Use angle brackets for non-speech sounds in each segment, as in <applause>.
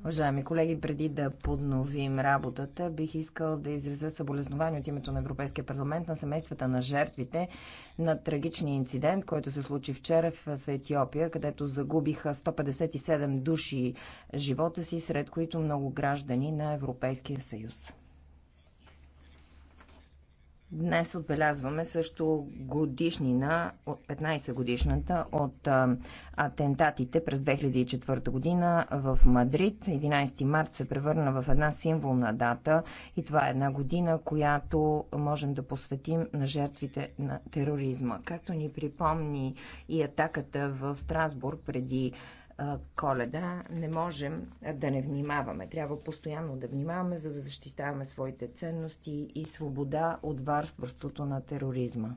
Уважаеми колеги, преди да подновим работата, бих искал да изразя съболезнование от името на Европейския парламент на семействата на жертвите на трагичния инцидент, който се случи вчера в Етиопия, където загубиха 157 души живота си, сред които много граждани на Европейския съюз. Днес отбелязваме също годишнина, 15 годишната от атентатите през 2004 година в Мадрид. 11 март се превърна в една символна дата и това е една година, която можем да посветим на жертвите на тероризма. Както ни припомни и атаката в Страсбург преди коледа не можем да не внимаваме. Трябва постоянно да внимаваме, за да защитаваме своите ценности и свобода от варстварството на тероризма.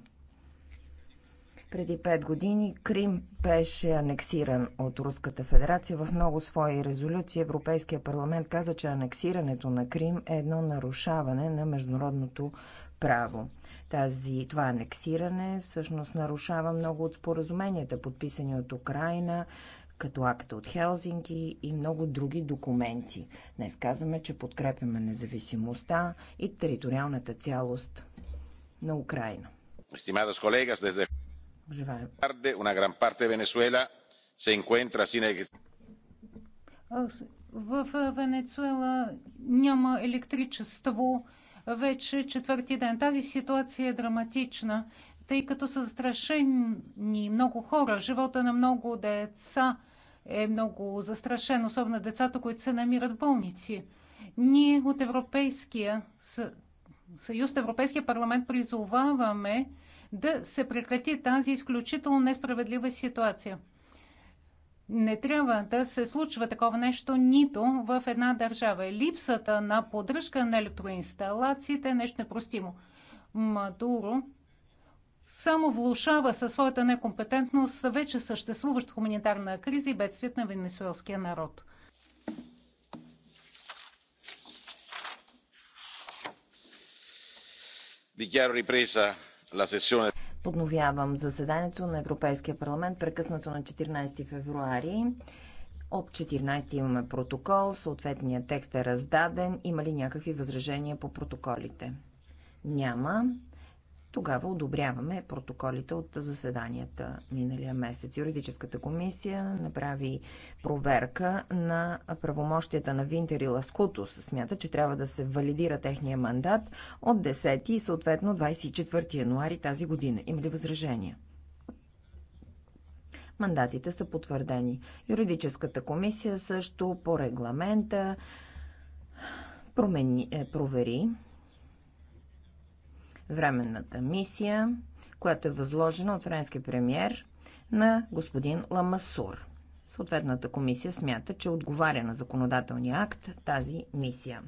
Преди 5 години Крим беше анексиран от Руската федерация. В много свои резолюции Европейския парламент каза, че анексирането на Крим е едно нарушаване на международното право. Тази, това анексиране всъщност нарушава много от споразуменията, подписани от Украина като акта от Хелзинки и много други документи. Днес казваме, че подкрепяме независимостта и териториалната цялост на Украина. Стимадос colegas, desde tarde una gran parte de Venezuela se encuentra sin В Венецуела няма електричество вече четвърти ден. Тази ситуация е драматична, тъй като са застрашени много хора, живота на много деца – е много застрашен, особено децата, които се намират в болници. Ние от Европейския съюз, Европейския парламент призоваваме да се прекрати тази изключително несправедлива ситуация. Не трябва да се случва такова нещо нито в една държава. Липсата на поддръжка на електроинсталациите е нещо непростимо. Мадуро само влушава със своята некомпетентност вече съществуваща хуманитарна криза и бедствият на венесуелския народ. Подновявам заседанието на Европейския парламент, прекъснато на 14 февруари. От 14 имаме протокол, съответният текст е раздаден. Има ли някакви възражения по протоколите? Няма тогава одобряваме протоколите от заседанията миналия месец. Юридическата комисия направи проверка на правомощията на Винтер и Ласкутус. Смята, че трябва да се валидира техния мандат от 10 и съответно 24 януари тази година. Има ли възражения? Мандатите са потвърдени. Юридическата комисия също по регламента промени, е, провери временната мисия, която е възложена от френски премьер на господин Ламасур. Съответната комисия смята, че отговаря на законодателния акт тази мисия.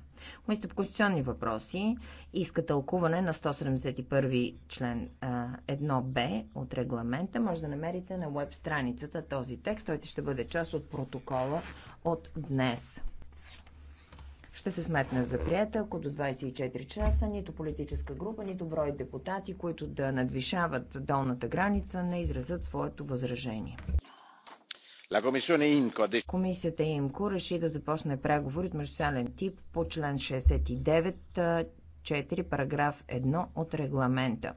Комисията по конституционни въпроси иска тълкуване на 171 член 1б от регламента. Може да намерите на веб страницата този текст. Той ще бъде част от протокола от днес ще се сметне за прията, ако до 24 часа нито политическа група, нито брой депутати, които да надвишават долната граница, не изразят своето възражение. Комисията ИМКО реши да започне преговори от междусален тип по член 69, 4, параграф 1 от регламента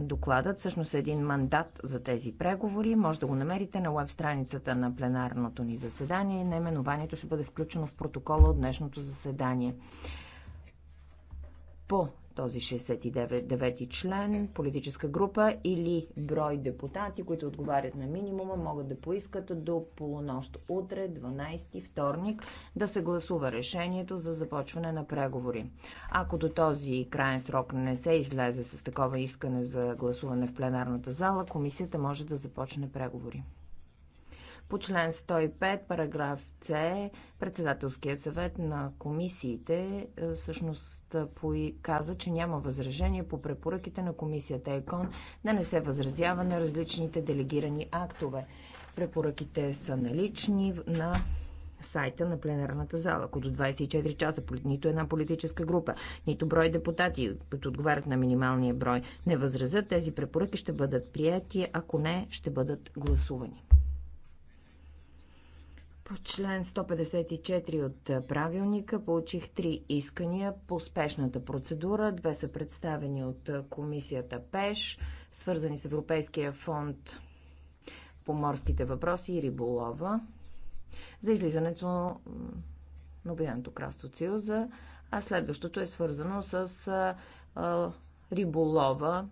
докладът, всъщност е един мандат за тези преговори. Може да го намерите на веб страницата на пленарното ни заседание. Наименованието ще бъде включено в протокола от днешното заседание. По този 69-ти член, политическа група или брой депутати, които отговарят на минимума, могат да поискат до полунощ утре, 12-ти вторник, да се гласува решението за започване на преговори. Ако до този крайен срок не се излезе с такова искане за гласуване в пленарната зала, комисията може да започне преговори. По член 105, параграф С, Председателския съвет на комисиите е, всъщност е, каза, че няма възражение по препоръките на комисията ЕКОН да не се възразява на различните делегирани актове. Препоръките са налични на сайта на пленарната зала, ако до 24 часа нито една политическа група, нито брой депутати, които отговарят на минималния брой, не възразят, тези препоръки ще бъдат прияти, ако не, ще бъдат гласувани. По член 154 от правилника получих три искания по спешната процедура. Две са представени от комисията ПЕШ, свързани с Европейския фонд по морските въпроси и риболова за излизането на Обединеното кралство от Съюза, а следващото е свързано с а, а, риболова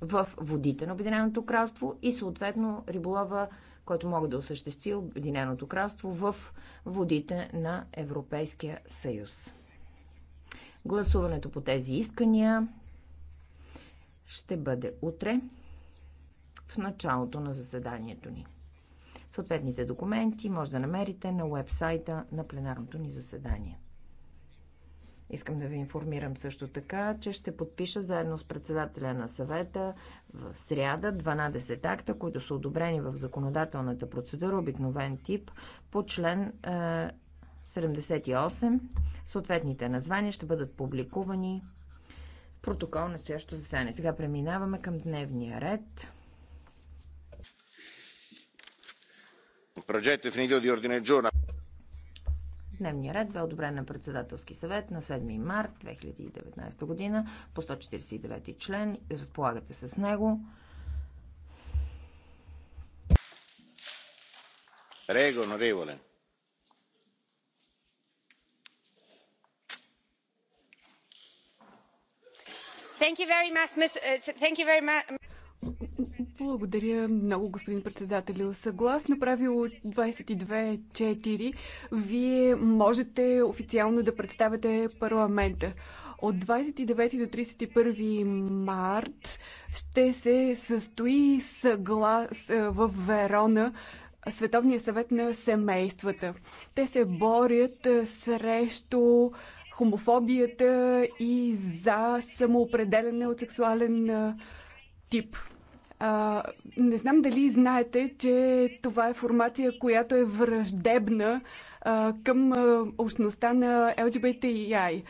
в водите на Обединеното кралство и съответно риболова който мога да осъществи Обединеното кралство в водите на Европейския съюз. Гласуването по тези искания ще бъде утре в началото на заседанието ни. Съответните документи може да намерите на уебсайта на пленарното ни заседание. Искам да ви информирам също така, че ще подпиша заедно с председателя на съвета в сряда 12 акта, които са одобрени в законодателната процедура, обикновен тип, по член 78. Е, Съответните названия ще бъдат публикувани в протокол на стоящо заседание. Сега преминаваме към дневния ред. Progetto definitivo di ordine del giorno. Дневният ред бе одобрен на председателски съвет на 7 март 2019 година по 149 член. Разполагате с него. Thank thank you you very much, Mr. Uh, very much. Благодаря много, господин председател. Съгласно правило 22.4, вие можете официално да представите парламента. От 29 до 31 март ще се състои съглас в Верона Световния съвет на семействата. Те се борят срещу хомофобията и за самоопределене от сексуален тип. А, не знам дали знаете, че това е формация, която е враждебна а, към а, общността на LGBTI.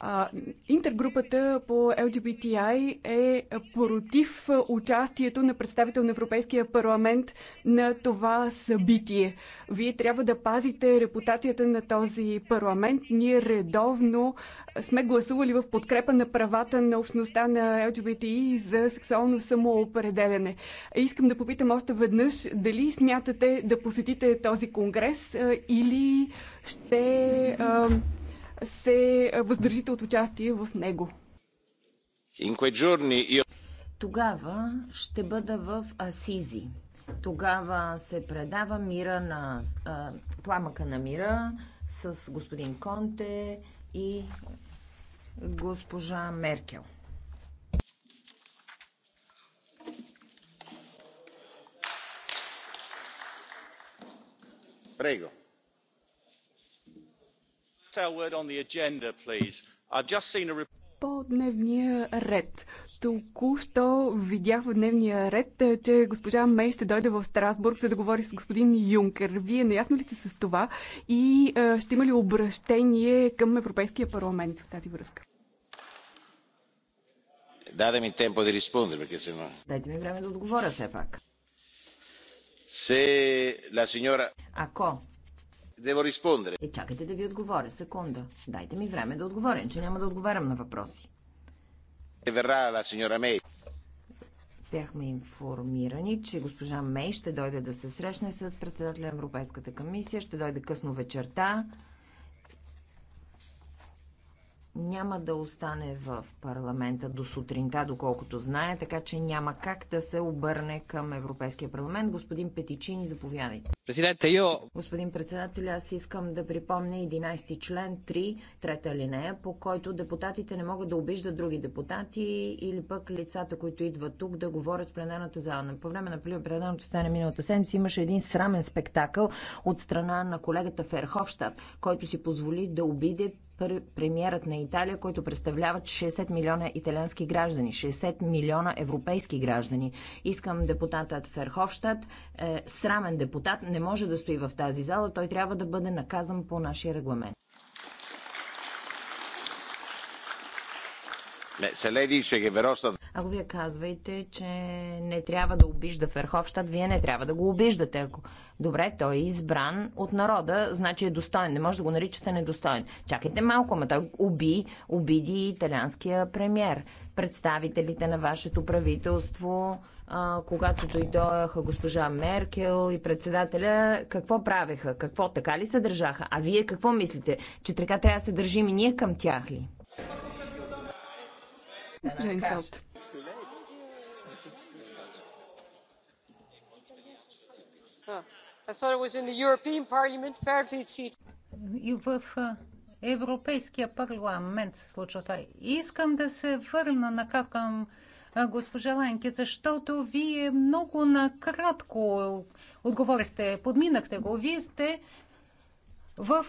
А, интергрупата по LGBTI е против участието на представител на Европейския парламент на това събитие. Вие трябва да пазите репутацията на този парламент. Ние редовно сме гласували в подкрепа на правата на общността на LGBTI за сексуално самоопределене. Искам да попитам още веднъж дали смятате да посетите този конгрес или ще се въздържите от участие в него. Тогава ще бъда в Асизи. Тогава се предава мира на, а, пламъка на мира с господин Конте и госпожа Меркел. Прего. По дневния ред. Току-що видях в дневния ред, е, че госпожа Мей ще дойде в Страсбург, за да говори с господин Юнкер. Вие наясно ли сте с това и е, ще има ли обращение към Европейския парламент в тази връзка? ми темпо да респондер, perché se no... Дайте ми време да отговоря все пак. Се, la signora... Ако е, чакайте да ви отговоря. Секунда. Дайте ми време да отговоря, че няма да отговарям на въпроси. Е, сеньора Мей. Бяхме информирани, че госпожа Мей ще дойде да се срещне с председателя на Европейската комисия, ще дойде късно вечерта няма да остане в парламента до сутринта, доколкото знае, така че няма как да се обърне към Европейския парламент. Господин Петичини, заповядайте. Президента йо! Господин председател, аз искам да припомня 11 член 3, трета линея, по който депутатите не могат да обиждат други депутати или пък лицата, които идват тук да говорят в пленарната зала. По време на пленарното стане миналата седмица имаше един срамен спектакъл от страна на колегата Ферховщад, който си позволи да обиде премиерът на Италия, който представлява 60 милиона италиански граждани, 60 милиона европейски граждани. Искам депутатът Ферховщад, е, срамен депутат, не може да стои в тази зала, той трябва да бъде наказан по нашия регламент. Ако вие казвайте, че не трябва да обижда Ферховщад, вие не трябва да го обиждате. Ако... Добре, той е избран от народа, значи е достоен. Не може да го наричате недостоен. Чакайте малко, ама той уби, обиди италианския премьер. Представителите на вашето правителство, а, когато дойдоха госпожа Меркел и председателя, какво правеха? Какво така ли се държаха? А вие какво мислите? Че така трябва да се държим и ние към тях ли? Госпожа Енфелд. И в Европейския парламент се случва това. Искам да се върна накат към госпожа Ланки, защото вие много накратко отговорихте, подминахте го. Вие сте в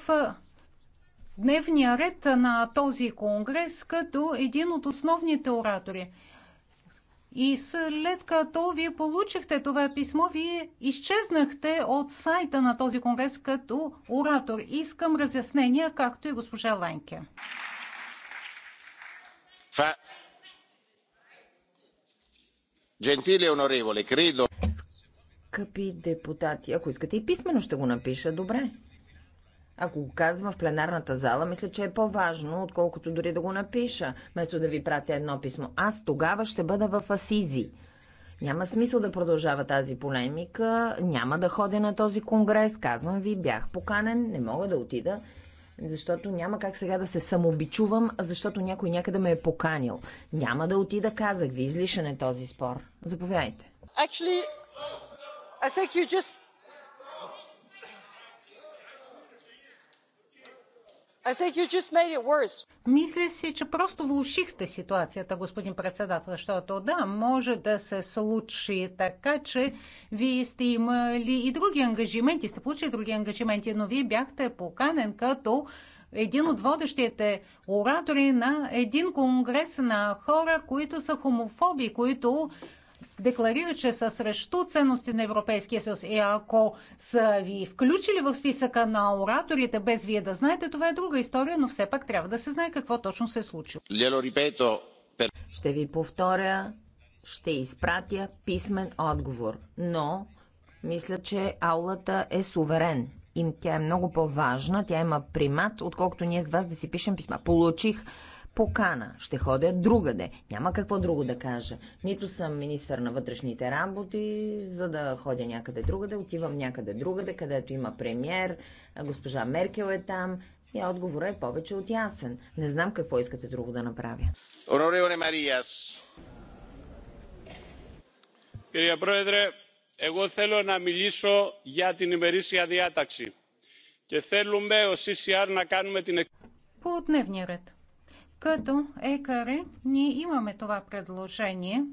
дневния ред на този конгрес като един от основните оратори. И след като вие получихте това писмо, вие изчезнахте от сайта на този конгрес като оратор. Искам разяснения, както и госпожа Ленке. Фа... Джентили онореволе, кридо... Скъпи депутати, ако искате и писмено ще го напиша, добре. Ако го казвам в пленарната зала, мисля, че е по-важно, отколкото дори да го напиша, вместо да ви пратя едно писмо. Аз тогава ще бъда в Асизи. Няма смисъл да продължава тази полемика, няма да ходя на този конгрес, казвам ви, бях поканен, не мога да отида, защото няма как сега да се самобичувам, защото някой някъде ме е поканил. Няма да отида, казах ви, излишен е този спор. Заповядайте. Actually, I think you just Мисля си, че просто влушихте ситуацията, господин председател, защото да, може да се случи така, че вие сте имали и други ангажименти, сте получили други ангажименти, но вие бяхте поканен като един от водещите оратори на един конгрес на хора, които са хомофоби, които Декларира, че са срещу ценности на Европейския съюз. И ако са ви включили в списъка на ораторите, без вие да знаете, това е друга история, но все пак трябва да се знае какво точно се е случило. Ще ви повторя, ще изпратя писмен отговор, но мисля, че аулата е суверен. И тя е много по-важна, тя има примат, отколкото ние с вас да си пишем писма. Получих покана. Ще ходя другаде. Няма какво друго да кажа. Нито съм министър на вътрешните работи, за да ходя някъде другаде. Отивам някъде другаде, където има премьер, госпожа Меркел е там. И отговорът е повече от ясен. Не знам какво искате друго да направя. Онореоне Мариас. Κύριε Πρόεδρε, εγώ θέλω να μιλήσω για την ημερήσια διάταξη. Και θέλουμε ως CCR να κάνουμε την... По дневния ред. Като Екаре ние имаме това предложение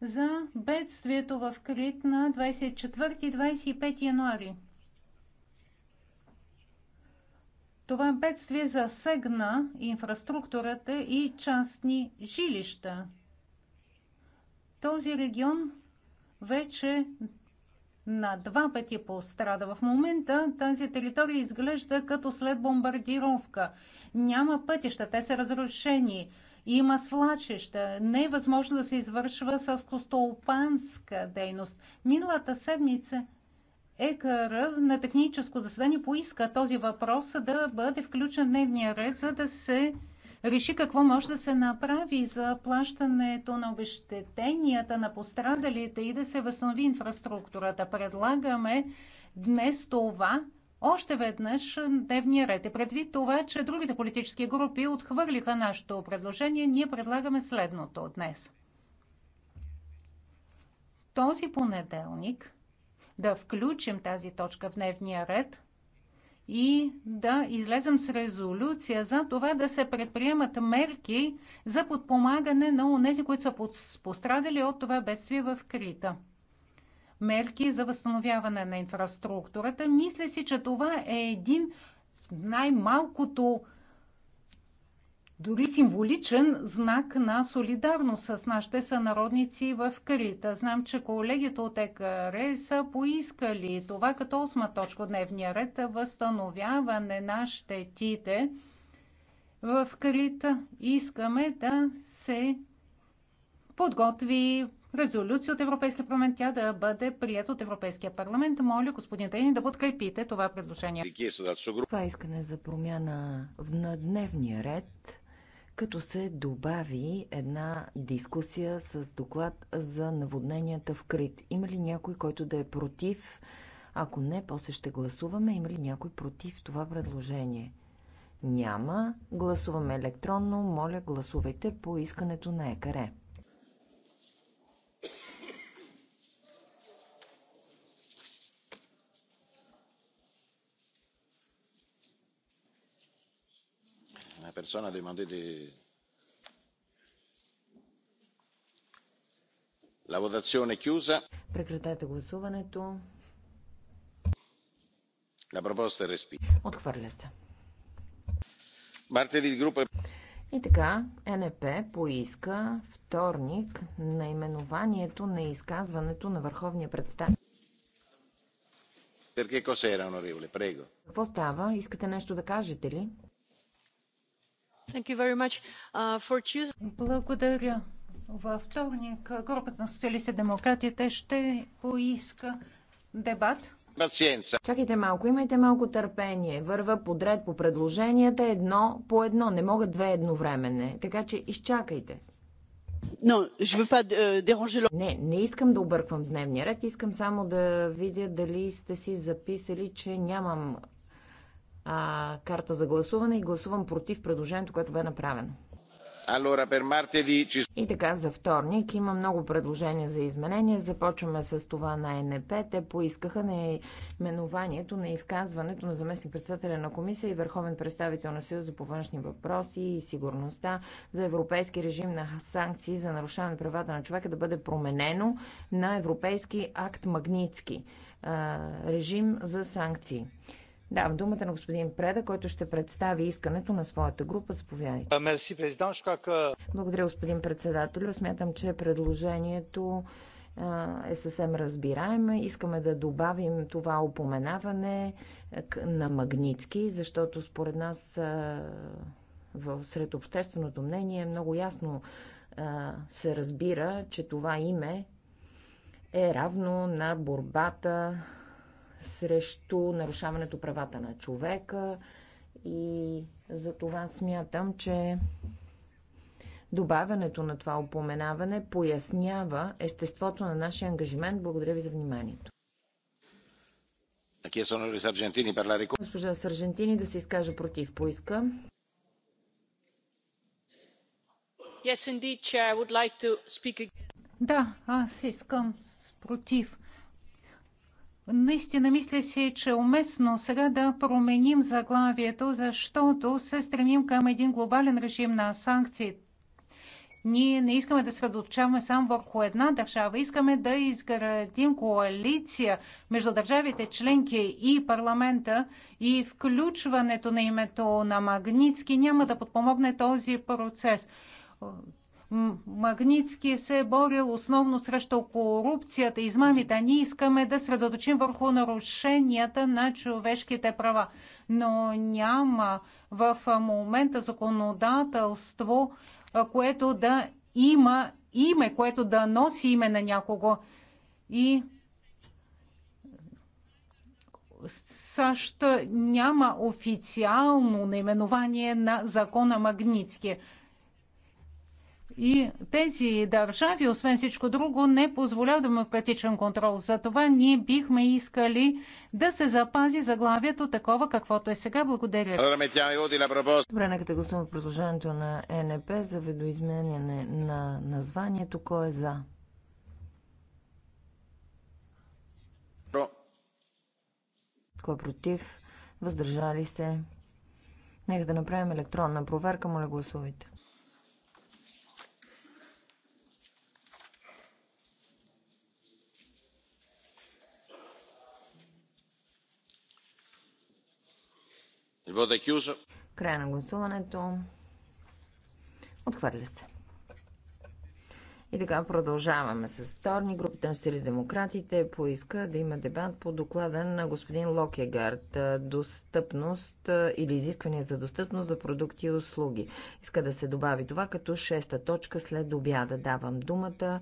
за бедствието в Крит на 24-25 януари. Това бедствие засегна инфраструктурата и частни жилища. Този регион вече на два пъти пострада. В момента тази територия изглежда като след бомбардировка. Няма пътища, те са разрушени. Има свлачища. Не е възможно да се извършва с костолпанска дейност. Миналата седмица ЕКР на техническо заседание поиска този въпрос да бъде включен в дневния ред, за да се реши какво може да се направи за плащането на обещетенията на пострадалите и да се възстанови инфраструктурата. Предлагаме днес това още веднъж дневния ред е предвид това, че другите политически групи отхвърлиха нашето предложение. Ние предлагаме следното днес. Този понеделник да включим тази точка в дневния ред и да излезем с резолюция за това да се предприемат мерки за подпомагане на онези, които са пострадали от това бедствие в Крита мерки за възстановяване на инфраструктурата. Мисля си, че това е един най-малкото дори символичен знак на солидарност с нашите сънародници в Карита. Знам, че колегите от ЕКР са поискали това като осма точка дневния ред възстановяване на щетите в Карита. Искаме да се подготви резолюция от Европейския парламент, тя да бъде прията от Европейския парламент. Моля, господин Тейни, да подкрепите това предложение. Това искане за промяна на дневния ред, като се добави една дискусия с доклад за наводненията в Крит. Има ли някой, който да е против? Ако не, после ще гласуваме. Има ли някой против това предложение? Няма. Гласуваме електронно. Моля, гласувайте по искането на ЕКАРЕ. personne a demandé de... La votazione è chiusa. Прекратете гласуването. La proposta è respinta. Отхвърля се. il gruppo И така, НП поиска вторник наименованието на изказването на върховния представител. Какво става? Искате нещо да кажете ли? Uh, Благодаря. Във вторник групата на социалисти демократите ще поиска дебат. Пациенца. Чакайте малко, имайте малко търпение. Върва подред по предложенията едно по едно. Не могат две едновременно. Така че изчакайте. Euh, не, не искам да обърквам дневния ред, искам само да видя дали сте си записали, че нямам а, карта за гласуване и гласувам против предложението, което бе направено. И така, за вторник има много предложения за изменения. Започваме с това на НП. Те поискаха наименованието на изказването на заместник председателя на комисия и върховен представител на Съюза по външни въпроси и сигурността за европейски режим на санкции за нарушаване на правата на човека да бъде променено на европейски акт Магницки режим за санкции. Давам думата на господин Преда, който ще представи искането на своята група. Заповядайте. Мерси, президент. Благодаря, господин председател. Смятам, че предложението е съвсем разбираемо. Искаме да добавим това опоменаване на Магницки, защото според нас сред общественото мнение много ясно се разбира, че това име е равно на борбата срещу нарушаването правата на човека и за това смятам, че добавянето на това упоменаване пояснява естеството на нашия ангажимент. Благодаря ви за вниманието. Госпожа Саржентини да се изкаже против поиска. Да, аз искам против Наистина мисля си, че е уместно сега да променим заглавието, защото се стремим към един глобален режим на санкции. Ние не искаме да средоточаваме само върху една държава. Искаме да изградим коалиция между държавите членки и парламента и включването на името на Магницки няма да подпомогне този процес Магницки се е борил основно срещу корупцията, измамите. ние искаме да средоточим върху нарушенията на човешките права. Но няма в момента законодателство, което да има име, което да носи име на някого. И САЩ няма официално наименование на закона Магницки. И тези държави, освен всичко друго, не позволяват демократичен контрол. Затова ние бихме искали да се запази заглавието такова, каквото е сега. Благодаря. Добре, нека да гласуваме предложението на НП за видоизменяне на названието. Кой е за? Кой е против? Въздържали се? Нека да направим електронна проверка. Моля, гласувайте. Края на гласуването. Отхвърля се. И така продължаваме с вторни. Групата на Сили демократите поиска да има дебат по доклада на господин Локегард. Достъпност или изискване за достъпност за продукти и услуги. Иска да се добави това като шеста точка след обяда. Давам думата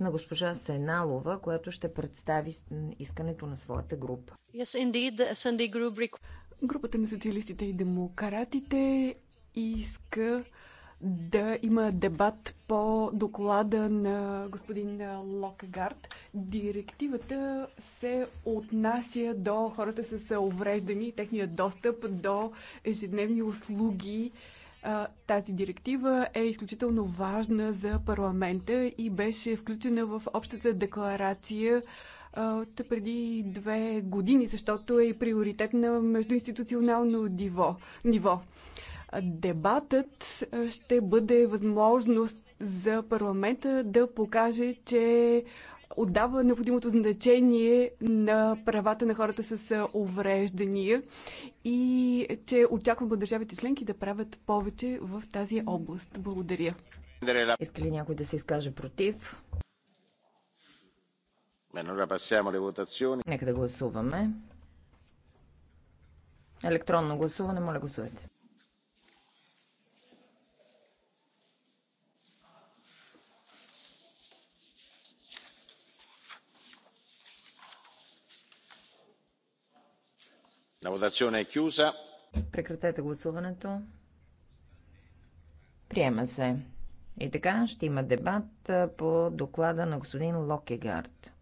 на госпожа Сеналова, която ще представи искането на своята група. Yes, indeed, SND group... Групата на социалистите и демократите иска да има дебат по доклада на господин Локегард. Директивата се отнася до хората с увреждани и техния достъп до ежедневни услуги, тази директива е изключително важна за парламента и беше включена в общата декларация от преди две години, защото е и приоритет на междуинституционално диво, ниво. Дебатът ще бъде възможност за парламента да покаже, че отдава необходимото значение на правата на хората с увреждания и че очаквам от държавите членки да правят повече в тази област. Благодаря. Иска ли някой да се изкаже против? Нека да гласуваме. Електронно гласуване, моля гласувайте. Прекратете гласуването. Приема се. И така ще има дебат по доклада на господин Локегард.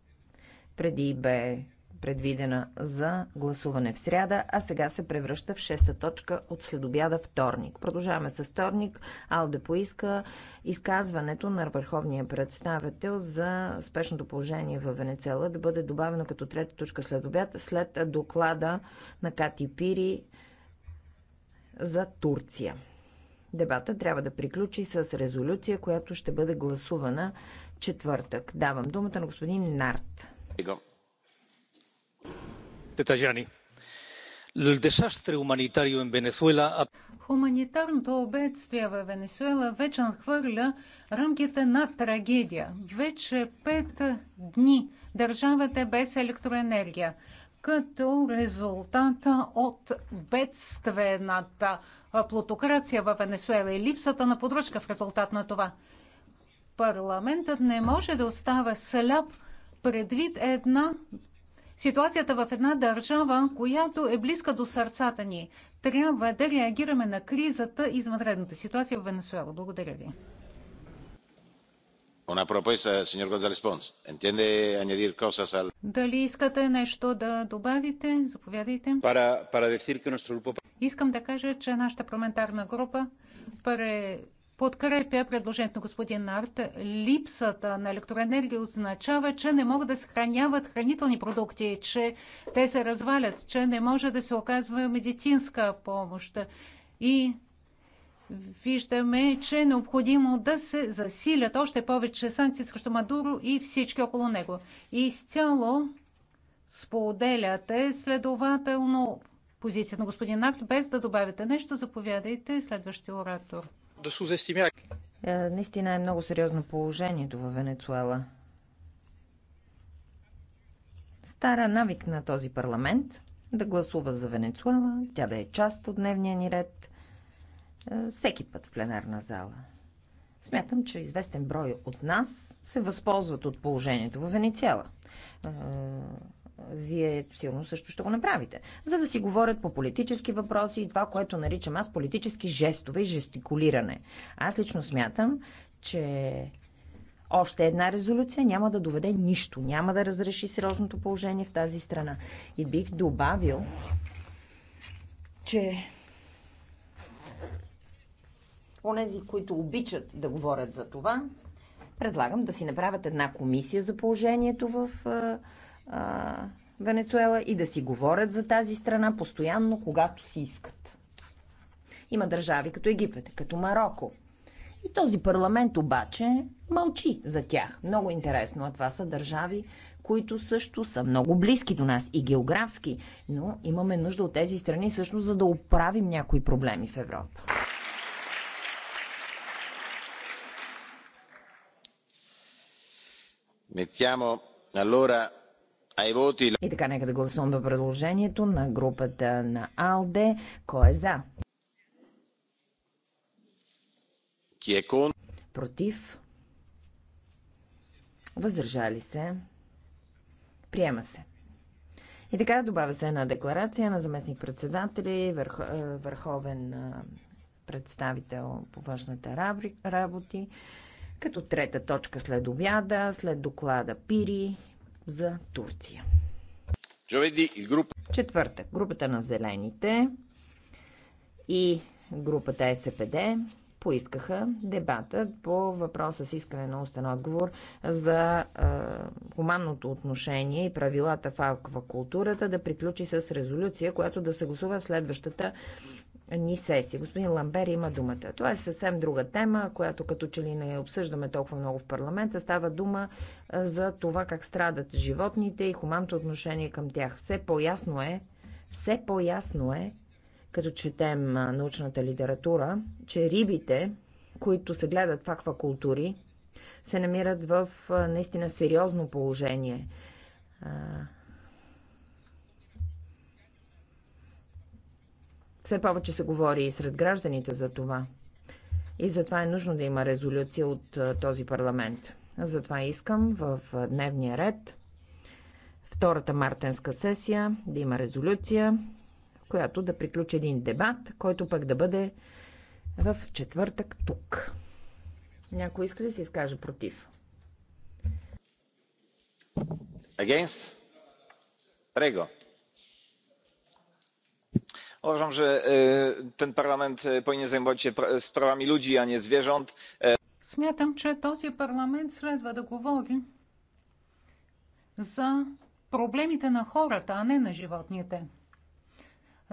Преди бе предвидена за гласуване в сряда, а сега се превръща в шеста точка от следобяда вторник. Продължаваме с вторник. Алде поиска изказването на върховния представител за спешното положение в Венецела да бъде добавено като трета точка следобяд след доклада на Кати Пири за Турция. Дебата трябва да приключи с резолюция, която ще бъде гласувана четвъртък. Давам думата на господин Нарт tajani el desastre humanitario en Venezuela. Хуманитарното бедствие във Венесуела вече надхвърля рамките на трагедия. Вече пет дни държавата е без електроенергия. Като резултат от бедствената плутокрация във Венесуела и липсата на поддръжка в резултат на това, парламентът не може да остава сляп предвид една ситуацията в една държава, която е близка до сърцата ни. Трябва да реагираме на кризата и извънредната ситуация в Венесуела. Благодаря ви. Дали искате нещо да добавите? Заповядайте. Para, para grupo... Искам да кажа, че нашата парламентарна група пре подкрепя предложението на господин Арт. Липсата на електроенергия означава, че не могат да съхраняват хранителни продукти, че те се развалят, че не може да се оказва медицинска помощ. И виждаме, че е необходимо да се засилят още повече санкции срещу Мадуро и всички около него. И Изцяло споделяте следователно позиция на господин Акт, без да добавите нещо. Заповядайте следващия оратор да сузестимя. Е, наистина е много сериозно положението във Венецуела. Стара навик на този парламент да гласува за Венецуела, тя да е част от дневния ни ред е, всеки път в пленарна зала. Смятам, че известен брой от нас се възползват от положението във Венецуела е, вие силно също ще го направите. За да си говорят по политически въпроси и това, което наричам аз политически жестове и жестикулиране. Аз лично смятам, че още една резолюция няма да доведе нищо, няма да разреши сериозното положение в тази страна. И бих добавил, че онези, които обичат да говорят за това, предлагам да си направят една комисия за положението в е, Венецуела и да си говорят за тази страна постоянно, когато си искат. Има държави като Египет, като Марокко. И този парламент обаче мълчи за тях. Много интересно, а това са държави, които също са много близки до нас и географски, но имаме нужда от тези страни също за да оправим някои проблеми в Европа. Mettiamo allora и така, нека да гласуваме предложението на групата на АЛДЕ. Кой е за? Е Против? Въздържали се? Приема се. И така добавя се една декларация на заместник председатели, върх, е, върховен е, представител по външната работи, като трета точка след обяда, след доклада Пири за Турция. Четвъртък. Групата на зелените и групата СПД поискаха дебата по въпроса с искане на устен отговор за е, хуманното отношение и правилата в аквакултурата да приключи с резолюция, която да съгласува следващата ни сесии. Господин Ламбер има думата. Това е съвсем друга тема, която като че ли не обсъждаме толкова много в парламента. Става дума за това как страдат животните и хуманното отношение към тях. Все по-ясно е, все по-ясно е, като четем научната литература, че рибите, които се гледат в аквакултури, се намират в наистина сериозно положение Все повече се говори и сред гражданите за това. И затова е нужно да има резолюция от този парламент. Затова искам в дневния ред втората мартенска сесия да има резолюция, в която да приключи един дебат, който пък да бъде в четвъртък тук. Някой иска да се изкаже против? Against? Prego uważam że e, ten parlament e, powinien zajmować się sprawami ludzi a nie zwierząt. E, Смятам, че този парламент следва да говори за проблемите на хората, а не на животните.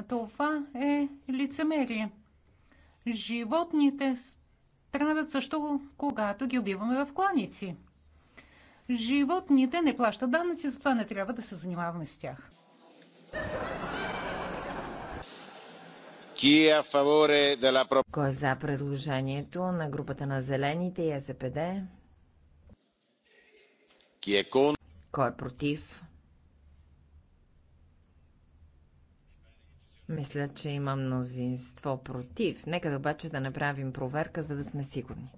Това е лицемерие. Животните страдат също, когато ги убиваме в кланици. Животните не плащат данъци, затова не трябва да се занимаваме с тях. Кой е за предложението на групата на Зелените и СПД? Кой е против? Мисля, че има мнозинство против. Нека да обаче да направим проверка, за да сме сигурни.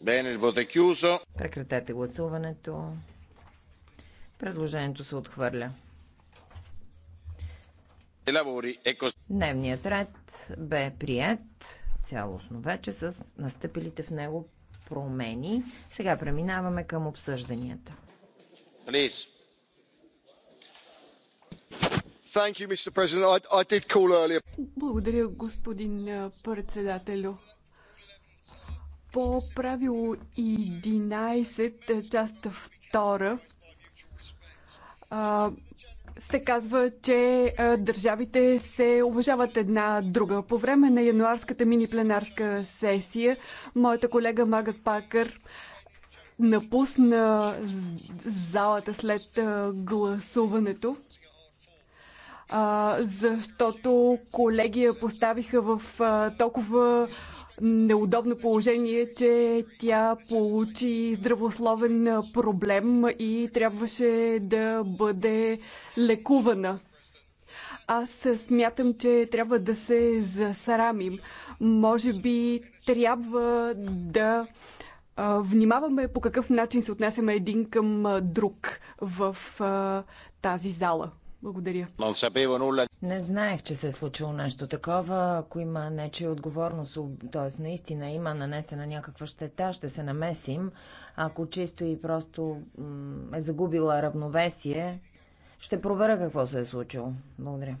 Bene, il voto è chiuso. Прекратете гласуването. Предложението се отхвърля. Дневният ред бе прият цялостно вече с настъпилите в него промени. Сега преминаваме към обсъжданията. Please. You, Благодаря, господин председателю. По правило 11, част 2, се казва, че държавите се уважават една друга. По време на януарската мини-пленарска сесия, моята колега Магът Пакър напусна залата след гласуването а, защото колеги я поставиха в а, толкова неудобно положение, че тя получи здравословен проблем и трябваше да бъде лекувана. Аз смятам, че трябва да се засрамим. Може би трябва да внимаваме по какъв начин се отнасяме един към друг в тази зала. Благодаря. Не знаех, че се е случило нещо такова. Ако има нечия отговорност, т.е. наистина има нанесена някаква щета, ще се намесим. Ако чисто и просто е загубила равновесие, ще проверя какво се е случило. Благодаря.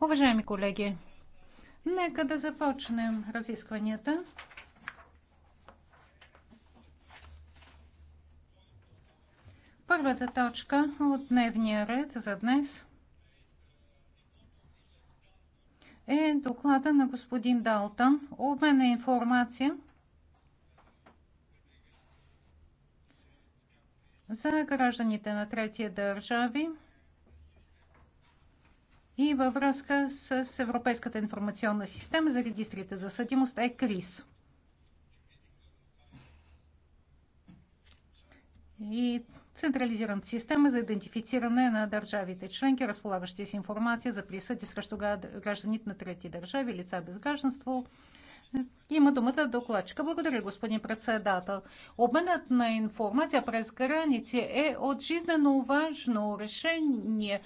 Уважаеми колеги, нека да започнем разискванията. Първата точка от дневния ред за днес е доклада на господин Далтън. Обмен е информация за гражданите на третия държави, и във връзка с Европейската информационна система за регистрите за съдимост е КРИС. И централизираната система за идентифициране на държавите членки, разполагащи с информация за присъди срещу гражданите на трети държави, лица без гражданство, има думата докладчика. Благодаря, господин председател. Обменът на информация през граници е от жизнено важно решение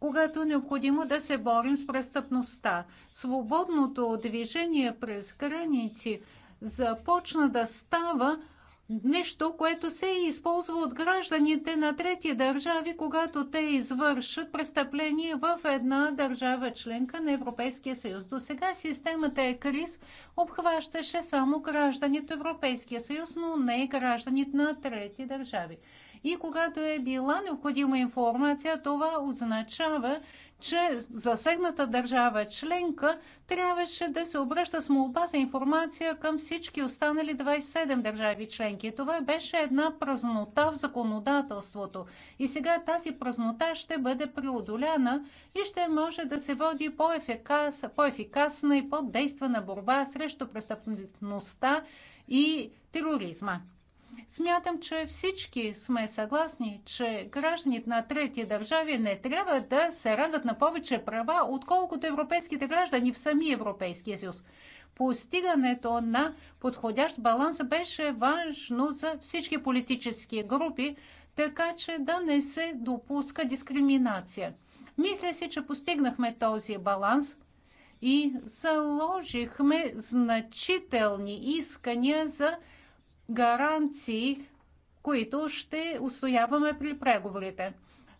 когато е необходимо да се борим с престъпността. Свободното движение през граници започна да става нещо, което се използва от гражданите на трети държави, когато те извършат престъпление в една държава членка на Европейския съюз. До сега системата е криз, обхващаше само гражданите Европейския съюз, но не и гражданите на трети държави. И когато е била необходима информация, това означава, че засегната държава членка трябваше да се обръща с молба за информация към всички останали 27 държави членки. Това беше една празнота в законодателството. И сега тази празнота ще бъде преодоляна и ще може да се води по-ефикас, по-ефикасна и по-действена борба срещу престъпността и тероризма. Смятам, че всички сме съгласни, че гражданите на трети държави не трябва да се радват на повече права, отколкото европейските граждани в сами Европейския съюз. Постигането на подходящ баланс беше важно за всички политически групи, така че да не се допуска дискриминация. Мисля си, че постигнахме този баланс и заложихме значителни искания за гаранции, които ще устояваме при преговорите.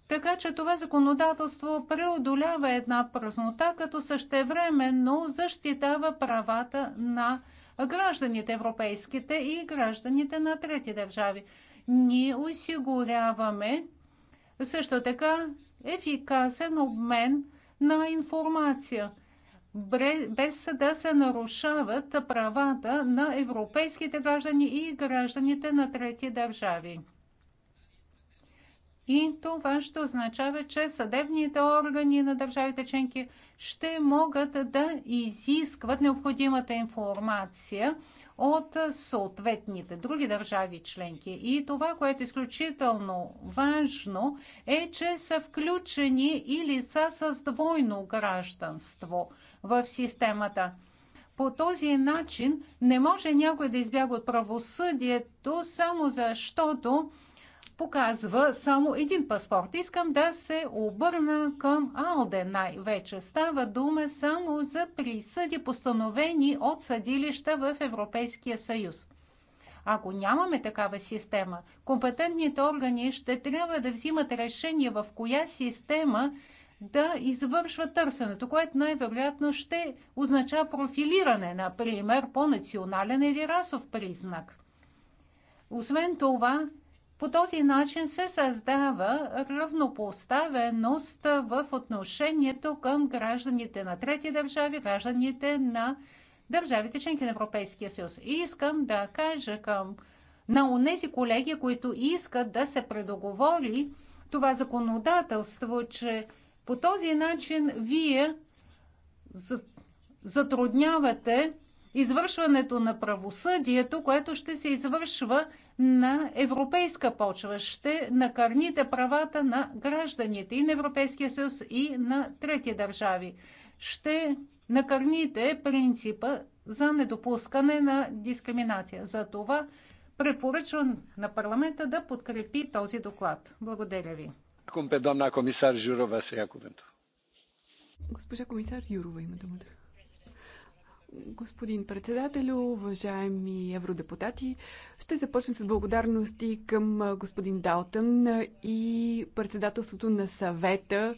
Така че това законодателство преодолява една празнота, като същевременно защитава правата на гражданите европейските и гражданите на трети държави. Ние осигуряваме също така ефикасен обмен на информация – без да се нарушават правата на европейските граждани и гражданите на трети държави. И това ще означава, че съдебните органи на държавите членки ще могат да изискват необходимата информация от съответните други държави членки. И това, което е изключително важно, е, че са включени и лица с двойно гражданство – в системата. По този начин не може някой да избяга от правосъдието, само защото показва само един паспорт. Искам да се обърна към Алде най-вече. Става дума само за присъди, постановени от съдилища в Европейския съюз. Ако нямаме такава система, компетентните органи ще трябва да взимат решение в коя система да извършва търсенето, което най-вероятно ще означава профилиране, например, по национален или расов признак. Освен това, по този начин се създава равнопоставеност в отношението към гражданите на трети държави, гражданите на държавите членки на Европейския съюз. И искам да кажа към на онези колеги, които искат да се предоговори това законодателство, че по този начин вие затруднявате извършването на правосъдието, което ще се извършва на европейска почва. Ще накърните правата на гражданите и на Европейския съюз и на трети държави. Ще накърните принципа за недопускане на дискриминация. За това препоръчвам на парламента да подкрепи този доклад. Благодаря ви. Acum comisar să ia cuvântul. Госпожа комисар Юрова има думата. Господин председателю, уважаеми евродепутати, ще започна с благодарности към господин Далтън и председателството на съвета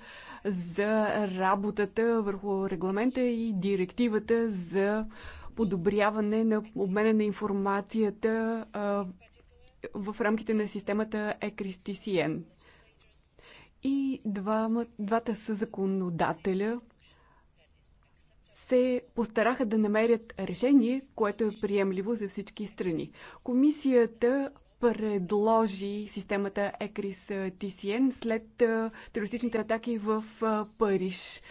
за работата върху регламента и директивата за подобряване на обмена на информацията в рамките на системата ECRIS-TCN и двама, двата са законодателя се постараха да намерят решение, което е приемливо за всички страни. Комисията предложи системата ЕКРИС ТСН след терористичните атаки в Париж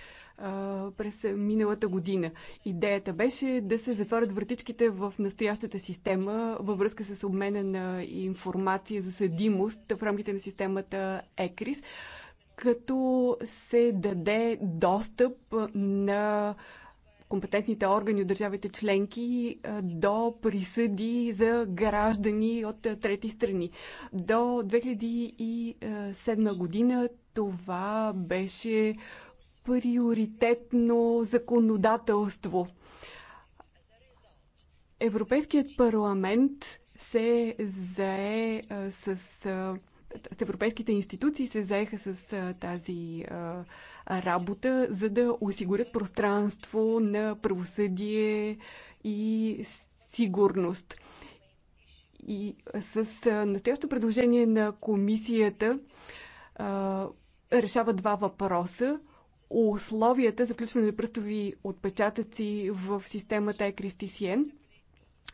през миналата година. Идеята беше да се затворят вратичките в настоящата система във връзка с обмена на информация за съдимост в рамките на системата ЕКРИС като се даде достъп на компетентните органи от държавите членки до присъди за граждани от трети страни. До 2007 година това беше приоритетно законодателство. Европейският парламент се зае с европейските институции се заеха с а, тази а, работа, за да осигурят пространство на правосъдие и сигурност. И с а, настоящо предложение на комисията а, решава два въпроса. Условията за включване на пръстови отпечатъци в системата е Кристисиен –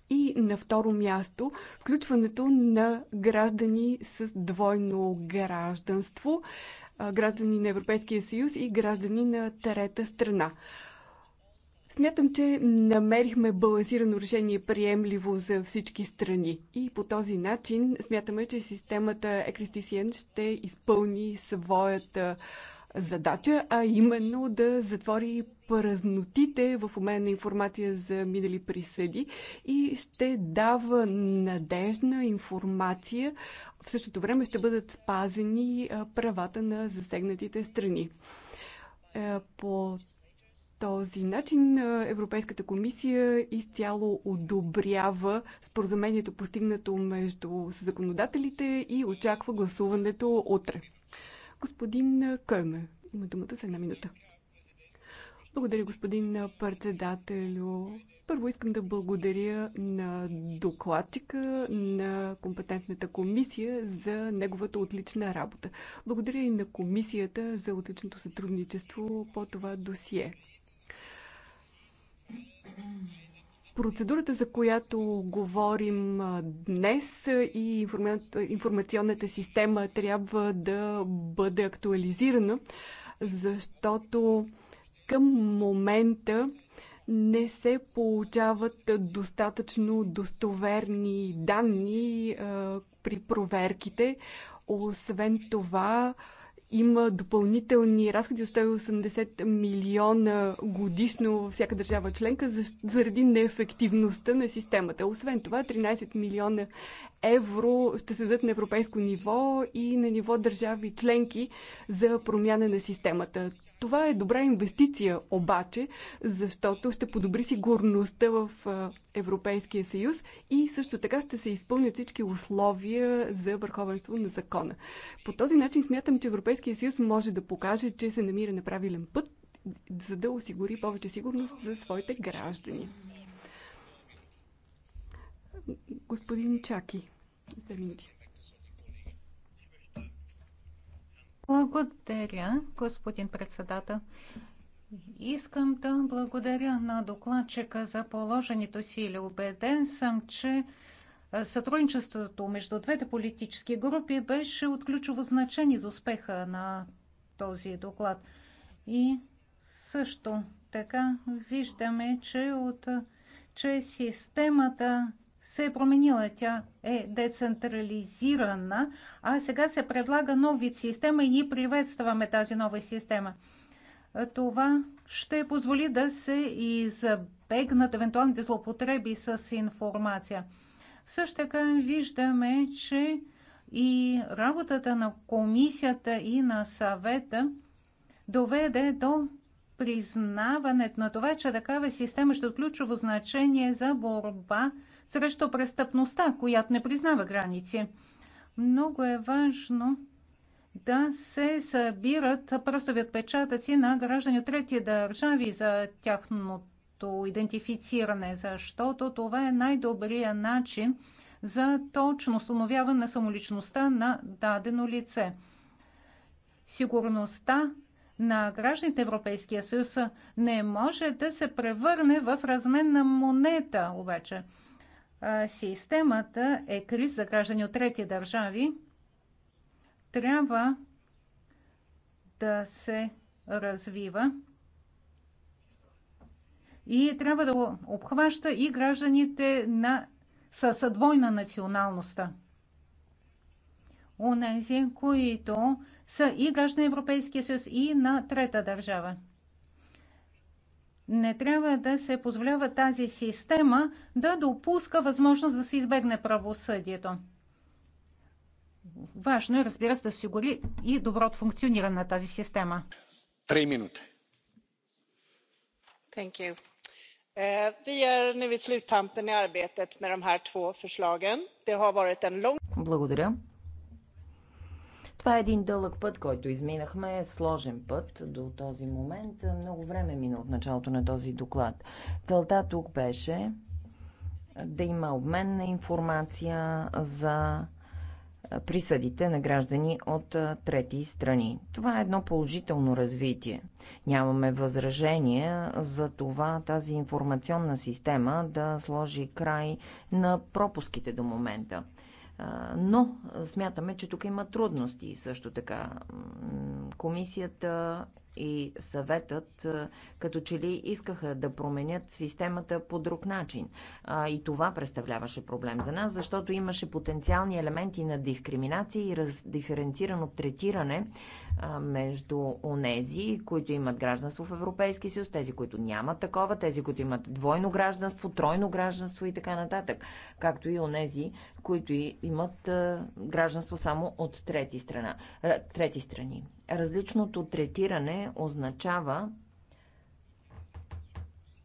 и на второ място, включването на граждани с двойно гражданство, граждани на Европейския съюз и граждани на трета страна. Смятам, че намерихме балансирано решение, приемливо за всички страни. И по този начин смятаме, че системата Екристисиен ще изпълни своята задача, а именно да затвори празнотите в обмен на информация за минали присъди и ще дава надежна информация. В същото време ще бъдат спазени правата на засегнатите страни. Е, по този начин Европейската комисия изцяло одобрява споразумението постигнато между законодателите и очаква гласуването утре. Господин Кърме, има думата за една минута. Благодаря, господин председателю. Първо искам да благодаря на докладчика на компетентната комисия за неговата отлична работа. Благодаря и на комисията за отличното сътрудничество по това досие. Процедурата, за която говорим днес и информационната система трябва да бъде актуализирана, защото към момента не се получават достатъчно достоверни данни а, при проверките. Освен това, има допълнителни разходи от 180 милиона годишно във всяка държава членка заради неефективността на системата. Освен това, 13 милиона евро ще дадат на европейско ниво и на ниво държави членки за промяна на системата. Това е добра инвестиция обаче, защото ще подобри сигурността в Европейския съюз и също така ще се изпълнят всички условия за върховенство на закона. По този начин смятам, че Европейския съюз може да покаже, че се намира на правилен път, за да осигури повече сигурност за своите граждани. Господин Чаки, за минути. Благодаря, господин председател. Искам да благодаря на докладчика за положените усилия. Убеден съм, че сътрудничеството между двете политически групи беше от ключово значение за успеха на този доклад. И също така виждаме, че, от, че системата се е променила. Тя е децентрализирана, а сега се предлага нов вид система и ние приветстваме тази нова система. Това ще позволи да се избегнат евентуалните злоупотреби с информация. Също така виждаме, че и работата на комисията и на съвета доведе до признаването на това, че такава система ще отключва значение за борба срещу престъпността, която не признава граници. Много е важно да се събират пръстови отпечатъци на граждани от трети държави за тяхното идентифициране, защото това е най-добрият начин за точно установяване на самоличността на дадено лице. Сигурността на гражданите Европейския съюз не може да се превърне в разменна монета, обаче – системата е криз за граждани от трети държави, трябва да се развива и трябва да обхваща и гражданите на, с двойна националността. Унези, които са и граждани Европейския съюз, и на трета държава. Не трябва да се позволява тази система да допуска възможност да се избегне правосъдието. Важно е, разбира се, да се осигури и доброто функциониране на тази система. Три минути. Thank you. Eh, vi är nu i i sluttampen arbetet med de här två förslagen. Det har varit en lång... Благодаря. Това е един дълъг път, който изминахме, е сложен път до този момент. Много време мина от началото на този доклад. Целта тук беше да има обмен на информация за присъдите на граждани от трети страни. Това е едно положително развитие. Нямаме възражение за това тази информационна система да сложи край на пропуските до момента. Но смятаме, че тук има трудности също така. Комисията и съветът като че ли искаха да променят системата по друг начин. И това представляваше проблем за нас, защото имаше потенциални елементи на дискриминация и раздиференцирано третиране между онези, които имат гражданство в Европейски съюз, тези, които нямат такова, тези, които имат двойно гражданство, тройно гражданство и така нататък, както и онези, които имат гражданство само от трети, страна, трети страни. Различното третиране означава,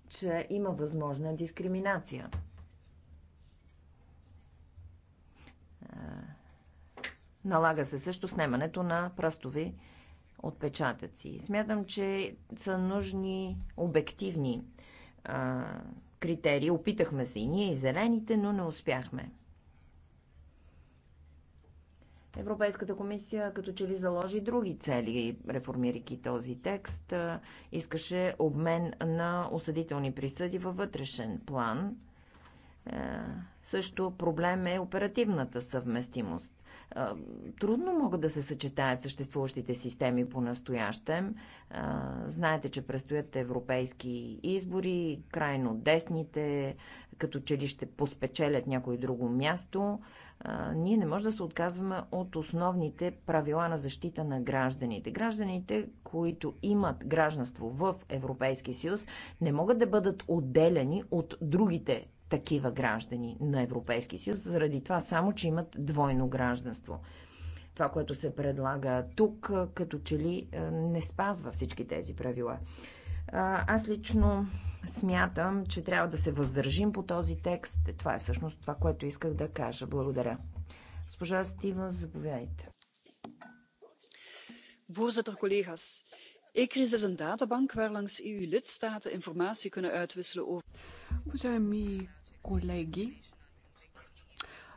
че има възможна дискриминация. Налага се също снемането на пръстови отпечатъци. Смятам, че са нужни обективни а, критерии. Опитахме се и ние, и зелените, но не успяхме. Европейската комисия като че ли заложи други цели, реформирайки този текст. Искаше обмен на осъдителни присъди във вътрешен план – е, също проблем е оперативната съвместимост. Е, трудно могат да се съчетаят съществуващите системи по настоящем. Е, знаете, че предстоят европейски избори, крайно десните, като че ли ще поспечелят някое друго място. Ние не можем да се отказваме от основните правила на защита на гражданите. Гражданите, които имат гражданство в Европейски съюз, не могат да бъдат отделени от другите такива граждани на Европейски съюз, заради това само, че имат двойно гражданство. Това, което се предлага тук, като че ли не спазва всички тези правила. Аз лично смятам, че трябва да се въздържим по този текст. Това е всъщност това, което исках да кажа. Благодаря. Госпожа Стива, заповядайте. Voorzitter, collega's. ECRIS is een databank waar langs EU-lidstaten informatie kunnen uitwisselen over колеги.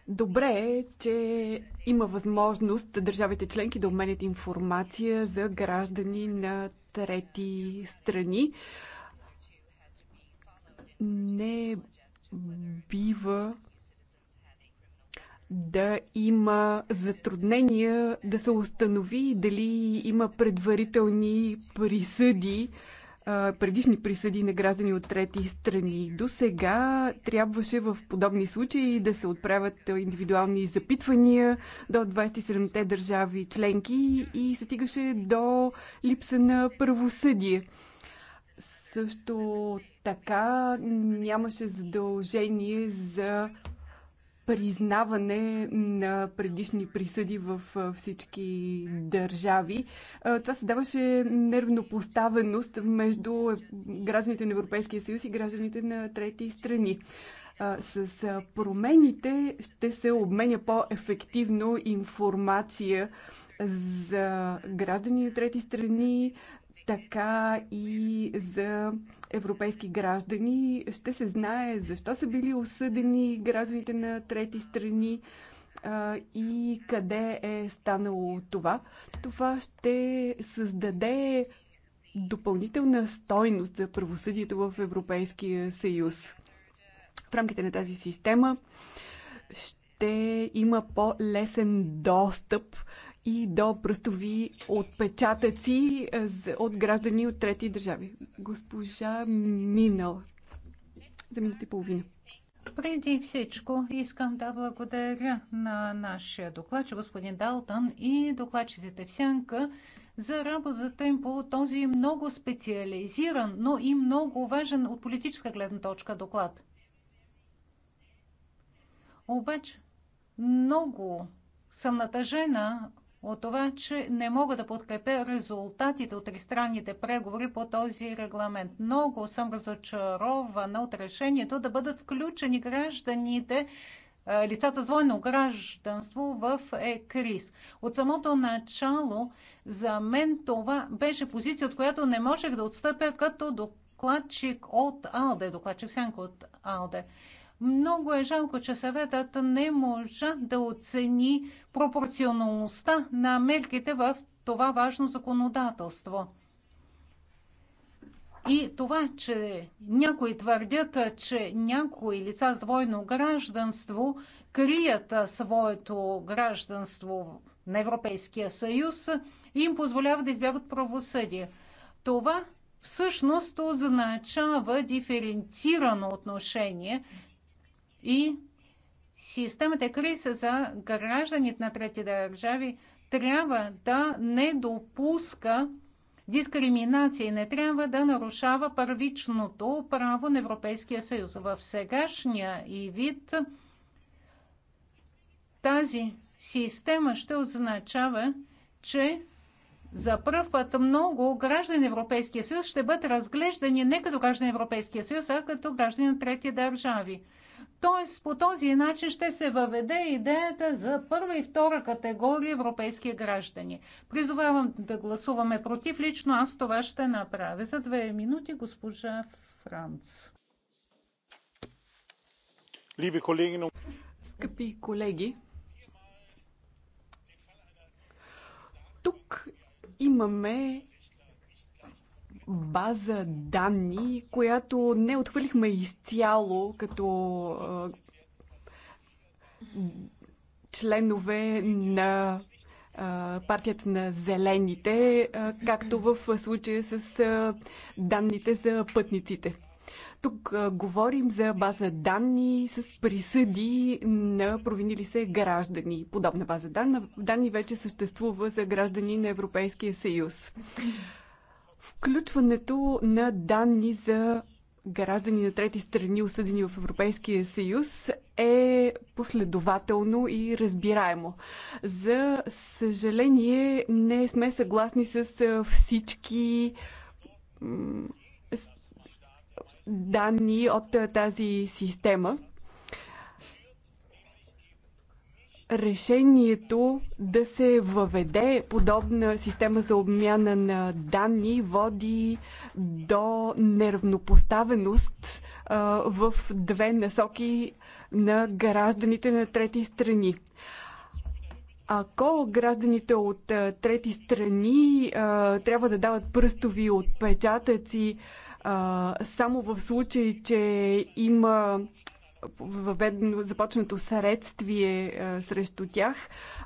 Добре е, че има възможност държавите членки да обменят информация за граждани на трети страни. Не бива да има затруднения да се установи дали има предварителни присъди предишни присъди на граждани от трети страни. До сега трябваше в подобни случаи да се отправят индивидуални запитвания до 27-те държави членки и се стигаше до липса на правосъдие. Също така нямаше задължение за признаване на предишни присъди в всички държави. Това се нервно нервнопоставеност между е, гражданите на Европейския съюз и гражданите на трети страни. С промените ще се обменя по-ефективно информация за граждани на трети страни, така и за европейски граждани. Ще се знае защо са били осъдени гражданите на трети страни а, и къде е станало това. Това ще създаде допълнителна стойност за правосъдието в Европейския съюз. В рамките на тази система ще има по-лесен достъп и до пръстови отпечатъци е, от граждани от трети държави. Госпожа Минал. За минута и половина. Преди всичко искам да благодаря на нашия докладчик, господин Далтън и докладчиците в Сянка за работата им по този много специализиран, но и много важен от политическа гледна точка доклад. Обаче много съм натъжена от това, че не мога да подкрепя резултатите от тристранните преговори по този регламент. Много съм разочарована от решението да бъдат включени гражданите, е, лицата с двойно гражданство в ЕКРИС. От самото начало за мен това беше позиция, от която не можех да отстъпя като докладчик от АЛДЕ, докладчик сянка от АЛДЕ. Много е жалко, че съветът не може да оцени пропорционалността на мерките в това важно законодателство. И това, че някои твърдят, че някои лица с двойно гражданство крият своето гражданство на Европейския съюз и им позволява да избягат правосъдие. Това всъщност означава диференцирано отношение и системата криза за гражданите на трети държави трябва да не допуска дискриминация и не трябва да нарушава първичното право на Европейския съюз. В сегашния и вид тази система ще означава, че за първ път много граждани Европейския съюз ще бъдат разглеждани не като граждани Европейския съюз, а като граждани на трети държави. Тоест, по този начин ще се въведе идеята за първа и втора категория европейски граждани. Призовавам да гласуваме против. Лично аз това ще направя. За две минути госпожа Франц. Либи колеги Скъпи колеги, тук имаме база данни, която не отхвърлихме изцяло като членове на партията на зелените, както в случая с данните за пътниците. Тук говорим за база данни с присъди на провинили се граждани. Подобна база данни вече съществува за граждани на Европейския съюз. Включването на данни за граждани на трети страни, осъдени в Европейския съюз, е последователно и разбираемо. За съжаление, не сме съгласни с всички данни от тази система. решението да се въведе подобна система за обмяна на данни води до неравнопоставеност в две насоки на гражданите на трети страни. Ако гражданите от трети страни а, трябва да дават пръстови отпечатъци а, само в случай, че има въведено започнато средствие а, е, срещу тях,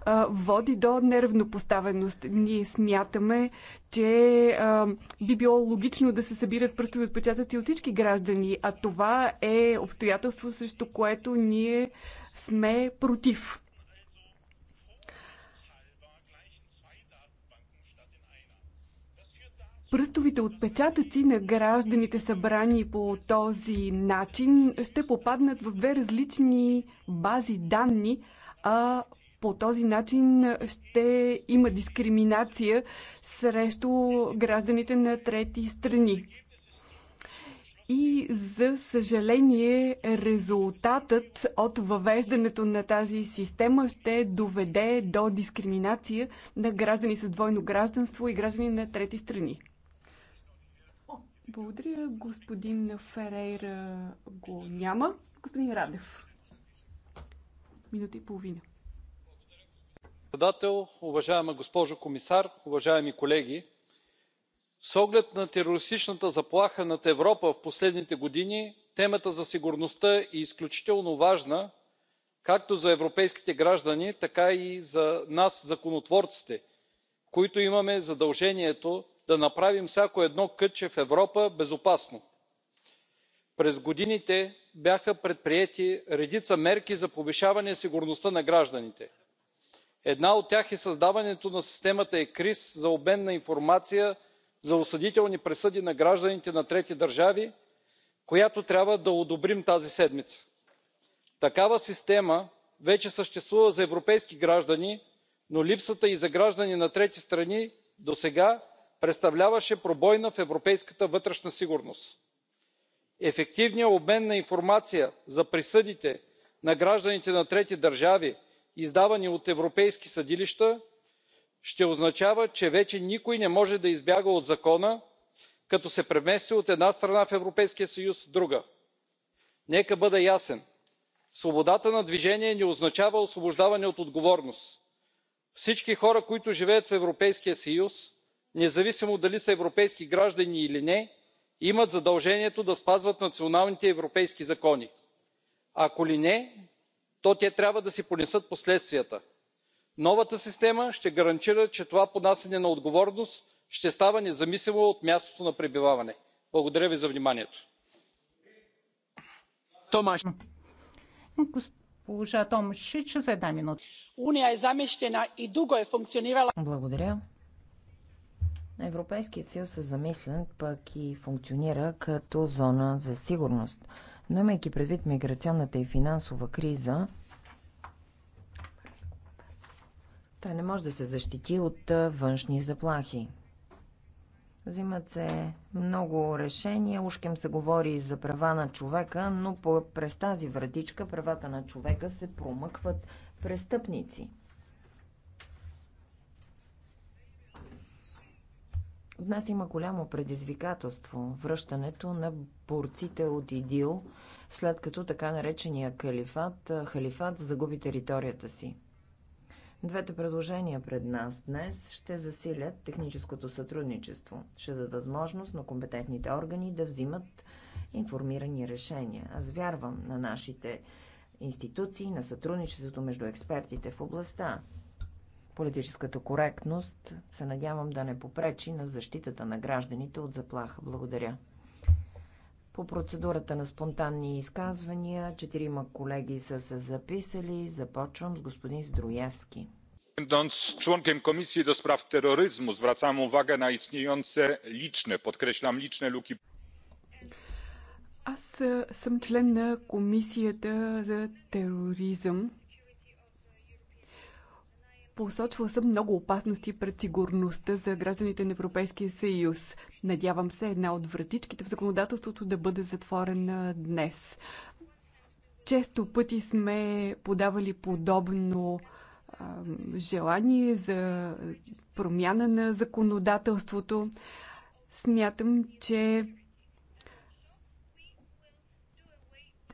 а, е, води до неравнопоставеност. Ние смятаме, че а, е, би било логично да се събират пръстови отпечатъци от всички граждани, а това е обстоятелство, срещу което ние сме против. пръстовите отпечатъци на гражданите, събрани по този начин, ще попаднат в две различни бази данни, а по този начин ще има дискриминация срещу гражданите на трети страни. И за съжаление, резултатът от въвеждането на тази система ще доведе до дискриминация на граждани с двойно гражданство и граждани на трети страни. Благодаря. Господин Ферейра го няма. Господин Радев. Минута и половина. Председател, уважаема госпожо комисар, уважаеми колеги! С оглед на терористичната заплаха над Европа в последните години темата за сигурността е изключително важна както за европейските граждани, така и за нас законотворците, които имаме задължението да направим всяко едно кътче в европа безопасно. през годините бяха предприети редица мерки за повишаване сигурността на гражданите. една от тях е създаването на системата ecris за обмен на информация за осъдителни присъди на гражданите на трети държави която трябва да одобрим тази седмица. такава система вече съществува за европейски граждани но липсата ѝ за граждани на трети страни досега представляваше пробойна в европейската вътрешна сигурност. ефективният обмен на информация за присъдите на гражданите на трети държави издавани от европейски съдилища ще означава че вече никой не може да избяга от закона като се премести от една страна в европейския съюз в друга. нека бъда ясен свободата на движение не означава освобождаване от отговорност. всички хора които живеят в европейския съюз независимо дали са европейски граждани или не имат задължението да спазват националните европейски закони. ако ли не то те трябва да си понесат последствията. новата система ще гарантира че това понасяне на отговорност ще става независимо от мястото на пребиваване. благодаря ви за вниманието. Е е благодаря. Европейският съюз е замислен, пък и функционира като зона за сигурност. Но имайки предвид миграционната и финансова криза, той не може да се защити от външни заплахи. Взимат се много решения, ушкем се говори за права на човека, но през тази вратичка правата на човека се промъкват престъпници. Днес има голямо предизвикателство връщането на борците от ИДИЛ, след като така наречения калифат, халифат загуби територията си. Двете предложения пред нас днес ще засилят техническото сътрудничество, ще дадат възможност на компетентните органи да взимат информирани решения. Аз вярвам на нашите институции, на сътрудничеството между експертите в областта. Политическата коректност се надявам да не попречи на защитата на гражданите от заплаха. Благодаря. По процедурата на спонтанни изказвания, четирима колеги са се записали. Започвам с господин Здроевски. Będąc członkiem Komisji do Spraw Terroryzmu zwracam uwagę na istniejące liczne, podkreślam liczne luki. Аз е, съм член на Комисията за тероризъм Посочва съм много опасности пред сигурността за гражданите на Европейския съюз. Надявам се една от вратичките в законодателството да бъде затворена днес. Често пъти сме подавали подобно желание за промяна на законодателството. Смятам, че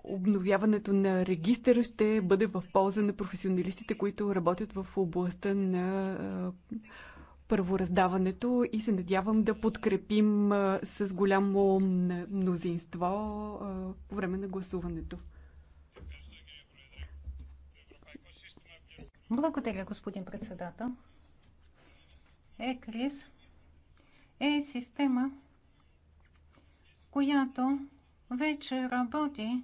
обновяването на регистъра ще бъде в полза на професионалистите, които работят в областта на първораздаването и се надявам да подкрепим с голямо мнозинство по време на гласуването. Благодаря, господин председател. ЕКРИС е система, която вече работи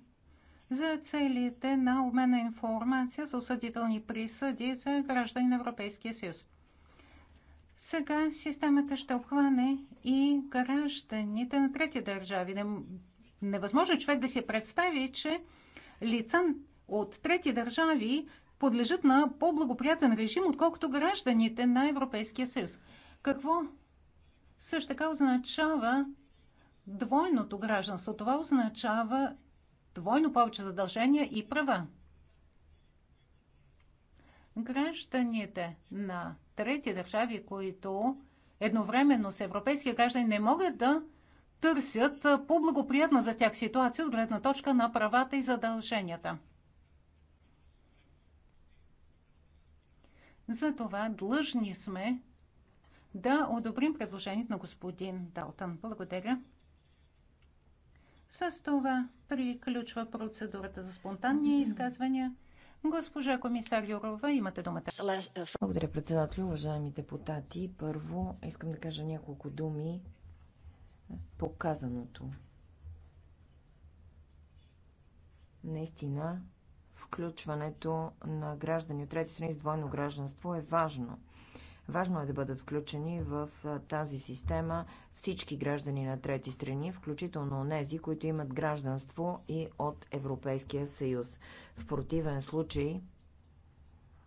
за целите на обмен на информация за осъдителни присъди за граждани на Европейския съюз. Сега системата ще обхване и гражданите на трети държави. Невъзможно човек да си представи, че лица от трети държави подлежат на по-благоприятен режим, отколкото гражданите на Европейския съюз. Какво също така означава двойното гражданство? Това означава двойно повече задължения и права. Гражданите на трети държави, които едновременно с европейския граждани не могат да търсят по-благоприятна за тях ситуация от гледна точка на правата и задълженията. Затова длъжни сме да одобрим предложението на господин Далтън. Благодаря. С това приключва процедурата за спонтанни изказвания. Госпожа комисар Юрова, имате думата. Благодаря, председател, уважаеми депутати. Първо искам да кажа няколко думи по казаното. Наистина, включването на граждани от трети страни с двойно гражданство е важно – Важно е да бъдат включени в тази система всички граждани на трети страни, включително нези, които имат гражданство и от Европейския съюз. В противен случай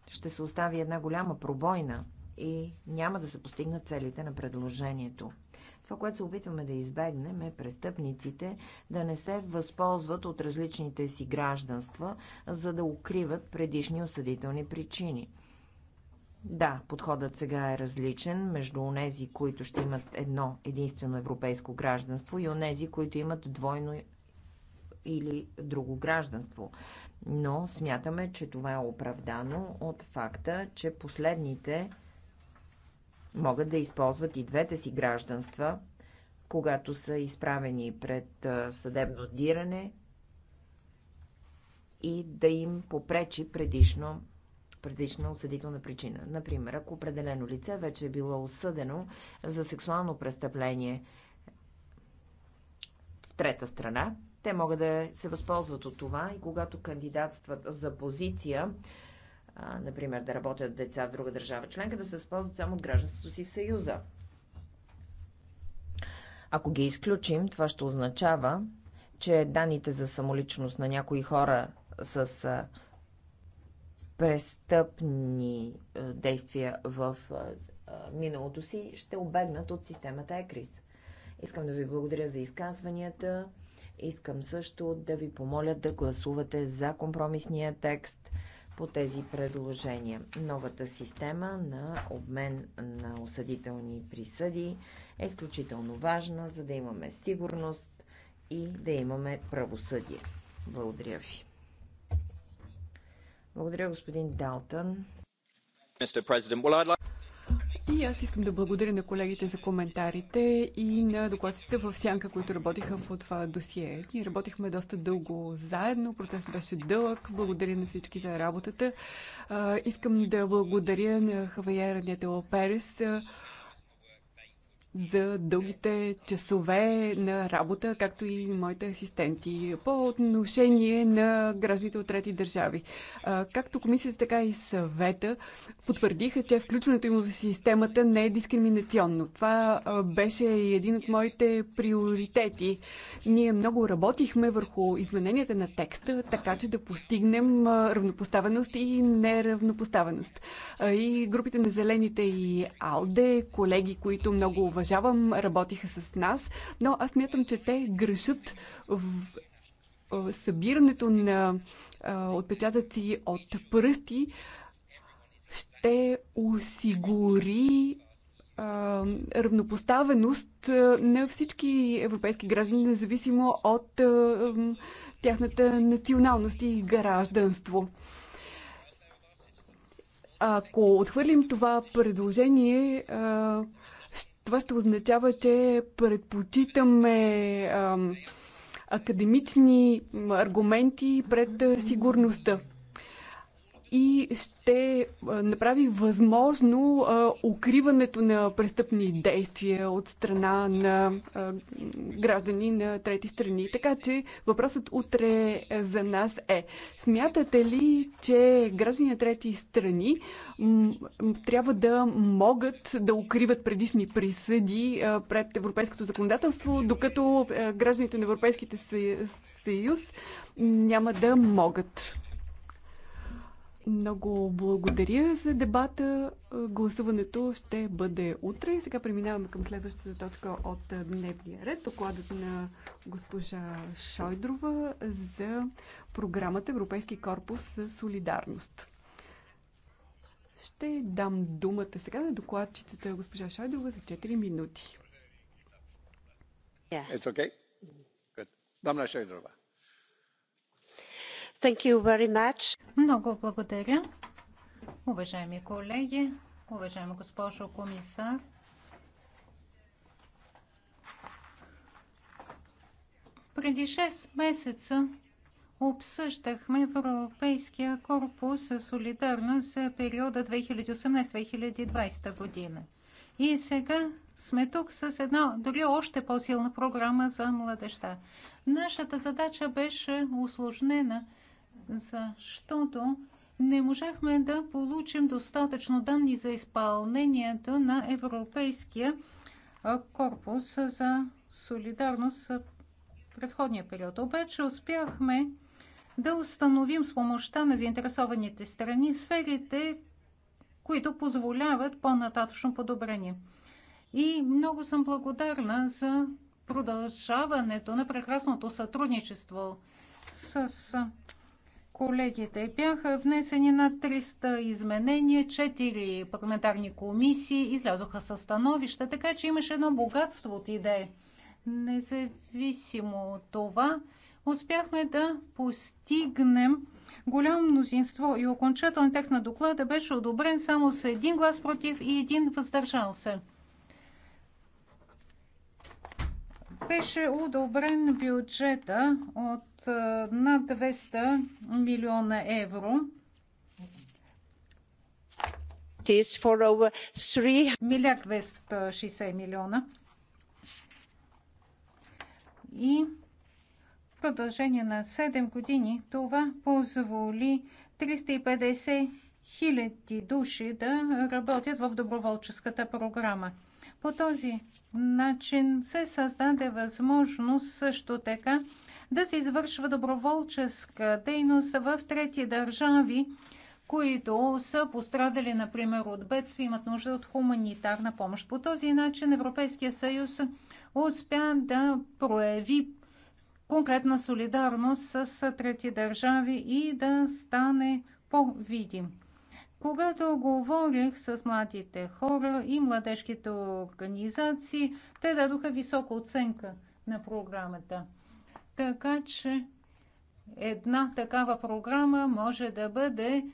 ще се остави една голяма пробойна и няма да се постигнат целите на предложението. Това, което се опитваме да избегнем е престъпниците да не се възползват от различните си гражданства, за да укриват предишни осъдителни причини – да, подходът сега е различен между онези, които ще имат едно единствено европейско гражданство и онези, които имат двойно или друго гражданство. Но смятаме, че това е оправдано от факта, че последните могат да използват и двете си гражданства, когато са изправени пред съдебно диране и да им попречи предишно предишна осъдителна причина. Например, ако определено лице вече е било осъдено за сексуално престъпление в трета страна, те могат да се възползват от това и когато кандидатстват за позиция, а, например да работят деца в друга държава членка, да се използват само от гражданството си в Съюза. Ако ги изключим, това ще означава, че данните за самоличност на някои хора с престъпни е, действия в е, е, миналото си, ще обегнат от системата ЕКРИС. Искам да ви благодаря за изказванията. Искам също да ви помоля да гласувате за компромисния текст по тези предложения. Новата система на обмен на осъдителни присъди е изключително важна, за да имаме сигурност и да имаме правосъдие. Благодаря ви. Благодаря, господин Далтън. И аз искам да благодаря на колегите за коментарите и на докладците в Сянка, които работиха в това досие. Ние работихме доста дълго заедно, процесът беше дълъг. Благодаря на всички за работата. искам да благодаря на Хавайер Нетело Перес, за дългите часове на работа, както и моите асистенти. По отношение на гражданите от трети държави. Както комисията, така и съвета потвърдиха, че включването им в системата не е дискриминационно. Това беше и един от моите приоритети. Ние много работихме върху измененията на текста, така че да постигнем равнопоставеност и неравнопоставеност. И групите на Зелените и Алде, колеги, които много уважават уважавам, работиха с нас, но аз мятам, че те грешат в събирането на отпечатъци от пръсти ще осигури равнопоставеност на всички европейски граждани, независимо от тяхната националност и гражданство. Ако отхвърлим това предложение, това ще означава, че предпочитаме академични аргументи пред сигурността и ще направи възможно укриването на престъпни действия от страна на граждани на трети страни. Така че въпросът утре за нас е смятате ли, че граждани на трети страни трябва да могат да укриват предишни присъди пред европейското законодателство, докато гражданите на Европейските съюз няма да могат? Много благодаря за дебата. Гласуването ще бъде утре. Сега преминаваме към следващата точка от дневния ред. Докладът на госпожа Шойдрова за програмата Европейски корпус за солидарност. Ще дам думата сега на докладчицата госпожа Шойдрова за 4 минути. Yeah. It's okay? Good. Дамна Шойдрова. Thank you very much. Много благодаря. Уважаеми колеги, уважаема госпожо комисар, преди 6 месеца обсъждахме в Европейския корпус за солидарност за периода 2018-2020 година. И сега сме тук с една дори още по-силна програма за младеща. Нашата задача беше усложнена – защото не можахме да получим достатъчно данни за изпълнението на Европейския корпус за солидарност в предходния период. Обаче успяхме да установим с помощта на заинтересованите страни сферите, които позволяват по-нататъчно подобрение. И много съм благодарна за продължаването на прекрасното сътрудничество с колегите. Бяха внесени на 300 изменения, 4 парламентарни комисии излязоха със становища, така че имаше едно богатство от идеи. Независимо от това, успяхме да постигнем голямо мнозинство и окончателен текст на доклада беше одобрен само с един глас против и един въздържал се. Беше одобрен бюджета от над 200 милиона евро. Милиард 260 милиона. И в продължение на 7 години това позволи 350 хиляди души да работят в доброволческата програма. По този начин се създаде възможност също така да се извършва доброволческа дейност в трети държави, които са пострадали, например, от бедствия, имат нужда от хуманитарна помощ. По този начин Европейския съюз успя да прояви конкретна солидарност с трети държави и да стане по-видим. Когато говорих с младите хора и младежките организации, те дадоха висока оценка на програмата. Така че една такава програма може да бъде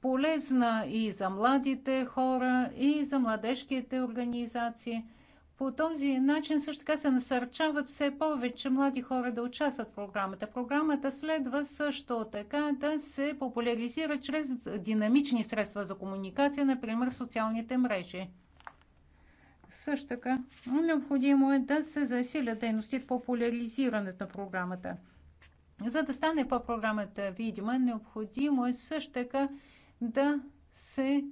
полезна и за младите хора, и за младежките организации. По този начин също така се насърчават все повече млади хора да участват в програмата. Програмата следва също така да се популяризира чрез динамични средства за комуникация, например социалните мрежи. Също така, необходимо е да се засилят дейностите по поляризирането на програмата. За да стане по програмата видима, необходимо е също така да се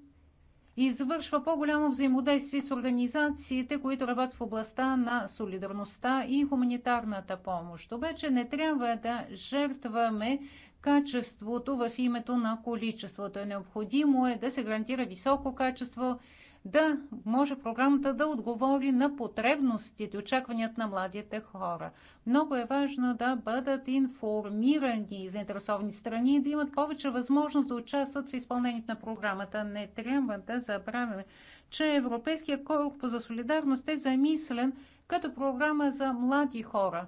извършва по-голямо взаимодействие с организациите, които работят в областта на солидарността и хуманитарната помощ. Обаче не трябва да жертваме качеството в името на количеството. Необходимо е да се гарантира високо качество да може програмата да отговори на потребностите, очакванията на младите хора. Много е важно да бъдат информирани заинтересовани страни и да имат повече възможност да участват в изпълнението на програмата. Не трябва да забравяме, че Европейския корпус за солидарност е замислен като програма за млади хора.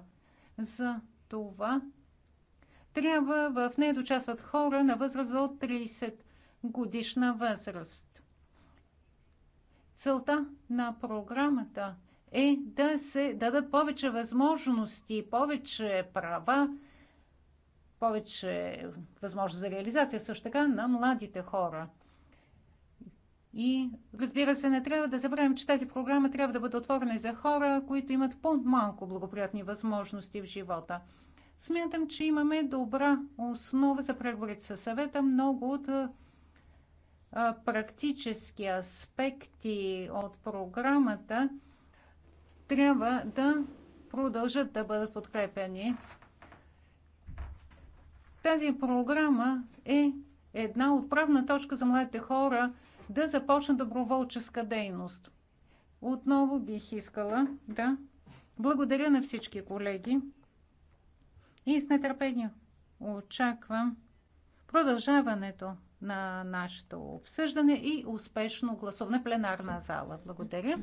За това трябва в нея да участват хора на възраст от 30 годишна възраст. Целта на програмата е да се дадат повече възможности, повече права, повече възможност за реализация също така на младите хора. И разбира се, не трябва да забравим, че тази програма трябва да бъде отворена и за хора, които имат по-малко благоприятни възможности в живота. Смятам, че имаме добра основа за преговорите със съвета. Много от практически аспекти от програмата трябва да продължат да бъдат подкрепени. Тази програма е една отправна точка за младите хора да започнат доброволческа дейност. Отново бих искала да благодаря на всички колеги и с нетърпение очаквам продължаването на нашето обсъждане и успешно гласуване пленарна зала. Благодаря.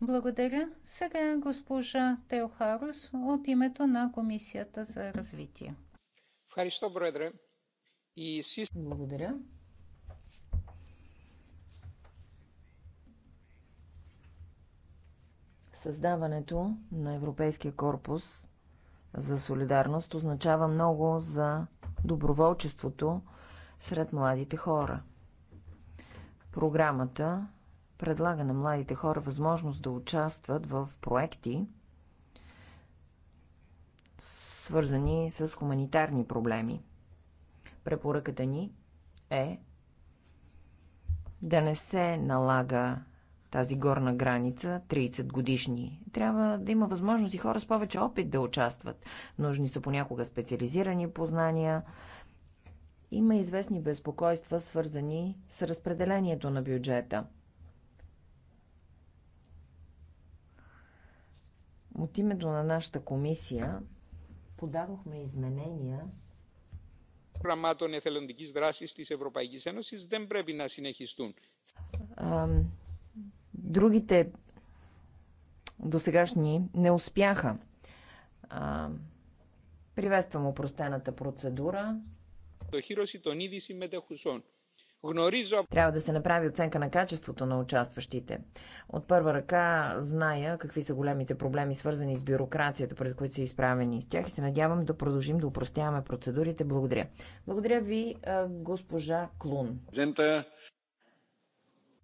Благодаря. Сега госпожа Теохарус от името на Комисията за развитие. Благодаря. Създаването на Европейския корпус за солидарност означава много за доброволчеството сред младите хора. Програмата предлага на младите хора възможност да участват в проекти, свързани с хуманитарни проблеми. Препоръката ни е да не се налага тази горна граница 30 годишни. Трябва да има възможност и хора с повече опит да участват. Нужни са понякога специализирани познания, има известни безпокойства, свързани с разпределението на бюджета. От името на нашата комисия подадохме изменения προγραμμάτων εθελοντικής δράσης της Ευρωπαϊκής Ένωσης δεν πρέπει να συνεχιστούν. Другите досегашни не успяха. Приветствам упростената процедура. Трябва да се направи оценка на качеството на участващите. От първа ръка зная какви са големите проблеми, свързани с бюрокрацията, пред които са изправени с тях и се надявам да продължим да упростяваме процедурите. Благодаря. Благодаря ви, госпожа Клун.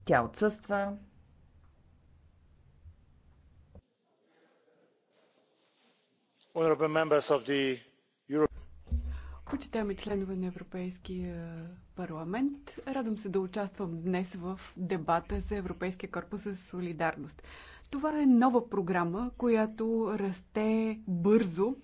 Тя отсъства. Honorable members of the Почитаме членове на Европейския парламент. Радвам се да участвам днес в дебата за Европейския корпус за солидарност. Това е нова програма, която расте бързо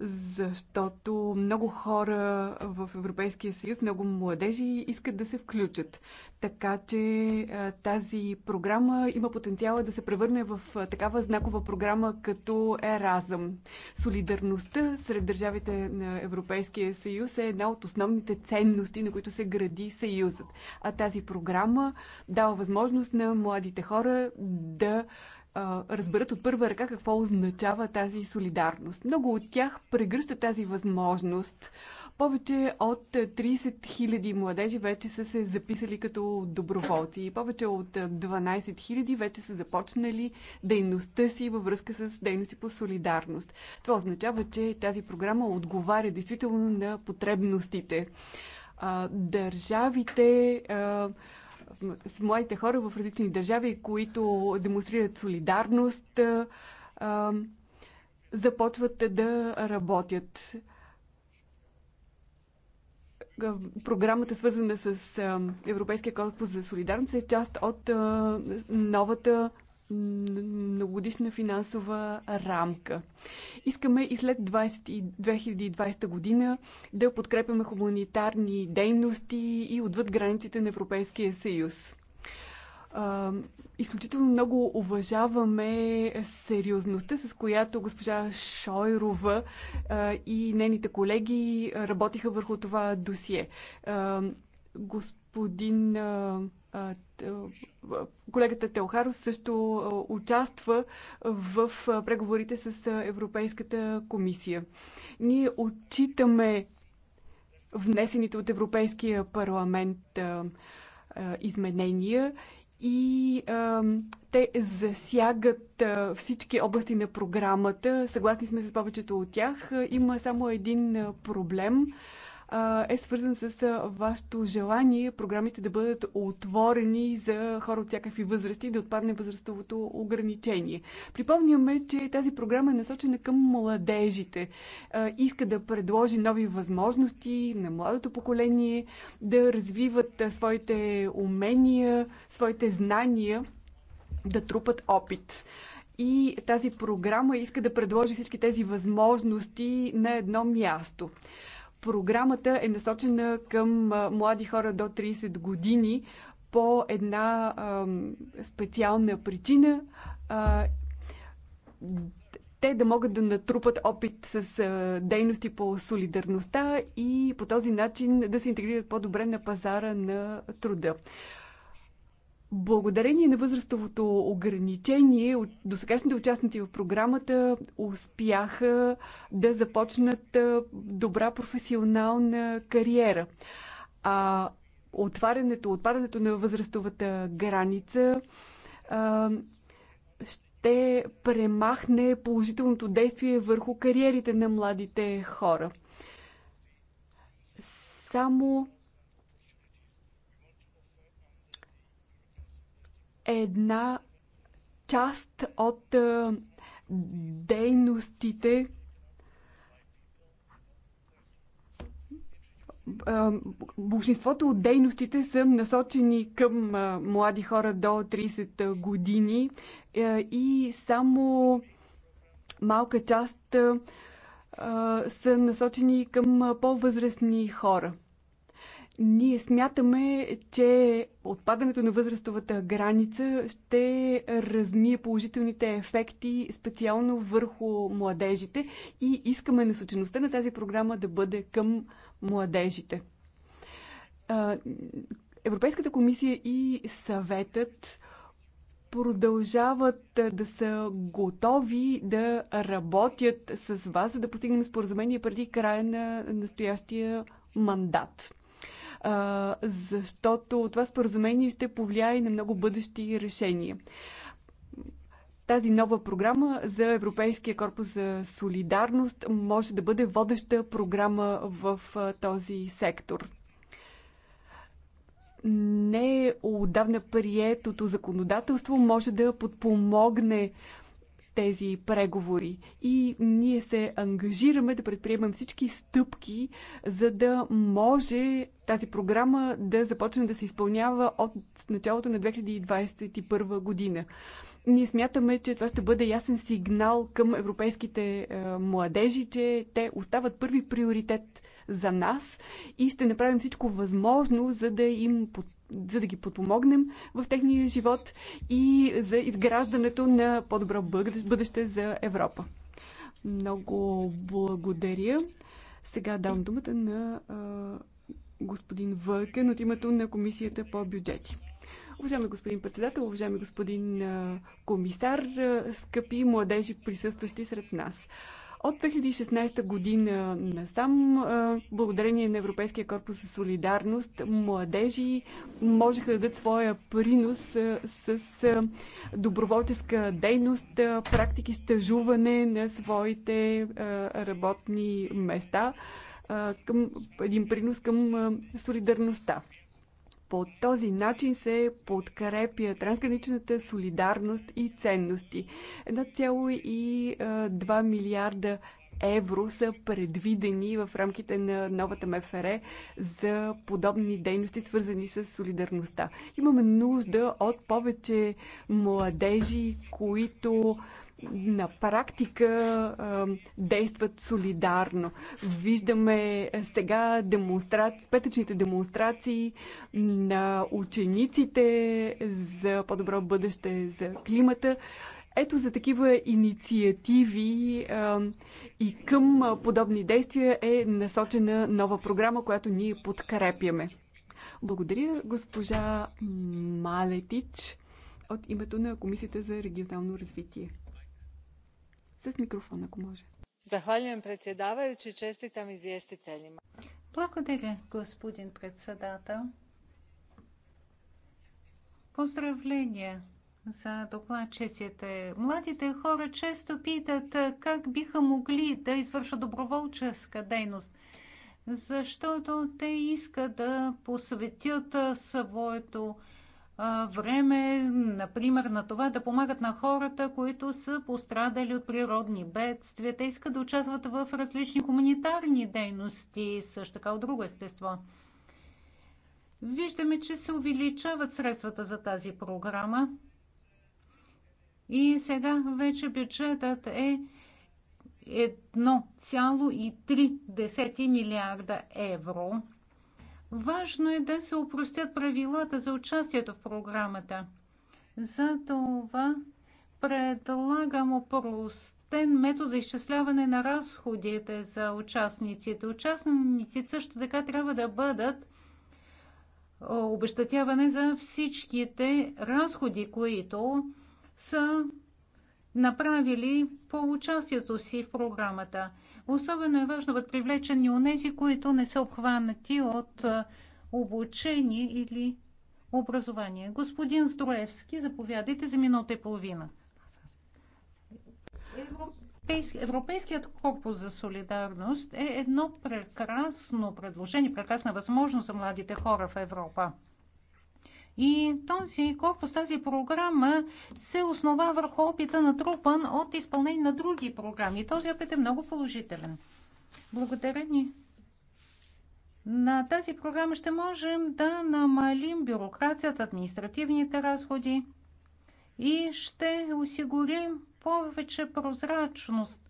защото много хора в Европейския съюз, много младежи искат да се включат. Така че тази програма има потенциала да се превърне в такава знакова програма като Еразъм. Солидарността сред държавите на Европейския съюз е една от основните ценности, на които се гради съюзът. А тази програма дава възможност на младите хора да разберат от първа ръка какво означава тази солидарност. Много от тях прегръщат тази възможност. Повече от 30 000 младежи вече са се записали като доброволци и повече от 12 000 вече са започнали дейността си във връзка с дейности по солидарност. Това означава, че тази програма отговаря действително на потребностите. Държавите с младите хора в различни държави, които демонстрират солидарност, започват да работят. Програмата, свързана с Европейския корпус за солидарност, е част от новата многогодишна финансова рамка. Искаме и след 20, 2020 година да подкрепяме хуманитарни дейности и отвъд границите на Европейския съюз. Изключително много уважаваме сериозността, с която госпожа Шойрова и нейните колеги работиха върху това досие. Господин Колегата Телхаро също участва в преговорите с Европейската комисия. Ние отчитаме внесените от Европейския парламент изменения и те засягат всички области на програмата. Съгласни сме с повечето от тях. Има само един проблем е свързан с вашето желание програмите да бъдат отворени за хора от всякакви възрасти, да отпадне възрастовото ограничение. Припомняме, че тази програма е насочена към младежите. Иска да предложи нови възможности на младото поколение да развиват своите умения, своите знания, да трупат опит. И тази програма иска да предложи всички тези възможности на едно място. Програмата е насочена към млади хора до 30 години по една а, специална причина. А, те да могат да натрупат опит с а, дейности по солидарността и по този начин да се интегрират по-добре на пазара на труда. Благодарение на възрастовото ограничение, до сегашните участници в програмата успяха да започнат добра професионална кариера. А отварянето, отпадането на възрастовата граница а, ще премахне положителното действие върху кариерите на младите хора. Само една част от е, дейностите, е, Большинството от дейностите са насочени към е, млади хора до 30 години и само малка част са насочени към по-възрастни хора. Ние смятаме, че отпадането на възрастовата граница ще размие положителните ефекти специално върху младежите и искаме насочеността на тази програма да бъде към младежите. Европейската комисия и съветът продължават да са готови да работят с вас, за да постигнем споразумение преди края на настоящия мандат защото това споразумение ще повлияе и на много бъдещи решения тази нова програма за Европейския корпус за солидарност може да бъде водеща програма в този сектор. Не е отдавна приетото законодателство може да подпомогне тези преговори. И ние се ангажираме да предприемем всички стъпки, за да може тази програма да започне да се изпълнява от началото на 2021 година. Ние смятаме, че това ще бъде ясен сигнал към европейските е, младежи, че те остават първи приоритет за нас и ще направим всичко възможно, за да им за да ги подпомогнем в техния живот и за изграждането на по-добро бъдеще за Европа. Много благодаря. Сега дам думата на а, господин Въркен от името на Комисията по бюджети. Уважаеми господин председател, уважаеми господин комисар, скъпи младежи, присъстващи сред нас. От 2016 година насам, благодарение на Европейския корпус за солидарност, младежи можеха да дадат своя принос с доброволческа дейност, практики, стажуване на своите работни места, към един принос към солидарността. По този начин се подкрепя трансграничната солидарност и ценности. 1,2 милиарда евро са предвидени в рамките на новата МФР за подобни дейности, свързани с солидарността. Имаме нужда от повече младежи, които на практика действат солидарно. Виждаме сега демонстра... петъчните демонстрации на учениците за по-добро бъдеще за климата. Ето за такива инициативи а, и към подобни действия е насочена нова програма, която ние подкрепяме. Благодаря госпожа Малетич от името на Комисията за регионално развитие с микрофон, ако може. Благодаря, господин председател. Поздравления за докладчиците. Младите хора често питат как биха могли да извършат доброволческа дейност, защото те искат да посветят своето време, например, на това да помагат на хората, които са пострадали от природни бедствия. Те искат да участват в различни хуманитарни дейности, също така от друго естество. Виждаме, че се увеличават средствата за тази програма. И сега вече бюджетът е 1,3 милиарда евро. Важно е да се упростят правилата за участието в програмата. За това предлагам упростен метод за изчисляване на разходите за участниците. Участниците също така трябва да бъдат обещатяване за всичките разходи, които са направили по участието си в програмата. Особено е важно да бъдат привлечени у нези, които не са обхванати от обучение или образование. Господин Здроевски, заповядайте за минута и половина. Европейският корпус за солидарност е едно прекрасно предложение, прекрасна възможност за младите хора в Европа. И този корпус, тази програма се основа върху опита на трупан от изпълнение на други програми. Този опит е много положителен. Благодаря ни. На тази програма ще можем да намалим бюрокрацията, административните разходи и ще осигурим повече прозрачност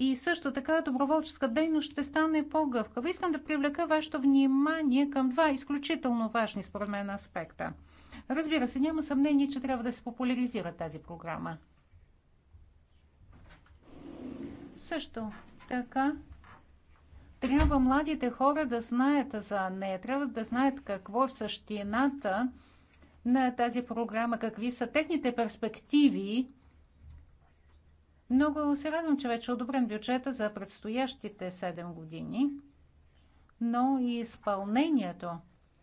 и също така доброволческа дейност ще стане по-гъвкава. Искам да привлека вашето внимание към два изключително важни според мен аспекта. Разбира се, няма съмнение, че трябва да се популяризира тази програма. Също така трябва младите хора да знаят за нея, трябва да знаят какво е в същината на тази програма, какви са техните перспективи много се радвам, че вече е одобрен бюджета за предстоящите 7 години, но и изпълнението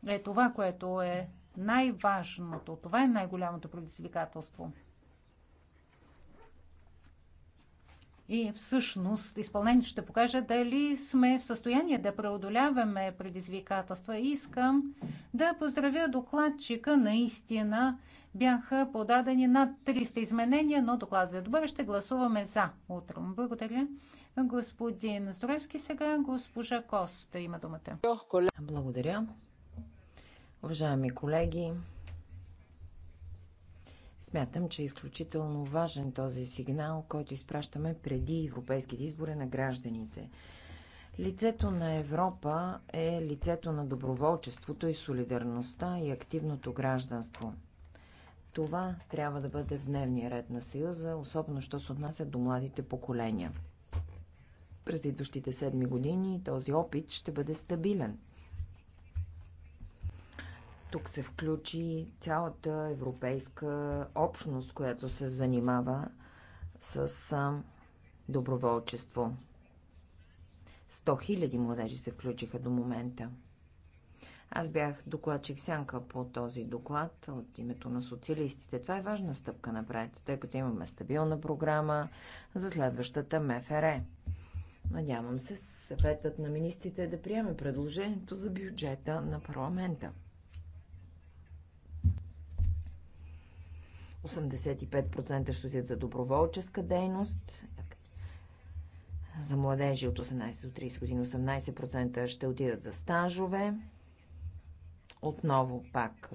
е това, което е най-важното. Това е най-голямото предизвикателство. И всъщност изпълнението ще покаже дали сме в състояние да преодоляваме предизвикателства. Искам да поздравя докладчика наистина бяха подадени над 300 изменения, но докладът е добър. Ще гласуваме за утре. Благодаря. Господин Здоровски сега, госпожа Коста има думата. Благодаря. Уважаеми колеги, Смятам, че е изключително важен този сигнал, който изпращаме преди европейските избори на гражданите. Лицето на Европа е лицето на доброволчеството и солидарността и активното гражданство. Това трябва да бъде в дневния ред на Съюза, особено що се отнася до младите поколения. През идващите седми години този опит ще бъде стабилен. Тук се включи цялата европейска общност, която се занимава с доброволчество. 100 000 младежи се включиха до момента. Аз бях докладчик сянка по този доклад от името на социалистите. Това е важна стъпка напред, тъй като имаме стабилна програма за следващата МФР. Надявам се съветът на министрите да приеме предложението за бюджета на парламента. 85% ще отидат за доброволческа дейност, за младежи от 18 до 30 години 18% ще отидат за стажове, отново пак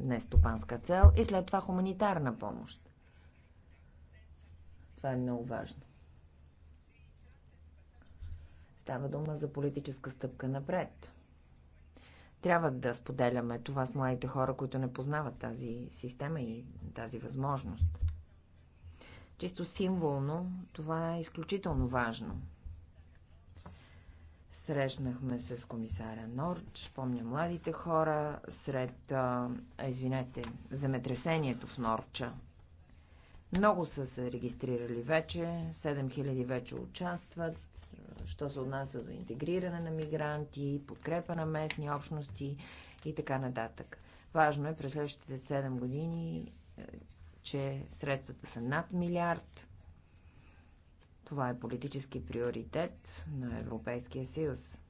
не стопанска цел и след това хуманитарна помощ. Това е много важно. Става дума за политическа стъпка напред. Трябва да споделяме това с младите хора, които не познават тази система и тази възможност. Чисто символно това е изключително важно – Срещнахме с комисаря Норч, помня младите хора, сред, а, извинете, земетресението в Норча. Много са се регистрирали вече, 7000 вече участват, що се отнася до интегриране на мигранти, подкрепа на местни общности и така нататък. Важно е през следващите 7 години, че средствата са над милиард, това е политически приоритет на Европейския съюз.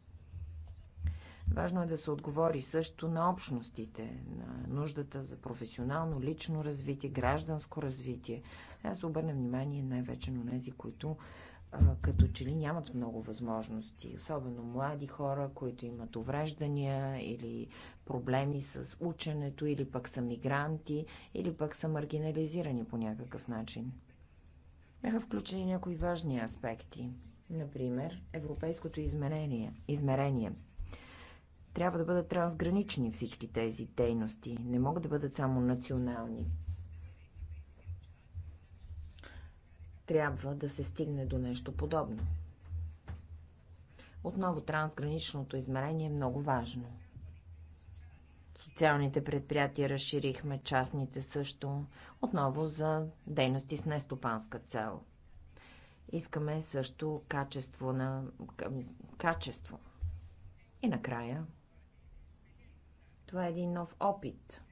Важно е да се отговори също на общностите, на нуждата за професионално, лично развитие, гражданско развитие. Трябва да се обърне внимание най-вече на тези, които като че ли нямат много възможности, особено млади хора, които имат увреждания или проблеми с ученето, или пък са мигранти, или пък са маргинализирани по някакъв начин. Бяха включени някои важни аспекти, например европейското измерение, измерение. Трябва да бъдат трансгранични всички тези дейности, не могат да бъдат само национални. Трябва да се стигне до нещо подобно. Отново трансграничното измерение е много важно – социалните предприятия разширихме, частните също, отново за дейности с нестопанска цел. Искаме също качество на... качество. И накрая. Това е един нов опит,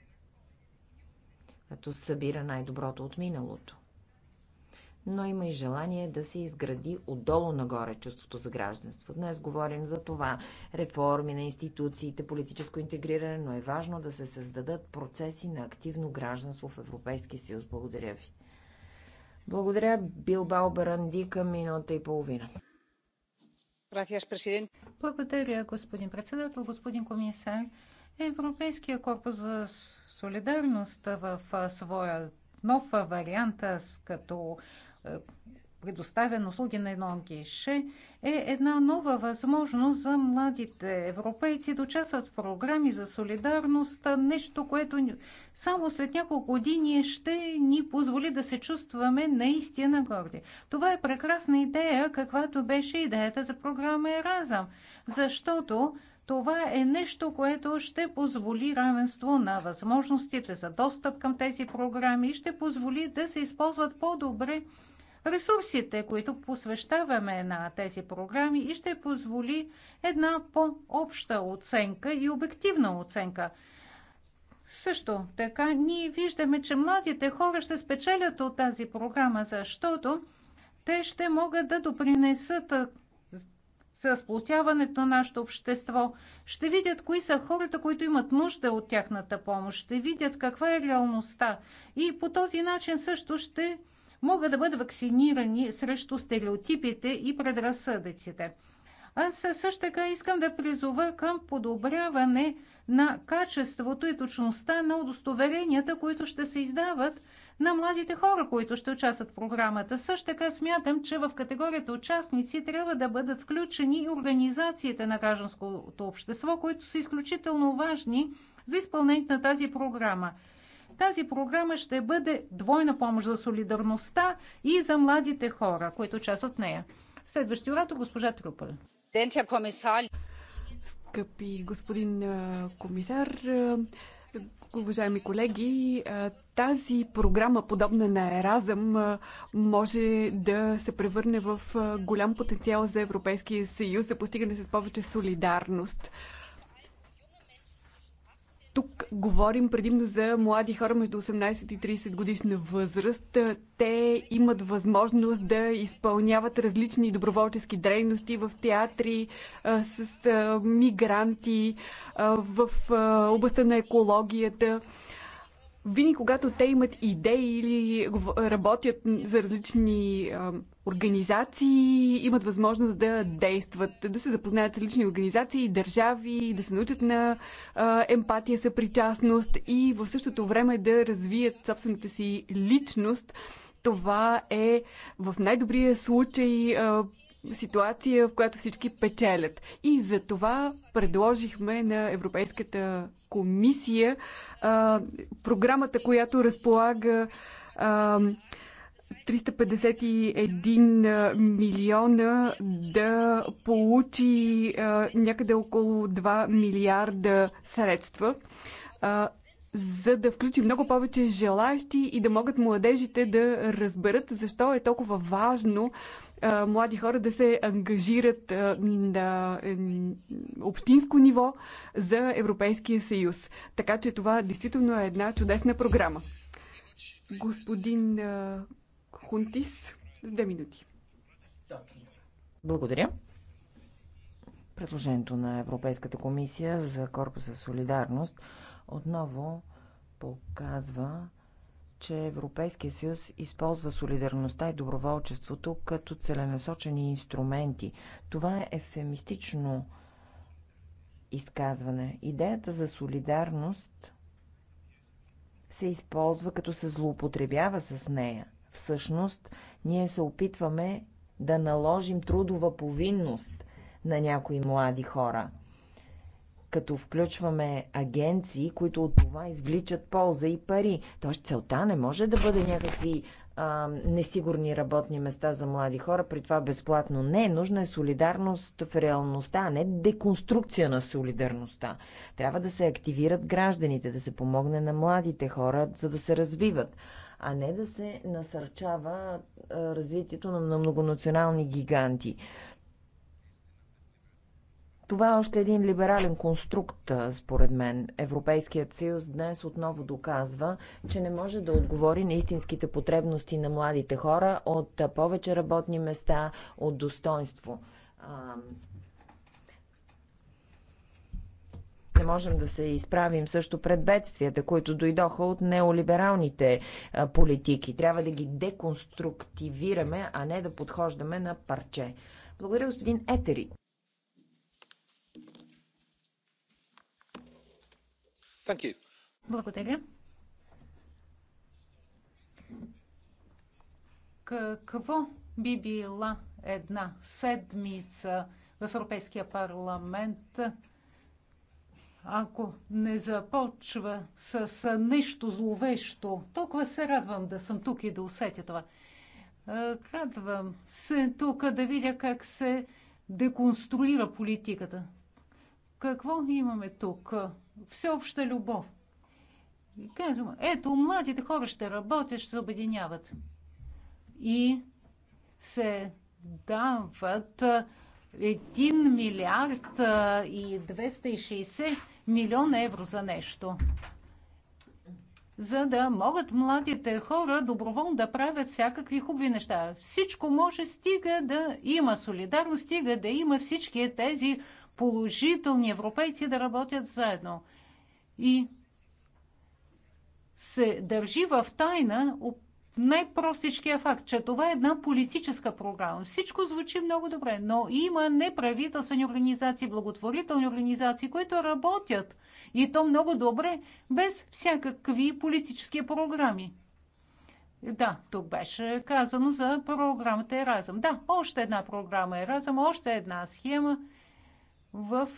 като събира най-доброто от миналото но има и желание да се изгради отдолу нагоре чувството за гражданство. Днес говорим за това. Реформи на институциите, политическо интегриране, но е важно да се създадат процеси на активно гражданство в Европейския съюз. Благодаря ви. Благодаря Билбао към минута и половина. Благодаря, господин председател, господин комисар. Европейския корпус за солидарност в своя нов вариант, като е, предоставен услуги на едно геше, е една нова възможност за младите европейци да участват в програми за солидарност, нещо, което само след няколко години ще ни позволи да се чувстваме наистина горди. Това е прекрасна идея, каквато беше идеята за програма Еразъм, защото това е нещо, което ще позволи равенство на възможностите за достъп към тези програми и ще позволи да се използват по-добре ресурсите, които посвещаваме на тези програми и ще позволи една по-обща оценка и обективна оценка. Също така ние виждаме, че младите хора ще спечелят от тази програма, защото те ще могат да допринесат за сплотяването на нашето общество. Ще видят кои са хората, които имат нужда от тяхната помощ. Ще видят каква е реалността. И по този начин също ще могат да бъдат вакцинирани срещу стереотипите и предразсъдъците. Аз също така искам да призова към подобряване на качеството и точността на удостоверенията, които ще се издават на младите хора, които ще участват в програмата. Също така смятам, че в категорията участници трябва да бъдат включени и организациите на гражданското общество, които са изключително важни за изпълнението на тази програма. Тази програма ще бъде двойна помощ за солидарността и за младите хора, които част от нея. Следващия урато, госпожа Трупъл. Скъпи господин комисар, Уважаеми колеги, тази програма, подобна на Еразъм, може да се превърне в голям потенциал за Европейския съюз за постигане с повече солидарност. Тук говорим предимно за млади хора между 18 и 30 годишна възраст. Те имат възможност да изпълняват различни доброволчески дейности в театри, с мигранти, в областта на екологията винаги когато те имат идеи или работят за различни а, организации, имат възможност да действат, да се запознаят с различни организации, държави, да се научат на а, емпатия, съпричастност и в същото време да развият собствената си личност. Това е в най-добрия случай а, ситуация, в която всички печелят. И за това предложихме на Европейската комисия а, програмата, която разполага а, 351 милиона да получи а, някъде около 2 милиарда средства. А, за да включи много повече желащи и да могат младежите да разберат защо е толкова важно млади хора да се ангажират на е, общинско ниво за Европейския съюз. Така че това действително е една чудесна програма. Господин Хунтис, с две минути. Благодаря. Предложението на Европейската комисия за Корпуса Солидарност отново показва че Европейския съюз използва солидарността и доброволчеството като целенасочени инструменти. Това е ефемистично изказване. Идеята за солидарност се използва като се злоупотребява с нея. Всъщност, ние се опитваме да наложим трудова повинност на някои млади хора – като включваме агенции, които от това извличат полза и пари. Тоест целта не може да бъде някакви а, несигурни работни места за млади хора, при това безплатно. Не, нужна е солидарност в реалността, а не деконструкция на солидарността. Трябва да се активират гражданите, да се помогне на младите хора, за да се развиват, а не да се насърчава а, развитието на, на многонационални гиганти. Това е още един либерален конструкт, според мен. Европейският съюз днес отново доказва, че не може да отговори на истинските потребности на младите хора от повече работни места, от достоинство. не можем да се изправим също пред бедствията, които дойдоха от неолибералните политики. Трябва да ги деконструктивираме, а не да подхождаме на парче. Благодаря, господин Етери. Благодаря. Какво би била една седмица в Европейския парламент, ако не започва с нещо зловещо? Толкова се радвам да съм тук и да усетя това. Е, радвам се тук да видя как се деконструира политиката. Какво имаме тук? всеобща любов. Казвам, ето, младите хора ще работят, ще се объединяват. И се дават 1 милиард и 260 милиона евро за нещо. За да могат младите хора доброволно да правят всякакви хубави неща. Всичко може, стига да има солидарност, стига да има всички тези положителни европейци да работят заедно. И се държи в тайна най-простичкия факт, че това е една политическа програма. Всичко звучи много добре, но има неправителствени организации, благотворителни организации, които работят и то много добре, без всякакви политически програми. Да, тук беше казано за програмата Еразъм. Да, още една програма Еразъм, още една схема – в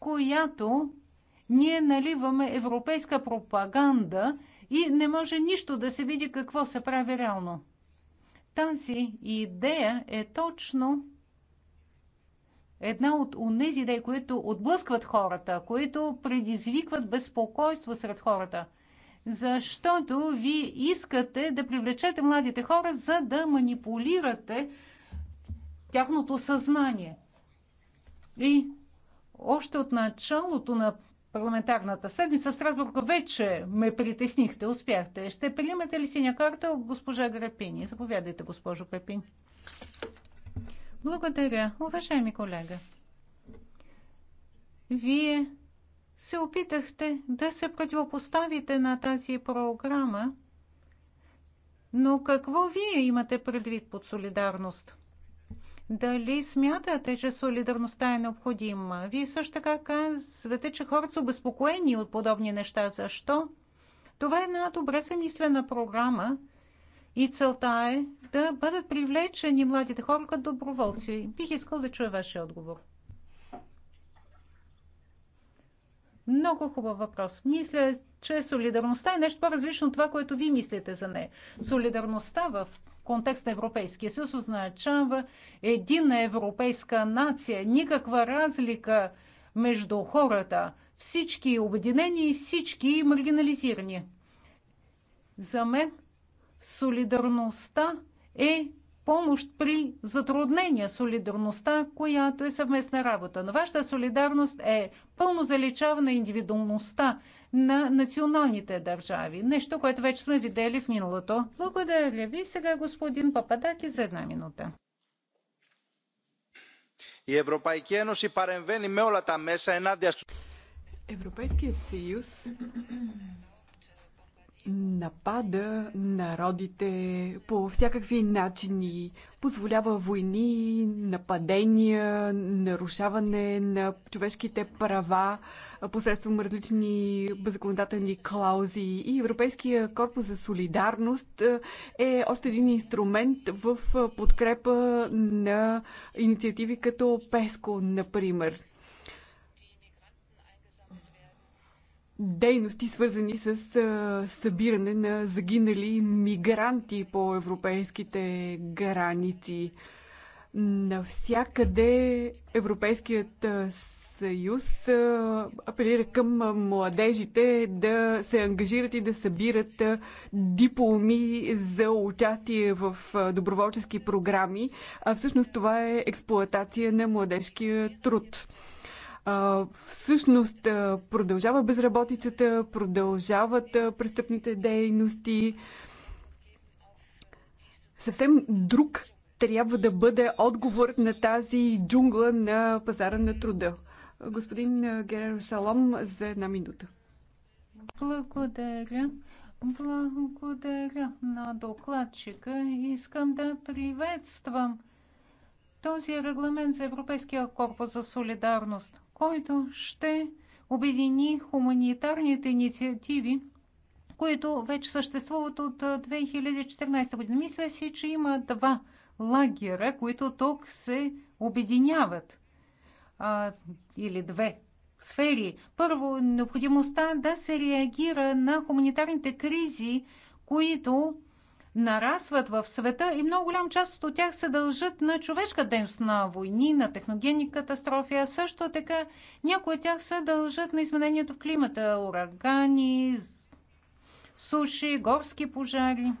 която ние наливаме европейска пропаганда и не може нищо да се види какво се прави реално. Тази идея е точно една от тези идеи, които отблъскват хората, които предизвикват безпокойство сред хората. Защото ви искате да привлечете младите хора, за да манипулирате тяхното съзнание. И още от началото на парламентарната седмица в Страсбург вече ме притеснихте, успяхте. Ще приемете ли синя карта от госпожа Грепини? Заповядайте, госпожо Пепин. Благодаря, уважаеми колега. Вие се опитахте да се противопоставите на тази програма, но какво вие имате предвид под солидарност? Дали смятате, че солидарността е необходима? Вие също така казвате, че хората са обезпокоени от подобни неща. Защо? Това е една добре съмислена програма и целта е да бъдат привлечени младите хора като доброволци. Бих искал да чуя вашия отговор. Много хубав въпрос. Мисля, че солидарността е нещо по-различно от това, което ви мислите за нея. Солидарността в контекста Европейския съюз означава едина европейска нация, никаква разлика между хората, всички обединени и всички маргинализирани. За мен солидарността е помощ при затруднения, солидарността, която е съвместна работа. Но вашата солидарност е пълно заличаване на индивидуалността, на националните държави. Нещо, което вече сме видели в миналото. Благодаря ви. Сега господин Пападаки за една минута. Η Ευρωπαϊκή Ένωση παρεμβαίνει με όλα τα μέσα ενάντια Европейският съюз напада народите по всякакви начини. Позволява войни, нападения, нарушаване на човешките права посредством различни законодателни клаузи. И Европейския корпус за солидарност е още един инструмент в подкрепа на инициативи като ПЕСКО, например. дейности, свързани с събиране на загинали мигранти по европейските граници. Навсякъде Европейският съюз апелира към младежите да се ангажират и да събират дипломи за участие в доброволчески програми. А всъщност това е експлоатация на младежкия труд всъщност продължава безработицата, продължават престъпните дейности. Съвсем друг трябва да бъде отговор на тази джунгла на пазара на труда. Господин Герер Салом за една минута. Благодаря. Благодаря на докладчика. Искам да приветствам този регламент за Европейския корпус за солидарност, който ще обедини хуманитарните инициативи, които вече съществуват от 2014 година. Мисля си, че има два лагера, които тук се обединяват. А, или две сфери. Първо, необходимостта да се реагира на хуманитарните кризи, които нарастват в света и много голям част от тях се дължат на човешка дейност, на войни, на техногенни катастрофи, а също така някои от тях се дължат на изменението в климата, урагани, суши, горски пожари.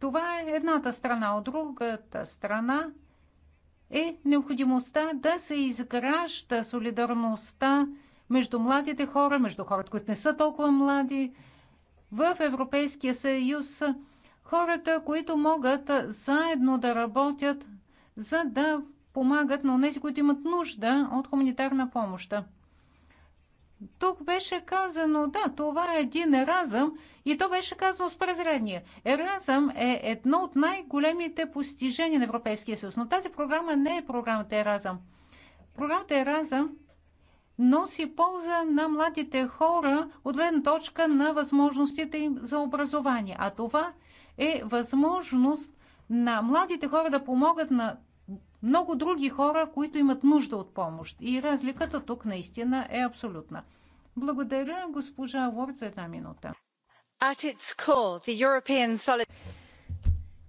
Това е едната страна. От другата страна е необходимостта да се изгражда солидарността между младите хора, между хората, които не са толкова млади, в Европейския съюз хората, които могат заедно да работят, за да помагат на тези, които имат нужда от хуманитарна помощ. Тук беше казано, да, това е един еразъм и то беше казано с презрение. Еразъм е едно от най-големите постижения на Европейския съюз, но тази програма не е програмата Еразъм. Програмата Еразъм носи полза на младите хора от гледна точка на възможностите им за образование. А това е възможност на младите хора да помогат на много други хора, които имат нужда от помощ. И разликата тук наистина е абсолютна. Благодаря, госпожа Уорд, за една минута.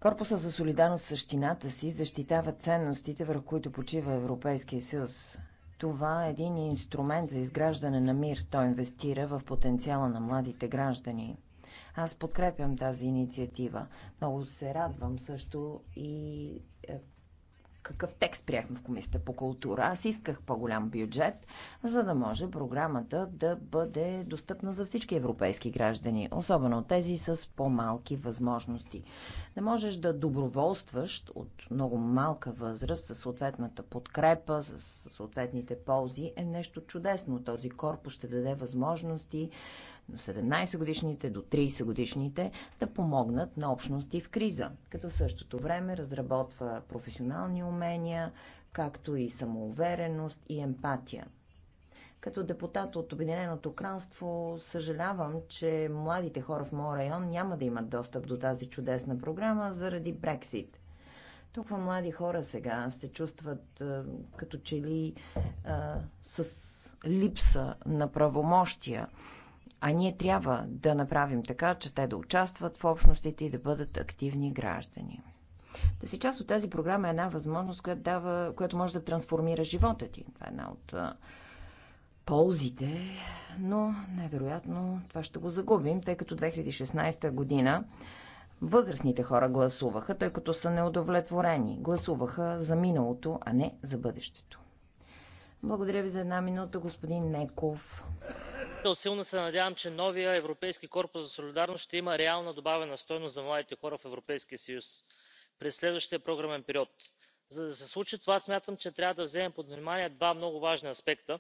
Корпуса за солидарност същината си защитава ценностите, върху които почива Европейския съюз. Това е един инструмент за изграждане на мир. Той инвестира в потенциала на младите граждани. Аз подкрепям тази инициатива. Много се радвам също и е, какъв текст приехме в Комисията по култура. Аз исках по-голям бюджет, за да може програмата да бъде достъпна за всички европейски граждани, особено тези с по-малки възможности. Не можеш да доброволстваш от много малка възраст, с съответната подкрепа, с съответните ползи, е нещо чудесно. Този корпус ще даде възможности до 17 годишните, до 30 годишните, да помогнат на общности в криза, като същото време разработва професионални умения, както и самоувереност и емпатия. Като депутат от Обединеното кралство съжалявам, че младите хора в моя район няма да имат достъп до тази чудесна програма заради Брексит. Толкова млади хора сега се чувстват като че ли а, с липса на правомощия а ние трябва да направим така, че те да участват в общностите и да бъдат активни граждани. Да си част от тази програма е една възможност, която, дава, която може да трансформира живота ти. Това е една от ползите, но най-вероятно това ще го загубим, тъй като 2016 година възрастните хора гласуваха, тъй като са неудовлетворени. Гласуваха за миналото, а не за бъдещето. Благодаря ви за една минута, господин Неков. Силно се надявам, че новия Европейски корпус за солидарност ще има реална добавена стойност за младите хора в Европейския съюз през следващия програмен период. За да се случи това, смятам, че трябва да вземем под внимание два много важни аспекта.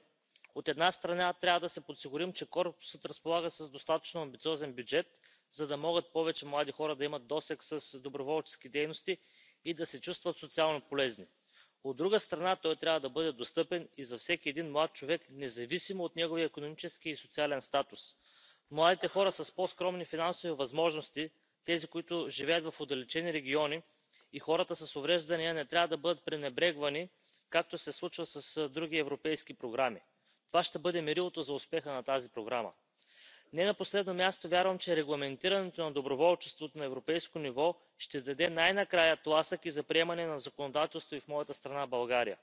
От една страна, трябва да се подсигурим, че корпусът разполага с достатъчно амбициозен бюджет, за да могат повече млади хора да имат досек с доброволчески дейности и да се чувстват социално полезни от друга страна той трябва да бъде достъпен и за всеки един млад човек независимо от неговия икономически и социален статус. младите хора с по скромни финансови възможности тези които живеят в отдалечени региони и хората с увреждания не трябва да бъдат пренебрегвани както се случва с други европейски програми. това ще бъде мерилото за успеха на тази програма не на последно място вярвам че регламентирането на доброволчеството на европейско ниво ще даде най накрая тласък и за приемане на законодателство и в моята страна българия.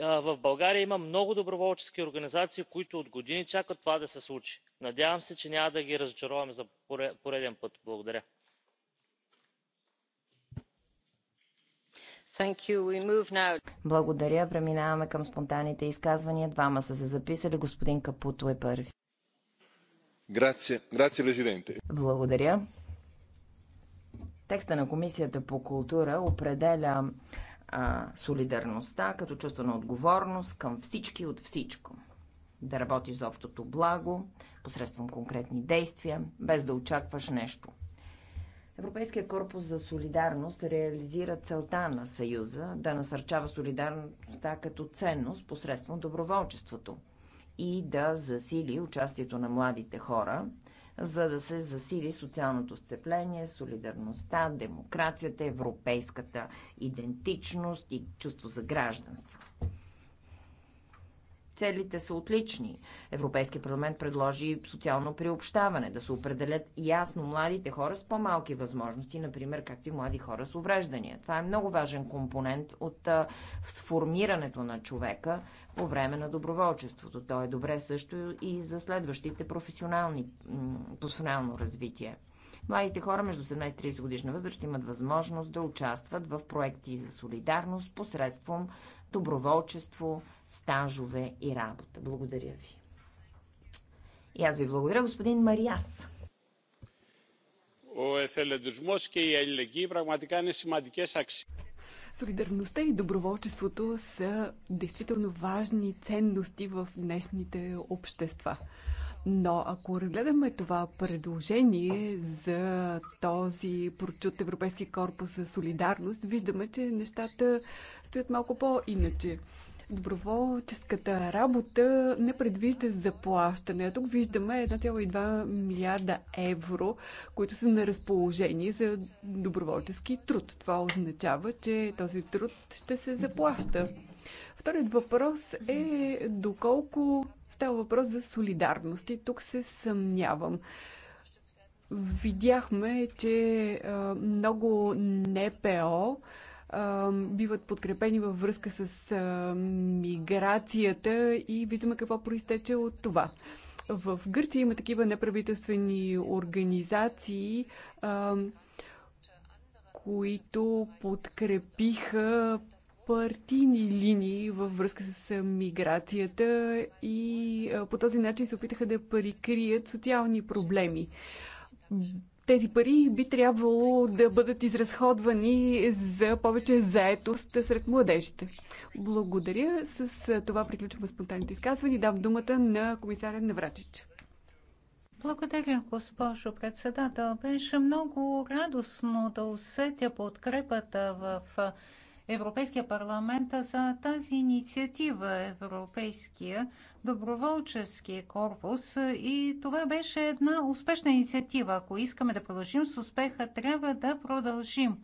в българия има много доброволчески организации които от години чакат това да се случи. надявам се че няма да ги разочароваме за пореден път. благодаря. Благодаря. Преминаваме към спонтанните изказвания. Двама са се записали. Господин Капуто е първи президенте. Благодаря. Текста на Комисията по култура определя а, солидарността като чувство на отговорност към всички от всичко. Да работиш за общото благо, посредством конкретни действия, без да очакваш нещо. Европейския корпус за солидарност реализира целта на Съюза да насърчава солидарността като ценност посредством доброволчеството – и да засили участието на младите хора, за да се засили социалното сцепление, солидарността, демокрацията, европейската идентичност и чувство за гражданство целите са отлични. Европейския парламент предложи социално приобщаване, да се определят ясно младите хора с по-малки възможности, например, както и млади хора с увреждания. Това е много важен компонент от а, сформирането на човека по време на доброволчеството. То е добре също и за следващите професионални, професионално развитие. Младите хора между 17 и 30 годишна възраст имат възможност да участват в проекти за солидарност посредством доброволчество, стажове и работа. Благодаря ви. И аз ви благодаря, господин Мариас. Ο εθελοντισμός και η αλληλεγγύη πραγματικά είναι σημαντικές αξίες. Солидарността и доброволчеството са действително важни ценности в днешните общества. Но ако разгледаме това предложение за този прочут Европейски корпус за солидарност, виждаме, че нещата стоят малко по-иначе. Доброволческата работа не предвижда заплащане. Тук виждаме 1,2 милиарда евро, които са на разположение за доброволчески труд. Това означава, че този труд ще се заплаща. Вторият въпрос е доколко Става въпрос за солидарност и тук се съмнявам. Видяхме, че много НПО биват подкрепени във връзка с миграцията и виждаме какво проистече от това. В Гърция има такива неправителствени организации, които подкрепиха партийни линии във връзка с миграцията и по този начин се опитаха да прикрият социални проблеми. Тези пари би трябвало да бъдат изразходвани за повече заетост сред младежите. Благодаря. С това приключваме спонтанните изказвания. Дам думата на комисаря Навратич. Благодаря, госпожо председател. Беше много радостно да усетя подкрепата в Европейския парламент за тази инициатива Европейския доброволчески корпус и това беше една успешна инициатива. Ако искаме да продължим с успеха, трябва да продължим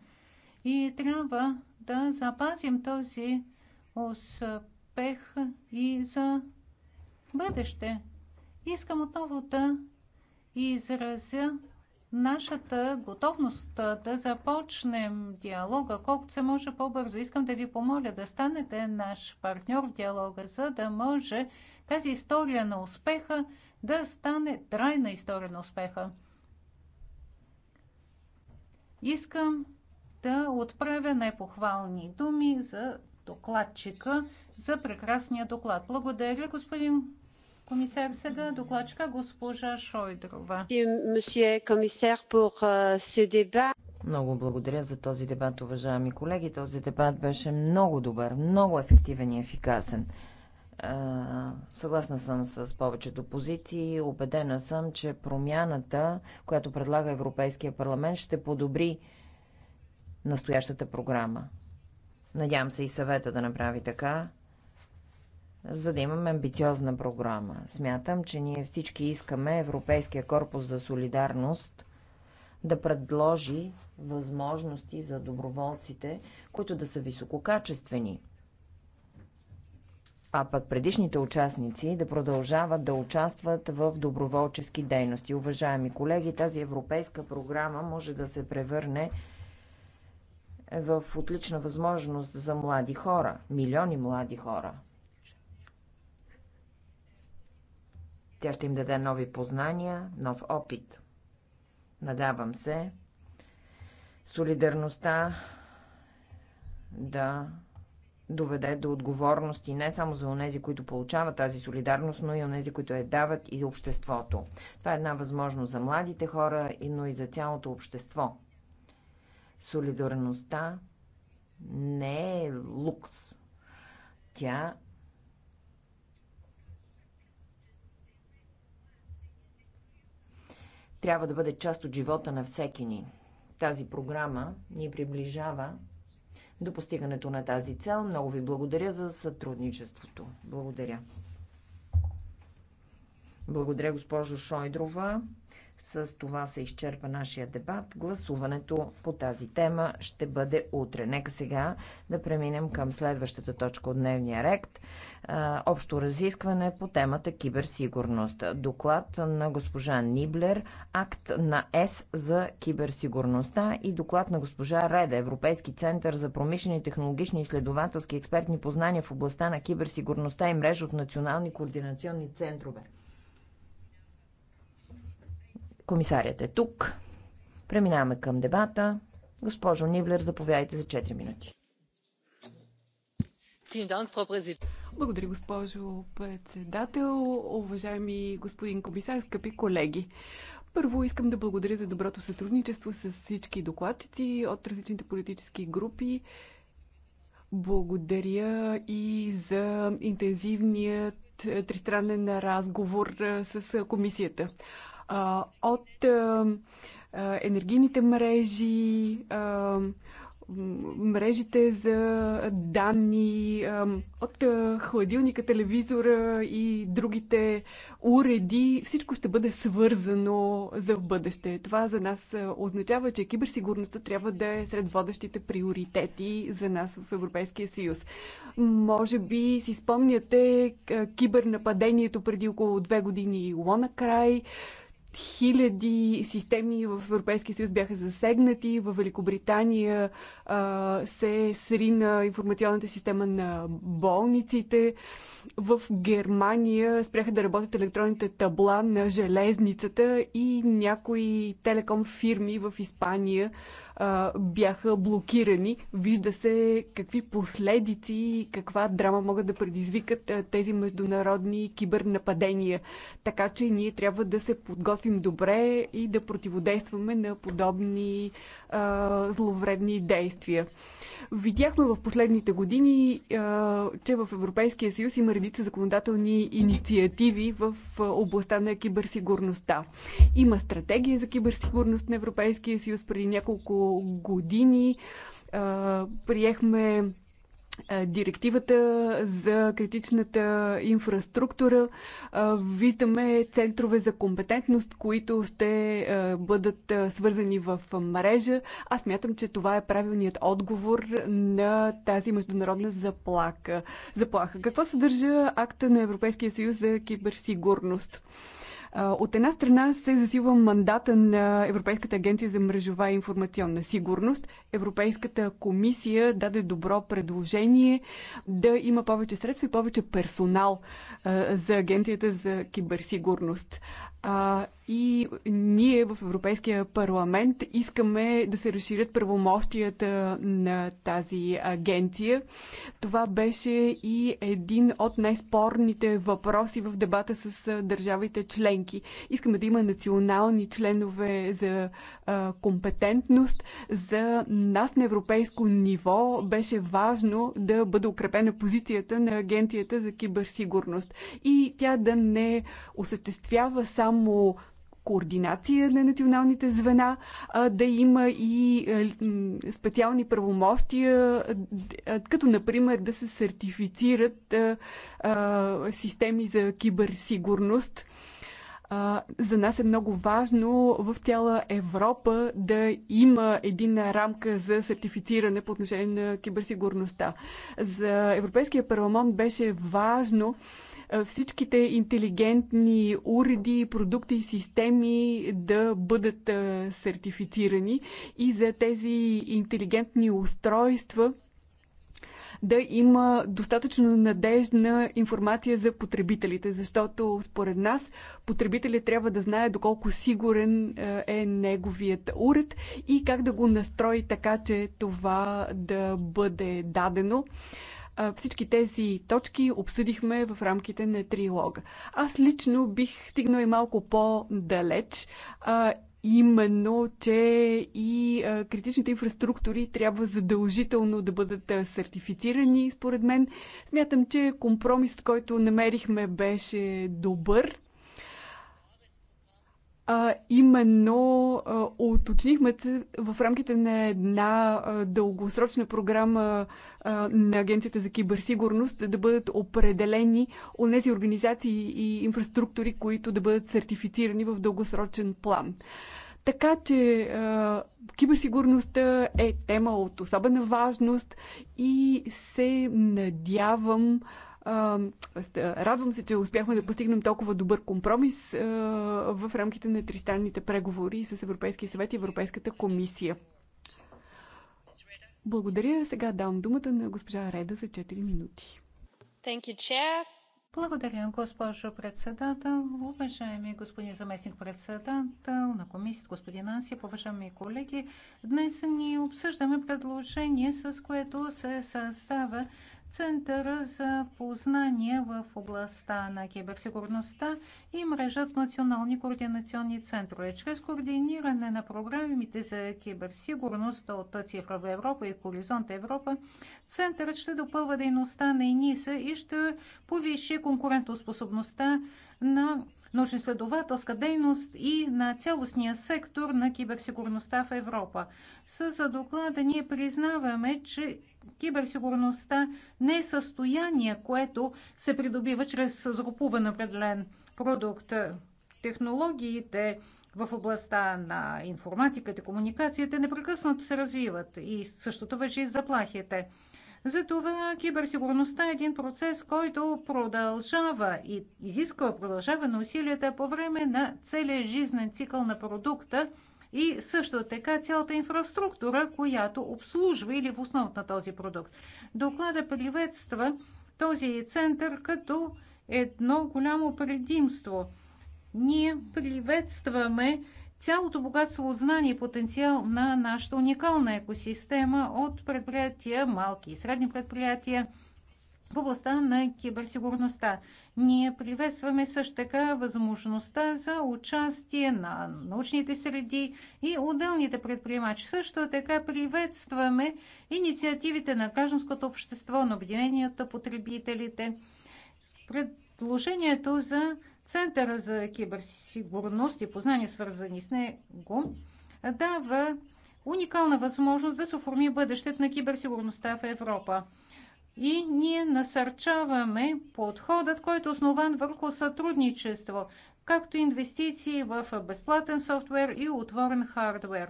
и трябва да запазим този успех и за бъдеще. Искам отново да изразя нашата готовност да започнем диалога колкото се може по-бързо. Искам да ви помоля да станете наш партньор в диалога, за да може тази история на успеха да стане трайна история на успеха. Искам да отправя най-похвални думи за докладчика за прекрасния доклад. Благодаря, господин комисар. Сега докладчика госпожа Шойдрова. Много благодаря за този дебат, уважаеми колеги. Този дебат беше много добър, много ефективен и ефикасен. Съгласна съм с повечето позиции. Обедена съм, че промяната, която предлага Европейския парламент, ще подобри настоящата програма. Надявам се и съвета да направи така, за да имаме амбициозна програма. Смятам, че ние всички искаме Европейския корпус за солидарност да предложи възможности за доброволците, които да са висококачествени, а пък предишните участници да продължават да участват в доброволчески дейности. Уважаеми колеги, тази европейска програма може да се превърне в отлична възможност за млади хора, милиони млади хора – Тя ще им даде нови познания, нов опит. Надавам се солидарността да доведе до отговорности не само за онези, които получават тази солидарност, но и онези, които я дават и обществото. Това е една възможност за младите хора, но и за цялото общество. Солидарността не е лукс. Тя трябва да бъде част от живота на всеки ни. Тази програма ни приближава до постигането на тази цел. Много ви благодаря за сътрудничеството. Благодаря. Благодаря, госпожо Шойдрова. С това се изчерпа нашия дебат. Гласуването по тази тема ще бъде утре. Нека сега да преминем към следващата точка от дневния рект. Общо разискване по темата киберсигурност. Доклад на госпожа Ниблер, акт на ЕС за киберсигурността и доклад на госпожа Реда, Европейски център за промишлени, технологични, изследователски експертни познания в областта на киберсигурността и мрежа от национални координационни центрове. Комисарят е тук. Преминаваме към дебата. Госпожо Ниблер, заповядайте за 4 минути. Благодаря, госпожо председател, уважаеми господин комисар, скъпи колеги. Първо искам да благодаря за доброто сътрудничество с всички докладчици от различните политически групи. Благодаря и за интензивният тристранен разговор с комисията от енергийните мрежи, мрежите за данни, от хладилника, телевизора и другите уреди, всичко ще бъде свързано за в бъдеще. Това за нас означава, че киберсигурността трябва да е сред водещите приоритети за нас в Европейския съюз. Може би си спомняте кибернападението преди около две години Лона Край, хиляди системи в Европейския съюз бяха засегнати. В Великобритания а, се срина информационната система на болниците. А, в Германия спряха да работят електронните табла на железницата и някои телеком фирми в Испания а, бяха блокирани. Вижда се какви последици и каква драма могат да предизвикат а, тези международни кибернападения. Така че ние трябва да се подготвим добре и да противодействаме на подобни а, зловредни действия. Видяхме в последните години, а, че в Европейския съюз има редица законодателни инициативи в областта на киберсигурността. Има стратегия за киберсигурност на Европейския съюз преди няколко години. Приехме директивата за критичната инфраструктура. Виждаме центрове за компетентност, които ще бъдат свързани в мрежа. Аз мятам, че това е правилният отговор на тази международна заплаха. Какво съдържа акта на Европейския съюз за киберсигурност? От една страна се засилва мандата на Европейската агенция за мрежова и информационна сигурност. Европейската комисия даде добро предложение да има повече средства и повече персонал за агенцията за киберсигурност. И ние в Европейския парламент искаме да се разширят правомощията на тази агенция. Това беше и един от най-спорните въпроси в дебата с държавите членки. Искаме да има национални членове за компетентност. За нас на европейско ниво беше важно да бъде укрепена позицията на агенцията за киберсигурност и тя да не осъществява само координация на националните звена, да има и специални правомостия, като например да се сертифицират системи за киберсигурност. За нас е много важно в цяла Европа да има единна рамка за сертифициране по отношение на киберсигурността. За Европейския парламент беше важно е, всичките интелигентни уреди, продукти и системи да бъдат е, сертифицирани и за тези интелигентни устройства да има достатъчно надежна информация за потребителите, защото според нас потребителят трябва да знае доколко сигурен е, е неговият уред и как да го настрои така, че това да бъде дадено. Всички тези точки обсъдихме в рамките на трилога. Аз лично бих стигнал и малко по-далеч именно, че и критичните инфраструктури трябва задължително да бъдат сертифицирани, според мен. Смятам, че компромисът, който намерихме, беше добър а, именно а, уточнихме в рамките на една а, дългосрочна програма а, на Агенцията за киберсигурност да бъдат определени от тези организации и инфраструктури, които да бъдат сертифицирани в дългосрочен план. Така че а, киберсигурността е тема от особена важност и се надявам Радвам се, че успяхме да постигнем толкова добър компромис в рамките на тристранните преговори с Европейския съвет и Европейската комисия. Благодаря. Сега давам думата на госпожа Реда за 4 минути. You, Благодаря, госпожо председател, уважаеми господин заместник председател на комисията, господин Анси, уважаеми колеги. Днес ни обсъждаме предложение, с което се създава Центъра за познание в областта на киберсигурността и мрежат национални координационни центрове. Чрез координиране на програмите за киберсигурност от Цифрова Европа и Хоризонт Европа, Центърът ще допълва дейността на ИНИСа и ще повиши конкурентоспособността на научно-изследователска дейност и на цялостния сектор на киберсигурността в Европа. С доклада ние признаваме, че киберсигурността не е състояние, което се придобива чрез закупува на определен продукт. Технологиите в областта на информатиката и комуникациите непрекъснато се развиват и същото въжи за заплахите. Затова киберсигурността е един процес, който продължава и изисква продължаване усилията по време на целия жизнен цикъл на продукта – и също така цялата инфраструктура, която обслужва или в основата на този продукт. Доклада приветства този център като едно голямо предимство. Ние приветстваме цялото богатство от и потенциал на нашата уникална екосистема от предприятия, малки и средни предприятия в областта на киберсигурността. Ние приветстваме също така възможността за участие на научните среди и отделните предприемачи. Също така приветстваме инициативите на гражданското общество, на Обединението потребителите. Предложението за Центъра за киберсигурност и познания, свързани с него, дава уникална възможност да се оформи бъдещето на киберсигурността в Европа и ние насърчаваме подходът, който е основан върху сътрудничество, както инвестиции в безплатен софтуер и отворен хардвер.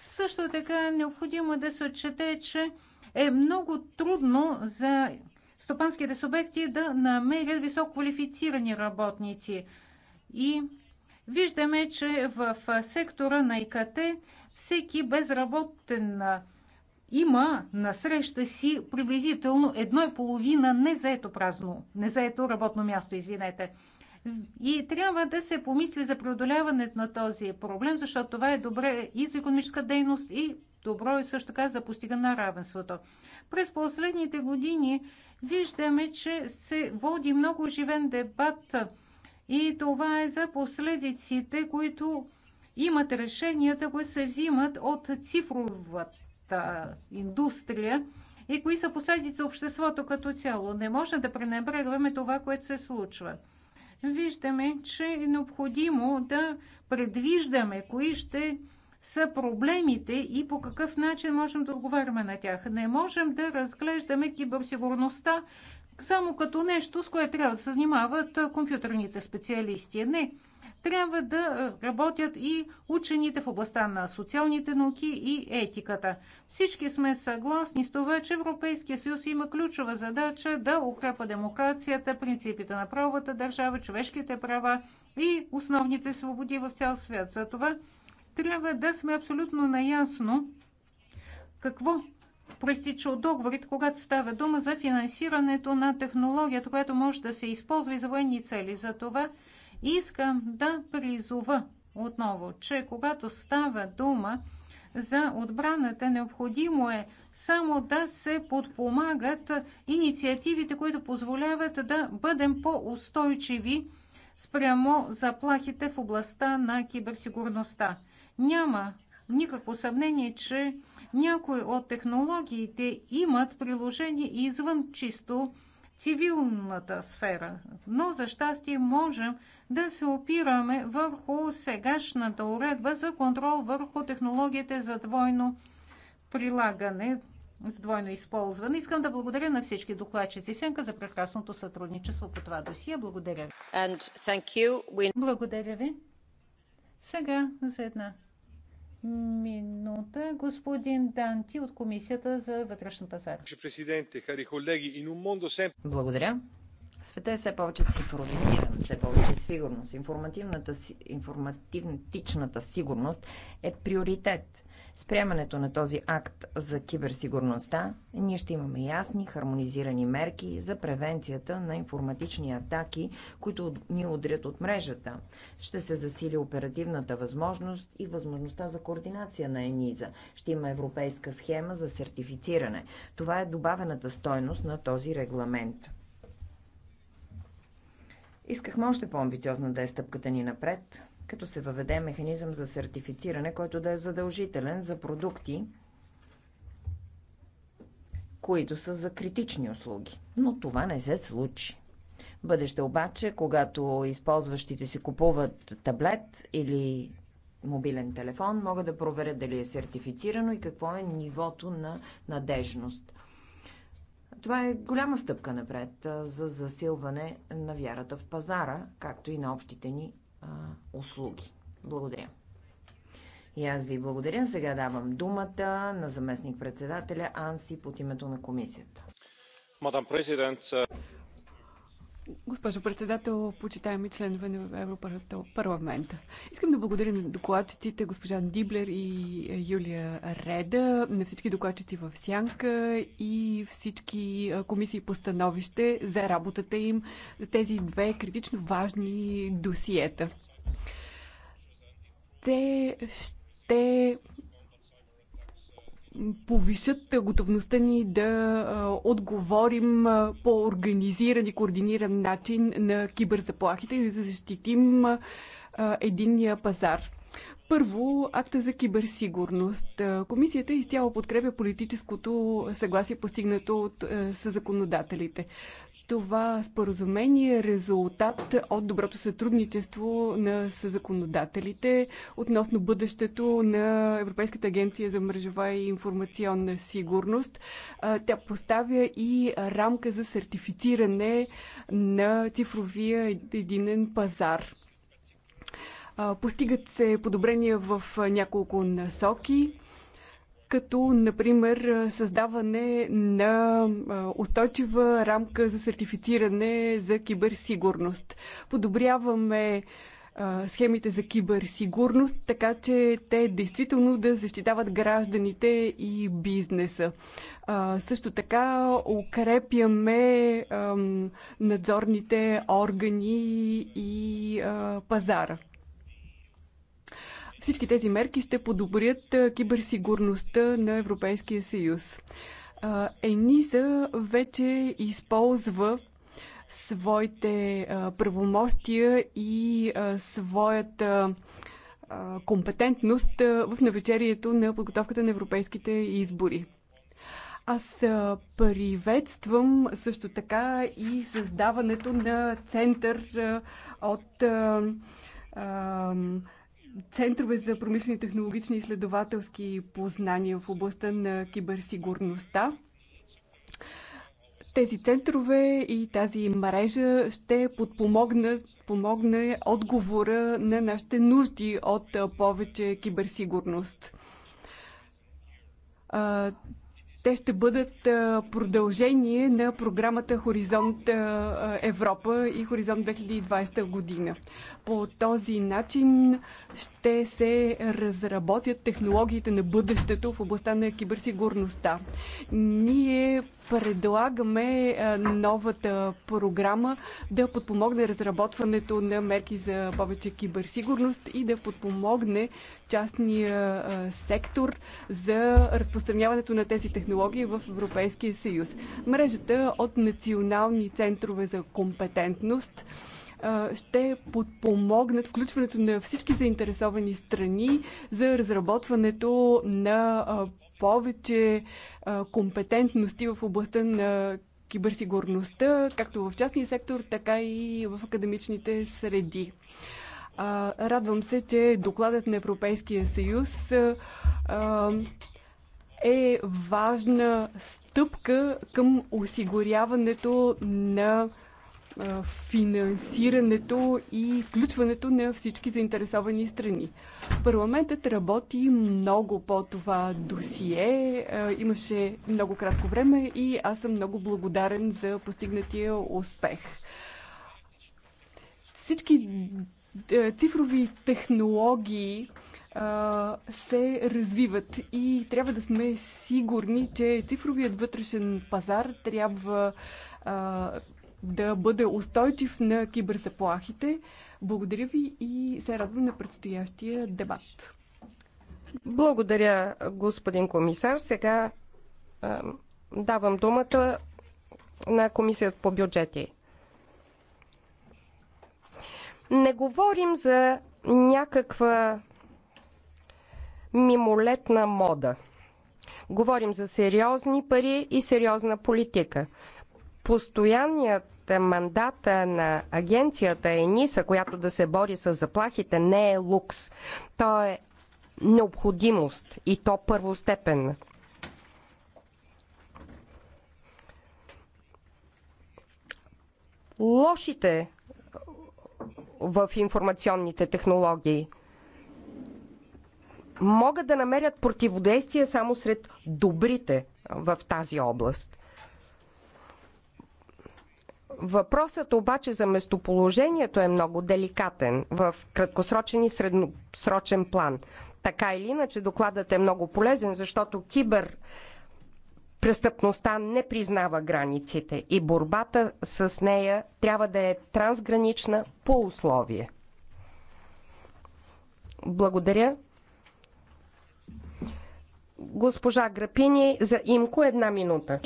Също така е необходимо да се отчете, че е много трудно за стопанските субекти да намерят висококвалифицирани работници. И виждаме, че в сектора на ИКТ всеки безработен има на среща си приблизително едно и половина незаето празно, незаето работно място, извинете. И трябва да се помисли за преодоляването на този проблем, защото това е добре и за економическа дейност, и добро и е също така за постигане на равенството. През последните години виждаме, че се води много живен дебат и това е за последиците, които имат решенията, които се взимат от цифровата нашата индустрия и кои са последици за обществото като цяло. Не може да пренебрегваме това, което се случва. Виждаме, че е необходимо да предвиждаме кои ще са проблемите и по какъв начин можем да отговаряме на тях. Не можем да разглеждаме киберсигурността само като нещо, с което трябва да се занимават компютърните специалисти. Не трябва да е, работят и учените в областта на социалните науки и етиката. Всички сме съгласни с това, че Европейския съюз има ключова задача да укрепа демокрацията, принципите на правовата държава, човешките права и основните свободи в цял свят. За това трябва да сме абсолютно наясно какво проистича от договорите, когато става дума за финансирането на технологията, която може да се използва и за военни цели. За това Искам да призова отново, че когато става дума за отбраната, необходимо е само да се подпомагат инициативите, които позволяват да бъдем по-устойчиви спрямо заплахите в областта на киберсигурността. Няма никакво съмнение, че някои от технологиите имат приложение извън чисто цивилната сфера, но за щастие можем да се опираме върху сегашната уредба за контрол върху технологиите за двойно прилагане, с двойно използване. Искам да благодаря на всички докладчици Сенка за прекрасното сътрудничество по това досие. Благодаря ви. We... Благодаря ви. Сега за една минута господин Данти от Комисията за вътрешен пазар. Благодаря. Света е все повече цифровизиран, все повече сигурност. Информативната, информативничната сигурност е приоритет. С приемането на този акт за киберсигурността, ние ще имаме ясни, хармонизирани мерки за превенцията на информатични атаки, които ни удрят от мрежата. Ще се засили оперативната възможност и възможността за координация на ЕНИЗА. Ще има европейска схема за сертифициране. Това е добавената стойност на този регламент. Искахме още по-амбициозна да е стъпката ни напред, като се въведе механизъм за сертифициране, който да е задължителен за продукти, които са за критични услуги. Но това не се случи. Бъдеще обаче, когато използващите си купуват таблет или мобилен телефон, могат да проверят дали е сертифицирано и какво е нивото на надежност. Това е голяма стъпка напред за засилване на вярата в пазара, както и на общите ни а, услуги. Благодаря. И аз ви благодаря. Сега давам думата на заместник-председателя Анси под името на комисията. Мадам президент, Госпожо председател, почитаеми членове на Европарламента. Искам да благодаря на докладчиците госпожа Диблер и е, Юлия Реда, на всички докладчици в Сянка и всички е, комисии по становище за работата им за тези две критично важни досиета. Те ще повишат готовността ни да отговорим по организиран и координиран начин на киберзаплахите и да защитим единния пазар. Първо, акта за киберсигурност. Комисията изцяло подкрепя политическото съгласие, постигнато от съзаконодателите. Това споразумение е резултат от доброто сътрудничество на законодателите относно бъдещето на Европейската агенция за мрежова и информационна сигурност. Тя поставя и рамка за сертифициране на цифровия единен пазар. Постигат се подобрения в няколко насоки като, например, създаване на устойчива рамка за сертифициране за киберсигурност. Подобряваме схемите за киберсигурност, така че те действително да защитават гражданите и бизнеса. А, също така укрепяме надзорните органи и а, пазара. Всички тези мерки ще подобрят киберсигурността на Европейския съюз. ЕНИСА вече използва своите правомощия и своята компетентност в навечерието на подготовката на европейските избори. Аз приветствам също така и създаването на център от центрове за промишлени, технологични и изследователски познания в областта на киберсигурността. Тези центрове и тази мрежа ще подпомогнат помогне отговора на нашите нужди от повече киберсигурност те ще бъдат продължение на програмата Хоризонт Европа и Хоризонт 2020 година. По този начин ще се разработят технологиите на бъдещето в областта на киберсигурността. Ние предлагаме новата програма да подпомогне разработването на мерки за повече киберсигурност и да подпомогне частния сектор за разпространяването на тези технологии в Европейския съюз. Мрежата от национални центрове за компетентност ще подпомогнат включването на всички заинтересовани страни за разработването на повече компетентности в областта на киберсигурността, както в частния сектор, така и в академичните среди. Радвам се, че докладът на Европейския съюз е важна стъпка към осигуряването на финансирането и включването на всички заинтересовани страни. Парламентът работи много по това досие. Имаше много кратко време и аз съм много благодарен за постигнатия успех. Всички е, цифрови технологии а, се развиват и трябва да сме сигурни, че цифровият вътрешен пазар трябва а, да бъде устойчив на киберзаплахите. Благодаря ви и се радвам на предстоящия дебат. Благодаря, господин комисар. Сега а, давам думата на Комисията по бюджети. Не говорим за някаква мимолетна мода. Говорим за сериозни пари и сериозна политика. Постоянният мандата на агенцията ЕНИСА, която да се бори с заплахите, не е лукс. То е необходимост и то първостепенна. Лошите в информационните технологии могат да намерят противодействие само сред добрите в тази област. Въпросът обаче за местоположението е много деликатен в краткосрочен и средносрочен план. Така или иначе, докладът е много полезен, защото кибер Престъпността не признава границите и борбата с нея трябва да е трансгранична по условие. Благодаря. Госпожа Грапини, за имко, една минута.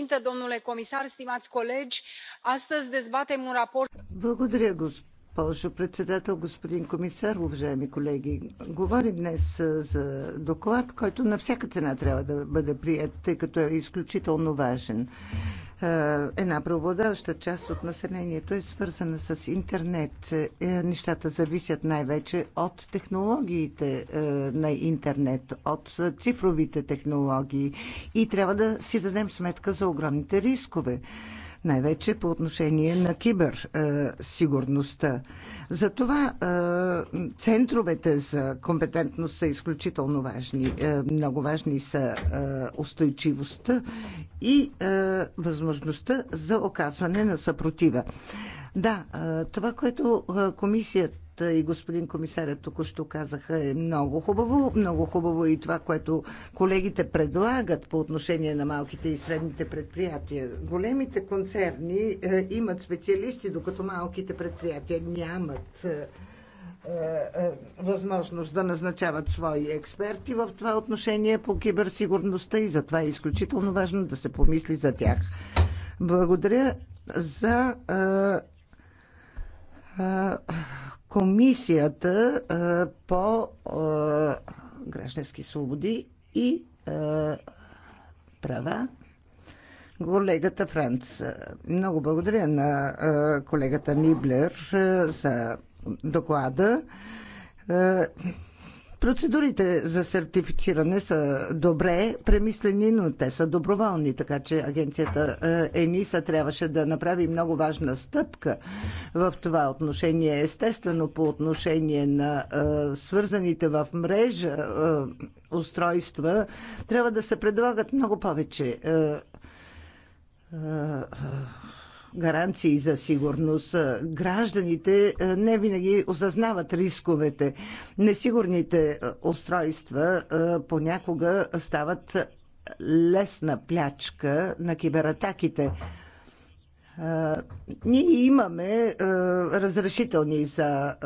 Благодаря, господин госпожо председател, господин комисар, уважаеми колеги. Говорим днес за доклад, който на всяка цена трябва да бъде прият, тъй като е изключително важен. Една преобладаваща част от населението е свързана с интернет. Е, е, нещата зависят най-вече от технологиите е, на интернет, от цифровите технологии и трябва да си дадем сметка за огромните рискове най-вече по отношение на киберсигурността. Е, Затова е, центровете за компетентност са изключително важни. Е, много важни са устойчивостта и възможността за оказване на съпротива. Да, това, което комисията и господин комисарят току-що казаха е много хубаво. Много хубаво и това, което колегите предлагат по отношение на малките и средните предприятия. Големите концерни е, имат специалисти, докато малките предприятия нямат. Е, е, е възможност да назначават свои експерти в това отношение по киберсигурността и затова е изключително важно да се помисли за тях. Благодаря за Е, е Комисията по граждански свободи и права колегата Франц. Много благодаря на колегата Ниблер за доклада. Процедурите за сертифициране са добре премислени, но те са доброволни, така че агенцията е, ЕНИСА трябваше да направи много важна стъпка в това отношение. Естествено, по отношение на е, свързаните в мрежа е, устройства, трябва да се предлагат много повече гаранции за сигурност. Гражданите е, не винаги осъзнават рисковете. Несигурните е, устройства е, понякога стават лесна плячка на кибератаките. Ние имаме разрешителни за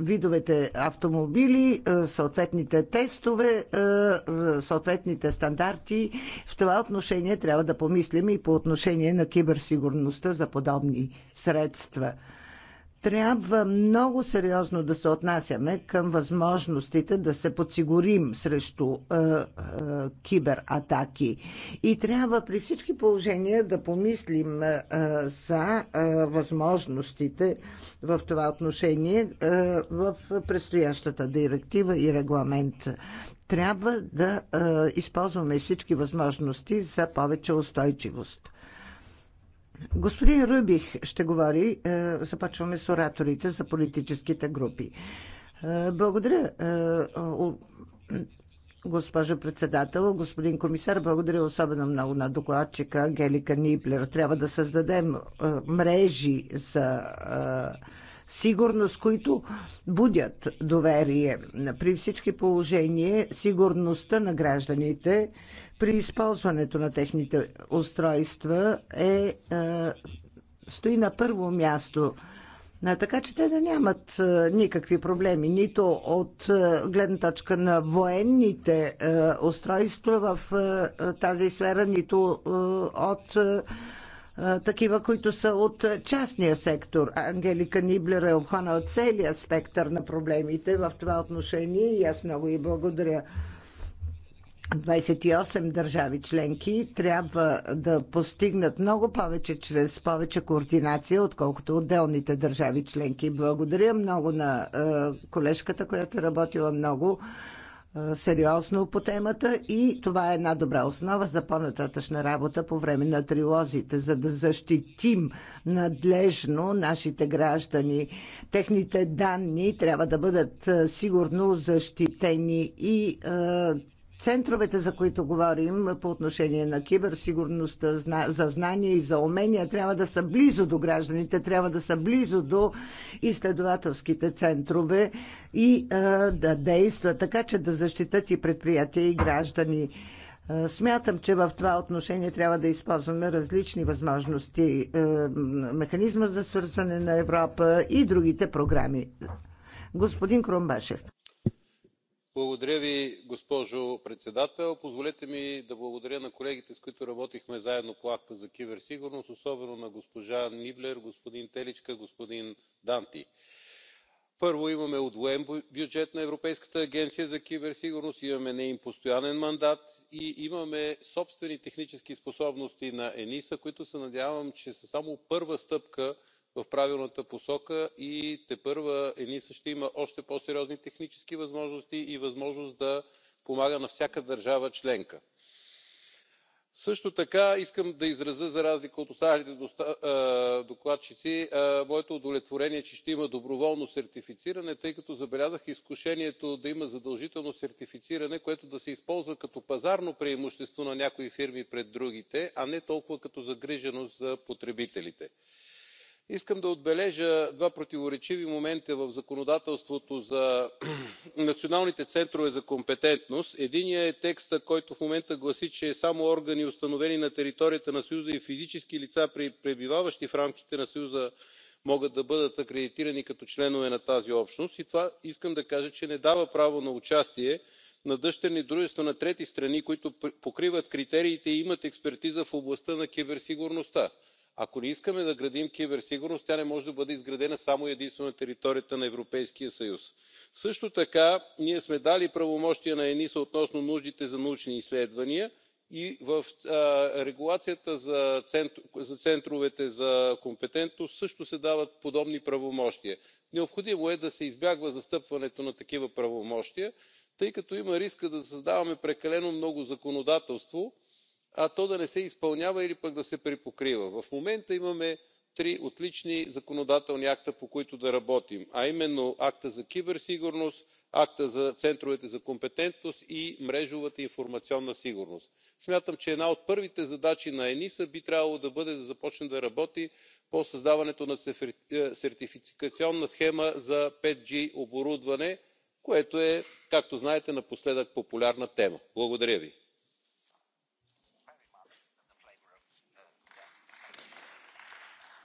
видовете автомобили, съответните тестове, съответните стандарти. В това отношение трябва да помислим и по отношение на киберсигурността за подобни средства трябва много сериозно да се отнасяме към възможностите да се подсигурим срещу е, е, кибератаки. И трябва при всички положения да помислим е, за е, възможностите в това отношение е, в предстоящата директива и регламент. Трябва да е, използваме всички възможности за повече устойчивост. Господин Рубих ще говори. Е, започваме с ораторите за политическите групи. Е, благодаря, е, госпожо председател, господин комисар. Благодаря особено много на докладчика Ангелика Ниплер. Трябва да създадем мрежи за сигурност, които будят доверие. При всички положения, сигурността на гражданите при използването на техните устройства е, е стои на първо място. А, така че те да нямат е, никакви проблеми, нито от е, гледна точка на военните е, устройства в е, е тази сфера, нито е, от е, такива, които са от частния сектор. Ангелика Ниблер е обхванала целия спектър на проблемите в това отношение и аз много и благодаря. 28 държави членки трябва да постигнат много повече чрез повече координация, отколкото отделните държави членки. Благодаря много на колежката, която е работила много сериозно по темата и това е една добра основа за по-нататъчна работа по време на трилозите, за да защитим надлежно нашите граждани. Техните данни трябва да бъдат сигурно защитени и е, Центровете, за които говорим по отношение на киберсигурността, за знания и за умения, трябва да са близо до гражданите, трябва да са близо до изследователските центрове и а, да действат така, че да защитат и предприятия и граждани. Смятам, че в това отношение трябва да използваме различни възможности. Механизма за свързване на Европа и другите програми. Господин Кромбашев. Благодаря Ви, госпожо председател. Позволете ми да благодаря на колегите, с които работихме заедно по акта за киберсигурност, особено на госпожа Ниблер, господин Теличка, господин Данти. Първо, имаме удвоен бюджет на Европейската агенция за киберсигурност, имаме неин постоянен мандат и имаме собствени технически способности на ЕНИСА, които се надявам, че са само първа стъпка в правилната посока и тепърва ще има още по сериозни технически възможности и възможност да помага на всяка държава членка. също така искам да изразя за разлика от останалите докладчици моето удовлетворение че ще има доброволно сертифициране тъй като забелязах изкушението да има задължително сертифициране което да се използва като пазарно преимущество на някои фирми пред другите а не толкова като загриженост за потребителите искам да отбележа два противоречиви момента в законодателството за <clears throat> националните центрове за компетентност. единият е текстът който в момента гласи че само органи установени на територията на съюза и физически лица пребиваващи в рамките на съюза могат да бъдат акредитирани като членове на тази общност и това искам да кажа че не дава право на участие на дъщерни дружества на трети страни които покриват критериите и имат експертиза в областта на киберсигурността ако не искаме да градим киберсигурност тя не може да бъде изградена само и единствено на територията на европейския съюз. също така ние сме дали правомощия на ениса относно нуждите за научни изследвания и в регулацията за центровете за компетентност също се дават подобни правомощия. необходимо е да се избягва застъпването на такива правомощия тъй като има риск да създаваме прекалено много законодателство а то да не се изпълнява или пък да се припокрива. в момента имаме три отлични законодателни акта по които да работим а именно акта за киберсигурност акта за центровете за компетентност и мрежовата информационна сигурност. смятам че една от първите задачи на ениса би трябвало да бъде да започне да работи по създаването на е, сертификационна схема за пет g оборудване което е както знаете напоследък популярна тема. благодаря ви.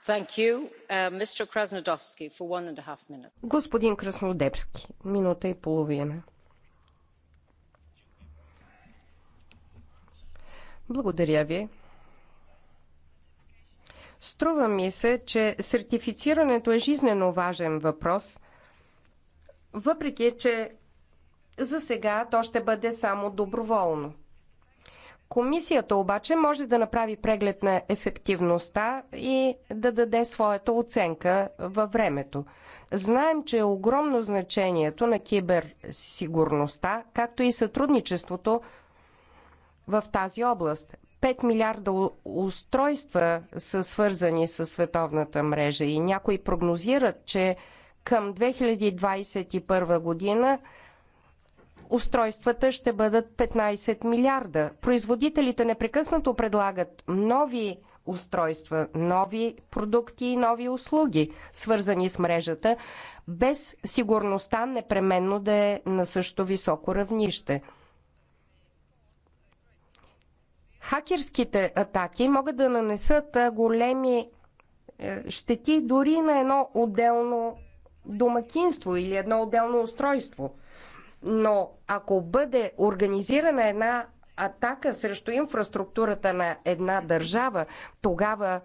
Uh, Господин Краснодепски, минута и половина. Благодаря ви. Струва ми се, че сертифицирането е жизнено важен въпрос, въпреки че за сега то ще бъде само доброволно. Комисията обаче може да направи преглед на ефективността и да даде своята оценка във времето. Знаем, че е огромно значението на киберсигурността, както и сътрудничеството в тази област. 5 милиарда устройства са свързани с световната мрежа и някои прогнозират, че към 2021 година устройствата ще бъдат 15 милиарда. Производителите непрекъснато предлагат нови устройства, нови продукти и нови услуги, свързани с мрежата, без сигурността непременно да е на също високо равнище. Хакерските атаки могат да нанесат големи е, щети дори на едно отделно домакинство или едно отделно устройство – но ако бъде организирана една атака срещу инфраструктурата на една държава, тогава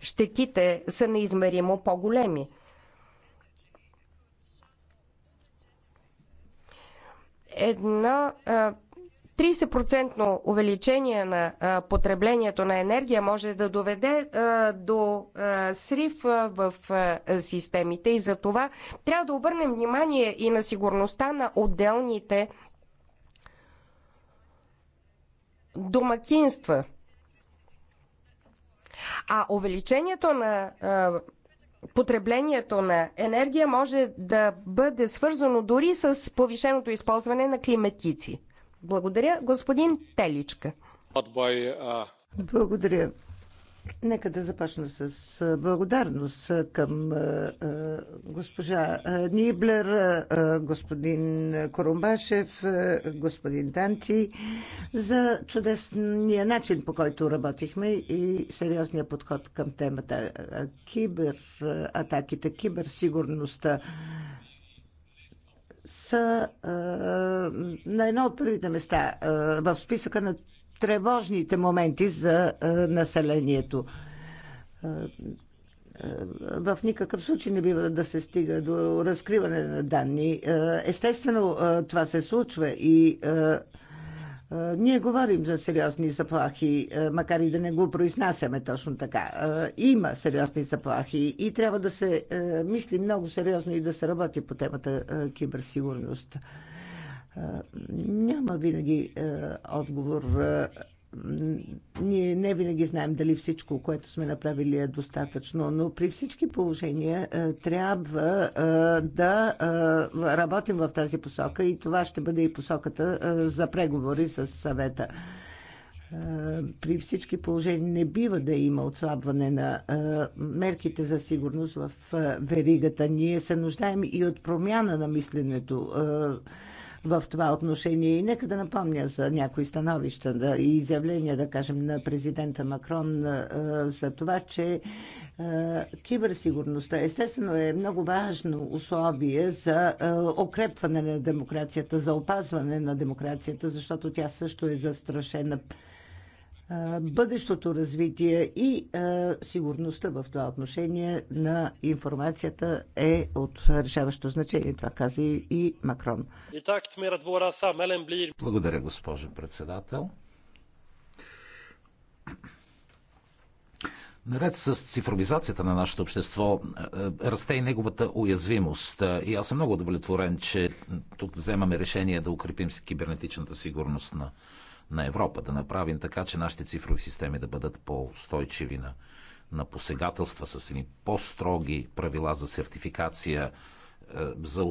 щетите са неизмеримо по-големи. Една 30% увеличение на потреблението на енергия може да доведе до срив в системите и за това трябва да обърнем внимание и на сигурността на отделните домакинства. А увеличението на потреблението на енергия може да бъде свързано дори с повишеното използване на климатици. Благодаря. Господин Теличка. Благодаря. Нека да започна с благодарност към госпожа Ниблер, господин Корумбашев, господин Танти за чудесния начин, по който работихме и сериозния подход към темата кибератаките, киберсигурността са а, на едно от първите места а, в списъка на тревожните моменти за а, населението. А, в никакъв случай не бива да се стига до разкриване на данни. Естествено, това се случва и е, ние говорим за сериозни заплахи, е, макар и да не го произнасяме точно така. Е, има сериозни заплахи и трябва да се мисли много сериозно и да се работи по темата киберсигурност. Няма винаги отговор ние не винаги знаем дали всичко, което сме направили е достатъчно, но при всички положения е, трябва е, да е, работим в тази посока и това ще бъде и посоката за преговори с съвета. При всички положения не бива да има отслабване на мерките за сигурност в веригата. Ние се нуждаем и от промяна на мисленето в това отношение. И нека да напомня за някои становища да, и изявления, да кажем, на президента Макрон за това, че киберсигурността естествено е много важно условие за укрепване на демокрацията, за опазване на демокрацията, защото тя също е застрашена бъдещото развитие и сигурността в това отношение на информацията е от решаващо значение. Това каза и Макрон. Благодаря, госпожо председател. Наред с цифровизацията на нашето общество е, е, расте и неговата уязвимост. И аз съм много удовлетворен, че тук вземаме решение да укрепим кибернетичната сигурност на на Европа, да направим така, че нашите цифрови системи да бъдат по-устойчиви на, на посегателства с едни по-строги правила за сертификация, е, за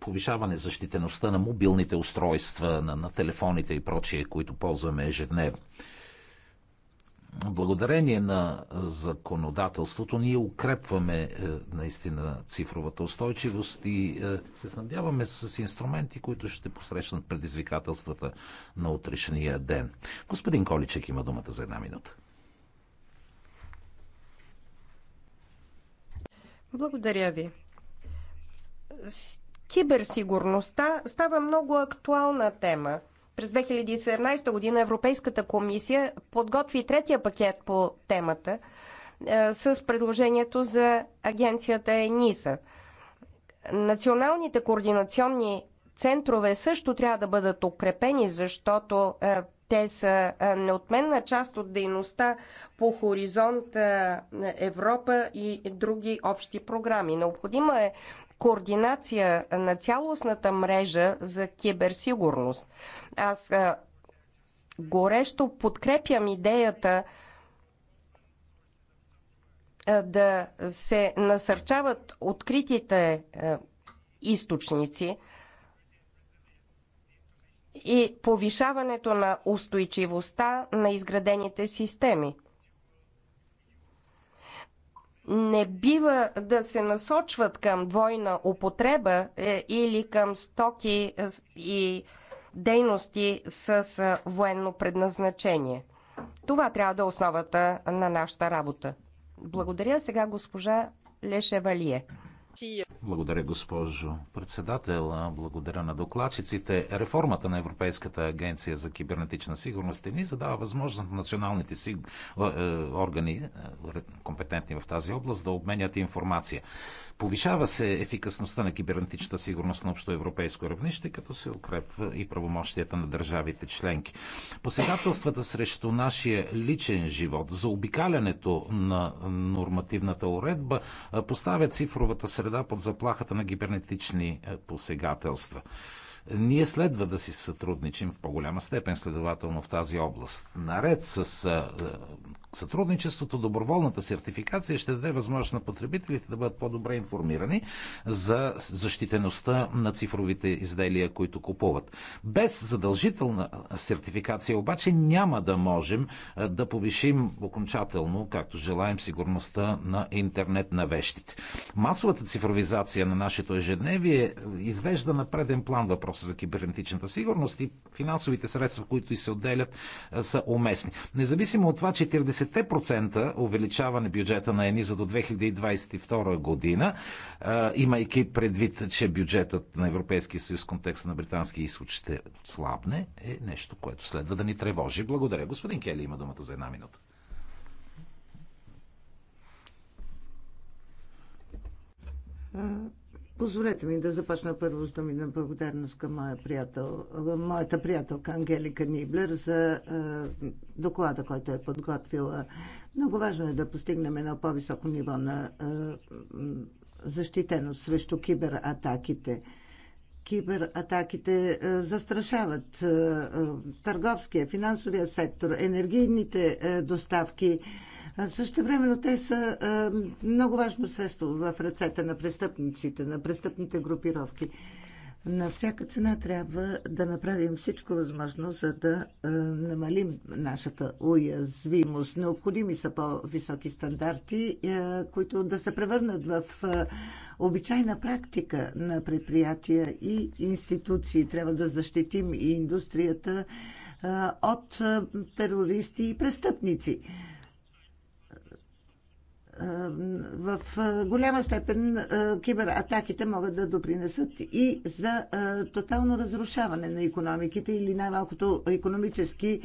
повишаване защитеността на мобилните устройства, на, на телефоните и прочие, които ползваме ежедневно благодарение на законодателството ние укрепваме е, наистина цифровата устойчивост и е, се снабдяваме с инструменти, които ще посрещнат предизвикателствата на утрешния ден. Господин Количек има думата за една минута. Благодаря ви. Киберсигурността става много актуална тема – през 2017 година Европейската комисия подготви третия пакет по темата е, с предложението за агенцията ЕНИСА. Националните координационни центрове също трябва да бъдат укрепени, защото е, те са е, неотменна част от дейността по Хоризонт Европа и други общи програми. Необходимо е координация на цялостната мрежа за киберсигурност. Аз горещо подкрепям идеята да се насърчават откритите източници и повишаването на устойчивостта на изградените системи не бива да се насочват към двойна употреба е, или към стоки е, и дейности с е, военно предназначение. Това трябва да е основата на нашата работа. Благодаря сега госпожа Лешевалие. Благодаря, госпожо председател. Благодаря на докладчиците. Реформата на Европейската агенция за кибернетична сигурност ни задава възможност на националните си, е, е, органи, е, компетентни в тази област, да обменят информация. Повишава се ефикасността на кибернетичната сигурност на общо европейско равнище, като се укрепва и правомощията на държавите членки. Посегателствата срещу нашия личен живот, за обикалянето на нормативната уредба поставя цифровата среда под заплахата на кибернетични посегателства. Ние следва да си сътрудничим в по-голяма степен, следователно, в тази област. Наред с Сътрудничеството, доброволната сертификация ще даде възможност на потребителите да бъдат по-добре информирани за защитеността на цифровите изделия, които купуват. Без задължителна сертификация обаче няма да можем да повишим окончателно, както желаем, сигурността на интернет на вещите. Масовата цифровизация на нашето ежедневие извежда на преден план въпроса за кибернетичната сигурност и финансовите средства, които и се отделят, са уместни. Независимо от това, 40 40% увеличаване бюджета на за до 2022 година, имайки предвид, че бюджетът на Европейския съюз в контекста на британския изход ще слабне, е нещо, което следва да ни тревожи. Благодаря. Господин Кели има думата за една минута. Позволете ми да започна първо с думи на благодарност към моя приятел, моята приятелка Ангелика Ниблер за е, доклада, който е подготвила. Много важно е да постигнем едно по-високо ниво на е, защитеност срещу кибератаките. Кибератаките е, застрашават е, е, търговския, финансовия сектор, енергийните е, доставки. Е, също времено те са много важно средство в ръцете на престъпниците, на престъпните групировки. На всяка цена трябва да направим всичко възможно, за да а, намалим нашата уязвимост. Необходими са по-високи стандарти, а, които да се превърнат в а, обичайна практика на предприятия и институции. Трябва да защитим и индустрията а, от терористи и престъпници в голяма степен кибератаките могат да допринесат и за тотално разрушаване на економиките или най-малкото економически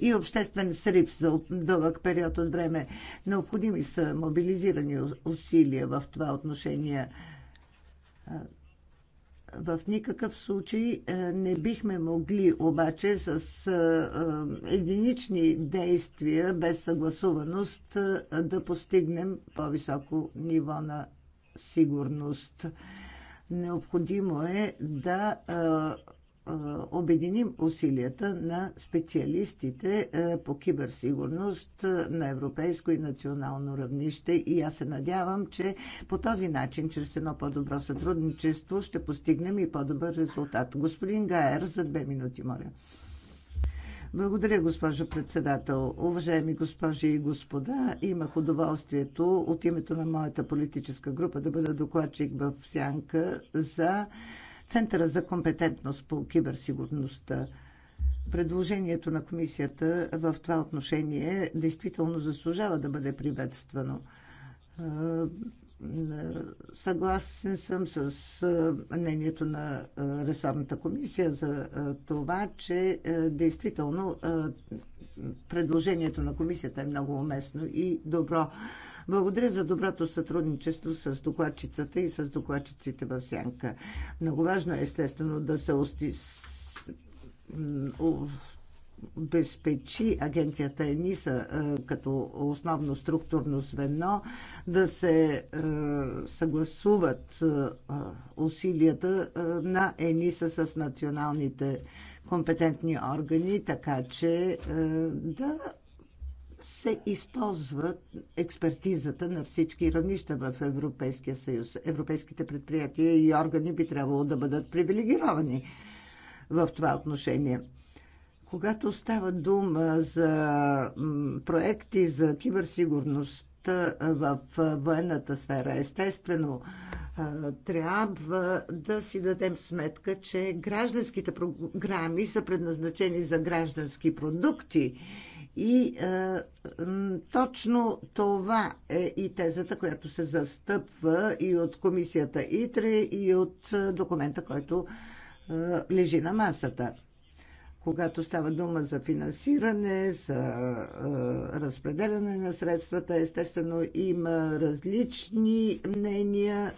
и обществен срив за дълъг период от време. Необходими са мобилизирани усилия в това отношение. В никакъв случай е, не бихме могли обаче с е, е, единични действия, без съгласуваност, да постигнем по-високо ниво на сигурност. Необходимо е да обединим усилията на специалистите по киберсигурност на европейско и национално равнище и аз се надявам, че по този начин, чрез едно по-добро сътрудничество, ще постигнем и по-добър резултат. Господин Гаер, за две минути, моля. Благодаря, госпожо председател. Уважаеми госпожи и господа, имах удоволствието от името на моята политическа група да бъда докладчик в Сянка за Центъра за компетентност по киберсигурността. Предложението на комисията в това отношение действително заслужава да бъде приветствано. Е, съгласен съм с е, мнението на е, ресорната комисия за това, че действително предложението на комисията е много уместно и добро. Благодаря за доброто сътрудничество с докладчицата и с докладчиците в Сянка. Много важно е, естествено, да се ости обезпечи агенцията ЕНИСА е, като основно структурно звено, да се е, съгласуват е, усилията на ЕНИСА с националните компетентни органи, така че да се използва експертизата на всички равнища в Европейския съюз. Европейските предприятия и органи би трябвало да бъдат привилегировани в това отношение. Когато става дума за проекти за киберсигурност в военната сфера, естествено, трябва да си дадем сметка, че гражданските програми са предназначени за граждански продукти и е, точно това е и тезата, която се застъпва и от комисията ИТРЕ, и от е, документа, който е, лежи на масата когато става дума за финансиране, за разпределяне на средствата, естествено има различни мнения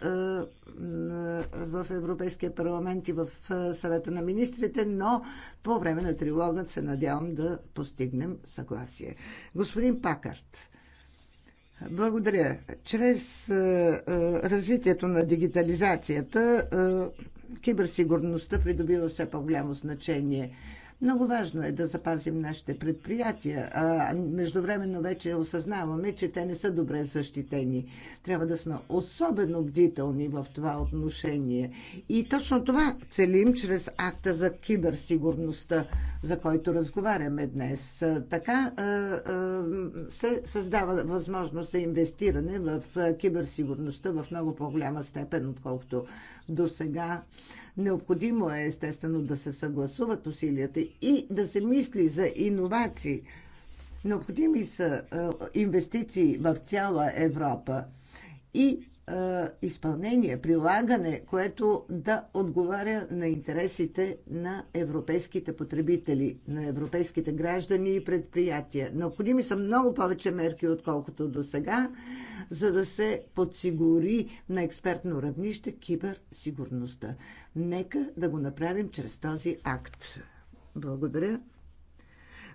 в Европейския парламент и в съвета на министрите, но по време на трилогът се надявам да постигнем съгласие. Господин Пакарт, благодаря. Чрез развитието на дигитализацията киберсигурността придобива все по-голямо значение. Много важно е да запазим нашите предприятия, а междувременно вече осъзнаваме, че те не са добре защитени. Трябва да сме особено бдителни в това отношение. И точно това целим чрез акта за киберсигурността, за който разговаряме днес. Така се създава възможност за инвестиране в киберсигурността в много по-голяма степен, отколкото до сега. Необходимо е естествено да се съгласуват усилията и да се мисли за иновации. Необходими са е, инвестиции в цяла Европа и изпълнение, прилагане, което да отговаря на интересите на европейските потребители, на европейските граждани и предприятия. Необходими са много повече мерки, отколкото до сега, за да се подсигури на експертно равнище киберсигурността. Нека да го направим чрез този акт. Благодаря.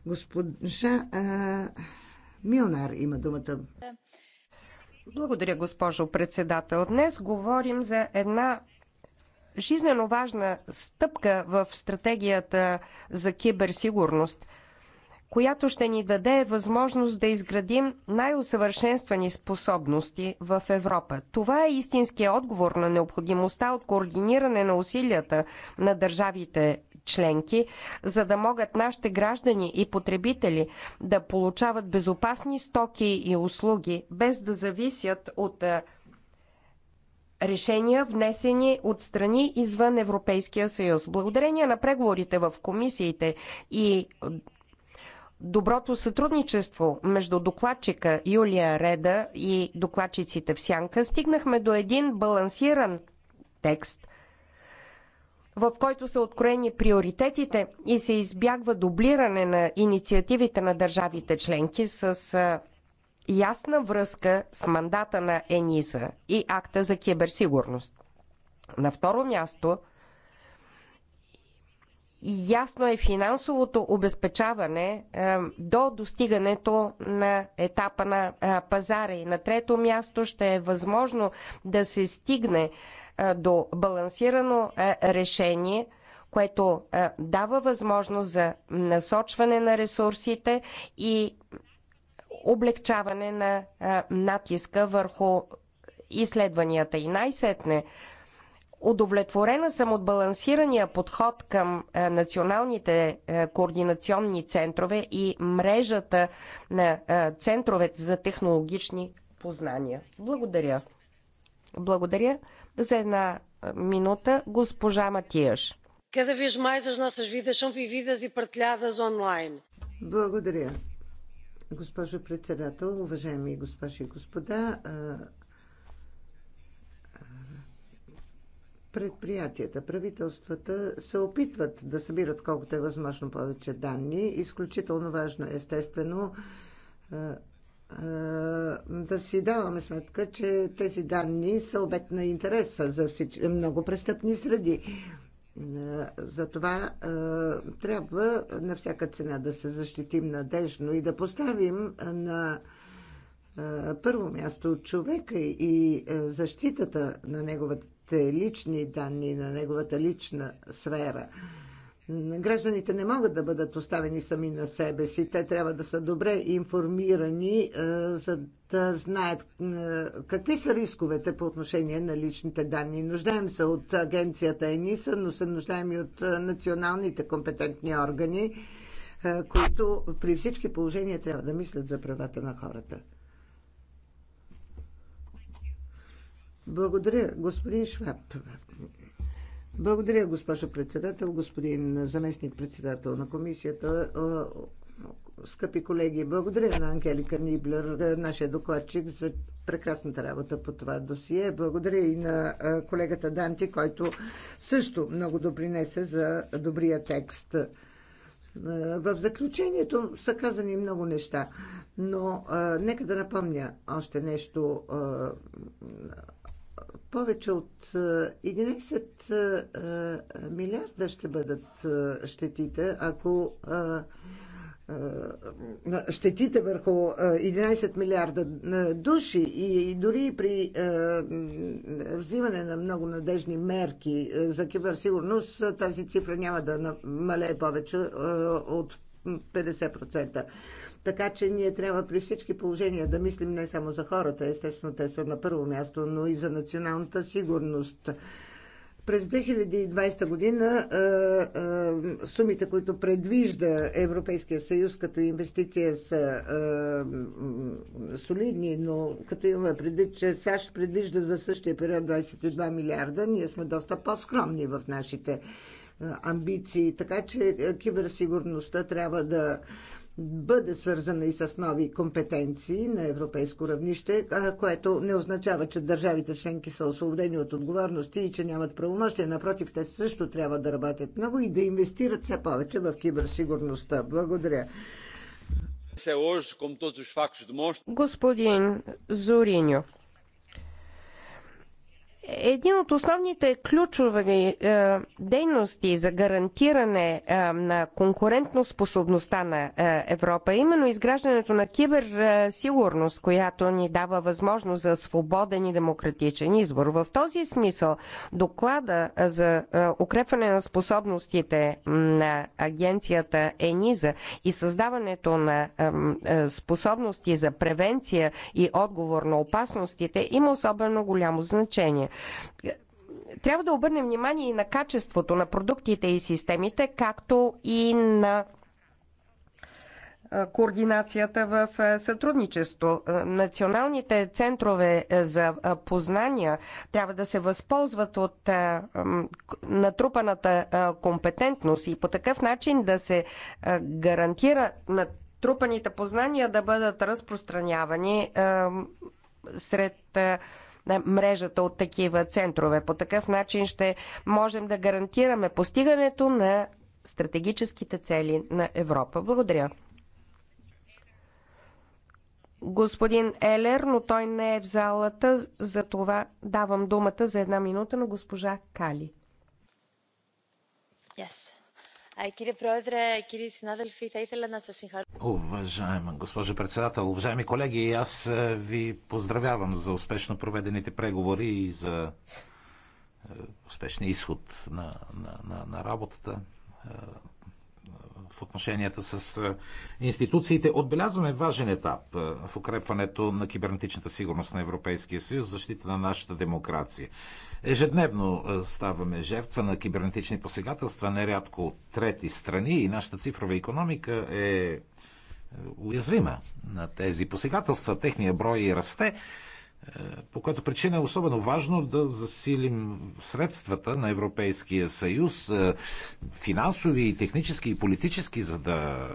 Госпожа а, Милнар има думата. Благодаря, госпожо председател. Днес говорим за една жизнено важна стъпка в стратегията за киберсигурност, която ще ни даде възможност да изградим най-усъвършенствани способности в Европа. Това е истинския отговор на необходимостта от координиране на усилията на държавите членки, за да могат нашите граждани и потребители да получават безопасни стоки и услуги, без да зависят от решения, внесени от страни извън Европейския съюз. Благодарение на преговорите в комисиите и доброто сътрудничество между докладчика Юлия Реда и докладчиците в Сянка, стигнахме до един балансиран текст – в който са откроени приоритетите и се избягва дублиране на инициативите на държавите членки с ясна връзка с мандата на ЕНИСА и акта за киберсигурност. На второ място, ясно е финансовото обезпечаване до достигането на етапа на пазара. И на трето място ще е възможно да се стигне до балансирано решение, което дава възможност за насочване на ресурсите и облегчаване на натиска върху изследванията. И най-сетне, удовлетворена съм от балансирания подход към националните координационни центрове и мрежата на центровете за технологични познания. Благодаря. Благодаря. За една минута госпожа Матиаш. Cada vez mais as nossas vidas são vividas e partilhadas online. Благодаря. Госпожо председател, уважаеми госпожи и господа, предприятията, правителствата се опитват да събират колкото е възможно повече данни. Изключително важно, естествено, да си даваме сметка, че тези данни са обект на интереса за всички, много престъпни среди. Затова трябва на всяка цена да се защитим надежно и да поставим на първо място човека и защитата на неговите лични данни, на неговата лична сфера – Гражданите не могат да бъдат оставени сами на себе си. Те трябва да са добре информирани, е, за да знаят е, какви са рисковете по отношение на личните данни. Нуждаем се от агенцията ЕНИСА, но се нуждаем и от е, националните компетентни органи, които при всички положения трябва да мислят за правата на хората. Благодаря, господин Шваб. Благодаря, госпожо председател, господин заместник председател на комисията. Скъпи колеги, благодаря на Ангелика Ниблер, нашия докладчик, за прекрасната работа по това досие. Благодаря и на колегата Данти, който също много допринесе за добрия текст. В заключението са казани много неща, но нека да напомня още нещо. Повече от 11 е, е, е, милиарда ще бъдат щетите, ако щетите върху 11 милиарда души и дори при взимане на много надежни мерки за киберсигурност тази цифра няма да намалее повече от 50%. Така че ние трябва при всички положения да мислим не само за хората, естествено те са на първо място, но и за националната сигурност. През 2020 година е, е, сумите, които предвижда Европейския съюз като инвестиция са е, солидни, но като имаме предвид, че САЩ предвижда за същия период 22 милиарда, ние сме доста по-скромни в нашите амбиции. Така че киберсигурността трябва да бъде свързана и с нови компетенции на европейско равнище, което не означава, че държавите членки са освободени от отговорности и че нямат правомощия. Напротив, те също трябва да работят много и да инвестират все повече в киберсигурността. Благодаря. Господин Зориньо, един от основните ключови е, дейности за гарантиране е, на конкурентноспособността на е, Европа е именно изграждането на киберсигурност, е, която ни дава възможност за свободен и демократичен избор. В този смисъл доклада е, за е, укрепване на способностите на агенцията ЕНИЗА и създаването на способности за превенция и отговор на опасностите има особено голямо значение. Трябва да обърнем внимание и на качеството на продуктите и системите, както и на координацията в сътрудничество. Националните центрове за познания трябва да се възползват от натрупаната компетентност и по такъв начин да се гарантира натрупаните познания да бъдат разпространявани сред мрежата от такива центрове. По такъв начин ще можем да гарантираме постигането на стратегическите цели на Европа. Благодаря. Господин Елер, но той не е в залата, за това давам думата за една минута на госпожа Кали. Yes. Уважаема госпожо председател, уважаеми колеги, аз е, ви поздравявам за успешно проведените преговори и за е, успешния изход на, на, на, на работата. Е, в отношенията с институциите. Отбелязваме важен етап в укрепването на кибернетичната сигурност на Европейския съюз, защита на нашата демокрация. Ежедневно ставаме жертва на кибернетични посегателства, нерядко от трети страни и нашата цифрова економика е, е уязвима на тези посегателства. Техния брой расте по която причина е особено важно да засилим средствата на Европейския съюз, е, финансови, технически и политически, за да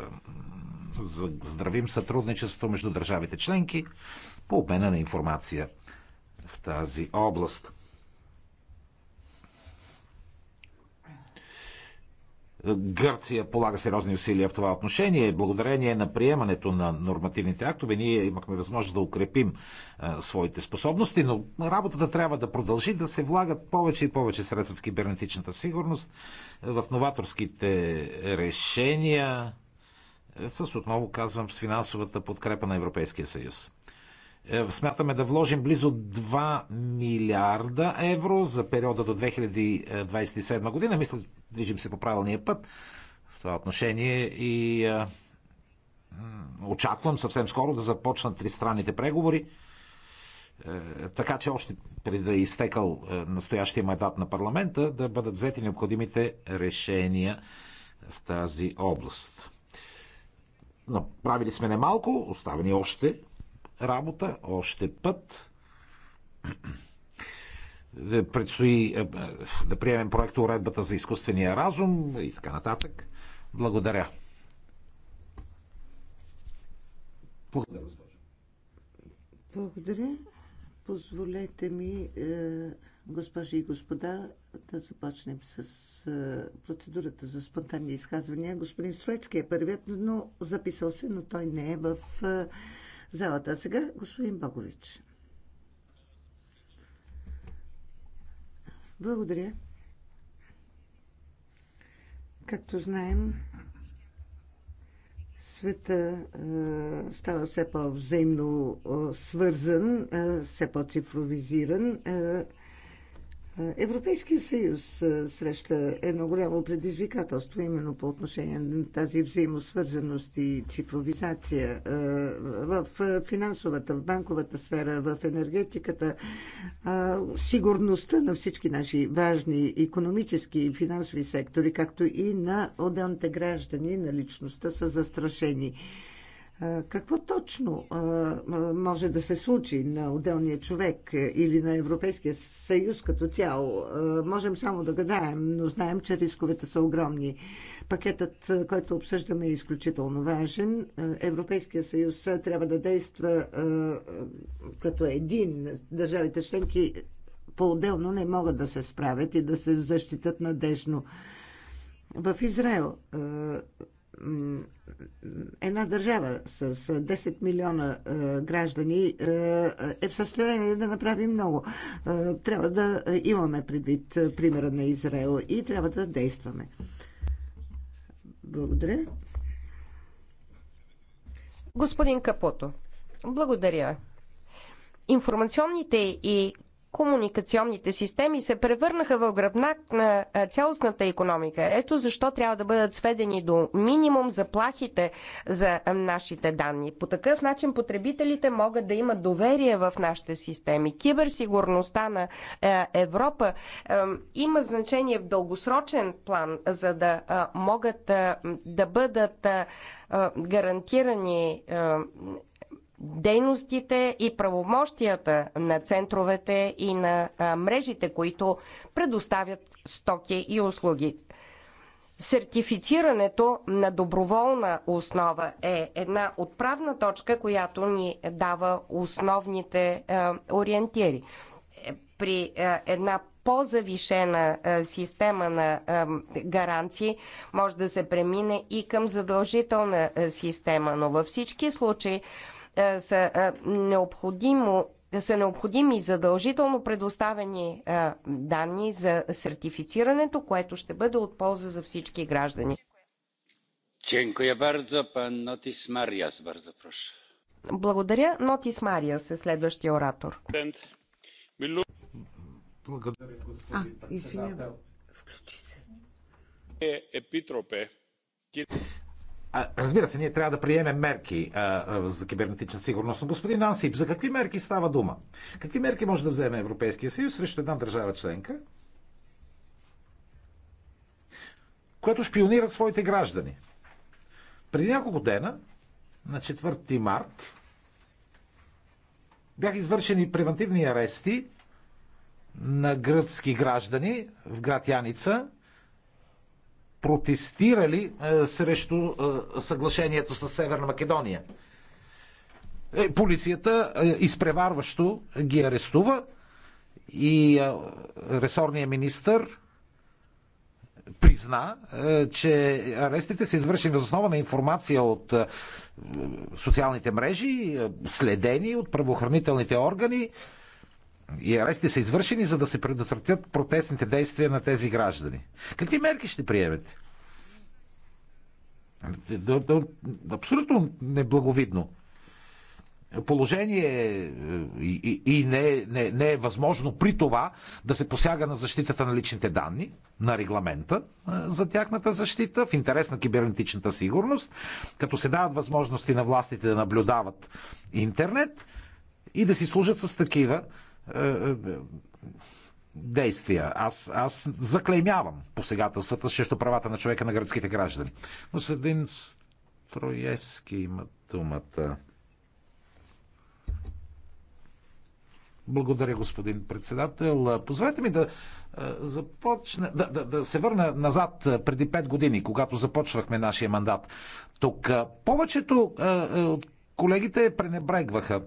здравим сътрудничеството между държавите членки по обмена на информация в тази област. Гърция полага сериозни усилия в това отношение. Благодарение на приемането на нормативните актове ние имахме възможност да укрепим а, своите способности, но работата трябва да продължи да се влагат повече и повече средства в кибернетичната сигурност, в новаторските решения, с отново казвам, с финансовата подкрепа на Европейския съюз. Е, смятаме да вложим близо 2 милиарда евро за периода до 2027 година. Мисля, движим се по правилния път в това отношение и е, очаквам съвсем скоро да започнат тристранните преговори. Е, така че още преди да изтекал настоящия мандат на парламента, да бъдат взети необходимите решения в тази област. Направили сме немалко, оставени още работа, още път. Предстои е, е, да приемем проекта уредбата за изкуствения разум и така нататък. Благодаря. Благодаря, госпожо. Благодаря. Позволете ми, е, госпожи и господа, да започнем с процедурата за спонтанни изказвания. Господин Строецки е първият, но записал се, но той не е в залата. Сега господин Богович. Благодаря. Както знаем, света е, става все по-взаимно е, свързан, е, все по-цифровизиран. Е, Европейския съюз среща едно голямо предизвикателство именно по отношение на тази взаимосвързаност и цифровизация в финансовата, в банковата сфера, в енергетиката. Сигурността на всички наши важни економически и финансови сектори, както и на отделните граждани, на личността са застрашени. Какво точно може да се случи на отделния човек или на Европейския съюз като цяло? Можем само да гадаем, но знаем, че рисковете са огромни. Пакетът, който обсъждаме, е изключително важен. Европейския съюз трябва да действа като един. Държавите членки по-отделно не могат да се справят и да се защитат надежно. В Израел една държава с 10 милиона е, граждани е, е в състояние да направи много. Е, трябва да имаме предвид примера на Израел и трябва да действаме. Благодаря. Господин Капото, благодаря. Информационните и комуникационните системи се превърнаха в гръбнак на цялостната економика. Ето защо трябва да бъдат сведени до минимум заплахите за нашите данни. По такъв начин потребителите могат да имат доверие в нашите системи. Киберсигурността на Европа има значение в дългосрочен план, за да могат да бъдат гарантирани дейностите и правомощията на центровете и на мрежите, които предоставят стоки и услуги. Сертифицирането на доброволна основа е една отправна точка, която ни дава основните ориентири. Е, при една по-завишена система на гаранции може да се премине и към задължителна система, но във всички случаи е, са, е, необходимо, са необходими задължително предоставени а, е, данни за сертифицирането, което ще бъде от полза за всички граждани. Благодаря. Нотис Мариас е следващия оратор. Благодаря, господин А, извинявам. председател. Епитропе. Разбира се, ние трябва да приемем мерки за кибернетична сигурност. Но господин Ансип, за какви мерки става дума? Какви мерки може да вземе Европейския съюз срещу една държава членка, която шпионира своите граждани? Преди няколко дена, на 4 март, бяха извършени превентивни арести на гръцки граждани в град Яница протестирали е, срещу е, съглашението с Северна Македония. Е, полицията изпреварващо ги арестува и ресорният министр призна, че арестите са извършени въз основа на информация от социалните мрежи, следени от правоохранителните органи и арести са извършени, за да се предотвратят протестните действия на тези граждани. Какви мерки ще приемете? Абсолютно неблаговидно положение е, и, и не, не, не е възможно при това да се посяга на защитата на личните данни, на регламента е, за тяхната защита, в интерес на кибернетичната сигурност, като се дават възможности на властите да наблюдават интернет и да си служат с такива действия. Аз, аз заклеймявам посегателствата срещу правата на човека на гръцките граждани. Но Седин Троевски има думата. Благодаря, господин председател. Позволете ми да е, започна, да, да, да се върна назад е, преди 5 години, когато започвахме нашия мандат. Тук е, повечето от колегите пренебрегваха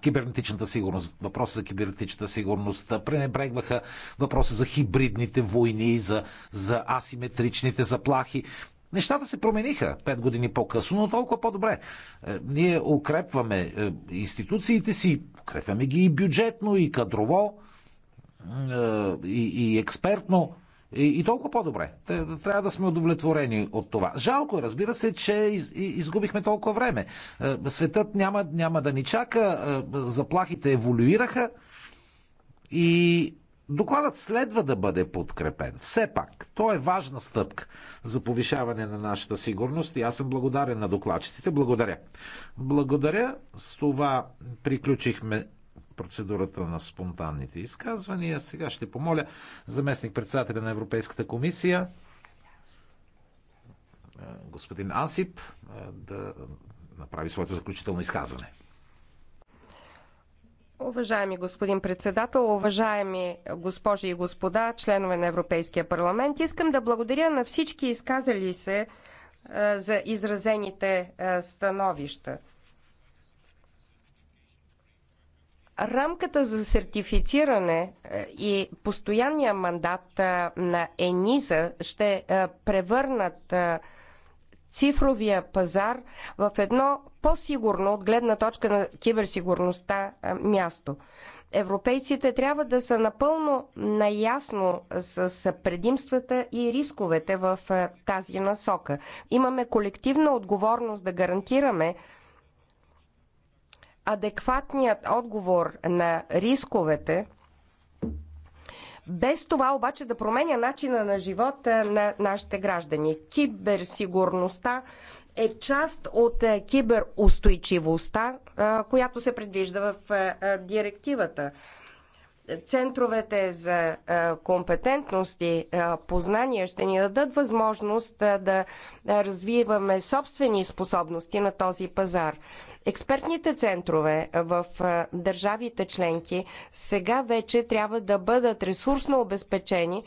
кибернетичната сигурност, въпроса за кибернетичната сигурност, пренебрегваха въпроса за хибридните войни, за, за асиметричните заплахи. Нещата се промениха пет години по-късно, но толкова по-добре. Е, ние укрепваме е, институциите си, укрепваме ги и бюджетно, и кадрово, е, и, и експертно. И, и толкова по-добре. Трябва да сме удовлетворени от това. Жалко е, разбира се, че из, изгубихме толкова време. Е, светът няма, няма да ни чака, е, заплахите еволюираха и докладът следва да бъде подкрепен. Все пак, то е важна стъпка за повишаване на нашата сигурност и аз съм благодарен на докладчиците. Благодаря. Благодаря. С това приключихме процедурата на спонтанните изказвания. Сега ще помоля заместник председателя на Европейската комисия е, господин Ансип е, да направи своето заключително изказване. Уважаеми господин председател, уважаеми госпожи и господа, членове на Европейския парламент, искам да благодаря на всички изказали се е, за изразените становища. Рамката за сертифициране е, и постоянния мандат е, на ЕНИСА ще е, превърнат цифровия пазар в едно по-сигурно от гледна точка на киберсигурността място. Европейците трябва да са напълно наясно с предимствата и рисковете в тази насока. Имаме колективна отговорност да гарантираме адекватният отговор на рисковете, без това обаче да променя начина на живота на нашите граждани. Киберсигурността е част от киберустойчивостта, която се предвижда в директивата. Центровете за компетентност и познания ще ни дадат възможност да развиваме собствени способности на този пазар. Експертните центрове в държавите членки сега вече трябва да бъдат ресурсно обезпечени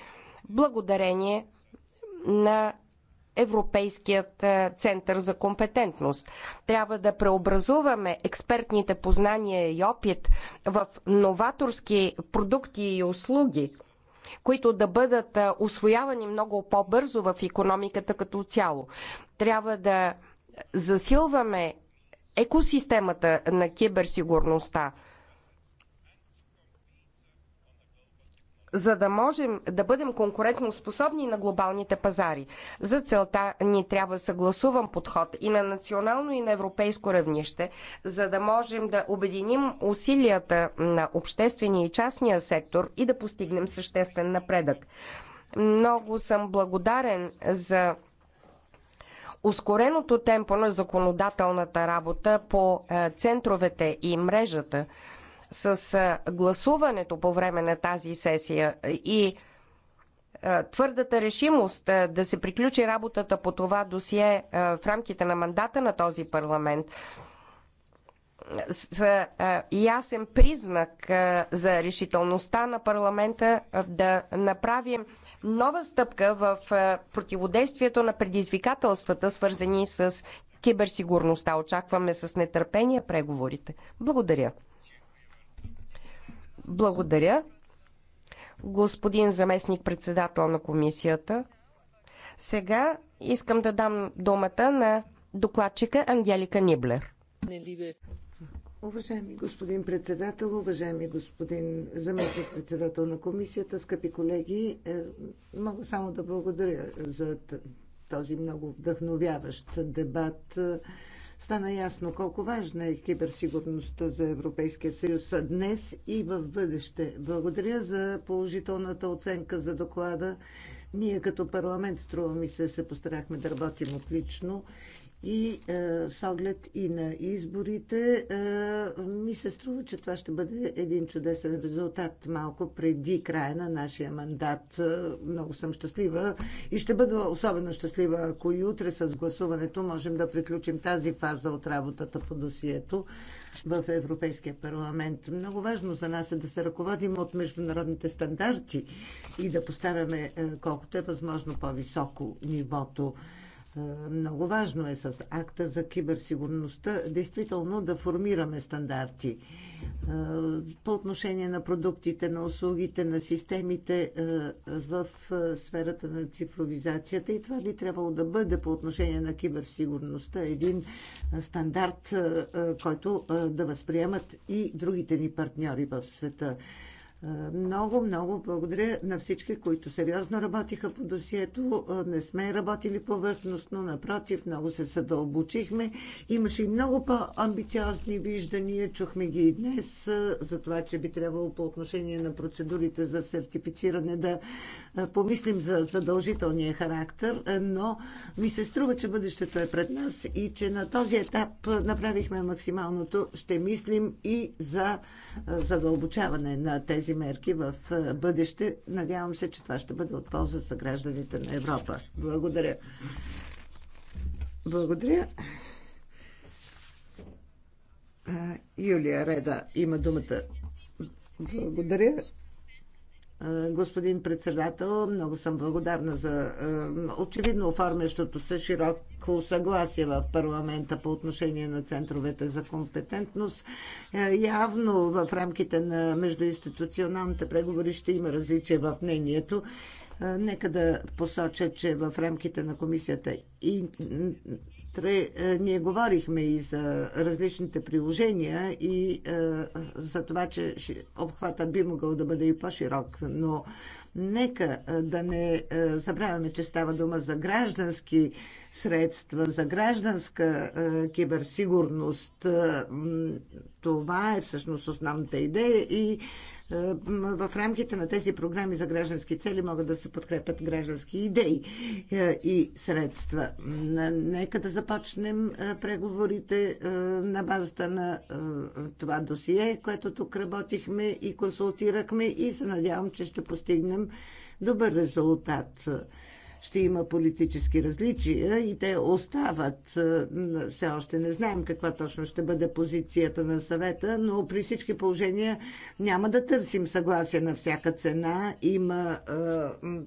благодарение на Европейският център за компетентност. Трябва да преобразуваме експертните познания и опит в новаторски продукти и услуги, които да бъдат освоявани много по-бързо в економиката като цяло. Трябва да засилваме екосистемата на киберсигурността. за да можем да бъдем конкурентно способни на глобалните пазари. За целта ни трябва съгласуван подход и на национално и на европейско равнище, за да можем да обединим усилията на обществения и частния сектор и да постигнем съществен напредък. Много съм благодарен за ускореното темпо на законодателната работа по е, центровете и мрежата с е, гласуването по време на тази сесия и е, твърдата решимост да се приключи работата по това досие в рамките на мандата на този парламент с ясен признак за решителността на парламента да направим нова стъпка в е, противодействието на предизвикателствата, свързани с киберсигурността. Очакваме с нетърпение преговорите. Благодаря. Благодаря. Господин заместник председател на комисията. Сега искам да дам думата на докладчика Ангелика Ниблер. Уважаеми господин председател, уважаеми господин заместник председател на комисията, скъпи колеги, е, мога само да благодаря за този много вдъхновяващ дебат. Стана ясно колко важна е киберсигурността за Европейския съюз днес и в бъдеще. Благодаря за положителната оценка за доклада. Ние като парламент, струва ми се, се постарахме да работим отлично и е, с оглед и на изборите, е, ми се струва, че това ще бъде един чудесен резултат малко преди края на нашия мандат. Е, много съм щастлива и ще бъда особено щастлива, ако и утре с гласуването можем да приключим тази фаза от работата по досието в Европейския парламент. Много важно за нас е да се ръководим от международните стандарти и да поставяме е, колкото е възможно по-високо нивото. Е, много важно е с акта за киберсигурността действително да формираме стандарти е, по отношение на продуктите, на услугите, на системите е, в сферата на цифровизацията и това би трябвало да бъде по отношение на киберсигурността един стандарт, който да възприемат и другите ни партньори в света. Е, много, много благодаря на всички, които сериозно работиха по досието. Е, не сме работили повърхностно, напротив, много се съдълбочихме. Имаше и много по-амбициозни виждания, чухме ги и днес, е, за това, че би трябвало по отношение на процедурите за сертифициране да помислим за задължителния характер, но ми се струва, че бъдещето е пред нас и че на този етап направихме максималното. Ще мислим и за задълбочаване на тези тези мерки в бъдеще. Надявам се, че това ще бъде от полза за гражданите на Европа. Благодаря. Благодаря. Юлия Реда има думата. Благодаря господин председател. Много съм благодарна за очевидно оформящото се широко съгласие в парламента по отношение на центровете за компетентност. Е, явно в рамките на междуинституционалните преговори ще има различия в мнението. Е, нека да посоча, че в рамките на комисията и Тре, е, ние говорихме и за различните приложения и е, за това, че обхвата би могъл да бъде и по-широк, но нека е, да не забравяме, че става дума за граждански средства, за гражданска киберсигурност. Това е всъщност основната идея и в рамките на тези програми за граждански цели могат да се подкрепят граждански идеи е, и средства. Нека да започнем е, преговорите е, на базата на това досие, което тук работихме и консултирахме и се надявам, че ще постигнем добър резултат ще има политически различия и те остават. Е, все още не знаем каква точно ще бъде позицията на съвета, но при всички положения няма да търсим съгласие на всяка цена. Има е,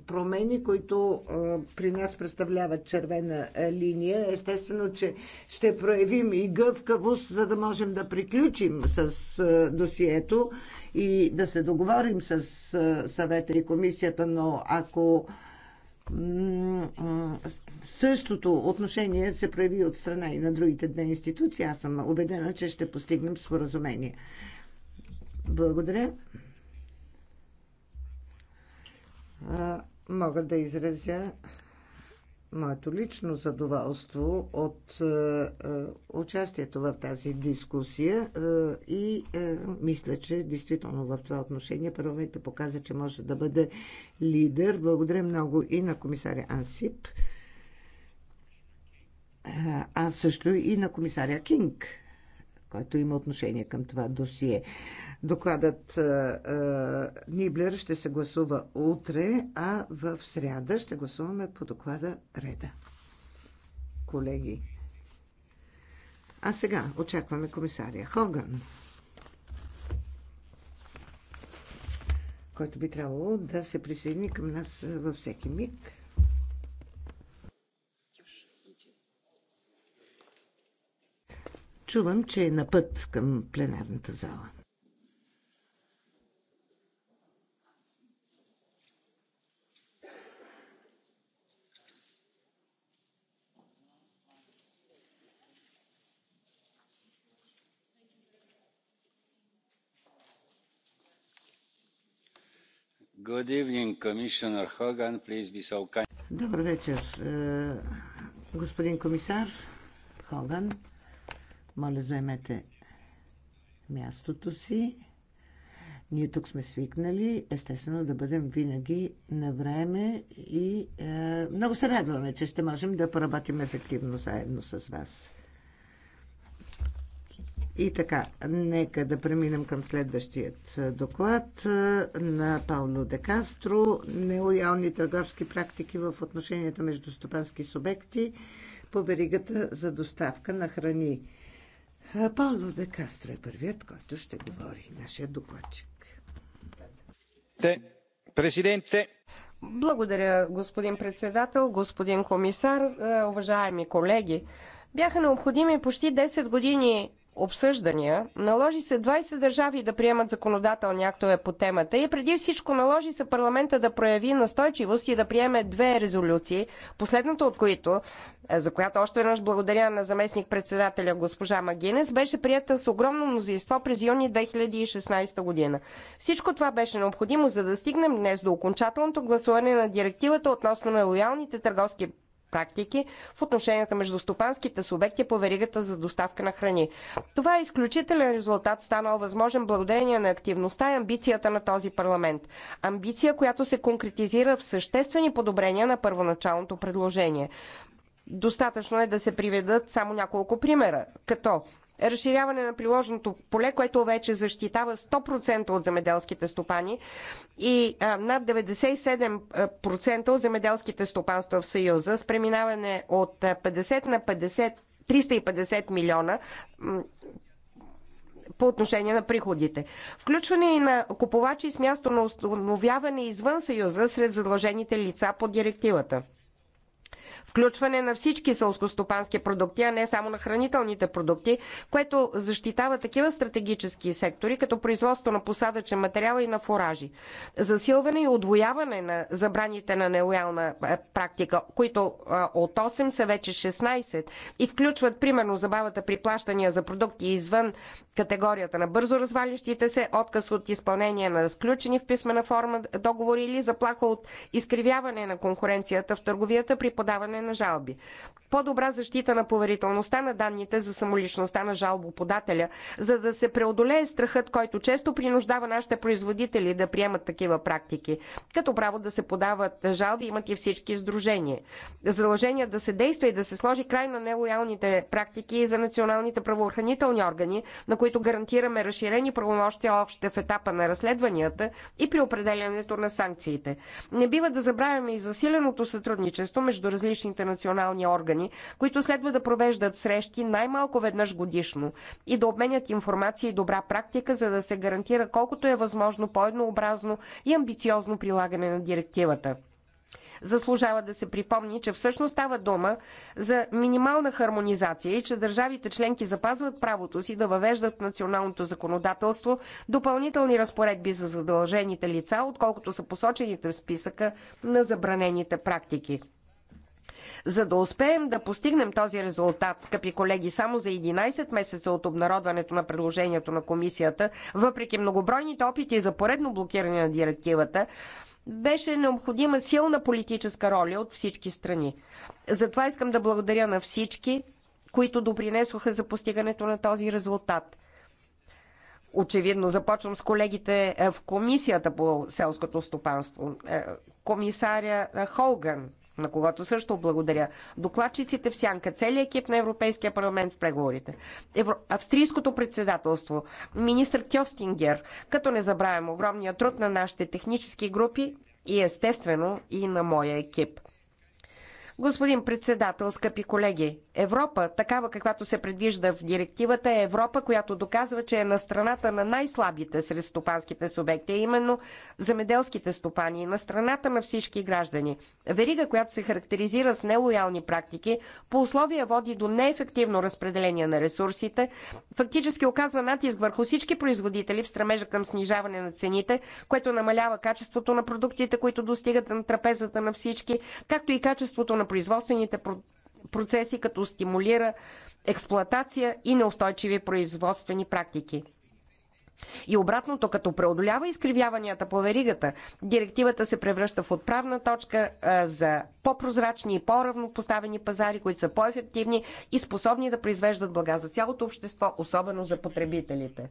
промени, които е, при нас представляват червена линия. Естествено, че ще проявим и гъвкавост, за да можем да приключим с досието и да се договорим с съвета и комисията, но ако същото отношение се прояви от страна и на другите две институции. Аз съм убедена, че ще постигнем споразумение. Благодаря. Мога да изразя моето лично задоволство от е, е, участието в тази дискусия е, и мисля, че действително в това отношение парламентът показа, че може да бъде лидер. Благодаря много и на комисаря Ансип, а също и на комисаря Кинг, който има отношение към това досие. Докладът Ниблер ще се гласува утре, а в сряда ще гласуваме по доклада Реда. Колеги. А сега очакваме комисария Хоган, който би трябвало да се присъедини към нас във всеки миг. Чувам, че е на път към пленарната зала. Good evening, Commissioner Hogan. Please be so kind. Добър вечер, е, господин комисар Хоган. Моля, займете мястото си. Ние тук сме свикнали, естествено, да бъдем винаги на време и е, много се радваме, че ще можем да поработим ефективно заедно с вас. И така, нека да преминем към следващият доклад на Павло де Кастро. Нелоялни търговски практики в отношенията между стопански субекти по веригата за доставка на храни. Пауло де Кастро е първият, който ще говори, нашия докладчик. Президенте, благодаря, господин председател, господин комисар, уважаеми колеги. Бяха необходими почти 10 години обсъждания, наложи се 20 държави да приемат законодателни актове по темата и преди всичко наложи се парламента да прояви настойчивост и да приеме две резолюции, последната от които, е, за която още веднъж благодаря на заместник председателя госпожа Магинес, беше прията с огромно мнозинство през юни 2016 година. Всичко това беше необходимо, за да стигнем днес до окончателното гласуване на директивата относно нелоялните търговски практики в отношенията между стопанските субекти по веригата за доставка на храни. Това е изключителен резултат, станал възможен благодарение на активността и амбицията на този парламент. Амбиция, която се конкретизира в съществени подобрения на първоначалното предложение. Достатъчно е да се приведат само няколко примера, като разширяване на приложеното поле, което вече защитава 100% от земеделските стопани и над 97% от земеделските стопанства в Съюза с преминаване от 50 на 50, 350 милиона по отношение на приходите. Включване и на купувачи с място на установяване извън Съюза сред задължените лица по директивата включване на всички сълскостопански продукти, а не само на хранителните продукти, което защитава такива стратегически сектори, като производство на посадъчен материал и на фуражи. Засилване и отвояване на забраните на нелоялна е, практика, които е, от 8 са вече 16 и включват примерно забавата при плащания за продукти извън категорията на бързо развалящите се, отказ от изпълнение на сключени в писмена форма договори или заплаха от изкривяване на конкуренцията в търговията при подаване подаване на жалби. По-добра защита на поверителността на данните за самоличността на жалбоподателя, за да се преодолее страхът, който често принуждава нашите производители да приемат такива практики. Като право да се подават жалби имат и всички сдружения. Задължение да се действа и да се сложи край на нелоялните практики и за националните правоохранителни органи, на които гарантираме разширени правомощия още в етапа на разследванията и при определянето на санкциите. Не бива да забравяме и засиленото сътрудничество между различни различните национални органи, които следва да провеждат срещи най-малко веднъж годишно и да обменят информация и добра практика, за да се гарантира колкото е възможно по-еднообразно и амбициозно прилагане на директивата. Заслужава да се припомни, че всъщност става дума за минимална хармонизация и че държавите членки запазват правото си да въвеждат в националното законодателство допълнителни разпоредби за задължените лица, отколкото са посочените в списъка на забранените практики. За да успеем да постигнем този резултат, скъпи колеги, само за 11 месеца от обнародването на предложението на комисията, въпреки многобройните опити за поредно блокиране на директивата, беше необходима силна политическа роля от всички страни. Затова искам да благодаря на всички, които допринесоха за постигането на този резултат. Очевидно, започвам с колегите е, в Комисията по селското стопанство. Е, комисаря е, Холган, на когото също благодаря. Докладчиците в Сянка, целият екип на Европейския парламент в преговорите. Евро... Австрийското председателство, министр Кьостингер, като не забравям огромния труд на нашите технически групи и естествено и на моя екип. Господин председател, скъпи колеги, Европа, такава каквато се предвижда в директивата, е Европа, която доказва, че е на страната на най-слабите сред стопанските субекти, а именно земеделските стопани, на страната на всички граждани. Верига, която се характеризира с нелоялни практики, по условия води до неефективно разпределение на ресурсите, фактически оказва натиск върху всички производители в стремежа към снижаване на цените, което намалява качеството на продуктите, които достигат на трапезата на всички, както и качеството на производствените продукти процеси, като стимулира експлоатация и неустойчиви производствени практики. И обратното, като преодолява изкривяванията по веригата, директивата се превръща в отправна точка за по-прозрачни и по-равнопоставени пазари, които са по-ефективни и способни да произвеждат блага за цялото общество, особено за потребителите.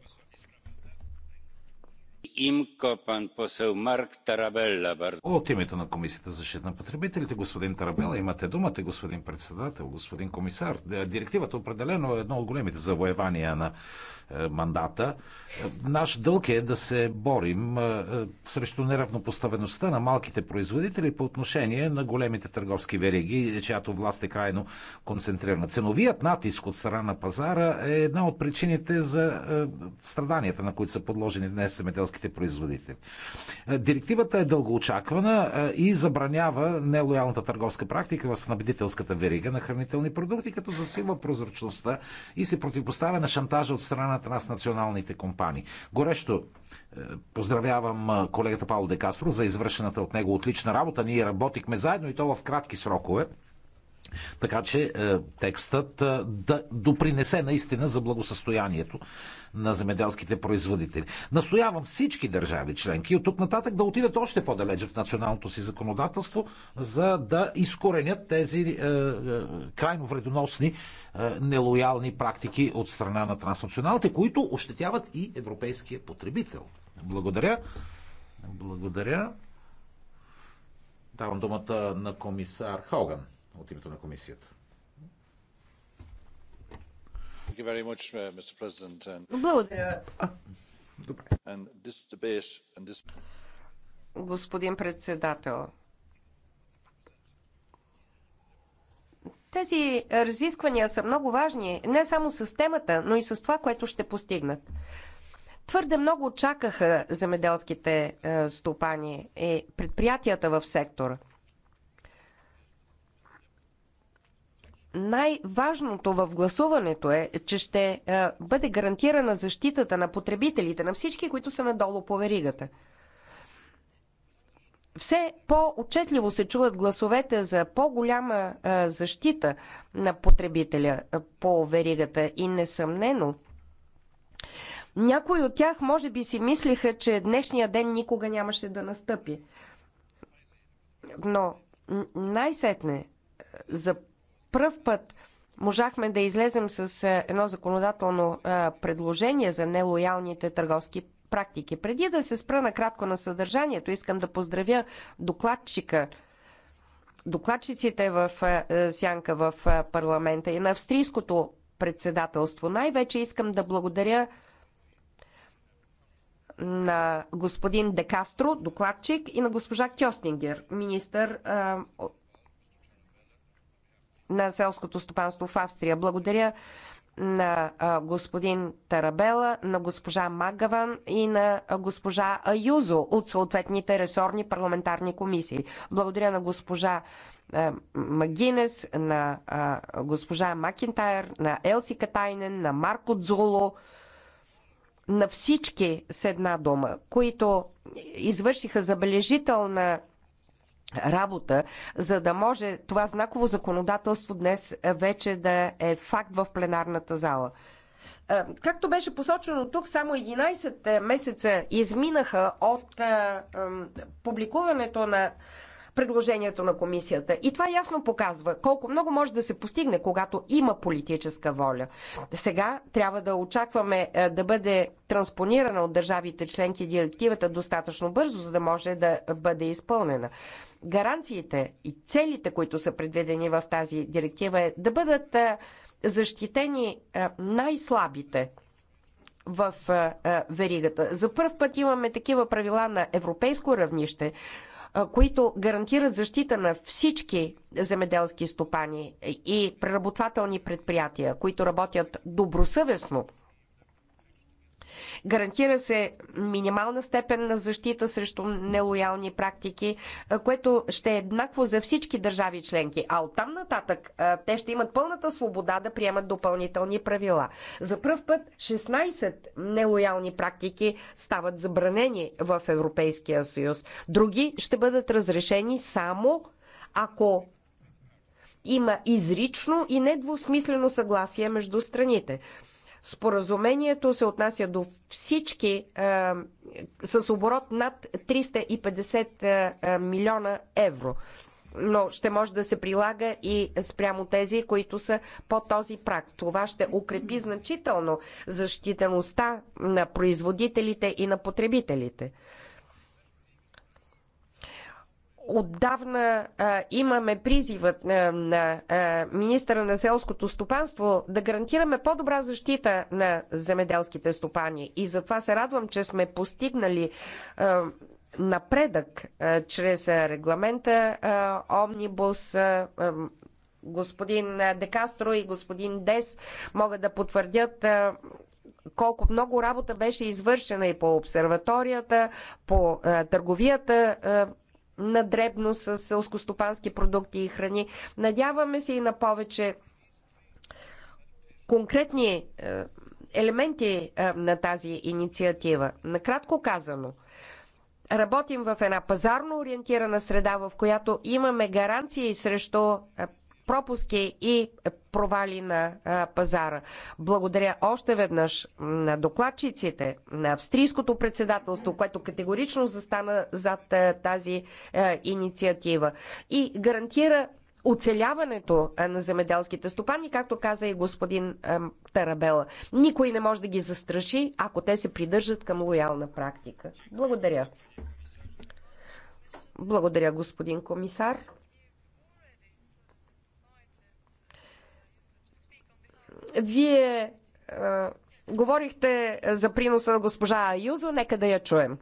От името на Комисията за защита на потребителите, господин Тарабела, имате думата, господин председател, господин комисар. Директивата определено е едно от големите завоевания на е, мандата. Наш дълг е да се борим е, е, срещу неравнопоставеността на малките производители по отношение на големите търговски вериги, чиято власт е крайно концентрирана. Ценовият натиск от страна на пазара е една от причините за страданията, на които са подложени днес земеделските производители. Директивата е дългоочаквана и забранява нелоялната търговска практика в снабдителската верига на хранителни продукти, като засилва прозрачността и се противопоставя на шантажа от страна транснационалните компании. Горещо е, поздравявам е, колегата Павло Декастро за извършената от него отлична работа. Ние работихме заедно и то в кратки срокове. Така че е, текстът е, да допринесе наистина за благосъстоянието на земеделските производители. Настоявам всички държави членки от тук нататък да отидат още по-далеч в националното си законодателство, за да изкоренят тези е, е, крайно вредоносни е, нелоялни практики от страна на транснационалите, които ощетяват и европейския потребител. Благодаря. Благодаря. Давам думата на комисар Хоган от името на комисията. Uh, Благодаря. Господин председател, Тези разисквания са много важни, не само с темата, но и с това, което ще постигнат. Твърде много чакаха земеделските е, стопани и предприятията в сектора. най-важното в гласуването е, че ще е, бъде гарантирана защитата на потребителите, на всички, които са надолу по веригата. Все по-отчетливо се чуват гласовете за по-голяма е, защита на потребителя е, по веригата и несъмнено някои от тях може би си мислиха, че днешния ден никога нямаше да настъпи. Но най-сетне за пръв път можахме да излезем с е, едно законодателно е, предложение за нелоялните търговски практики. Преди да се спра накратко на съдържанието, искам да поздравя докладчика, докладчиците в е, Сянка в парламента и на австрийското председателство. Най-вече искам да благодаря на господин Декастро, докладчик, и на госпожа Кьостингер, министър на селското стопанство в Австрия. Благодаря на господин Тарабела, на госпожа Магаван и на госпожа Аюзо от съответните ресорни парламентарни комисии. Благодаря на госпожа Магинес, на госпожа Макинтайр, на Елси Катайнен, на Марко Дзуло, на всички с една дума, които извършиха забележителна работа, за да може това знаково законодателство днес вече да е факт в пленарната зала. Е, както беше посочено тук, само 11 е, месеца изминаха от е, публикуването на предложението на комисията. И това ясно показва колко много може да се постигне, когато има политическа воля. Сега трябва да очакваме е, да бъде транспонирана от държавите членки директивата достатъчно бързо, за да може да бъде изпълнена. Гаранциите и целите, които са предвидени в тази директива е да бъдат е, защитени е, най-слабите в веригата. За първ път имаме такива правила на европейско равнище, които гарантират защита на всички земеделски стопани и преработвателни предприятия, които работят добросъвестно Гарантира се минимална степен на защита срещу нелоялни практики, което ще е еднакво за всички държави членки, а оттам нататък те ще имат пълната свобода да приемат допълнителни правила. За пръв път 16 нелоялни практики стават забранени в Европейския съюз. Други ще бъдат разрешени само ако има изрично и недвусмислено съгласие между страните. Споразумението се отнася до всички а, с оборот над 350 милиона евро но ще може да се прилага и спрямо тези, които са по този прак. Това ще укрепи значително защитеността на производителите и на потребителите. Отдавна а, имаме призивът на, на а, министра на селското стопанство да гарантираме по-добра защита на земеделските стопани. И затова се радвам, че сме постигнали а, напредък а, чрез регламента а, Омнибус. А, господин Декастро и господин Дес могат да потвърдят. А, колко много работа беше извършена и по обсерваторията, по а, търговията а, на дребно с селскостопански продукти и храни. Надяваме се и на повече конкретни е, елементи е, на тази инициатива. Накратко казано, работим в една пазарно ориентирана среда, в която имаме гаранции срещу е, пропуски и провали на пазара. Благодаря още веднъж на докладчиците, на австрийското председателство, което категорично застана зад тази инициатива и гарантира оцеляването на земеделските стопани, както каза и господин Тарабела. Никой не може да ги застраши, ако те се придържат към лоялна практика. Благодаря. Благодаря, господин комисар. Вие а, е, говорихте за приноса на госпожа Аюзо, нека да я чуем.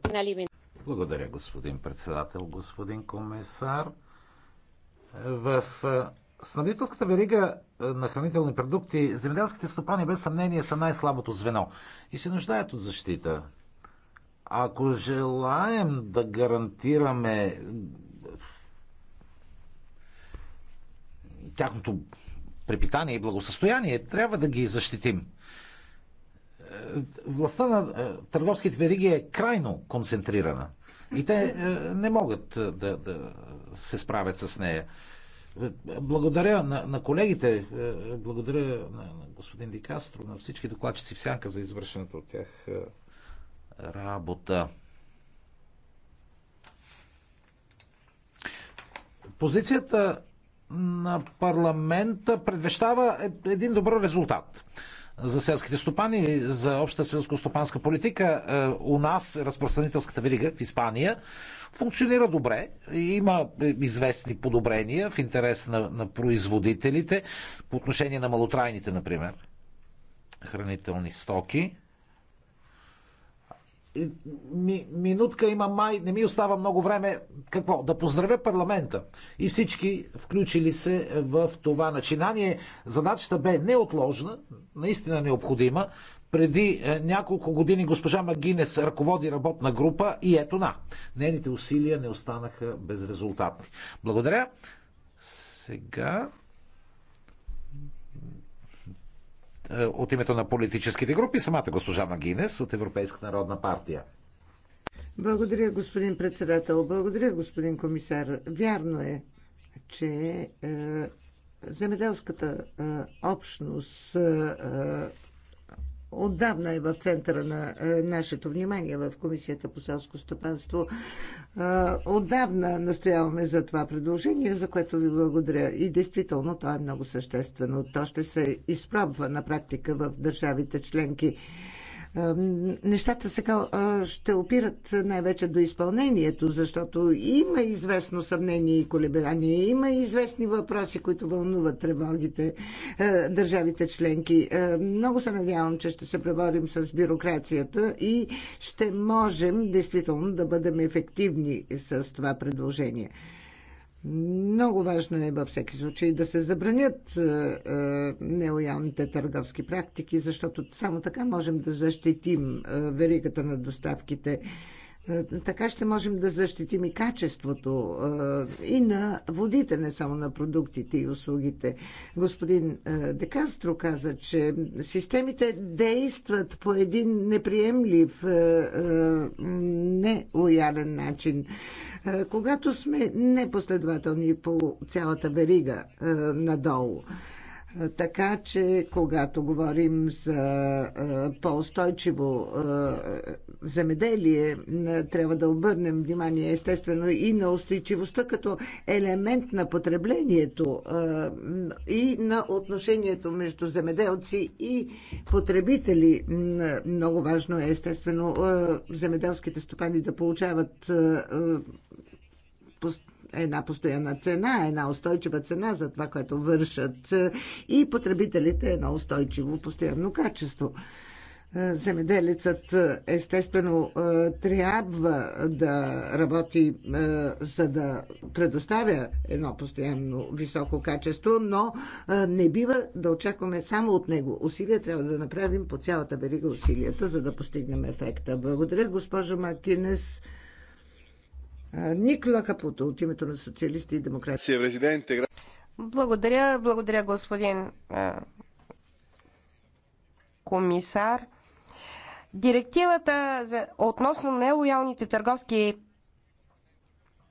Благодаря, господин председател, господин комисар. В е, снабдителската верига е, на хранителни продукти, земеделските стопани без съмнение са най-слабото звено и се нуждаят от защита. Ако желаем да гарантираме тяхното препитание и благосъстояние, трябва да ги защитим. Е, властта на е, търговските вериги е крайно концентрирана. И те е, не могат да, да се справят с нея. Благодаря на, на колегите, благодаря на, на господин Дикастро, на всички докладчици в сянка за извършената от тях работа. Позицията на парламента предвещава е, един добър резултат за селските стопани, за обща селско-стопанска политика. Е, у нас разпространителската верига в Испания функционира добре. Има известни подобрения в интерес на, на производителите по отношение на малотрайните, например, хранителни стоки ми, минутка има май, не ми остава много време. Какво? Да поздравя парламента и всички включили се в това начинание. Задачата бе неотложна, наистина необходима. Преди е, няколко години госпожа Магинес ръководи работна група и ето на. Нейните усилия не останаха безрезултатни. Благодаря. Сега Е, от името на политическите групи, самата госпожа Магинес от Европейска народна партия. Благодаря, господин председател. Благодаря, господин комисар. Вярно е, че е, земеделската е, общност е, отдавна е в центъра на е, нашето внимание в Комисията по селско стопанство. Е, отдавна настояваме за това предложение, за което ви благодаря. И действително то е много съществено. То ще се изпробва на практика в държавите членки. Нещата сега ще опират най-вече до изпълнението, защото има известно съмнение и колебание, има известни въпроси, които вълнуват тревогите държавите членки. Много се надявам, че ще се преборим с бюрокрацията и ще можем действително да бъдем ефективни с това предложение. Много важно е във всеки случай да се забранят е, е, нелоялните търговски практики, защото само така можем да защитим е, веригата на доставките. Е, така ще можем да защитим и качеството е, и на водите, не само на продуктите и услугите. Господин е, Декастро каза, че системите действат по един неприемлив, неуялен начин. Когато сме непоследователни по цялата верига надолу, така че, когато говорим за по-устойчиво земеделие, трябва да обърнем внимание естествено и на устойчивостта като елемент на потреблението и на отношението между земеделци и потребители. Много важно е естествено земеделските стопани да получават една постоянна цена, една устойчива цена за това, което вършат е, и потребителите едно устойчиво постоянно качество. Е, земеделецът е, естествено трябва да работи за да предоставя едно постоянно високо качество, но не бива да очакваме само от него. Усилия трябва да направим по цялата верига усилията, за да постигнем ефекта. Благодаря, госпожо Макинес. Никола Капуто от името на социалисти и демократи. Благодаря, благодаря господин комисар. Директивата за, относно нелоялните търговски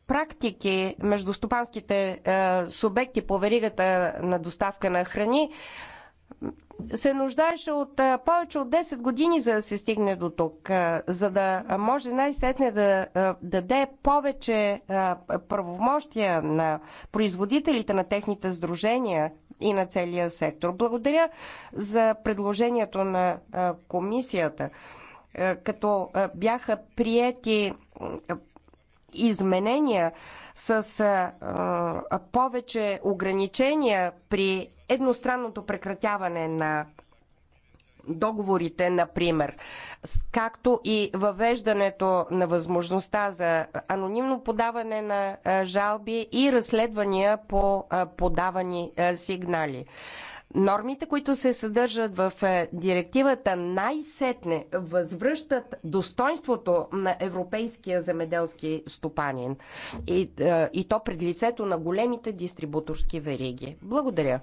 практики между стопанските е, субекти по веригата на доставка на храни е, се нуждаеше от повече от 10 години, за да се стигне до тук, за да може най-сетне да даде повече правомощия на производителите на техните сдружения и на целия сектор. Благодаря за предложението на комисията, като бяха приети изменения с повече ограничения при едностранното прекратяване на договорите, например, както и въвеждането на възможността за анонимно подаване на жалби и разследвания по подавани сигнали. Нормите, които се съдържат в директивата, най-сетне възвръщат достоинството на европейския земеделски стопанин и, и то пред лицето на големите дистрибуторски вериги. Благодаря.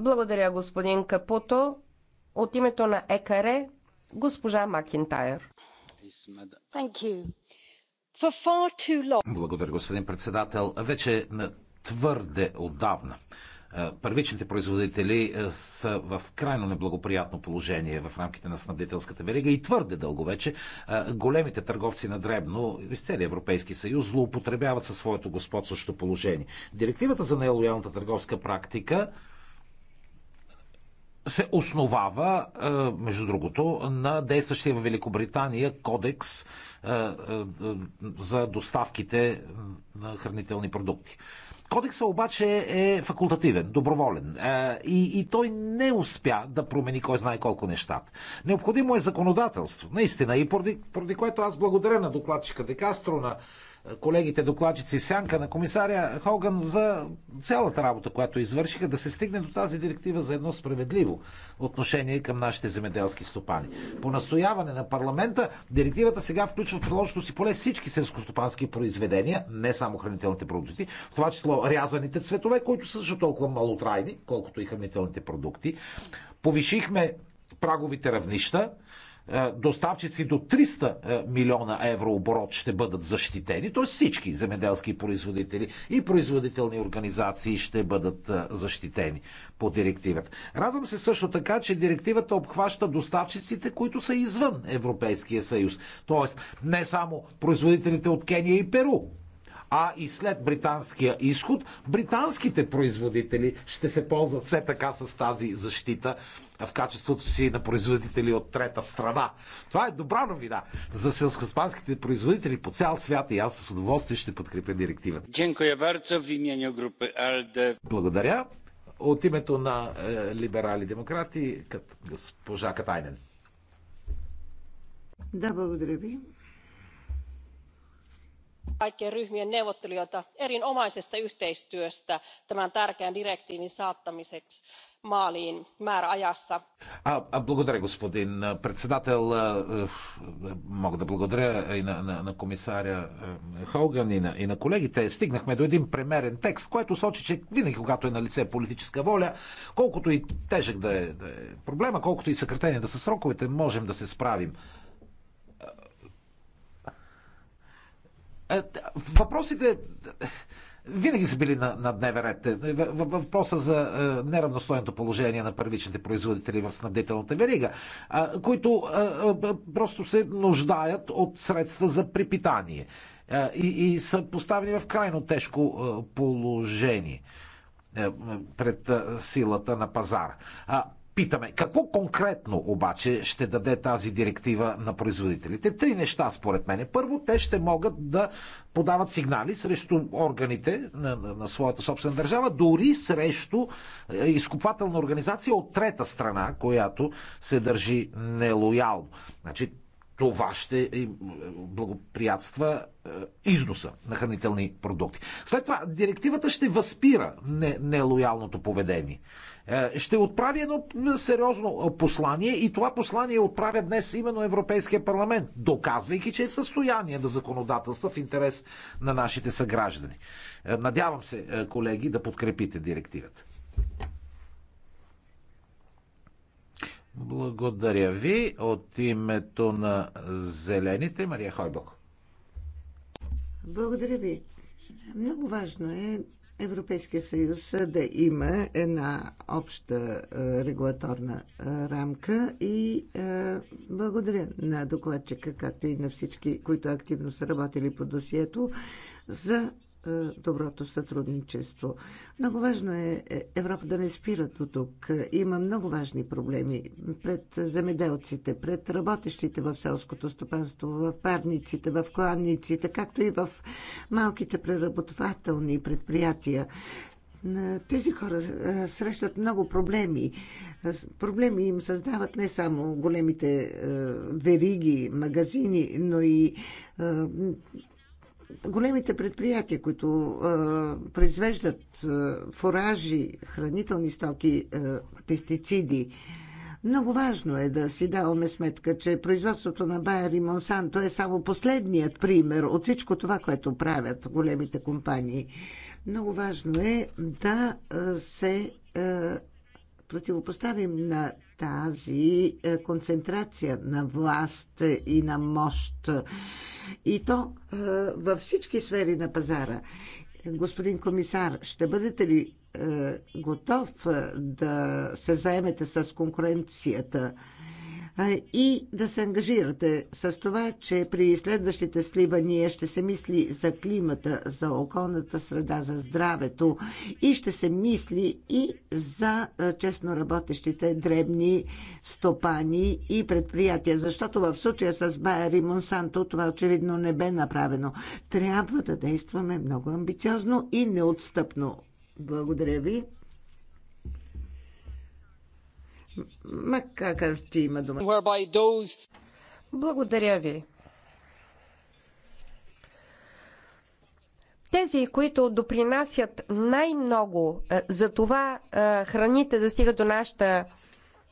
Благодаря, господин Капуто. От името на ЕКАРЕ, госпожа Макинтайр. Благодаря, господин председател. Вече е, твърде отдавна е, първичните производители е, са в крайно неблагоприятно положение в рамките на снабдителската верига и твърде дълго вече големите търговци на дребно из целия Европейски съюз злоупотребяват със своето господстващо положение. Директивата за нелоялната търговска практика се основава, е, между другото, на действащия в Великобритания кодекс е, е, за доставките на хранителни продукти. Кодексът обаче е факултативен, доброволен и, и той не успя да промени кой знае колко нещата. Необходимо е законодателство, наистина, и поради, поради което аз благодаря на докладчика Декастро, на колегите докладчици Сянка на комисаря Хоган за цялата работа, която извършиха, да се стигне до тази директива за едно справедливо отношение към нашите земеделски стопани. По настояване на парламента, директивата сега включва в приложното си поле всички селскостопански произведения, не само хранителните продукти, в това число рязаните цветове, които са също толкова малотрайни, колкото и хранителните продукти. Повишихме праговите равнища, е, доставчици до 300 е, милиона евро оборот ще бъдат защитени, т.е. всички земеделски производители и производителни организации ще бъдат е, защитени по директивата. Радвам се също така, че директивата обхваща доставчиците, които са извън Европейския съюз. Т.е. не само производителите от Кения и Перу, а и след британския изход, британските производители ще се ползват все така с тази защита в качеството си на производители от трета страна. Това е добра новина за селскостопанските производители по цял свят и аз с удоволствие ще подкрепя директивата. Благодаря. От името на е, либерали демократи, кът, госпожа Катайнен. Да, благодаря ви kaikkien ryhmien neuvottelijoita erinomaisesta yhteistyöstä tämän tärkeän direktiivin saattamiseksi maaliin määräajassa. А, а, благодаря, господин председател. Мога да благодаря и на, на, на комисаря Холган и на, и на колегите. Стигнахме до един премерен текст, което сочи, че винаги, когато е на лице политическа воля, колкото и тежък да е, да е проблема, колкото и съкратени да са сроковете, можем да се справим. Въпросите винаги са били на, на дневен ред. Е, въпроса за е, неравностойното положение на първичните производители в снабдителната верига, а, които а, е, а, е, просто се нуждаят от средства за припитание а, и, и са поставени в крайно тежко а, положение пред силата на пазара. А, Питаме, какво конкретно обаче ще даде тази директива на производителите? Три неща, според мен. Първо, те ще могат да подават сигнали срещу органите на, на, на своята собствена държава, дори срещу е, изкупвателна организация от трета страна, която се държи нелоялно. Значи, това ще е, благоприятства е, износа на хранителни продукти. След това директивата ще възпира нелоялното поведение. Е, ще отправи едно сериозно послание и това послание отправя днес именно Европейския парламент, доказвайки, че е в състояние да законодателства в интерес на нашите съграждани. Надявам се, колеги, да подкрепите директивата. Благодаря ви от името на Зелените. Мария Хойбок. Благодаря ви. Много важно е Европейския съюз да има една обща е, регулаторна е, рамка и е, благодаря на докладчика, както и на всички, които активно са работили по досието, за е, доброто сътрудничество. Много важно е, е Европа да не спира до тук. Има много важни проблеми пред земеделците, пред работещите в селското стопанство, в парниците, в кланниците, както и в малките преработвателни предприятия. Тези хора е, срещат много проблеми. Проблеми им създават не само големите вериги, магазини, но и големите предприятия, които а, произвеждат а, фуражи, хранителни стоки, а, пестициди, много важно е да си даваме сметка, че производството на Байер и Монсанто е само последният пример от всичко това, което правят големите компании. Много важно е да се противопоставим на тази е, концентрация на власт и на мощ. И то е, във всички сфери на пазара. Господин комисар, ще бъдете ли е, готов да се заемете с конкуренцията? и да се ангажирате с това, че при следващите сливания ще се мисли за климата, за околната среда, за здравето и ще се мисли и за честно работещите дребни стопани и предприятия, защото в случая с Байер и Монсанто това очевидно не бе направено. Трябва да действаме много амбициозно и неотстъпно. Благодаря ви. Макар ти има дума. Благодаря ви. Тези, които допринасят най-много е, за това е, храните да стигат до нашата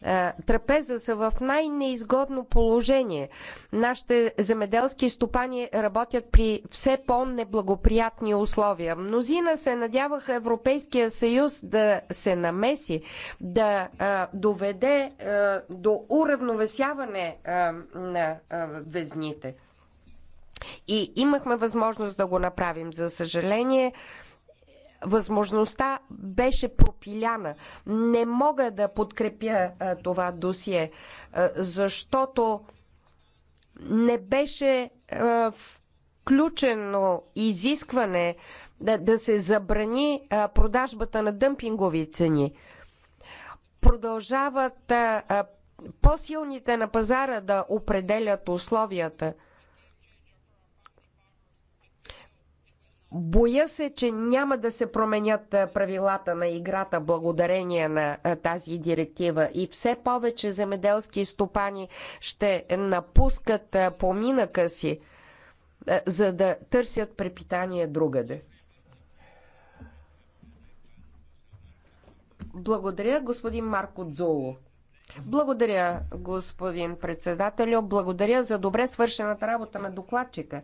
е, трапеза са в най-неизгодно положение. Нашите земеделски стопани работят при все по-неблагоприятни условия. Мнозина се надяваха Европейския съюз да се намеси, да а, е, доведе а, е, до уравновесяване а, на а, везните. И имахме възможност да го направим. За съжаление, а, Възможността беше пропиляна. Не мога да подкрепя това досие, защото не беше включено изискване да, да се забрани а, продажбата на дъмпингови цени. Продължават а, по-силните на пазара да определят условията – Боя се, че няма да се променят правилата на играта благодарение на тази директива и все повече земеделски стопани ще напускат поминъка си, за да търсят препитание другаде. Благодаря, господин Марко Дзоло. Благодаря, господин председателю. Благодаря за добре свършената работа на докладчика.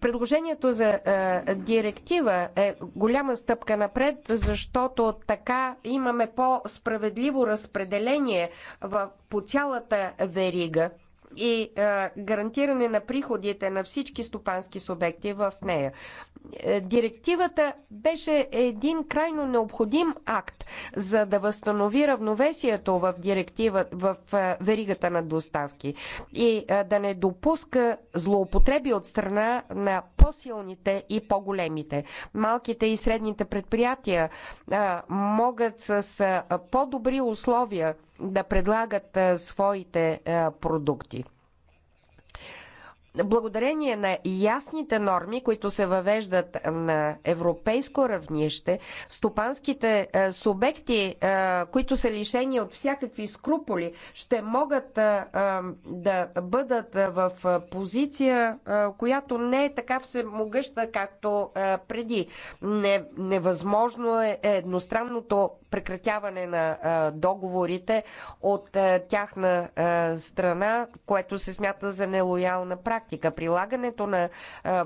Предложението за е, директива е голяма стъпка напред, защото така имаме по-справедливо разпределение в, по цялата верига и е, гарантиране на приходите на всички стопански субекти в нея. Е, директивата беше един крайно необходим акт, за да възстанови равновесието в, директива, в е, веригата на доставки и да не допуска злоупотреби от страна на по-силните и по-големите. Малките и средните предприятия могат с по-добри условия да предлагат своите продукти благодарение на ясните норми, които се въвеждат на европейско равнище, стопанските е, субекти, е, които са лишени от всякакви скруполи, ще могат е, да бъдат в позиция, която не е така всемогъща, както преди. Невъзможно е едностранното прекратяване на договорите от тяхна страна, което се смята за нелоялна практика практика. Прилагането на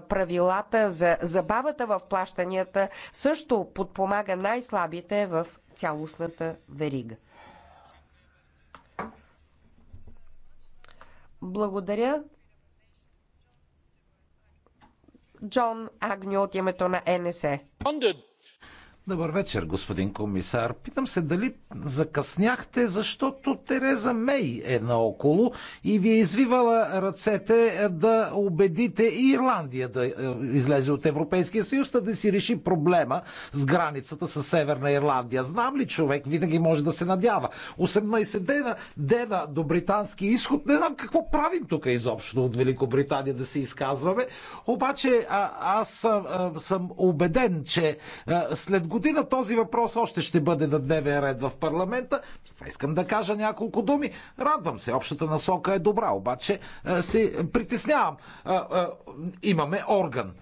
правилата за забавата в плащанията също подпомага най-слабите в цялостната верига. Благодаря. Джон Агню от името на НСЕ. Добър вечер, господин комисар. Питам се дали закъсняхте, защото Тереза Мей е наоколо и ви е извивала ръцете е, да убедите и Ирландия да е, излезе от Европейския съюз, да, да си реши проблема с границата с Северна Ирландия. Знам ли човек, винаги може да се надява. 18 дена, дена до британски изход. Не знам какво правим тук изобщо от Великобритания да се изказваме. Обаче а, аз а, съм убеден, че а, след година този въпрос още ще бъде на дневен ред в парламента. Това искам да кажа няколко думи. Радвам се, общата насока е добра, обаче се притеснявам. Имаме орган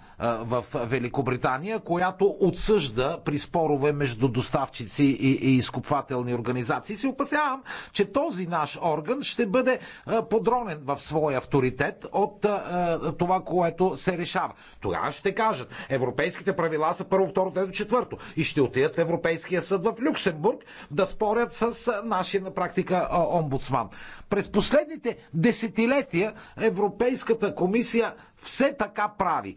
в Великобритания, която отсъжда при спорове между доставчици и, и изкупвателни организации. Се опасявам, че този наш орган ще бъде подронен в своя авторитет от това, което се решава. Тогава ще кажат, европейските правила са първо, второ, трето, четвърто. И ще отидат в Европейския съд в Люксембург да спорят с нашия на практика омбудсман. През последните десетилетия Европейската комисия все така прави. Е,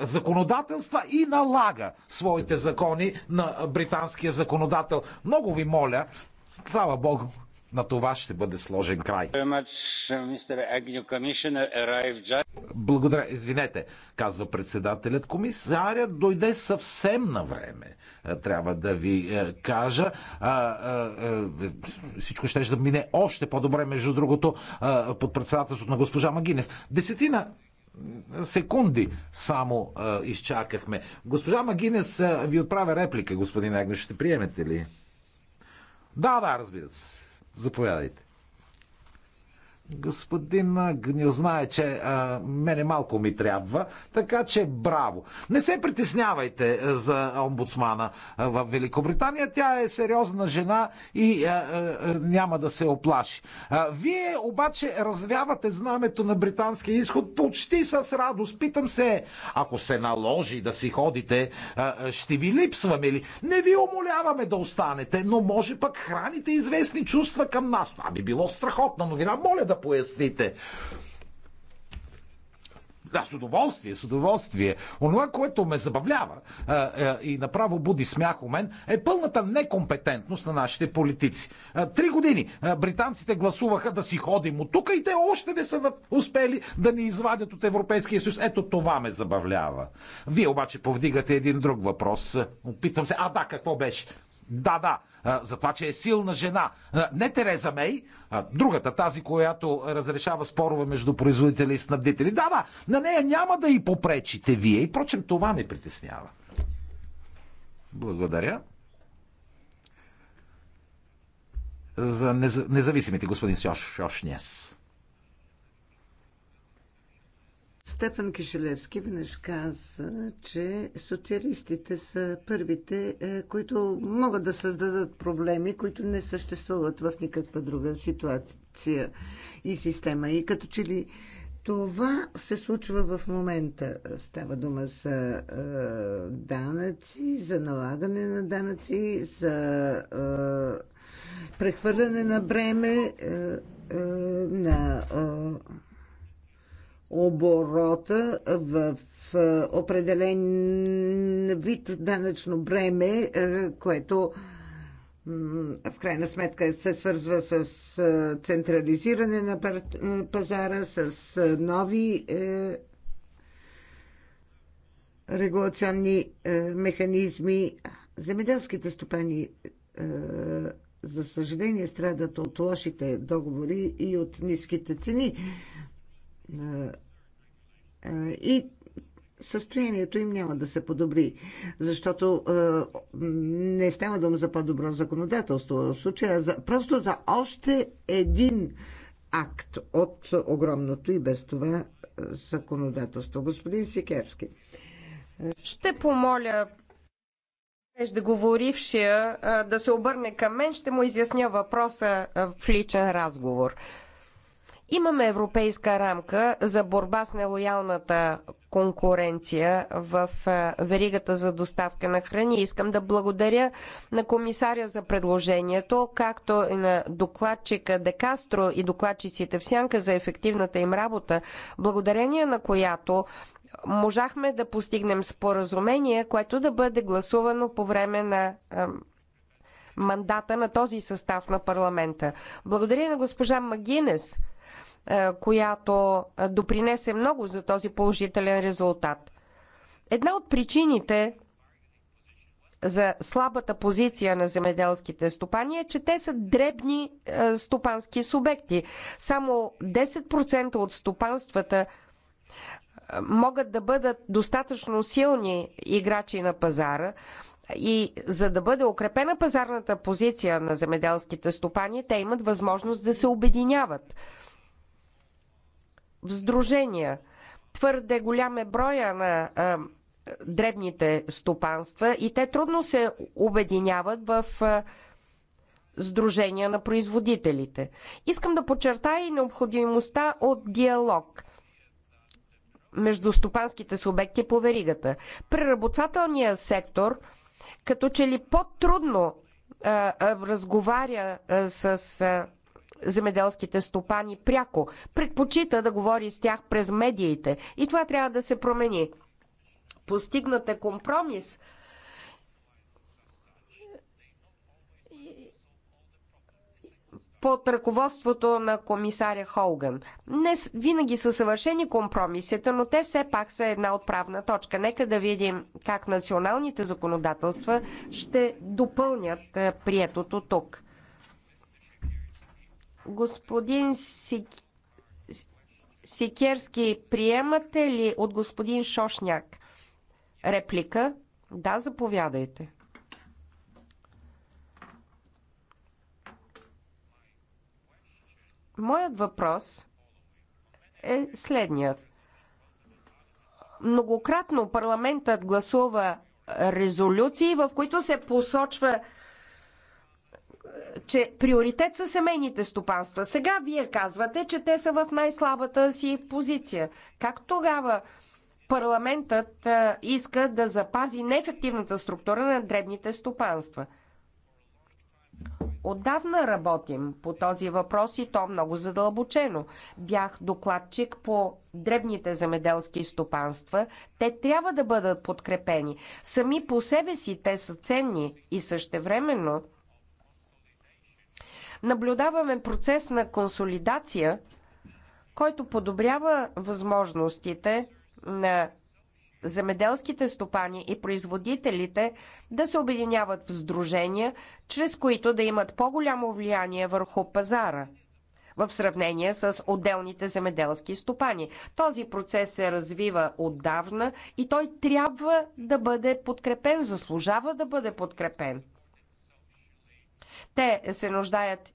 законодателства и налага своите закони на британския законодател. Много ви моля, слава Богу, на това ще бъде сложен край. Uh, Благодаря. Извинете, казва председателят. Комисарят дойде съвсем на време. Е, трябва да ви е, кажа. всичко ще да мине още по-добре, между другото, под председателството на госпожа Магинес. Десетина секунди само а, изчакахме. Госпожа Магинес а, ви отправя реплика, господин Агнеш. Ще приемете ли? Да, да, разбира се. Заповядайте господин Гнил знае, че а, мене малко ми трябва, така че браво. Не се притеснявайте за омбудсмана в Великобритания. Тя е сериозна жена и а, а, няма да се оплаши. А, вие обаче развявате знамето на британския изход почти с радост. Питам се, ако се наложи да си ходите, а, ще ви липсваме ли? Не ви умоляваме да останете, но може пък храните известни чувства към нас. Това би било страхотна новина. Моля да поясните. Да, с удоволствие, с удоволствие. Онова, което ме забавлява а, а, и направо буди смях у мен, е пълната некомпетентност на нашите политици. А, три години а, британците гласуваха да си ходим от тук и те още не са успели да ни извадят от Европейския съюз. Ето това ме забавлява. Вие обаче повдигате един друг въпрос. Опитвам се. А да, какво беше? Да, да, за това, че е силна жена. Не Тереза Мей, а другата, тази, която разрешава спорове между производители и снабдители. Да, да, на нея няма да и попречите вие. И прочем, това ме притеснява. Благодаря. За независимите, господин Сьош, Сьошнес. Стефан Кишелевски веднъж каза, че социалистите са първите, е, които могат да създадат проблеми, които не съществуват в никаква друга ситуация и система. И като че ли това се случва в момента. Става дума за е, данъци, за налагане на данъци, за е, прехвърляне на бреме е, е, на. Е, оборота в е, определен вид данъчно бреме, е, което в крайна сметка се свързва с е, централизиране на пазара, с нови регулационни механизми. Земеделските стопани, за съжаление, страдат от лошите договори и от ниските цени и състоянието им няма да се подобри, защото а, не става дума за по-добро законодателство в случая, за, просто за още един акт от огромното и без това законодателство. Господин Сикерски. Ще помоля преждеговорившия да се обърне към мен, ще му изясня въпроса в личен разговор. Имаме европейска рамка за борба с нелоялната конкуренция в е, веригата за доставка на храни. Искам да благодаря на комисаря за предложението, както и на докладчика Декастро и докладчиците в Сянка за ефективната им работа, благодарение на която можахме да постигнем споразумение, което да бъде гласувано по време на е, мандата на този състав на парламента. Благодаря на госпожа Магинес – е, която е, допринесе много за този положителен резултат. Една от причините за слабата позиция на земеделските стопани е, че те са дребни е, стопански субекти. Само 10% от стопанствата могат да бъдат достатъчно силни играчи на пазара и за да бъде укрепена пазарната позиция на земеделските стопани, те имат възможност да се обединяват сдружения. Твърде голям е броя на а, дребните стопанства и те трудно се обединяват в а, сдружения на производителите. Искам да подчертая и необходимостта от диалог между стопанските субекти по веригата. Преработвателният сектор като че ли по-трудно разговаря а, с а, земеделските стопани пряко. Предпочита да говори с тях през медиите. И това трябва да се промени. Постигнат е компромис. под ръководството на комисаря Холган. Не винаги са съвършени компромисите, но те все пак са една отправна точка. Нека да видим как националните законодателства ще допълнят е, приетото тук. Господин Сик... Сикерски, приемате ли от господин Шошняк реплика? Да, заповядайте. Моят въпрос е следният. Многократно парламентът гласува резолюции, в които се посочва че приоритет са семейните стопанства. Сега вие казвате, че те са в най-слабата си позиция. Как тогава парламентът иска да запази неефективната структура на дребните стопанства? Отдавна работим по този въпрос и то много задълбочено. Бях докладчик по дребните земеделски стопанства. Те трябва да бъдат подкрепени. Сами по себе си те са ценни и същевременно – наблюдаваме процес на консолидация, който подобрява възможностите на земеделските стопани и производителите да се обединяват в сдружения, чрез които да имат по-голямо влияние върху пазара в сравнение с отделните земеделски стопани. Този процес се развива отдавна и той трябва да бъде подкрепен, заслужава да бъде подкрепен. Те се нуждаят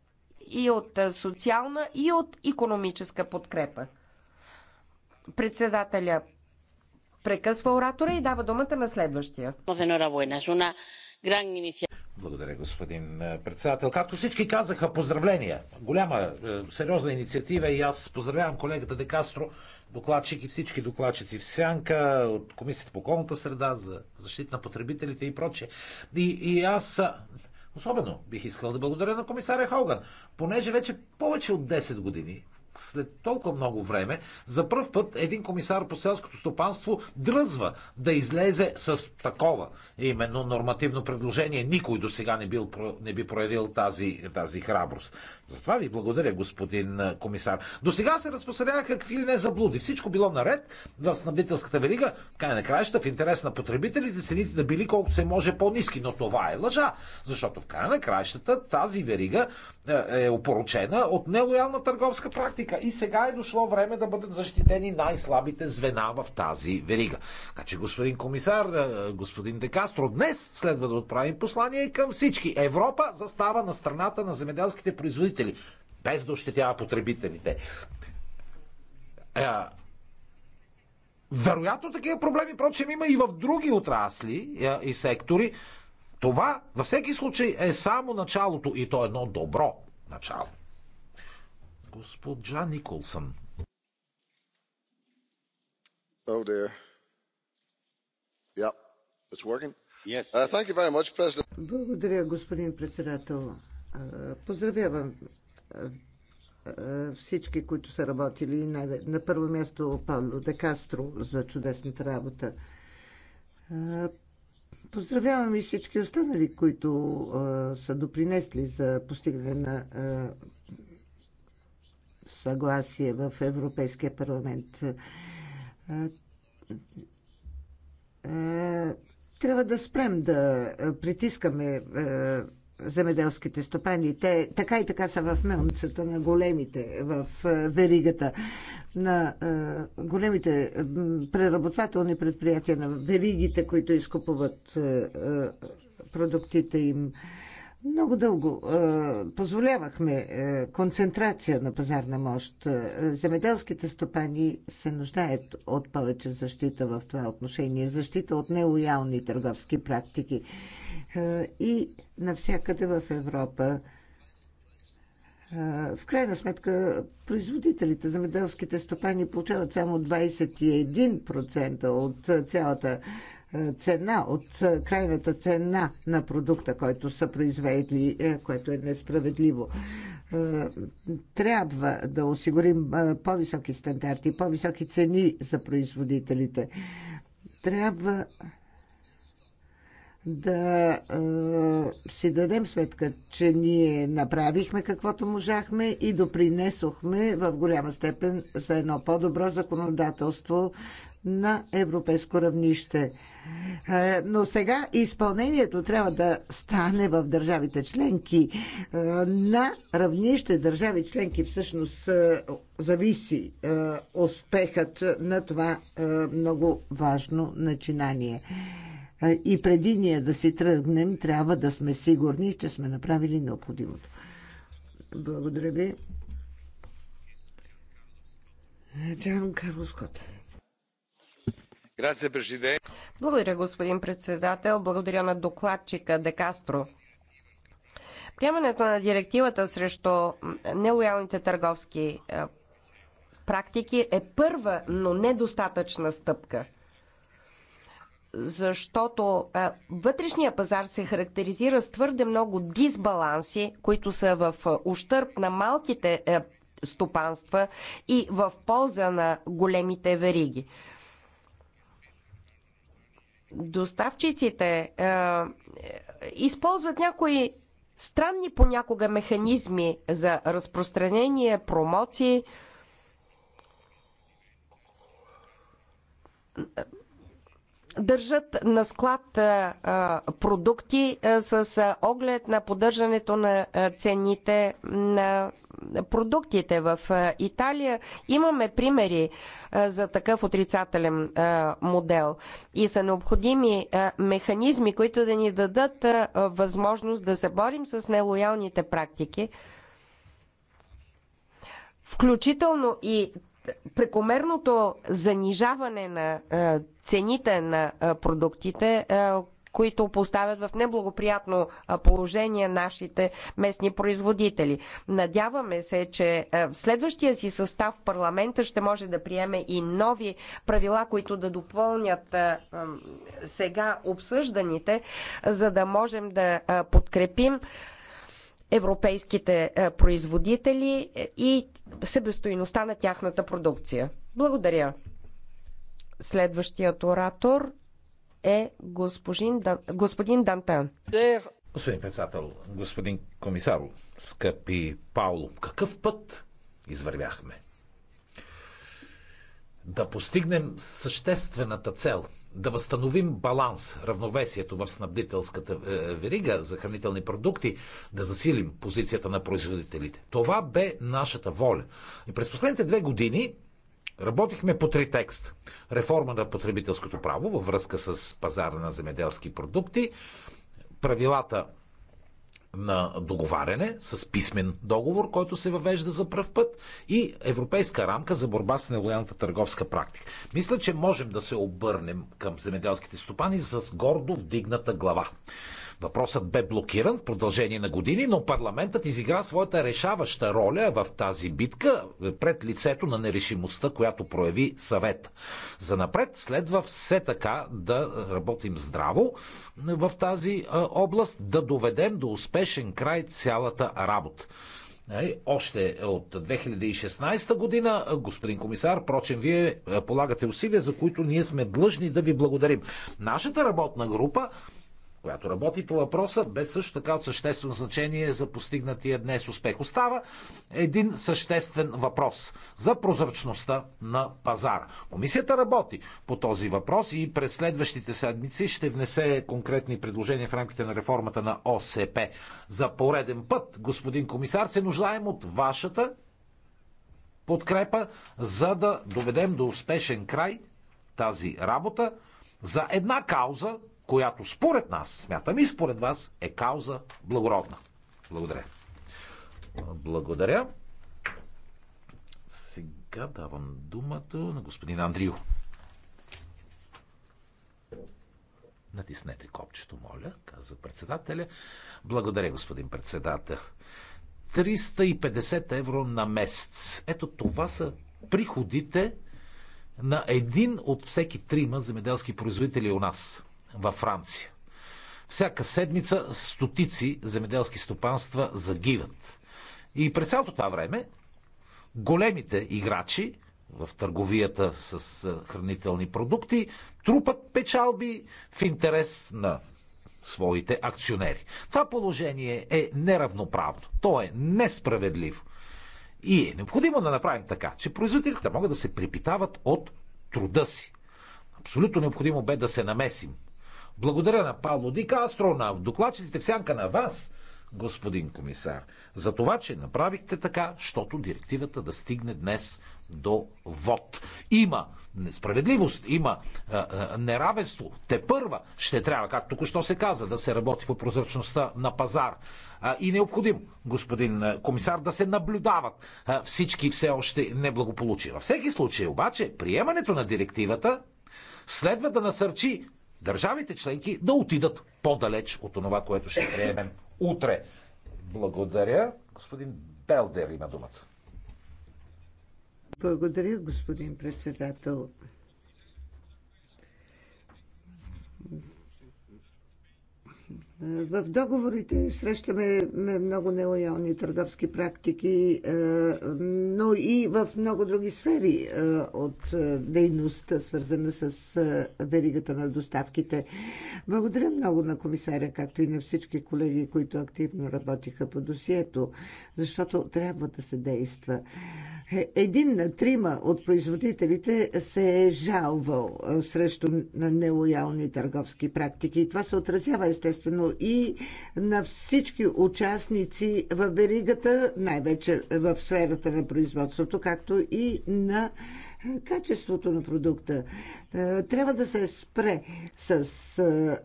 и от социална, и от економическа подкрепа. Председателя прекъсва оратора и дава думата на следващия. Благодаря, господин председател. Както всички казаха, поздравления. Голяма, сериозна инициатива и аз поздравявам колегата Декастро, докладчик и всички докладчици в Сянка, от Комисията по околната среда, за защита на потребителите и прочее. И, и аз Особено бих искал да благодаря на комисаря Хоган, понеже вече повече от 10 години след толкова много време, за първ път един комисар по селското стопанство дръзва да излезе с такова именно нормативно предложение. Никой до сега не, бил, не би проявил тази, тази храброст. Затова ви благодаря, господин комисар. До сега се разпространяха какви ли не заблуди. Всичко било наред в снабдителската верига. Край на краища, в интерес на потребителите, цените да били колкото се може по-низки. Но това е лъжа. Защото в край на краищата тази верига е опоручена от нелоялна търговска практика република. И сега е дошло време да бъдат защитени най-слабите звена в тази верига. Така че, господин комисар, е, господин Декастро, днес следва да отправим послание към всички. Европа застава на страната на земеделските производители, без да ощетява потребителите. Е, вероятно такива проблеми, прочим, има и в други отрасли е, и сектори. Това във всеки случай е само началото и то е едно добро начало. Госпожа Николсън. Oh dear. Yeah, it's working. Yes. Uh, thank you very much, President. Благодаря, господин председател. Uh, поздравявам uh, uh, всички, които са работили. На първо място Павло де Кастро за чудесната работа. Поздравявам и всички останали, които са допринесли за постигане на съгласие в Европейския парламент. Трябва да спрем да притискаме земеделските стопани. Те така и така са в мелницата на големите, в веригата на големите преработвателни предприятия, на веригите, които изкупуват продуктите им. Много дълго е, позволявахме е, концентрация на пазарна мощ. Земеделските стопани се нуждаят от повече защита в това отношение, защита от нелоялни търговски практики. Е, и навсякъде в Европа в крайна сметка, производителите, земеделските стопани получават само 21% от цялата е, цена, от е, крайната цена на продукта, който са произвели, е, което е несправедливо. Трябва да осигурим по-високи стандарти, по-високи цени за производителите. Трябва да е, си дадем сметка, че ние направихме каквото можахме и допринесохме в голяма степен за едно по-добро законодателство на европейско равнище. Е, но сега изпълнението трябва да стане в държавите членки. Е, на равнище държави членки всъщност е, зависи успехът на това много важно начинание. И преди ние да си тръгнем, трябва да сме сигурни, че сме направили необходимото. Благодаря ви. Джан Карлоскоте. Благодаря, господин председател. Благодаря на докладчика Де Кастро. Приемането на директивата срещу нелоялните търговски е, практики е първа, но недостатъчна стъпка. Защото е, вътрешния пазар се характеризира с твърде много дисбаланси, които са в е, ущърп на малките стопанства и в полза на големите вериги доставчиците е, е, използват някои странни понякога механизми за разпространение, промоции. Държат на склад а, е, е, продукти а, с оглед на поддържането на цените на продуктите. В Италия имаме примери за такъв отрицателен модел и са необходими механизми, които да ни дадат възможност да се борим с нелоялните практики, включително и прекомерното занижаване на цените на продуктите, които поставят в неблагоприятно положение нашите местни производители. Надяваме се, че в следващия си състав парламента ще може да приеме и нови правила, които да допълнят сега обсъжданите, за да можем да подкрепим европейските производители и себестоиността на тяхната продукция. Благодаря. Следващият оратор е господин, Дан... господин Дантен. Господин председател, господин комисар, скъпи Пауло, какъв път извървяхме? Да постигнем съществената цел да възстановим баланс, равновесието в снабдителската е, верига за хранителни продукти, да засилим позицията на производителите. Това бе нашата воля. И през последните две години Работихме по три текста. Реформа на потребителското право във връзка с пазара на земеделски продукти, правилата на договаряне с писмен договор, който се въвежда за пръв път и европейска рамка за борба с нелоялната търговска практика. Мисля, че можем да се обърнем към земеделските стопани с гордо вдигната глава. Въпросът бе блокиран в продължение на години, но парламентът изигра своята решаваща роля в тази битка пред лицето на нерешимостта, която прояви съвет. За напред следва все така да работим здраво в тази област, да доведем до успешен край цялата работа. Е, още от 2016 година, господин комисар, прочен, вие полагате усилия, за които ние сме длъжни да ви благодарим. Нашата работна група която работи по въпроса, без също така от съществено значение за постигнатия днес успех. Остава един съществен въпрос за прозрачността на пазара. Комисията работи по този въпрос и през следващите седмици ще внесе конкретни предложения в рамките на реформата на ОСП. За пореден път, господин комисар, се нуждаем от вашата подкрепа, за да доведем до успешен край тази работа за една кауза, която според нас, смятам и според вас, е кауза благородна. Благодаря. Благодаря. Сега давам думата на господин Андрио. Натиснете копчето, моля, казва председателя. Благодаря, господин председател. 350 евро на месец. Ето това са приходите на един от всеки трима земеделски производители у нас във Франция. Всяка седмица стотици земеделски стопанства загиват. И през цялото това време големите играчи в търговията с е, хранителни продукти трупат печалби в интерес на своите акционери. Това положение е неравноправно. То е несправедливо. И е необходимо да направим така, че производителите могат да се припитават от труда си. Абсолютно необходимо бе да се намесим благодаря на Павло Дика Астро на докладчиците в сянка на вас, господин комисар, за това, че направихте така, щото директивата да стигне днес до вод. Има несправедливост, има а, а, неравенство. Те първа ще трябва, както току-що се каза, да се работи по прозрачността на пазар. А, и необходимо, господин комисар, да се наблюдават а, всички все още неблагополучия. Във всеки случай, обаче, приемането на директивата следва да насърчи държавите членки да отидат по-далеч от това, което ще приемем утре. Благодаря. Господин Белдер има думата. Благодаря, господин председател. В договорите срещаме много нелоялни търговски практики, е, но и в много други сфери е, от е, дейността, свързана с веригата на доставките. Благодаря много на комисаря, както и на всички колеги, които активно работиха по досието, защото трябва да се действа един на трима от производителите се е жалвал срещу нелоялни търговски практики. това се отразява естествено и на всички участници в веригата, най-вече в сферата на производството, както и на качеството на продукта. Е, трябва да се спре с е, е,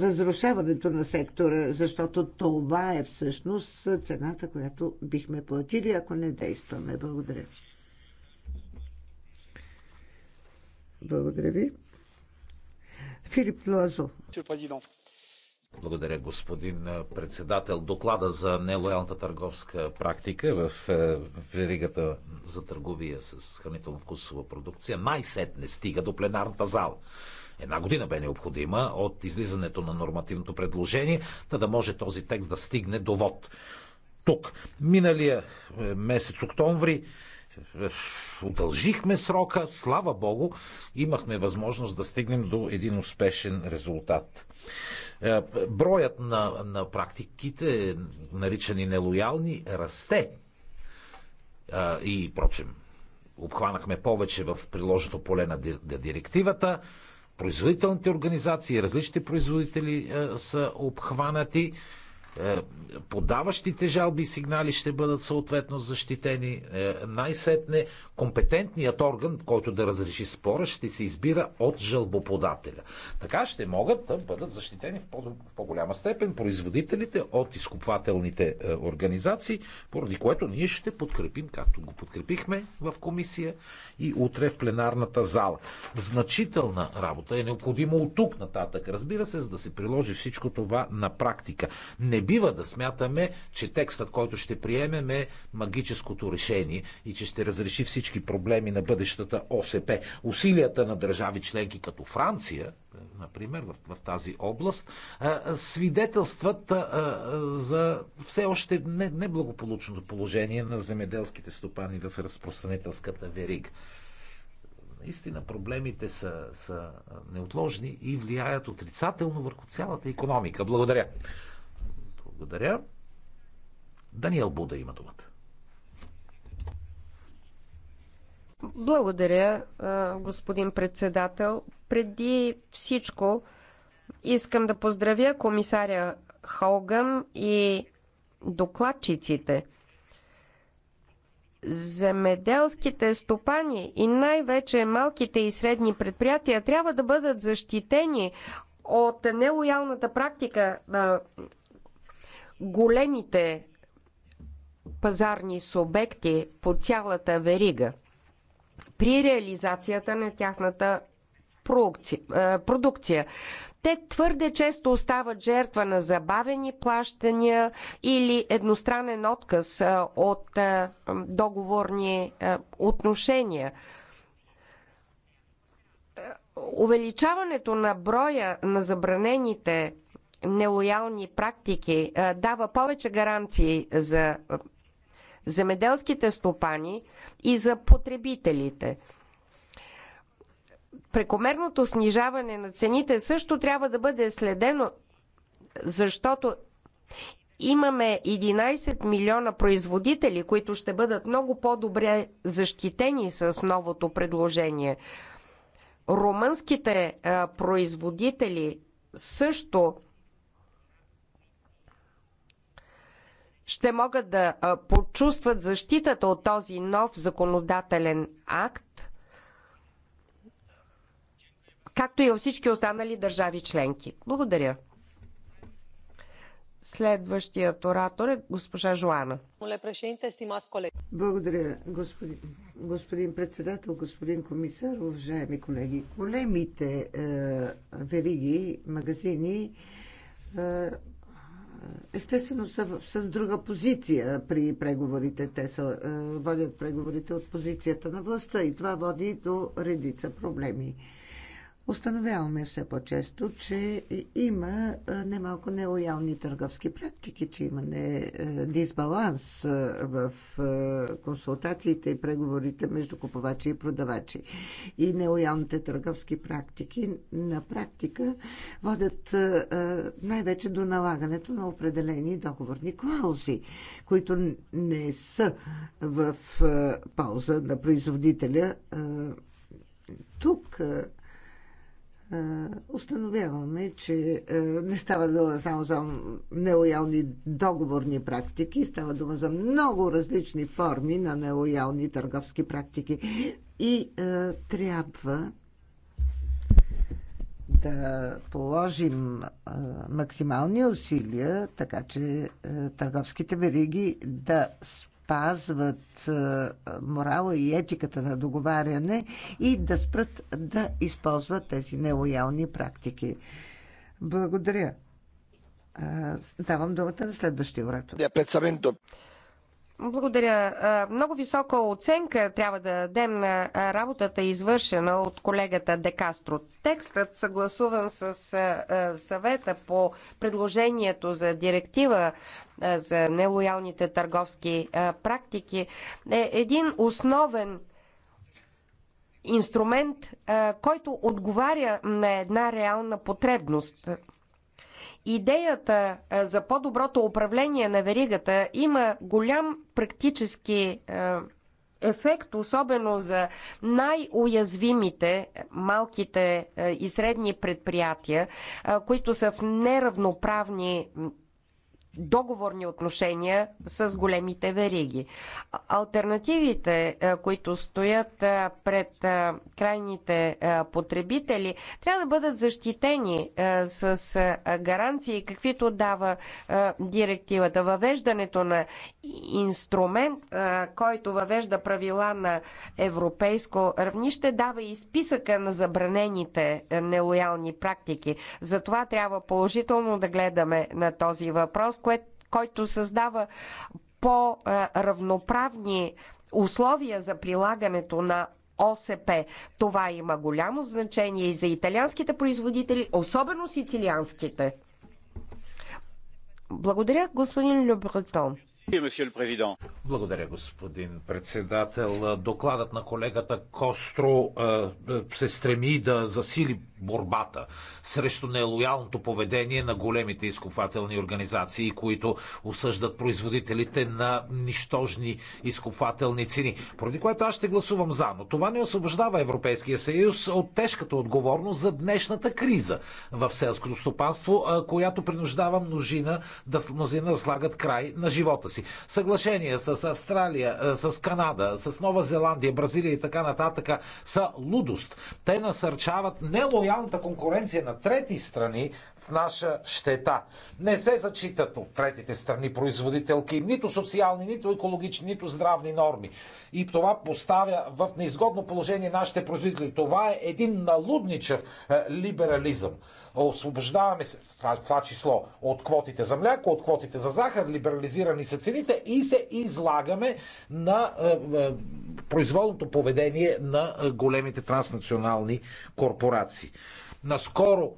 разрушаването на сектора, защото това е всъщност цената, която бихме платили, ако не действаме. Благодаря. Благодаря ви. Филип Лазо. Monsieur благодаря, господин председател. Доклада за нелоялната търговска практика в е, веригата за търговия с хранително-вкусова продукция най-сетне стига до пленарната зала. Една година бе необходима от излизането на нормативното предложение, та да може този текст да стигне до вод. Тук, миналия е, месец октомври, е, удължихме срока, слава Богу, имахме възможност да стигнем до един успешен резултат. Е, броят на, на практиките, наричани нелоялни, расте. Е, и, прочим, обхванахме повече в приложното поле на директивата. Производителните организации, различните производители е, са обхванати. Е, подаващите жалби и сигнали ще бъдат съответно защитени. Е, най-сетне компетентният орган, който да разреши спора, ще се избира от жалбоподателя. Така ще могат да бъдат защитени в по-голяма степен производителите от изкупвателните е, организации, поради което ние ще подкрепим, както го подкрепихме в комисия и утре в пленарната зала. Значителна работа е необходимо от тук нататък, разбира се, за да се приложи всичко това на практика. Не бива да смятаме, че текстът, който ще приемем е магическото решение и че ще разреши всички проблеми на бъдещата ОСП. Усилията на държави членки като Франция, например, в, в тази област, свидетелстват за все още неблагополучното не положение на земеделските стопани в разпространителската верига. Истина, проблемите са, са неотложни и влияят отрицателно върху цялата економика. Благодаря. Благодаря. Даниел Буда има думата. Благодаря, господин председател. Преди всичко искам да поздравя комисаря Холган и докладчиците. Земеделските стопани и най-вече малките и средни предприятия трябва да бъдат защитени от нелоялната практика на големите пазарни субекти по цялата верига при реализацията на тяхната продукция. Те твърде често остават жертва на забавени плащания или едностранен отказ от договорни отношения. Увеличаването на броя на забранените нелоялни практики, дава повече гаранции за земеделските стопани и за потребителите. Прекомерното снижаване на цените също трябва да бъде следено, защото имаме 11 милиона производители, които ще бъдат много по-добре защитени с новото предложение. Румънските производители също ще могат да почувстват защитата от този нов законодателен акт, както и във всички останали държави членки. Благодаря. Следващият оратор е госпожа Жоана. Благодаря, господин, господин председател, господин комисар, уважаеми колеги. Големите е, вериги, магазини е, естествено са с друга позиция при преговорите. Те са, е, водят преговорите от позицията на властта и това води до редица проблеми. Установяваме все по-често, че има немалко нелоялни търговски практики, че има не, е, дисбаланс в консултациите и преговорите между купувачи и продавачи. И нелоялните търговски практики на практика водят най-вече до налагането на определени договорни клаузи, които не са в полза на производителя. Тук установяваме, че не става дума само за нелоялни договорни практики, става дума за много различни форми на нелоялни търговски практики. И е, трябва да положим е, максимални усилия, така че е, търговските вериги да спорят спазват е, морала и етиката на договаряне и да спрат да използват тези нелоялни практики. Благодаря. Е, давам думата на следващия оратор. Благодаря. Много висока оценка трябва да дадем на работата, извършена от колегата Декастро. Текстът, съгласуван с съвета по предложението за директива за нелоялните търговски практики, е един основен инструмент, който отговаря на една реална потребност – Идеята е, за по-доброто управление на веригата има голям практически е, ефект, особено за най-уязвимите малките е, и средни предприятия, които са в неравноправни договорни отношения с големите вериги. Альтернативите, е, които стоят е, пред е, крайните потребители, трябва да бъдат защитени с гаранции, каквито дава директивата. Въвеждането на инструмент, който въвежда правила на европейско равнище, дава и списъка на забранените нелоялни практики. Затова трябва положително да гледаме на този въпрос който създава по-равноправни условия за прилагането на ОСП. Това има голямо значение и за италианските производители, особено сицилианските. Благодаря, господин Любретон. Благодаря, господин председател. Докладът на колегата Костро е, е, се стреми да засили борбата срещу нелоялното поведение на големите изкупвателни организации, които осъждат производителите на нищожни изкупвателни цени. Поради което аз ще гласувам за, но това не освобождава Европейския съюз от тежката отговорност за днешната криза в селското стопанство, която принуждава множина да, мнозина да слагат край на живота си. Съглашения с Австралия, с Канада, с Нова Зеландия, Бразилия и така нататък са лудост. Те насърчават нелоялно нелоялната конкуренция на трети страни в наша щета. Не се зачитат от третите страни производителки нито социални, нито екологични, нито здравни норми. И това поставя в неизгодно положение нашите производители. Това е един налудничев е, либерализъм освобождаваме се това, това число от квотите за мляко, от квотите за захар, либерализирани са цените и се излагаме на е, е, произволното поведение на е, големите транснационални корпорации. Наскоро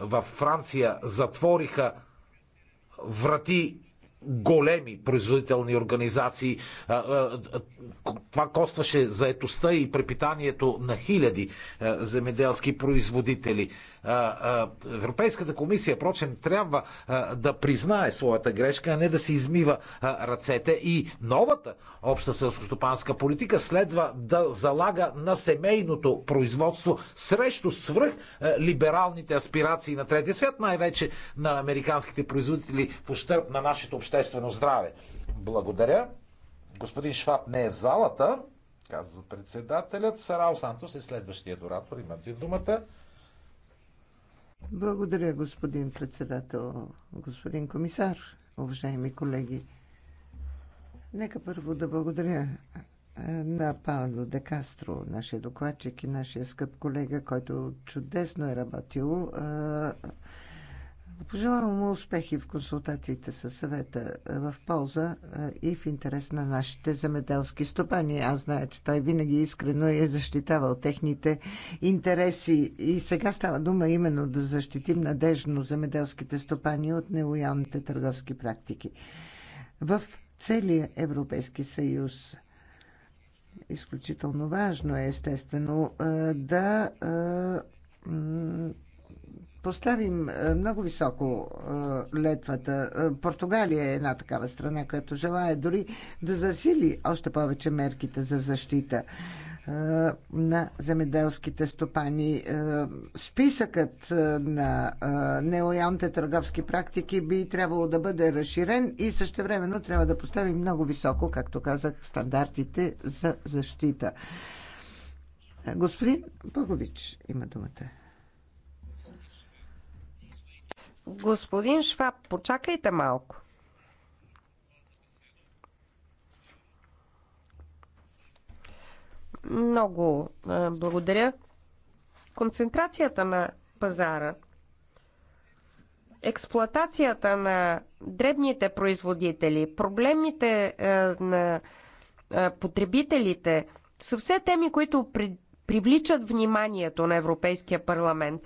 във Франция затвориха врати големи производителни организации. Това костваше заетостта и препитанието на хиляди земеделски производители. Европейската комисия, прочен, трябва да признае своята грешка, а не да се измива ръцете и новата обща селскостопанска политика следва да залага на семейното производство срещу свръх либералните аспирации на третия свят, най-вече на американските производители в ущърп на нашето обществено здраве. Благодаря. Господин Шваб не е в залата, казва председателят. Сарао Сантос е следващият оратор. Имате думата. Благодаря, господин председател, господин комисар, уважаеми колеги. Нека първо да благодаря е, на Павло де Кастро, нашия докладчик и нашия скъп колега, който чудесно е работил е, Пожелавам му успехи в консултациите със съвета е, в полза е, и в интерес на нашите земеделски стопани. Аз знае, че той винаги искрено е защитавал техните интереси. И сега става дума именно да защитим надежно земеделските стопани от нелоялните търговски практики. В целия Европейски съюз изключително важно е, естествено, е, да поставим е, много високо е, летвата. Е, Португалия е една такава страна, която желая дори да засили още повече мерките за защита на земеделските стопани. Списъкът на нелоялните търговски практики би трябвало да бъде разширен и същевременно трябва да поставим много високо, както казах, стандартите за защита. Господин Богович има думата. Господин Шваб, почакайте малко. Много благодаря. Концентрацията на пазара, експлоатацията на дребните производители, проблемите на потребителите са все теми, които привличат вниманието на Европейския парламент.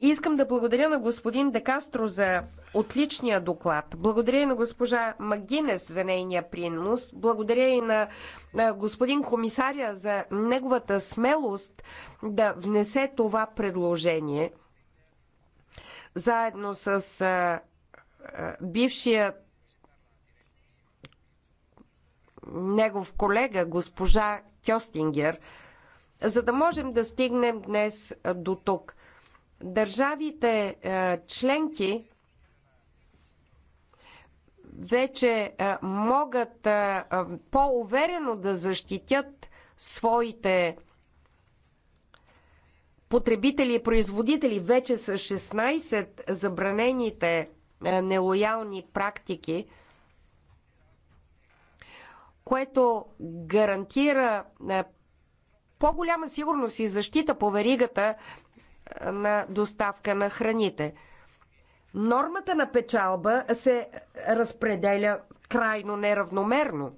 Искам да благодаря на господин Декастро за отличния доклад. Благодаря и на госпожа Магинес за нейния принос. Благодаря и на, господин комисаря за неговата смелост да внесе това предложение заедно с а, а, бившия негов колега, госпожа Кьостингер, за да можем да стигнем днес до тук – Държавите е, членки вече е, могат е, по-уверено да защитят своите потребители и производители. Вече са 16 забранените нелоялни практики, което гарантира по-голяма сигурност и защита по веригата на доставка на храните. Нормата на печалба се разпределя крайно неравномерно.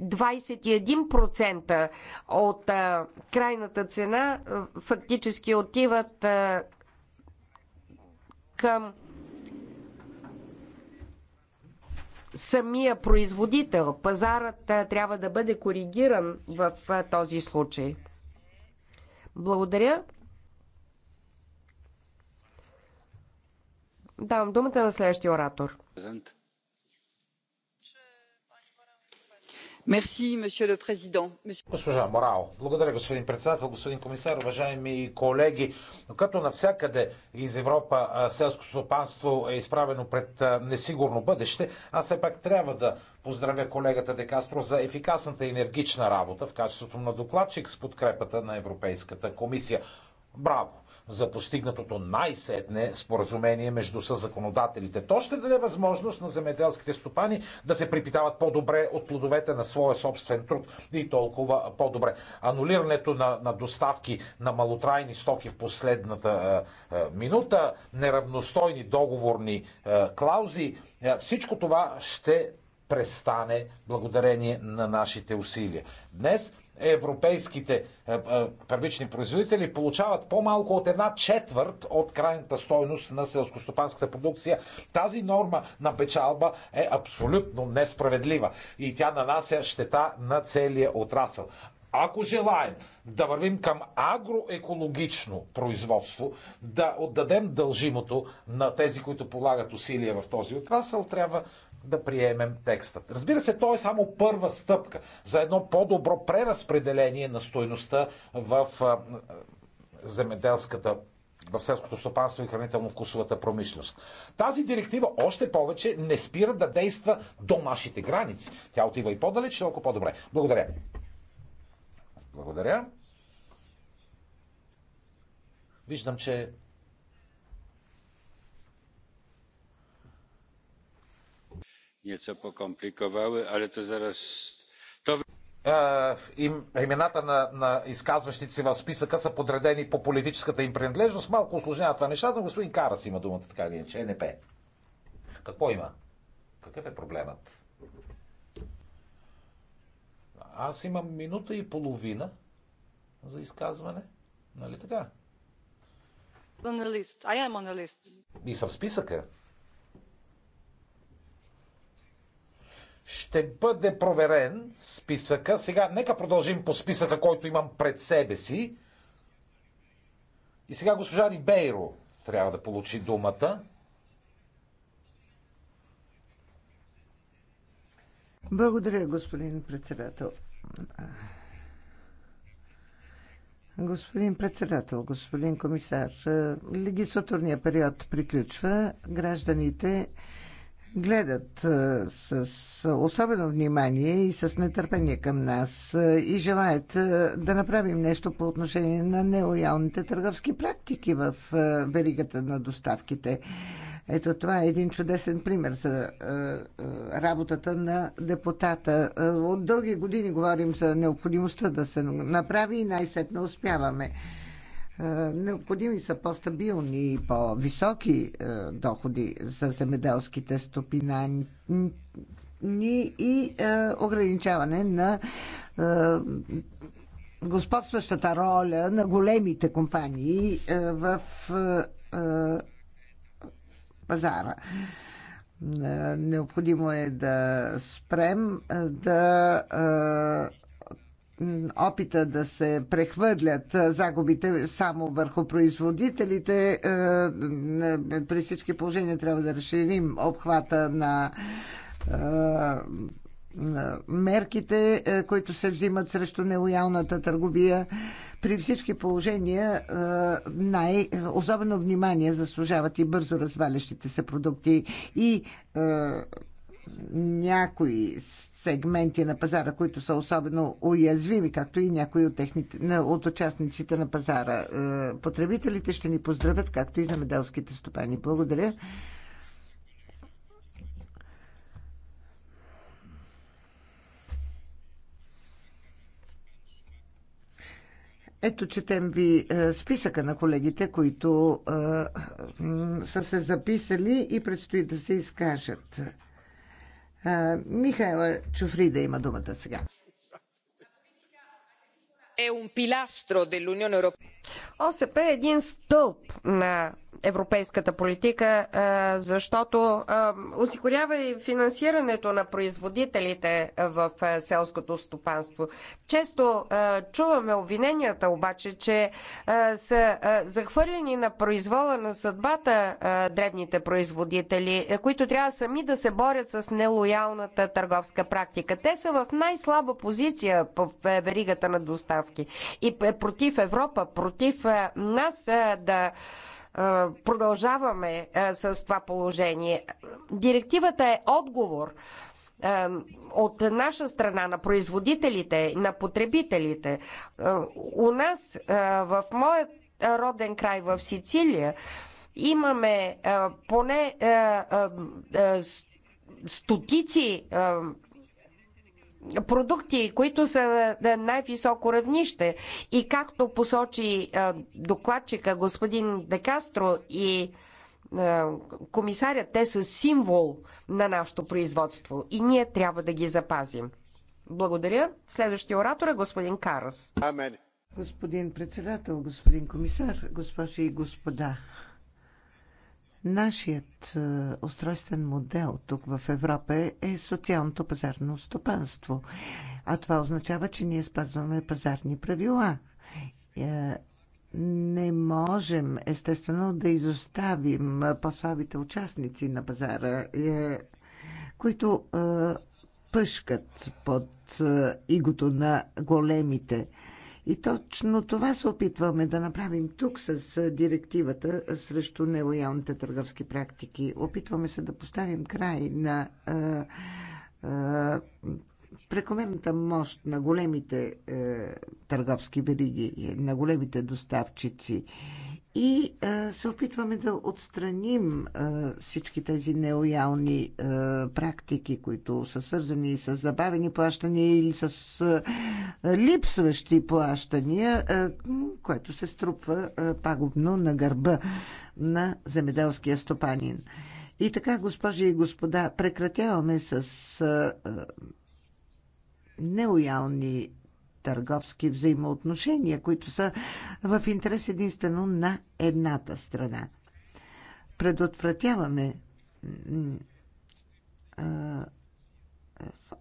21% от а, крайната цена а, фактически отиват а, към самия производител. Пазарът а, трябва да бъде коригиран в а, този случай. Благодаря. Давам думата на следващия оратор. Госпожа Морао, благодаря господин председател, господин комисар, уважаеми колеги. Но като навсякъде из Европа селското стопанство е изправено пред несигурно бъдеще, аз все пак трябва да поздравя колегата Декастро за ефикасната и енергична работа в качеството на докладчик с подкрепата на Европейската комисия. Браво! за постигнатото най-сетне споразумение между съзаконодателите. То ще даде възможност на земеделските стопани да се припитават по-добре от плодовете на своя собствен труд и толкова по-добре. Анулирането на, на доставки на малотрайни стоки в последната е, е, минута, неравностойни договорни е, клаузи, е, всичко това ще престане благодарение на нашите усилия. Днес европейските е, е, първични производители получават по-малко от една четвърт от крайната стойност на селскостопанската продукция. Тази норма на печалба е абсолютно несправедлива и тя нанася щета на целия отрасъл. Ако желаем да вървим към агроекологично производство, да отдадем дължимото на тези, които полагат усилия в този отрасъл, трябва да приемем текстът. Разбира се, то е само първа стъпка за едно по-добро преразпределение на стойността в земеделската в селското стопанство и хранително-вкусовата промишленост. Тази директива още повече не спира да действа до нашите граници. Тя отива и по-далеч, толкова по-добре. Благодаря. Благодаря. Виждам, че nieco pokomplikowały, ale to zaraz... To... Им, имената на, на изказващите се в списъка са подредени по политическата им принадлежност. Малко осложнява това нещата, но господин Карас има думата, така или иначе. НП. Какво има? Какъв е проблемът? Аз имам минута и половина за изказване. Нали така? И съм в списъка. ще бъде проверен списъка. Сега нека продължим по списъка, който имам пред себе си. И сега госпожа Рибейро трябва да получи думата. Благодаря, господин председател. Господин председател, господин комисар, легислатурният период приключва. Гражданите гледат с особено внимание и с нетърпение към нас и желаят да направим нещо по отношение на нелоялните търговски практики в веригата на доставките. Ето това е един чудесен пример за работата на депутата. От дълги години говорим за необходимостта да се направи и най-сетне успяваме. Е, необходими са по-стабилни и по-високи е, доходи за земеделските стопинани и е, ограничаване на господстващата роля на големите компании в пазара. Необходимо е да спрем да опита да се прехвърлят загубите само върху производителите, е, е, при всички положения трябва да разширим обхвата на е, мерките, които се взимат срещу нелоялната търговия. При всички положения най- особено внимание заслужават и бързо развалящите се продукти и някои сегменти на пазара, които са особено уязвими, както и някои от, техните, от участниците на пазара. Е, потребителите ще ни поздравят, както и замеделските стопани. Благодаря. Ето четем ви е, списъка на колегите, които е, са се записали и предстои да се изкажат. Михайла Чуфрида има думата сега. Е ОСП е един стълб на европейската политика, защото осигурява и финансирането на производителите в селското стопанство. Често чуваме обвиненията обаче, че са захвърлени на произвола на съдбата дребните производители, които трябва сами да се борят с нелоялната търговска практика. Те са в най-слаба позиция в е, веригата на доставки. И е, против Европа, против нас да продължаваме с това положение. Директивата е отговор от наша страна на производителите, на потребителите. У нас в моят роден край в Сицилия имаме поне стотици продукти, които са на най-високо равнище. И както посочи е, докладчика господин Декастро и е, комисарят, те са символ на нашето производство и ние трябва да ги запазим. Благодаря. Следващия оратор е господин Карас. Амен. Господин председател, господин комисар, госпожи и господа, Нашият е, устройствен модел тук в Европа е социалното пазарно стопанство. А това означава, че ние спазваме пазарни правила. Е, не можем, естествено, да изоставим по-слабите участници на пазара, е, които пъшкат под игото на големите и точно това се опитваме да направим тук с директивата срещу нелоялните търговски практики. Опитваме се да поставим край на а, а, прекомерната мощ на големите е, търговски вериги, на големите доставчици и а, се опитваме да отстраним а, всички тези нелоялни а, практики, които са свързани с забавени плащания или с а, липсващи плащания, а, което се струпва а, пагубно на гърба на земеделския стопанин. И така, госпожи и господа, прекратяваме с а, а, нелоялни търговски взаимоотношения, които са в интерес единствено на едната страна. Предотвратяваме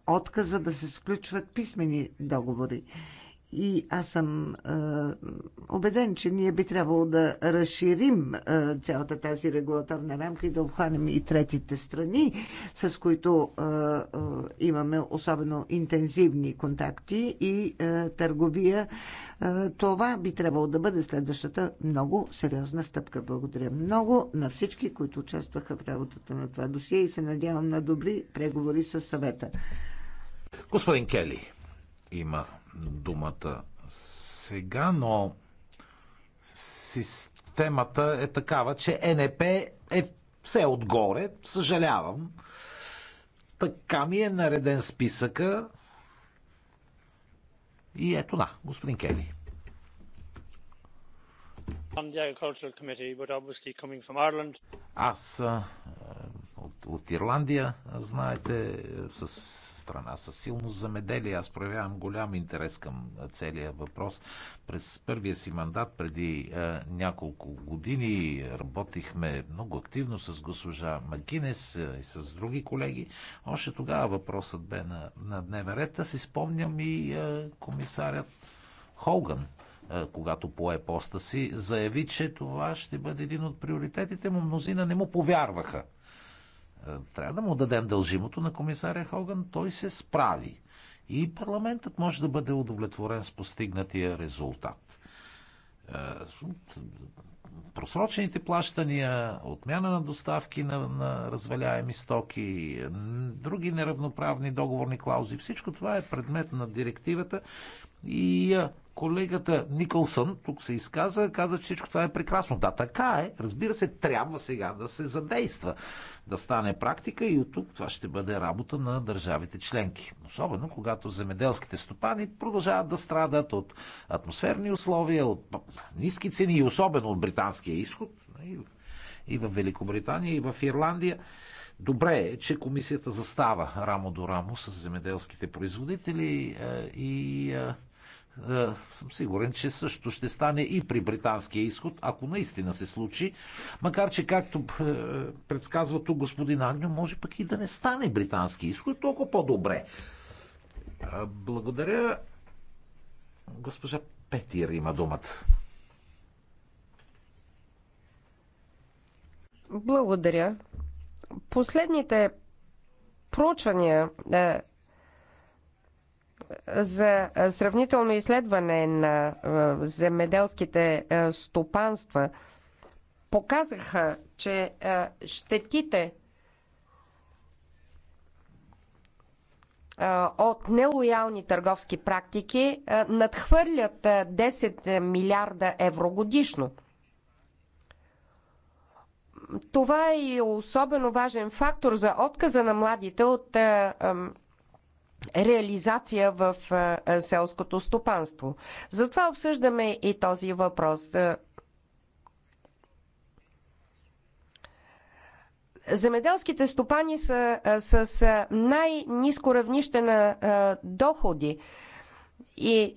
отказа да се сключват писмени договори. И аз съм е, убеден, че ние би трябвало да разширим е, цялата тази регулаторна рамка и да обхванем и третите страни, с които е, е, имаме особено интензивни контакти и е, търговия. Е, това би трябвало да бъде следващата много сериозна стъпка. Благодаря много на всички, които участваха в работата на това досие и се надявам на добри преговори с съвета. Господин Кели, има думата сега, но системата е такава, че НП е все отгоре. Съжалявам. Така ми е нареден списъка. И ето да, господин Кели. Аз от, от Ирландия, знаете, с страна с силно замеделие. Аз проявявам голям интерес към целия въпрос. През първия си мандат, преди е, няколко години, работихме много активно с госпожа Магинес е, и с други колеги. Още тогава въпросът бе на, на дневен ред. си спомням и е, комисарят Холган, когато пое поста си, заяви, че това ще бъде един от приоритетите му. Мнозина не му повярваха. Е, трябва да му дадем дължимото на комисаря Хоган. Той се справи. И парламентът може да бъде удовлетворен с постигнатия резултат. Е, просрочените плащания, отмяна на доставки на, на разваляеми стоки, други неравноправни договорни клаузи, всичко това е предмет на директивата и е, колегата Никълсън тук се изказа, каза, че всичко това е прекрасно. Да, така е. Разбира се, трябва сега да се задейства, да стане практика и от тук това ще бъде работа на държавите членки. Особено когато земеделските стопани продължават да страдат от атмосферни условия, от ниски цени и особено от британския изход нали, и в Великобритания, и в Ирландия. Добре е, че комисията застава рамо до рамо с земеделските производители е, и е, е, съм сигурен, че също ще стане и при британския изход, ако наистина се случи. Макар, че както е, предсказва тук господин Агню, може пък и да не стане британски изход, толкова по-добре. Е, благодаря. Госпожа Петир има думата. Благодаря. Последните проучвания е, за сравнително изследване на земеделските стопанства показаха, че щетите от нелоялни търговски практики надхвърлят 10 милиарда евро годишно. Това е и особено важен фактор за отказа на младите от реализация в селското стопанство. Затова обсъждаме и този въпрос. Земеделските стопани са с най-низко равнище на доходи. И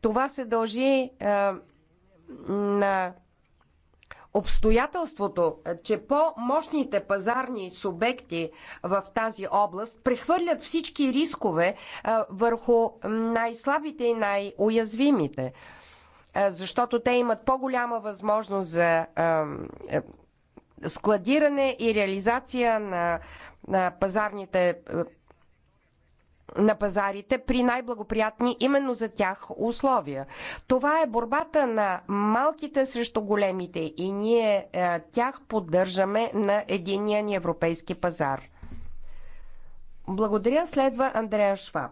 това се дължи на Обстоятелството, че по-мощните пазарни субекти в тази област прехвърлят всички рискове върху най-слабите и най-уязвимите, защото те имат по-голяма възможност за складиране и реализация на, пазарните на пазарите при най-благоприятни именно за тях условия. Това е борбата на малките срещу големите и ние е, тях поддържаме на единия ни европейски пазар. Благодаря. Следва Андрея Шваб.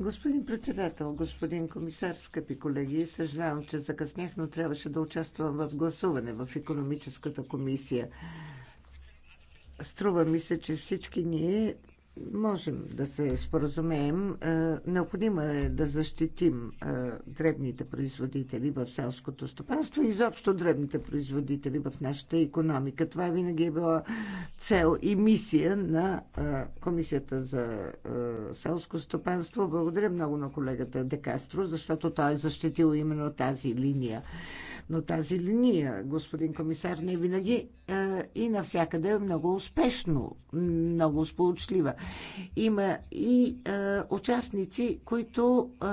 Господин председател, господин комисар, скъпи колеги, съжалявам, че закъснях, но трябваше да участвам в гласуване в економическата комисия. Струва ми се, че всички ние можем да се споразумеем. Е, необходимо е да защитим е, дребните производители в селското стопанство и изобщо дребните производители в нашата економика. Това винаги е била цел и мисия на е, Комисията за селско стопанство. Благодаря много на колегата Декастро, защото той е защитил именно тази линия. Но тази линия, господин комисар, не винаги е, и навсякъде е много успешно, много сполучлива. Има и е, участници, които е,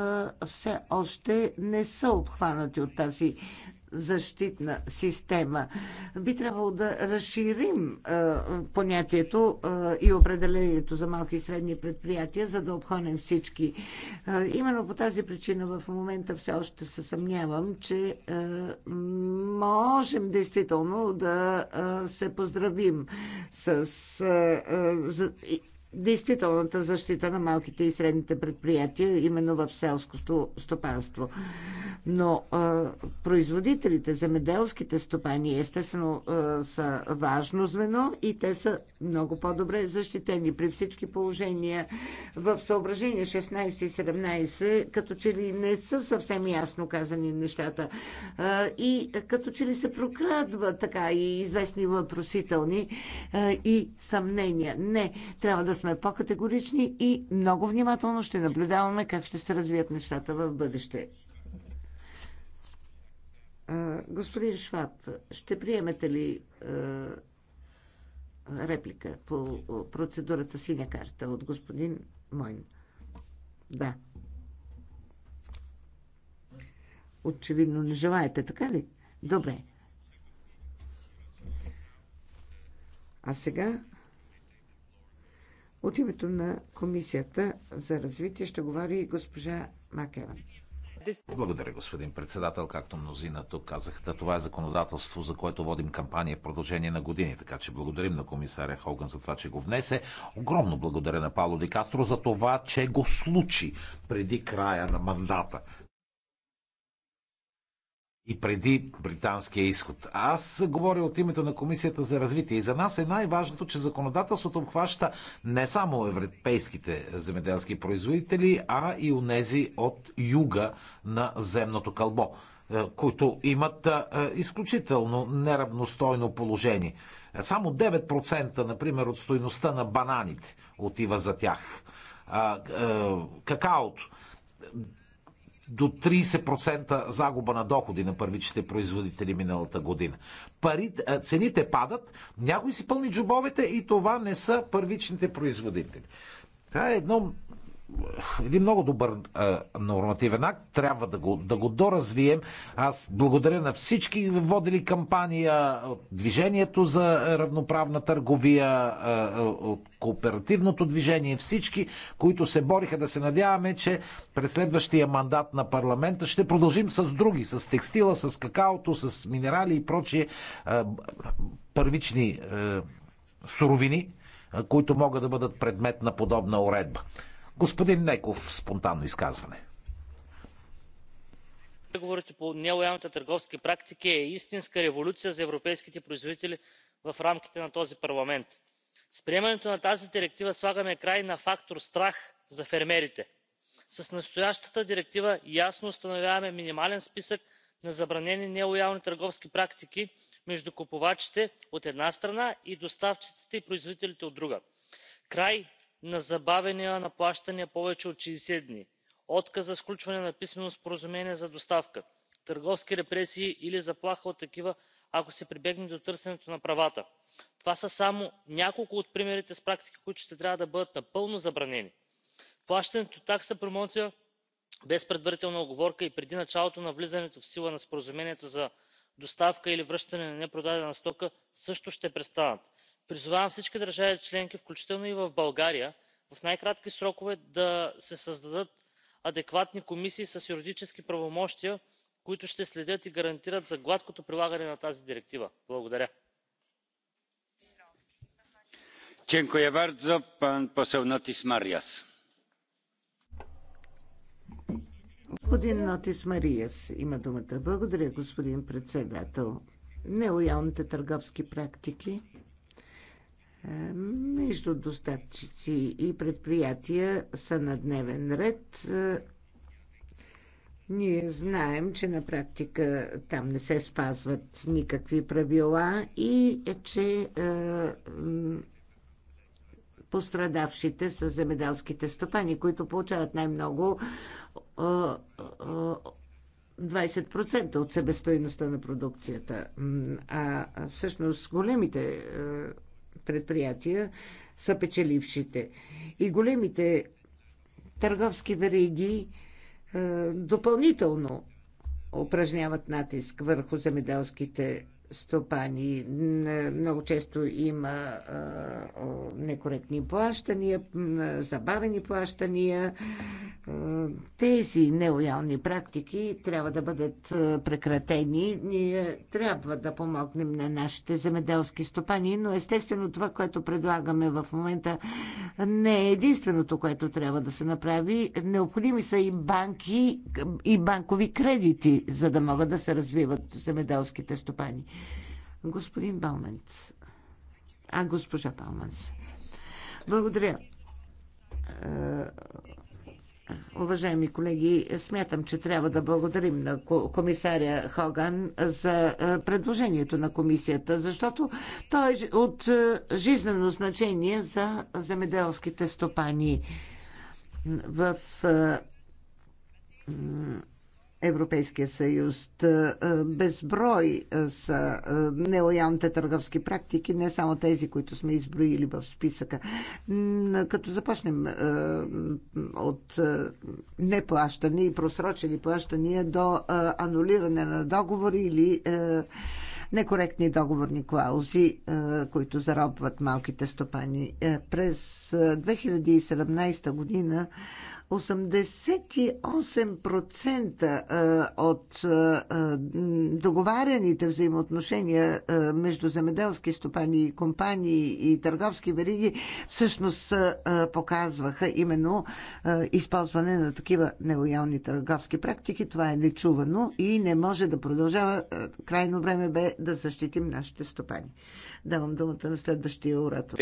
все още не са обхванати от тази защитна система. Би трябвало да разширим а, понятието а, и определението за малки и средни предприятия, за да обхонем всички. А, именно по тази причина в момента все още се съмнявам, че а, можем действително да а, се поздравим с. за, и, действителната защита на малките и средните предприятия, именно в селското стопанство. Но а, производителите, земеделските стопани, естествено, а, са важно звено и те са много по-добре защитени при всички положения. В съображение 16 и 17, като че ли не са съвсем ясно казани нещата а, и като че ли се прокрадва така и известни въпросителни а, и съмнения. Не, трябва да сме сме по-категорични и много внимателно ще наблюдаваме как ще се развият нещата в бъдеще. Господин Шваб, ще приемете ли реплика по процедурата синя карта от господин Мойн? Да. Очевидно не желаете, така ли? Добре. А сега от името на Комисията за развитие ще говори госпожа Макева. Благодаря, господин председател. Както мнозина тук казахте, това е законодателство, за което водим кампания в продължение на години. Така че благодарим на комисаря Хоган за това, че го внесе. Огромно благодаря на Пало Дикастро за това, че го случи преди края на мандата и преди британския изход. Аз говоря от името на Комисията за развитие. И за нас е най-важното, че законодателството обхваща не само европейските земеделски производители, а и унези от юга на земното кълбо е, които имат е, изключително неравностойно положение. Само 9% например от стоеността на бананите отива за тях. Е, какаото до 30% загуба на доходи на първичните производители миналата година. Пари, цените падат, някой си пълни джобовете и това не са първичните производители. Това е едно един много добър а, нормативен акт. Трябва да го, да го доразвием. Аз благодаря на всички водили кампания от Движението за равноправна търговия, а, от Кооперативното движение, всички, които се бориха да се надяваме, че през следващия мандат на парламента ще продължим с други, с текстила, с какаото, с минерали и прочие а, първични а, суровини, които могат да бъдат предмет на подобна уредба. Господин Неков, спонтанно изказване. Преговорите по нелоялните търговски практики е истинска революция за европейските производители в рамките на този парламент. С приемането на тази директива слагаме край на фактор страх за фермерите. С настоящата директива ясно установяваме минимален списък на забранени нелоялни търговски практики между купувачите от една страна и доставчиците и производителите от друга край на забавяния на плащания повече от 60 дни; отказ за сключване на писмено споразумение за доставка; търговски репресии или заплаха от такива ако се прибегне до търсенето на правата. това са само няколко от примерите с практики които ще трябва да бъдат напълно забранени. плащането на такса промоция без предварителна уговорка и преди началото на влизането в сила на споразумението за доставка или връщане на непродадена стока също ще престанат призовавам всички държави членки включително и в българя в най кратки срокове да се създадат адекватни комисии с юридически правомощия които ще следят и гарантират за гладкото прилагане на тази директива. благодаря. Господин има Благодаря, господин председател. Нелоялните търговски практики е, между доставчици и предприятия са на дневен ред. Е, ние знаем, че на практика там не се спазват никакви правила и е, че е, пострадавшите са земеделските стопани, които получават най-много е, е, 20% от себестоиността на продукцията. А всъщност големите е, предприятия са печелившите. И големите търговски вериги е, допълнително упражняват натиск върху земеделските стопани. Много често има некоректни плащания, забавени плащания. Тези нелоялни практики трябва да бъдат прекратени. Ние трябва да помогнем на нашите земеделски стопани, но естествено това, което предлагаме в момента, не е единственото, което трябва да се направи. Необходими са и банки и банкови кредити, за да могат да се развиват земеделските стопани. Господин Балменц. А, госпожа Балменц. Благодаря. Е, уважаеми колеги, смятам, че трябва да благодарим на комисаря Хоган за е, предложението на комисията, защото то е от е, жизнено значение за земеделските стопани. В Европейския съюз. Безброй са нелоялните търговски практики, не само тези, които сме изброили в списъка. Като започнем от неплащане и просрочени плащания до анулиране на договори или некоректни договорни клаузи, които заробват малките стопани. Е, през 2017 година 88% от договаряните взаимоотношения между земеделски стопани, компании и търговски вериги всъщност показваха именно използване на такива нелоялни търговски практики. Това е нечувано и не може да продължава. Крайно време бе да защитим нашите стопани. Давам думата на следващия оратор.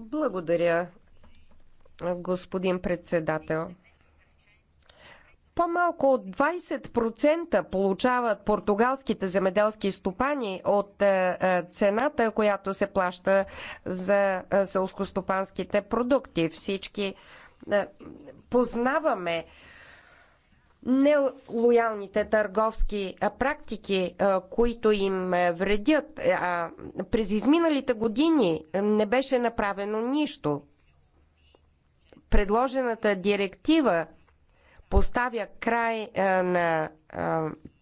Благодаря, господин председател. По-малко от 20% получават португалските земеделски стопани от е, е, цената, която се плаща за е, селскостопанските продукти. Всички познаваме нелоялните търговски практики, които им е, вредят. Е, а през изминалите години е, не беше направено нищо. Предложената директива поставя край на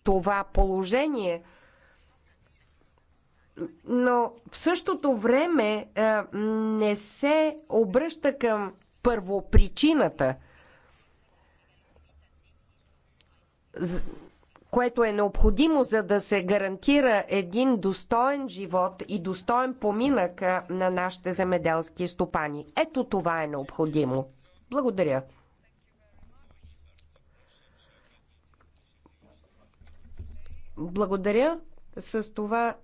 това положение, но в същото време не се обръща към първопричината – което е необходимо, за да се гарантира един достоен живот и достоен поминък на нашите земеделски стопани. Ето това е необходимо. Благодаря. Благодаря. С това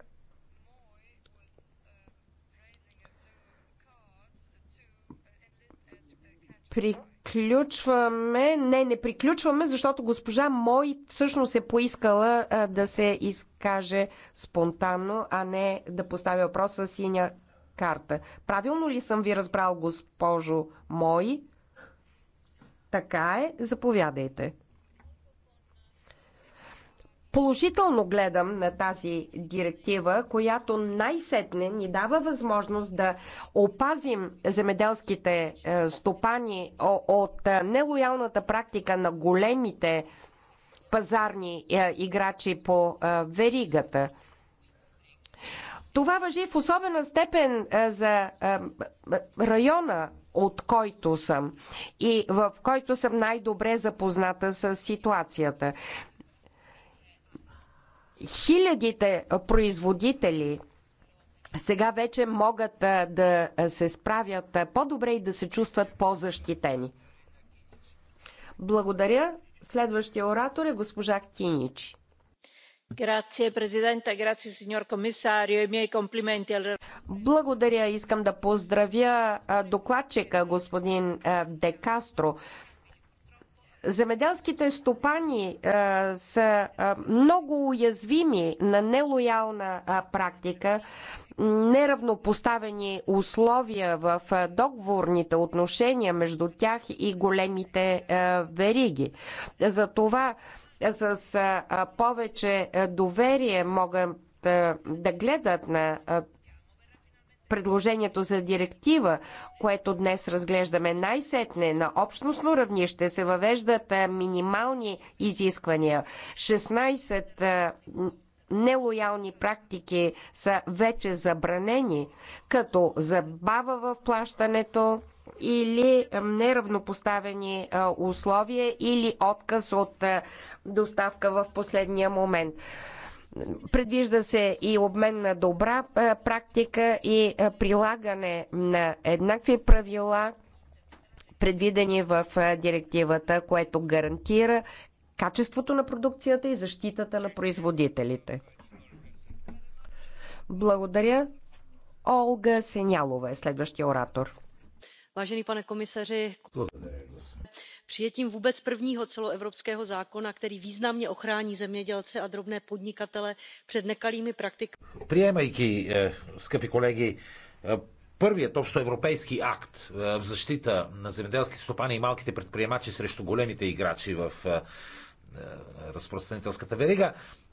при приключваме. Не, не приключваме, защото госпожа Мой всъщност е поискала а, да се изкаже спонтанно, а не да поставя въпроса с синя карта. Правилно ли съм ви разбрал, госпожо Мой? Така е. Заповядайте. Положително гледам на тази директива, която най-сетне ни дава възможност да опазим земеделските е, стопани от е, нелоялната практика на големите пазарни е, играчи по веригата. Това въжи в особена степен за района, от който съм и в който съм най-добре запозната с ситуацията. Хилядите производители сега вече могат да се справят по-добре и да се чувстват по-защитени. Благодаря. Следващия оратор е госпожа Киничи. Grazie Presidente, grazie signor Commissario, i miei complimenti al... Благодаря, искам да поздравя докладчика господин Де Кастро. Земеделските стопани а, е, са а, е, много уязвими на нелоялна а, е, практика, неравнопоставени условия в а, договорните отношения между тях и големите а, вериги. Затова с а, повече доверие могат да гледат на предложението за директива, което днес разглеждаме най-сетне на общностно равнище, се въвеждат минимални изисквания. 16 нелоялни практики са вече забранени, като забава в плащането или неравнопоставени условия или отказ от доставка в последния момент. Предвижда се и обмен на добра практика и прилагане на еднакви правила, предвидени в директивата, което гарантира качеството на продукцията и защитата на производителите. Благодаря. Олга Сенялова е следващия оратор. Важени пане комисари. Благодаря, господин přijetím vůbec prvního celoevropského zákona který významně ochrání zemědělce a drobné podnikatele před nekalými praktikami. приемайки колеги първият общоевропейски акт в защита на земеделските стопани и малките предприемачи срещу големите играчи в разпространителската верига.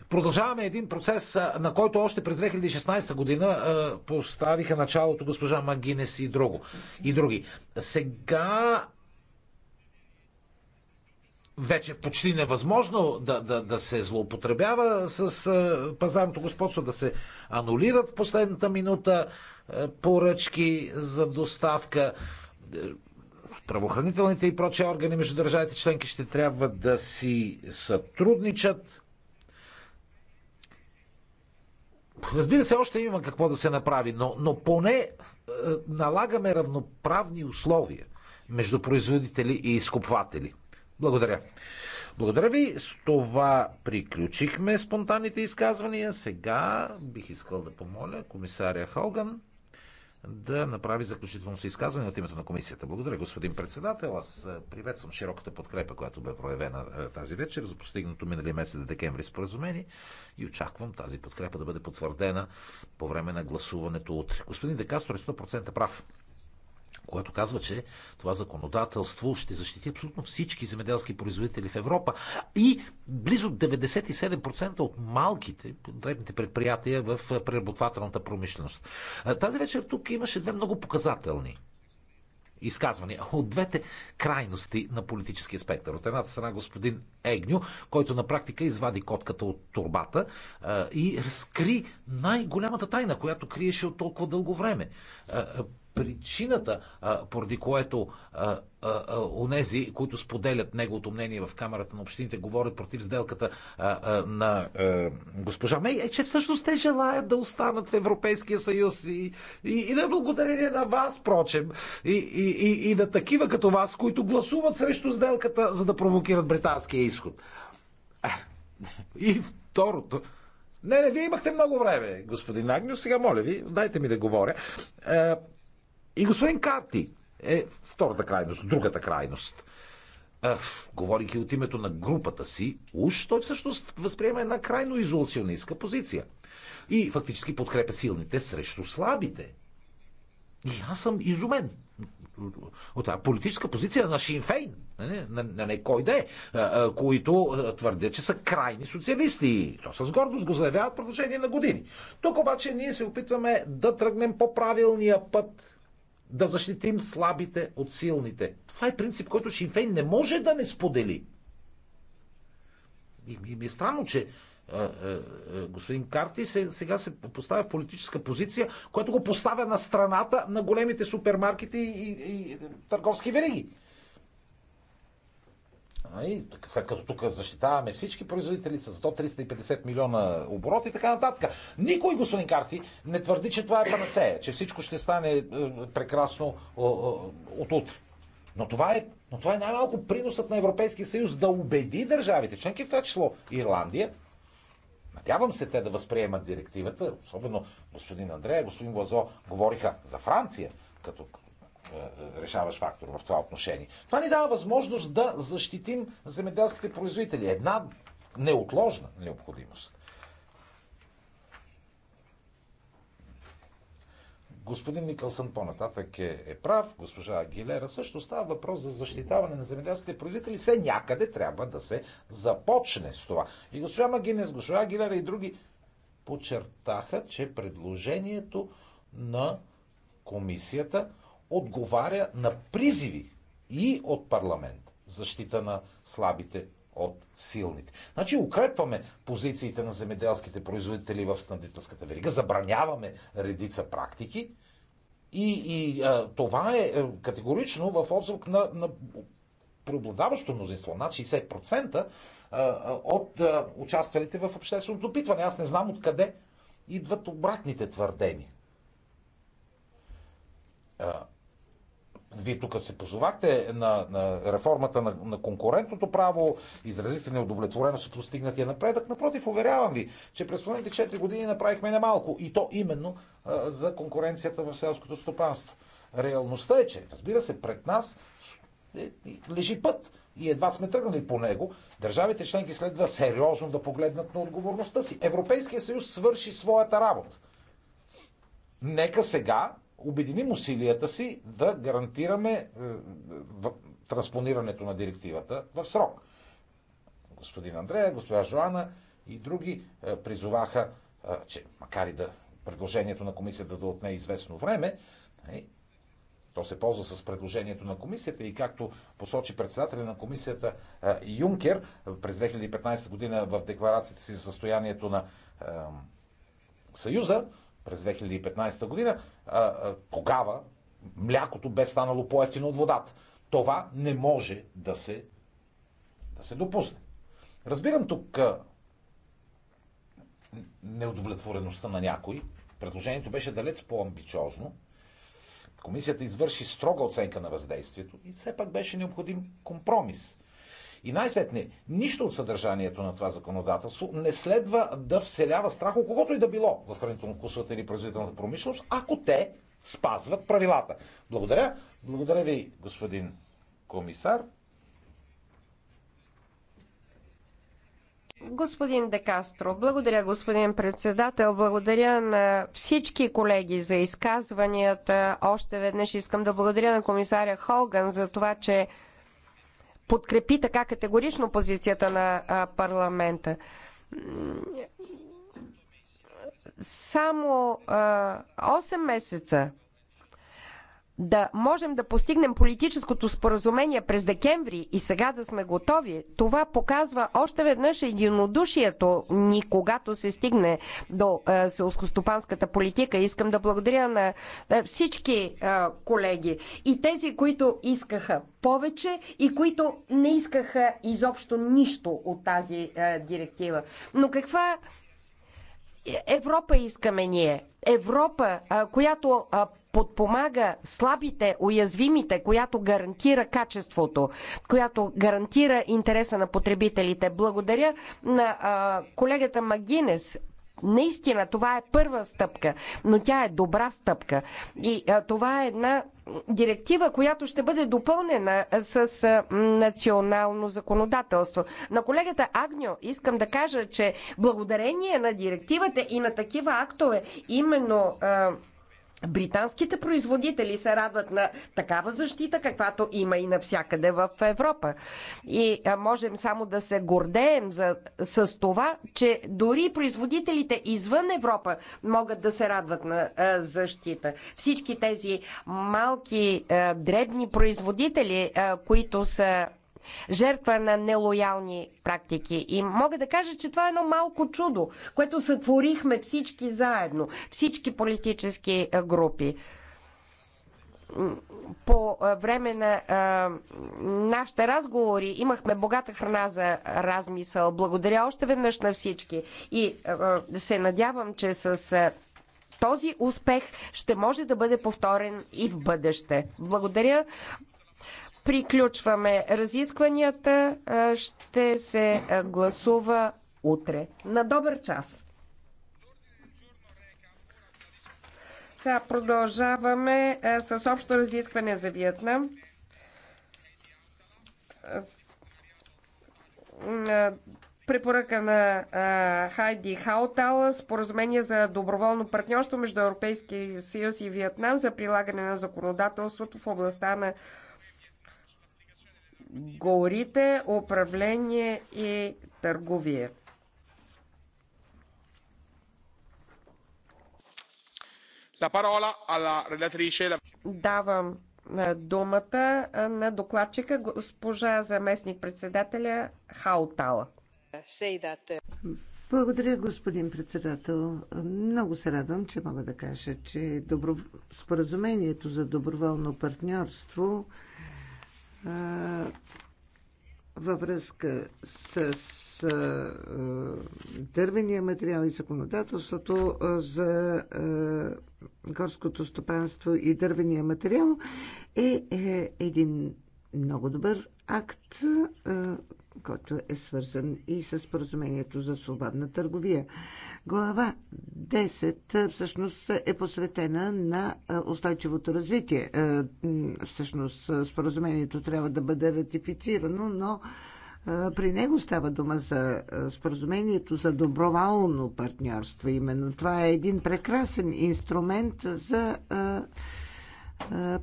Продължаваме един процес, на който още през 2016 година поставиха началото госпожа Магинес и, друго, и други. Сега вече почти невъзможно да, да, да се злоупотребява с а, пазарното господство, да се анулират в последната минута а, поръчки за доставка. Е, правоохранителните и прочи органи между държавите членки ще трябва да си сътрудничат. Разбира се, още има какво да се направи, но, но поне е, налагаме равноправни условия между производители и изкупватели. Благодаря. Благодаря ви. С това приключихме спонтанните изказвания. Сега бих искал да помоля комисаря Холган да направи заключително се изказване от името на комисията. Благодаря, господин председател. Аз е, приветствам широката подкрепа, която бе проявена е, тази вечер за постигнато минали месец декември споразумение и очаквам тази подкрепа да бъде потвърдена по време на гласуването утре. Господин Декастор е 100% прав което казва, че това законодателство ще защити абсолютно всички земеделски производители в Европа и близо 97% от малките, дребните предприятия в преработвателната промишленост. Тази вечер тук имаше две много показателни изказвания от двете крайности на политическия спектър. От едната страна господин Егню, който на практика извади котката от турбата а, и разкри най-голямата тайна, която криеше от толкова дълго време. А, причината, поради което онези, които споделят неговото мнение в Камерата на общините, говорят против сделката на госпожа Мей, е, че всъщност те желаят да останат в Европейския съюз и, и, и да е благодарение на вас, прочем, и, и, и, и на такива като вас, които гласуват срещу сделката, за да провокират британския изход. И второто, не, не, вие имахте много време, господин Агнио. Сега, моля ви, дайте ми да говоря. И господин Карти е втората крайност, другата крайност. А, от името на групата си, уж той всъщност възприема една крайно изолационистка позиция. И фактически подкрепя силните срещу слабите. И аз съм изумен от тази политическа позиция на Шинфейн, на, на, на не кой е, които твърдят, че са крайни социалисти. И то с гордост го заявяват в продължение на години. Тук обаче ние се опитваме да тръгнем по правилния път да защитим слабите от силните. Това е принцип, който Шинфейн не може да не сподели. И ми е странно, че е, е, е, господин Карти сега се поставя в политическа позиция, която го поставя на страната на големите супермаркети и, и, и търговски вериги. Нали? след като тук защитаваме всички производители с 100-350 милиона оборот и така нататък. Никой, господин Карти, не твърди, че това е панацея, че всичко ще стане е, прекрасно от утре. Но това е, но това е най-малко приносът на Европейския съюз да убеди държавите, членки в това число Ирландия, Надявам се те да възприемат директивата, особено господин Андрея, господин Глазо говориха за Франция, като е, е, решаващ фактор в това отношение. Това ни дава възможност да защитим земеделските производители. Една неотложна необходимост. Господин Никълсън по-нататък е, е прав, госпожа Гилера също става въпрос за защитаване на земеделските производители. Все някъде трябва да се започне с това. И госпожа Магинес, госпожа Гилера и други подчертаха, че предложението на комисията отговаря на призиви и от парламент защита на слабите от силните. Значи укрепваме позициите на земеделските производители в снабдителската верига, забраняваме редица практики и, и а, това е, е категорично в отзвук на, на преобладаващо мнозинство, над 60% от участвалите в общественото опитване. Аз не знам откъде идват обратните твърдения. Вие тук се позовахте на, на реформата на, на конкурентното право, изразихте неудовлетвореност от постигнатия напредък. Напротив, уверявам ви, че през последните 4 години направихме немалко и то именно а, за конкуренцията в селското стопанство. Реалността е, че, разбира се, пред нас е, лежи път и едва сме тръгнали по него, държавите членки следва сериозно да погледнат на отговорността си. Европейския съюз свърши своята работа. Нека сега обединим усилията си да гарантираме е, транспонирането на директивата в срок. Господин Андрея, госпожа Жоана и други е, призоваха, е, че макар и да предложението на комисията да отне известно време, то се ползва с предложението на комисията и както посочи председателя на комисията Юнкер през 2015 година в декларацията си за състоянието на Съюза, през 2015 година, тогава млякото бе станало по-ефтино от водата. Това не може да се, да се допусне. Разбирам тук неудовлетвореността на някой. Предложението беше далеч по-амбициозно. Комисията извърши строга оценка на въздействието и все пак беше необходим компромис. И най-сетне, нищо от съдържанието на това законодателство не следва да вселява страх у когото и да било в хранително-вкусовата или производителната промишленост, ако те спазват правилата. Благодаря. Благодаря ви, господин комисар. Господин Декастро, благодаря господин председател, благодаря на всички колеги за изказванията. Още веднъж искам да благодаря на комисаря Холган за това, че подкрепи така категорично позицията на парламента. Само 8 месеца да можем да постигнем политическото споразумение през декември и сега да сме готови, това показва още веднъж единодушието ни, когато се стигне до е, селскостопанската политика. Искам да благодаря на е, всички е, колеги и тези, които искаха повече и които не искаха изобщо нищо от тази е, директива. Но каква Европа искаме ние. Европа, е, която е, подпомага слабите, уязвимите, която гарантира качеството, която гарантира интереса на потребителите. Благодаря на а, колегата Магинес. Наистина, това е първа стъпка, но тя е добра стъпка. И а, това е една директива, която ще бъде допълнена с а, национално законодателство. На колегата Агньо искам да кажа, че благодарение на директивата и на такива актове, именно. А, Британските производители се радват на такава защита, каквато има и навсякъде в Европа. И можем само да се гордеем за, с това, че дори производителите извън Европа могат да се радват на а, защита. Всички тези малки, а, дребни производители, а, които са жертва на нелоялни практики. И мога да кажа, че това е едно малко чудо, което сътворихме всички заедно, всички политически групи по време на а, нашите разговори имахме богата храна за размисъл. Благодаря още веднъж на всички и а, се надявам, че с а, този успех ще може да бъде повторен и в бъдеще. Благодаря. Приключваме разискванията. Ще се гласува утре. На добър час! Сега продължаваме с общо разискване за Виетнам. Препоръка на Хайди Хаутал споразумение за доброволно партньорство между Европейския съюз и Виетнам за прилагане на законодателството в областта на горите, управление и търговия. Давам думата на докладчика госпожа заместник председателя Хаутала. Uh, Благодаря, господин председател. Много се радвам, че мога да кажа, че добро... споразумението за доброволно партньорство във връзка с дървения материал и законодателството за горското стопанство и дървения материал е, е един много добър акт, който е свързан и с поразумението за свободна търговия. Глава 10 е, всъщност е посветена на е, устойчивото развитие. Е, всъщност споразумението трябва да бъде ратифицирано, но при него става дума за споразумението за доброволно партньорство. Именно това е един прекрасен инструмент за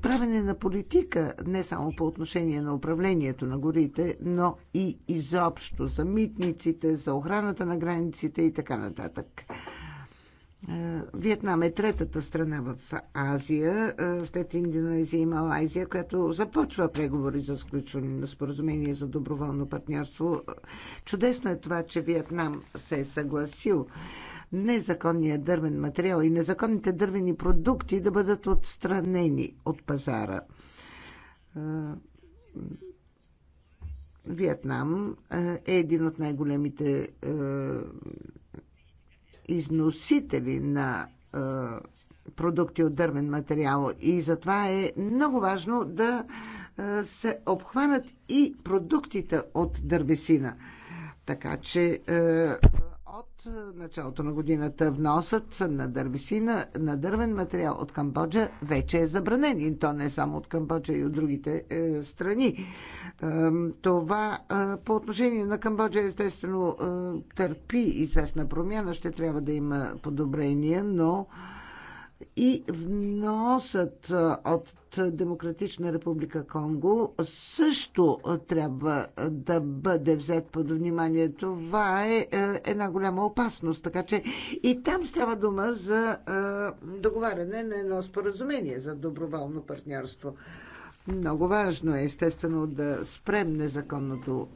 правене на политика не само по отношение на управлението на горите, но и изобщо за митниците, за охраната на границите и така нататък. Виетнам е третата страна в Азия, след Индонезия и Малайзия, която започва преговори за сключване на споразумение за доброволно партньорство. Чудесно е това, че Виетнам се е съгласил незаконния дървен материал и незаконните дървени продукти да бъдат отстранени от пазара. Виетнам е един от най-големите износители на продукти от дървен материал и затова е много важно да се обхванат и продуктите от дървесина. Така че от е, началото на годината вносът на дървесина, на дървен материал от Камбоджа вече е забранен. И то не само от Камбоджа, и от другите е, страни. Е, това е, по отношение на Камбоджа естествено е, търпи известна промяна. Ще трябва да има подобрения, но и вносът от Демократична република Конго също трябва да бъде взет под внимание. Това е една голяма опасност, така че и там става дума за договаряне на едно споразумение за доброволно партньорство. Много важно е, естествено, да спрем незаконното,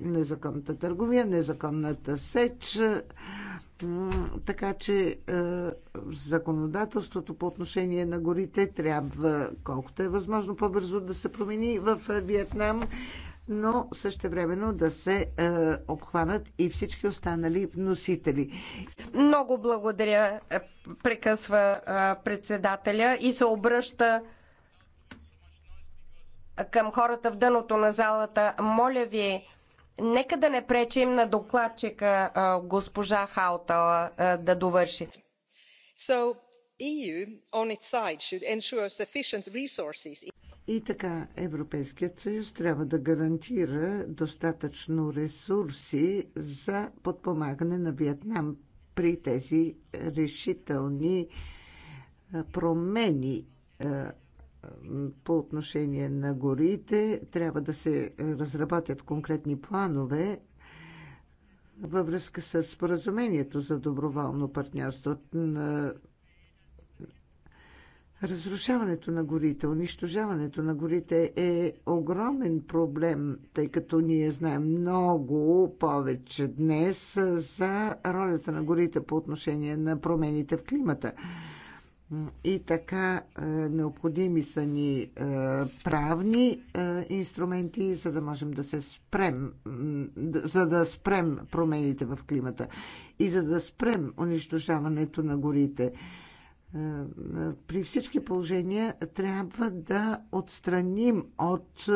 незаконната търговия, незаконната сеч така че е, законодателството по отношение на горите трябва колкото е възможно по-бързо да се промени в е, Виетнам, но времено да се е, обхванат и всички останали вносители. Много благодаря, е, прекъсва председателя и се обръща към хората в дъното на залата. Моля ви, Нека да не пречим на докладчика госпожа Хаутала да довърши. So, EU on its side should ensure sufficient resources. И така Европейският съюз трябва да гарантира достатъчно ресурси за подпомагане на Виетнам при тези решителни промени по отношение на горите трябва да се разработят конкретни планове е, във връзка с споразумението за доброволно партньорство. На е, разрушаването на горите, унищожаването на горите е огромен проблем, тъй като ние знаем много повече днес за ролята на горите по отношение на промените в климата. И така е, необходими са ни е, правни е, инструменти, за да можем да се спрем, за да спрем промените в климата и за да спрем унищожаването на горите. При всички положения трябва да отстраним от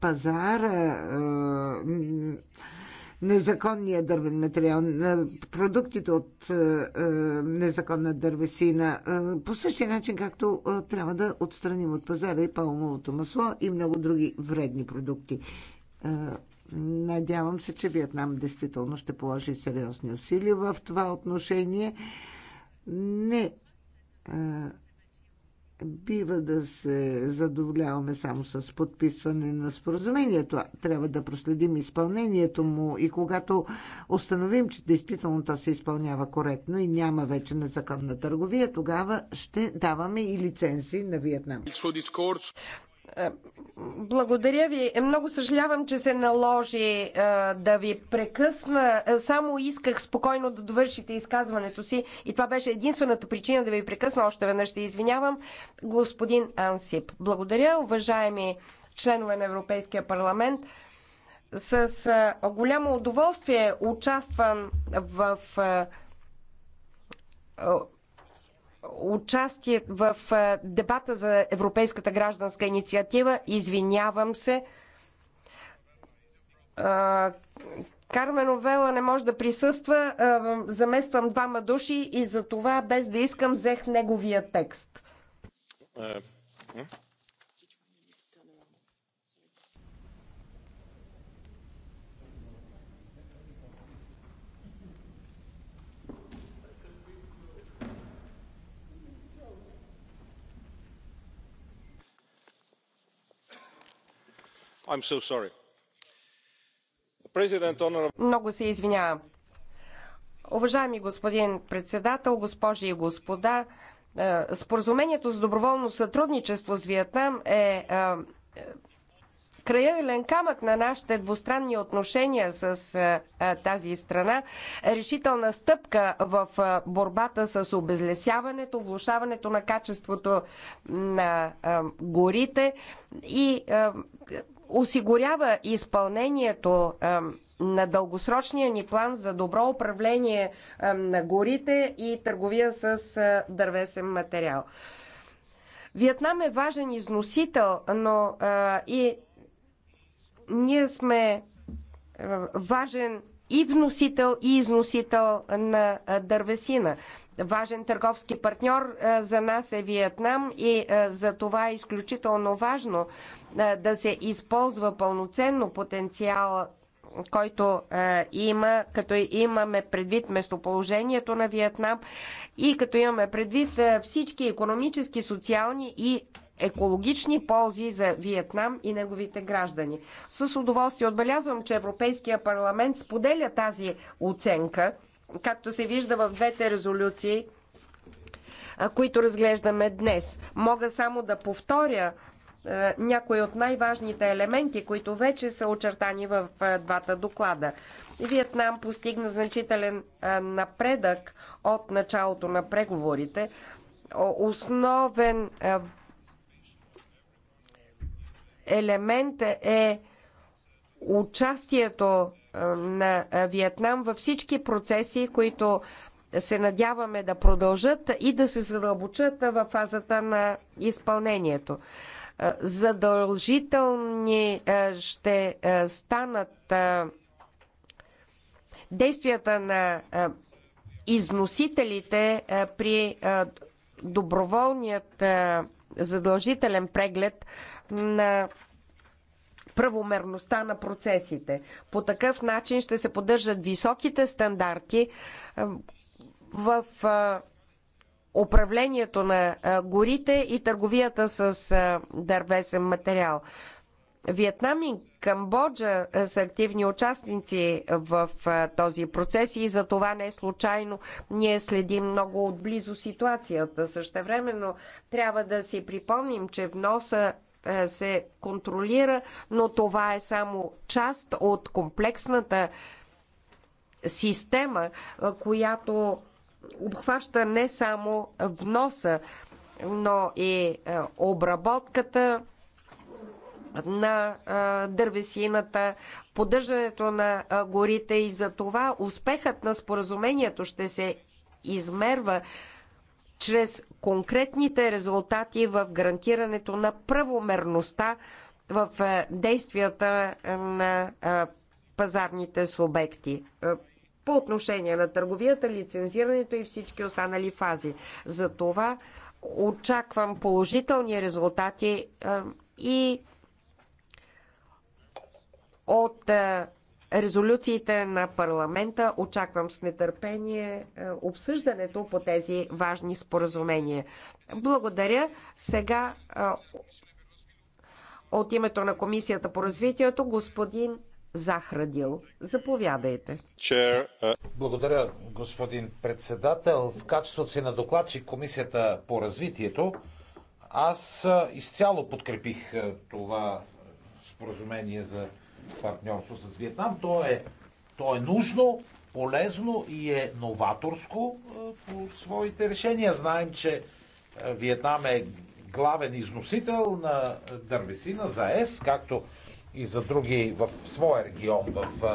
пазара незаконния дървен материал, на продуктите от е, е, незаконна дървесина, е, по същия начин както трябва да отстраним от пазара и палмовото масло и много други вредни продукти. Надявам се, че Виетнам действително ще положи сериозни усилия в това отношение. Не бива да се задоволяваме само с подписване на споразумението. Трябва да проследим изпълнението му и когато установим, че действително то се изпълнява коректно и няма вече незаконна търговия, тогава ще даваме и лицензии на Виетнам. Е, благодаря ви. Е, много съжалявам, че се наложи е, да ви прекъсна. Само исках спокойно да довършите изказването си и това беше единствената причина да ви прекъсна. Още веднъж се извинявам. Господин Ансип, благодаря, уважаеми членове на Европейския парламент. С голямо удоволствие участвам в участие в е, дебата за Европейската гражданска инициатива. Извинявам се. Е, Кармен Овела не може да присъства. Е, замествам двама души и за това, без да искам, взех неговия текст. Много се извинявам. Уважаеми господин председател, госпожи и господа, е, споразумението с доброволно сътрудничество с Виетнам е, е краялен камък на нашите двустранни отношения с е, тази страна, решителна стъпка в борбата с обезлесяването, влушаването на качеството на горите и осигурява изпълнението на дългосрочния ни план за добро управление на горите и търговия с дървесен материал. Виетнам е важен износител, но и ние сме важен и вносител, и износител на дървесина. Важен търговски партньор е, за нас е Виетнам и е, за това е изключително важно е, да се използва пълноценно потенциал който е, има, като имаме предвид местоположението на Виетнам и като имаме предвид е, всички економически, социални и екологични ползи за Виетнам и неговите граждани. С удоволствие отбелязвам, че Европейския парламент споделя тази оценка както се вижда в двете резолюции, които разглеждаме днес. Мога само да повторя някои от най-важните елементи, които вече са очертани в двата доклада. Виетнам постигна значителен напредък от началото на преговорите. Основен елемент е участието на Виетнам във всички процеси, които се надяваме да продължат и да се задълбочат в фазата на изпълнението. Задължителни ще станат действията на износителите при доброволният задължителен преглед на правомерността на процесите. По такъв начин ще се поддържат високите стандарти е, в е, управлението на е, горите и търговията с дървесен материал. Виетнам и Камбоджа са активни участници в този процес и за това не е случайно. Ние следим много отблизо ситуацията. Същевременно трябва да си припомним, че вноса е, се контролира, но това е само част от комплексната система, е, която обхваща не само вноса, но и е, обработката на дървесината, поддържането на горите и за това успехът на споразумението ще се измерва чрез конкретните резултати в гарантирането на правомерността в е, действията е, на е, пазарните субекти по отношение на търговията, лицензирането и всички останали фази. За това очаквам положителни резултати и от резолюциите на парламента. Очаквам с нетърпение е, обсъждането по тези важни споразумения. Благодаря. Сега е, от името на Комисията по развитието господин Захрадил. Заповядайте. Е. Благодаря, господин председател. В качеството си на докладчик Комисията по развитието, аз изцяло подкрепих това споразумение за партньорство с Виетнам. То е, то е нужно, полезно и е новаторско е, по своите решения. Знаем, че е, Виетнам е главен износител на дървесина за ЕС, както и за други в своя регион, в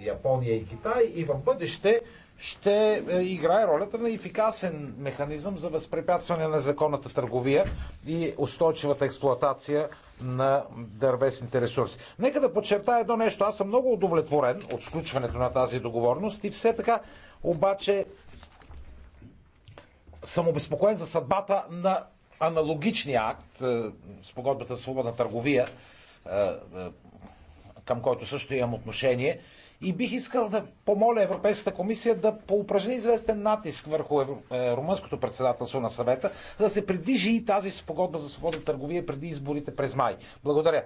е, Япония и Китай. И в бъдеще ще играе ролята на ефикасен механизъм за възпрепятстване на законната търговия и устойчивата експлоатация на дървесните ресурси. Нека да подчертая едно нещо. Аз съм много удовлетворен от сключването на тази договорност и все така обаче съм обезпокоен за съдбата на аналогичния акт е, с погодбата за свободна търговия, е, е, към който също имам отношение, и бих искал да помоля Европейската комисия да поупражни известен натиск върху евро... Е, румънското председателство на съвета, за да се придвижи и тази спогодба за свободна търговия преди изборите през май. Благодаря.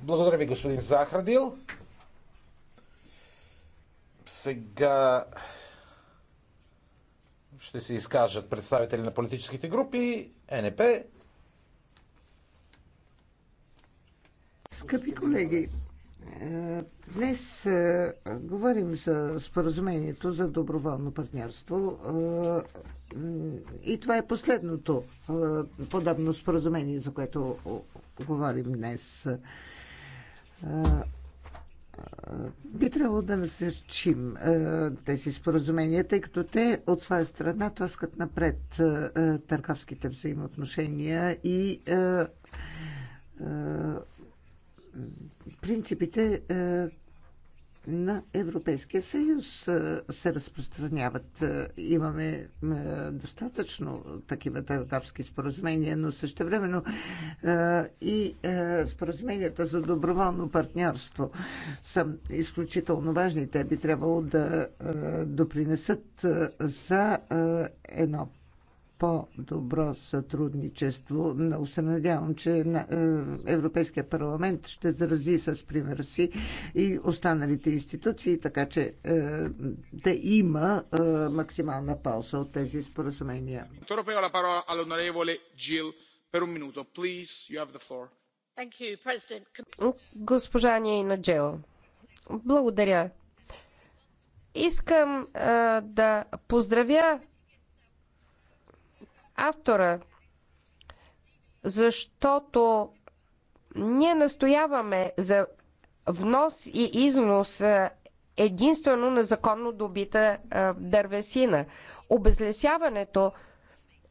Благодаря ви, господин Захрадил. Сега ще се изкажат представители на политическите групи, е НП. Скъпи колеги, е, Днес е, говорим за споразумението за доброволно партньорство е, и това е последното е, подобно споразумение, за което говорим днес. Е, би трябвало да насърчим тези споразумения, тъй като те от своя страна тоскат напред търговските взаимоотношения и принципите е, на Европейския съюз е, се разпространяват. Е, имаме достатъчно такива търговски споразумения, но същевременно и споразуменията за доброволно партньорство са изключително важни. Те би трябвало да допринесат за едно по-добро сътрудничество. Много се надявам, че е, Европейския парламент ще зарази с пример си и останалите институции, така че е, да има е, максимална полза от тези споразумения. Госпожа Нина Джел, благодаря. Искам а, да поздравя автора, защото ние настояваме за внос и износ единствено на законно добита дървесина. Обезлесяването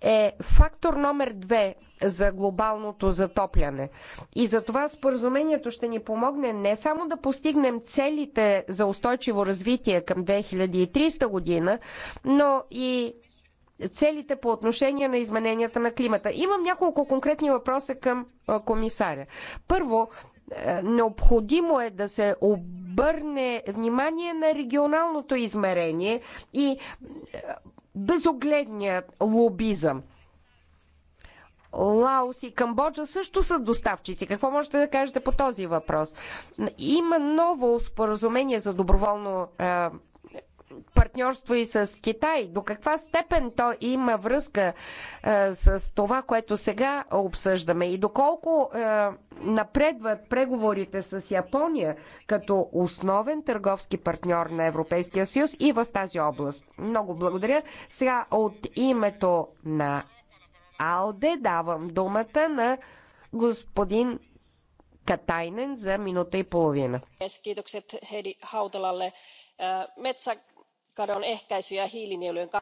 е фактор номер две за глобалното затопляне. И за това споразумението ще ни помогне не само да постигнем целите за устойчиво развитие към 2300 година, но и целите по отношение на измененията на климата. Имам няколко конкретни въпроса към комисаря. Първо, е, необходимо е да се обърне внимание на регионалното измерение и е, безогледния лобизъм. Лаос и Камбоджа също са доставчици. Какво можете да кажете по този въпрос? Има ново споразумение за доброволно е, партньорство и с Китай. До каква степен то има връзка е, с това, което сега обсъждаме и доколко е, напредват преговорите с Япония като основен търговски партньор на Европейския съюз и в тази област. Много благодаря. Сега от името на Алде давам думата на господин Катайнен за минута и половина. Heidi Hautalalle. Metsä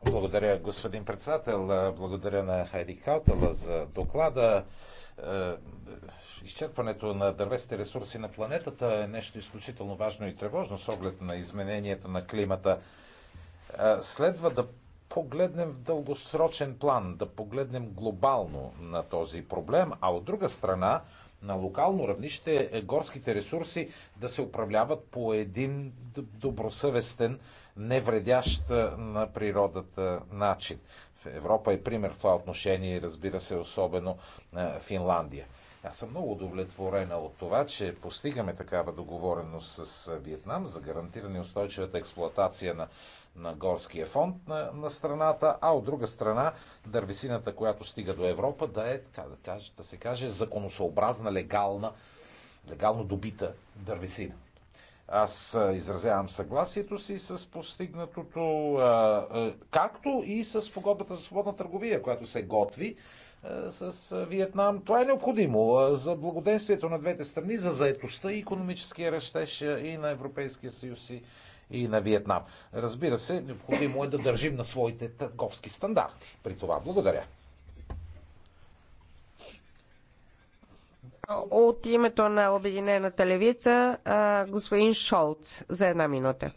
благодаря, господин председател. Благодаря на Хайди Каутала за доклада. Е, изчерпването на дървесните ресурси на планетата е нещо изключително важно и тревожно с оглед на изменението на климата. Е, следва да погледнем в дългосрочен план, да погледнем глобално на този проблем, а от друга страна на локално равнище е горските ресурси да се управляват по един добросъвестен невредящ на природата начин. В Европа е пример в това отношение и разбира се особено Финландия. Аз съм много удовлетворена от това, че постигаме такава договореност с Виетнам за гарантиране устойчивата експлоатация на, на горския фонд на, на страната, а от друга страна дървесината, която стига до Европа, да е, така да, каже, да се каже, законосъобразна, легална, легално добита дървесина. Аз изразявам съгласието си с постигнатото, както и с погодбата за свободна търговия, която се готви с Виетнам. Това е необходимо за благоденствието на двете страни, за заетостта и економическия растеж и на Европейския съюз и на Виетнам. Разбира се, необходимо е да държим на своите търговски стандарти. При това благодаря. От името на Обединената левица, господин Шолц, за една минута.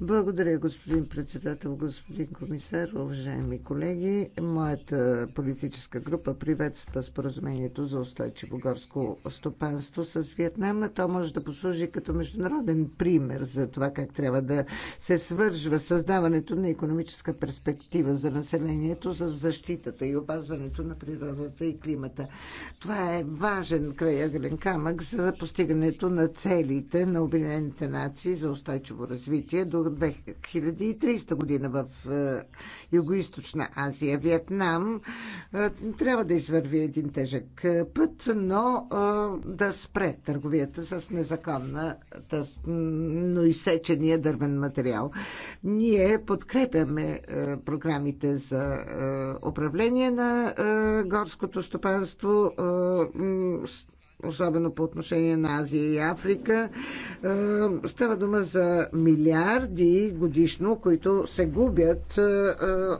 Благодаря, господин председател, господин комисар, уважаеми колеги. Моята политическа група приветства споразумението за устойчиво горско стопанство с Виетнам. То може да послужи като международен пример за това как трябва да се свържва създаването на економическа перспектива за населението, за защитата и опазването на природата и климата. Това е важно важен краягален камък за постигането на целите на Обединените нации за устойчиво развитие до 2030 година в е, Юго-Источна Азия. Виетнам е, трябва да извърви един тежък е, път, но да спре търговията с незаконна, но изсечения дървен материал. Ние подкрепяме програмите за управление на горското стопанство особено по отношение на Азия и Африка. Става дума за милиарди годишно, които се губят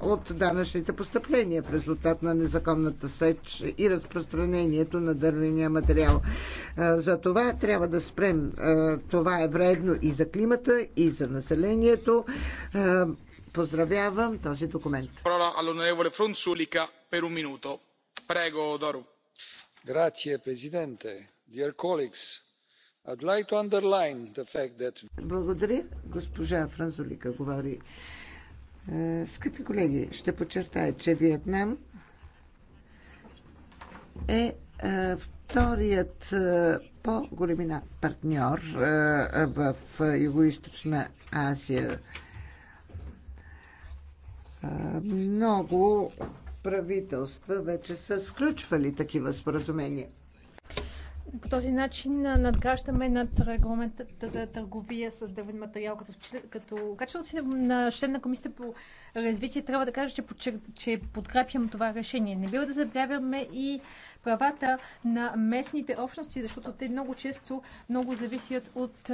от данъчните постъпления в резултат на незаконната сеч и разпространението на дървения материал. За това трябва да спрем. Това е вредно и за климата, и за населението. Поздравявам този документ. Прего, Дору. Grazie, Presidente. Dear colleagues, I'd like to underline the fact that... Благодаря. Госпожа Франзолика говори. Е, скъпи колеги, ще подчертая, че Виетнам е, е вторият е, по големина партньор в Юго-Источна Азия. Много правителства вече са сключвали такива споразумения. По този начин надграждаме над регламентата за търговия с дървен материал. Като, като качеството си на член на комисията по развитие трябва да кажа, че, че подкрепям това решение. Не бива да забравяме и правата на местните общности, защото те много често много зависят от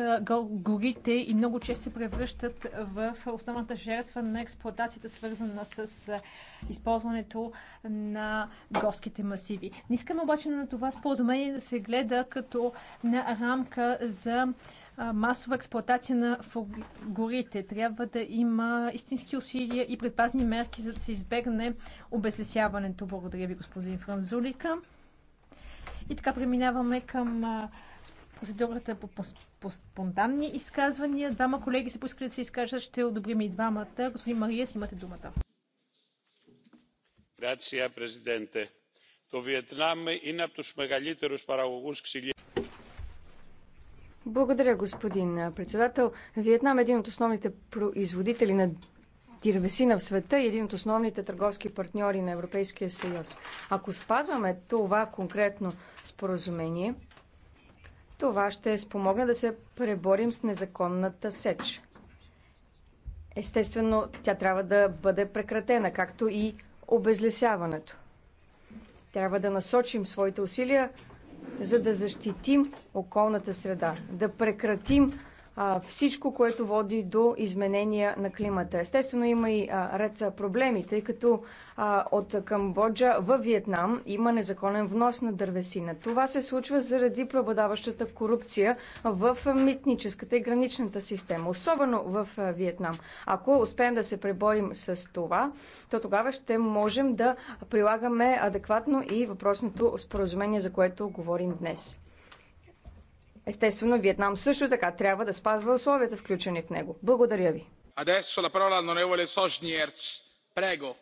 горите и много често се превръщат в основната жертва на експлуатацията, свързана с използването на горските масиви. Не искаме обаче на това споразумение да се гледа като на рамка за масова експлоатация на горите. Трябва да има истински усилия и предпазни мерки, за да се избегне обезлесяването. Благодаря ви, господин Франзулика. И така преминаваме към процедурата по, по, по спонтанни изказвания. Двама колеги се поискали да се изкажат. Ще одобрим и двамата. Господин Мария, си имате думата. Грация, президенте. Το Βιετνάμ и από τους μεγαλύτερους παραγωγούς ξυλίας. Благодаря, господин председател. Виетнам е един от основните производители на дървесина в света и един от основните търговски партньори на Европейския съюз. Ако спазваме това конкретно споразумение, това ще спомогне да се преборим с незаконната сеч. Естествено, тя трябва да бъде прекратена, както и обезлесяването. Трябва да насочим своите усилия, за да защитим околната среда, да прекратим а, всичко, което води до изменения на климата. Естествено, има и а, ред проблеми, тъй като а, от Камбоджа в Виетнам има незаконен внос на дървесина. Това се случва заради преобладаващата корупция в митническата и граничната система, особено в Виетнам. Ако успеем да се преборим с това, то тогава ще можем да прилагаме адекватно и въпросното споразумение, за което говорим днес. Естествено, Виетнам също така трябва да спазва условията, включени в него. Благодаря ви. Adesso la parola all'onorevole Сошниерц. Прего.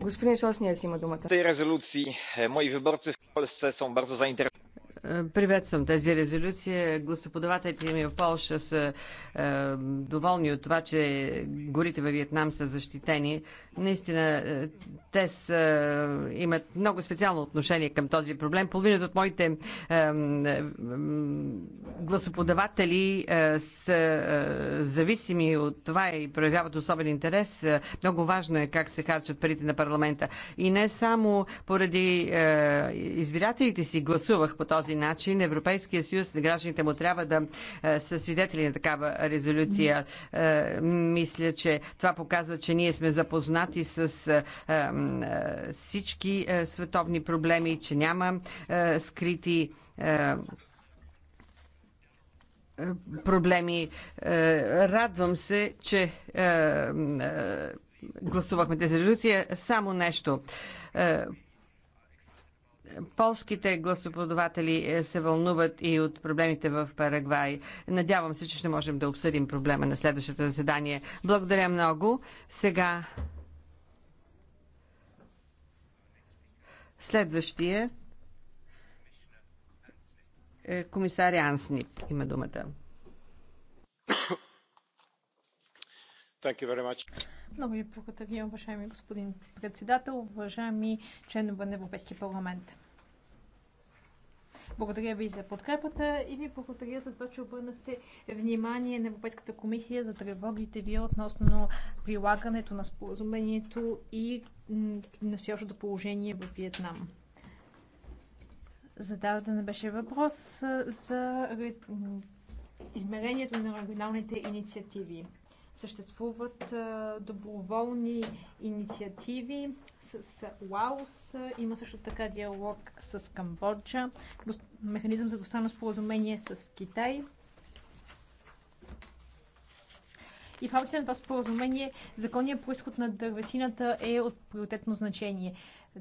Господин Сошниерц има думата. Тези резолюции, е, мои виборци в Польша са много заинтересовани. Е, приветствам тези резолюции. Гласоподавателите ми в Польша са е, доволни от това, че горите във Виетнам са защитени. Наистина, е, те са, е, имат много специално отношение към този проблем. Половината от моите е, е, гласоподаватели е, са е, зависими от това и проявяват особен интерес. Е, много важно е как се харчат парите на парламента. И не само поради е, избирателите си гласувах по този начин. Европейския съюз гражданите му трябва да е, са свидетели на такава резолюция. Е, мисля, че това показва, че ние сме запознати запознати с всички световни проблеми, че няма скрити проблеми. Радвам се, че гласувахме тези резолюция. Само нещо. Полските гласоподаватели е, се вълнуват и от проблемите в Парагвай. Надявам се, че ще можем да обсъдим проблема на следващото заседание. Благодаря много. Сега Следващия е комисар Анснип има думата. Много ви благодаря, уважаеми господин председател, уважаеми членове на Европейския парламент. Благодаря ви за подкрепата и ви благодаря за това, че обърнахте внимание на Европейската комисия за тревогите ви относно прилагането на споразумението и настоящото положение в Виетнам. Зададен беше въпрос за измерението на регионалните инициативи. Съществуват доброволни инициативи с Лаос. Има също така диалог с Камбоджа. Механизъм за двустранно споразумение с Китай. И в рамките на това споразумение законният происход на дървесината е от приоритетно значение.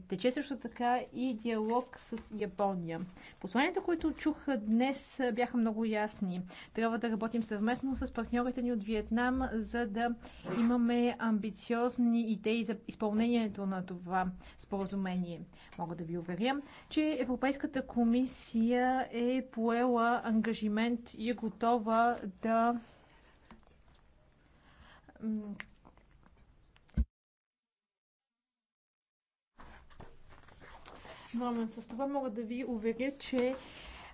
Тече също така и диалог с Япония. Посланията, които чух днес, бяха много ясни. Трябва да работим съвместно с партньорите ни от Виетнам, за да имаме амбициозни идеи за изпълнението на това споразумение. Мога да ви уверя, че Европейската комисия е поела ангажимент и е готова да Роман, с това мога да ви уверя, че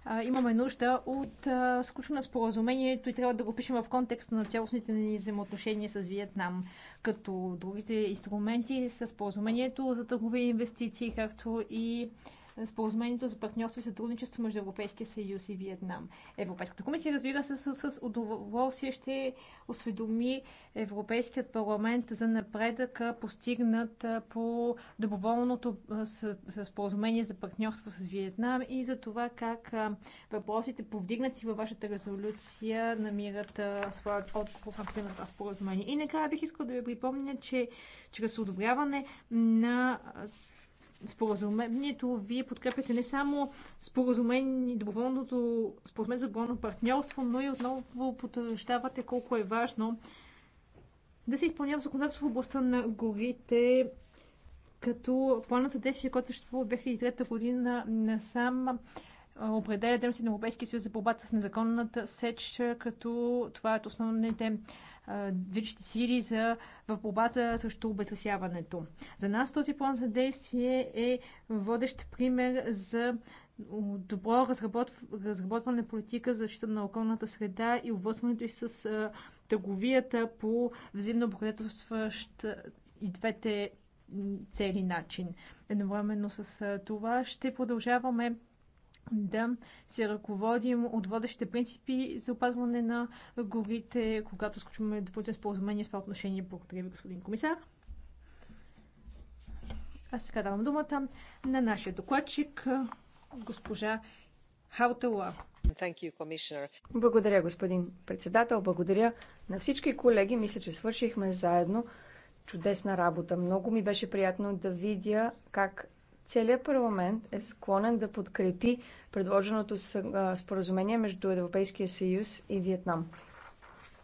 а, имаме нужда от а, сключване на споразумението и трябва да го пишем в контекста на цялостните ни взаимоотношения с Виетнам, като другите инструменти с споразумението за търгови инвестиции, както и споразумението за партньорство и сътрудничество между Европейския съюз и Виетнам. Европейската комисия, разбира се, с, с удоволствие ще осведоми Европейският парламент за напредъка, постигнат по доброволното споразумение за партньорство с Виетнам и за това как въпросите, повдигнати във вашата резолюция, намират своят отговор в рамките на това споразумение. И накрая бих искал да ви припомня, че чрез одобряване на споразумението, вие подкрепяте не само споразумение, доброволното споразумение за доброволно партньорство, но и отново потвърждавате колко е важно да се изпълнява законодателство в областта на горите, като планът за действие, който съществува от 2003 година насам, определя дейности на Европейския съюз за борбата с незаконната сеч, като това е от основните движещи сили за, в борбата срещу обезлесяването. За нас този план за действие е водещ пример за добро разработв... разработване на политика за защита на околната среда и обвързването и с а, търговията по взаимно и двете цели начин. Едновременно с това ще продължаваме да се ръководим от водещите принципи за опазване на горите, когато сключваме допълнително споразумение в това отношение. Благодаря ви, господин комисар. А сега давам думата на нашия докладчик, госпожа Хаутела. You, благодаря, господин председател. Благодаря на всички колеги. Мисля, че свършихме заедно чудесна работа. Много ми беше приятно да видя как Целият парламент е склонен да подкрепи предложеното споразумение между Европейския съюз и Виетнам.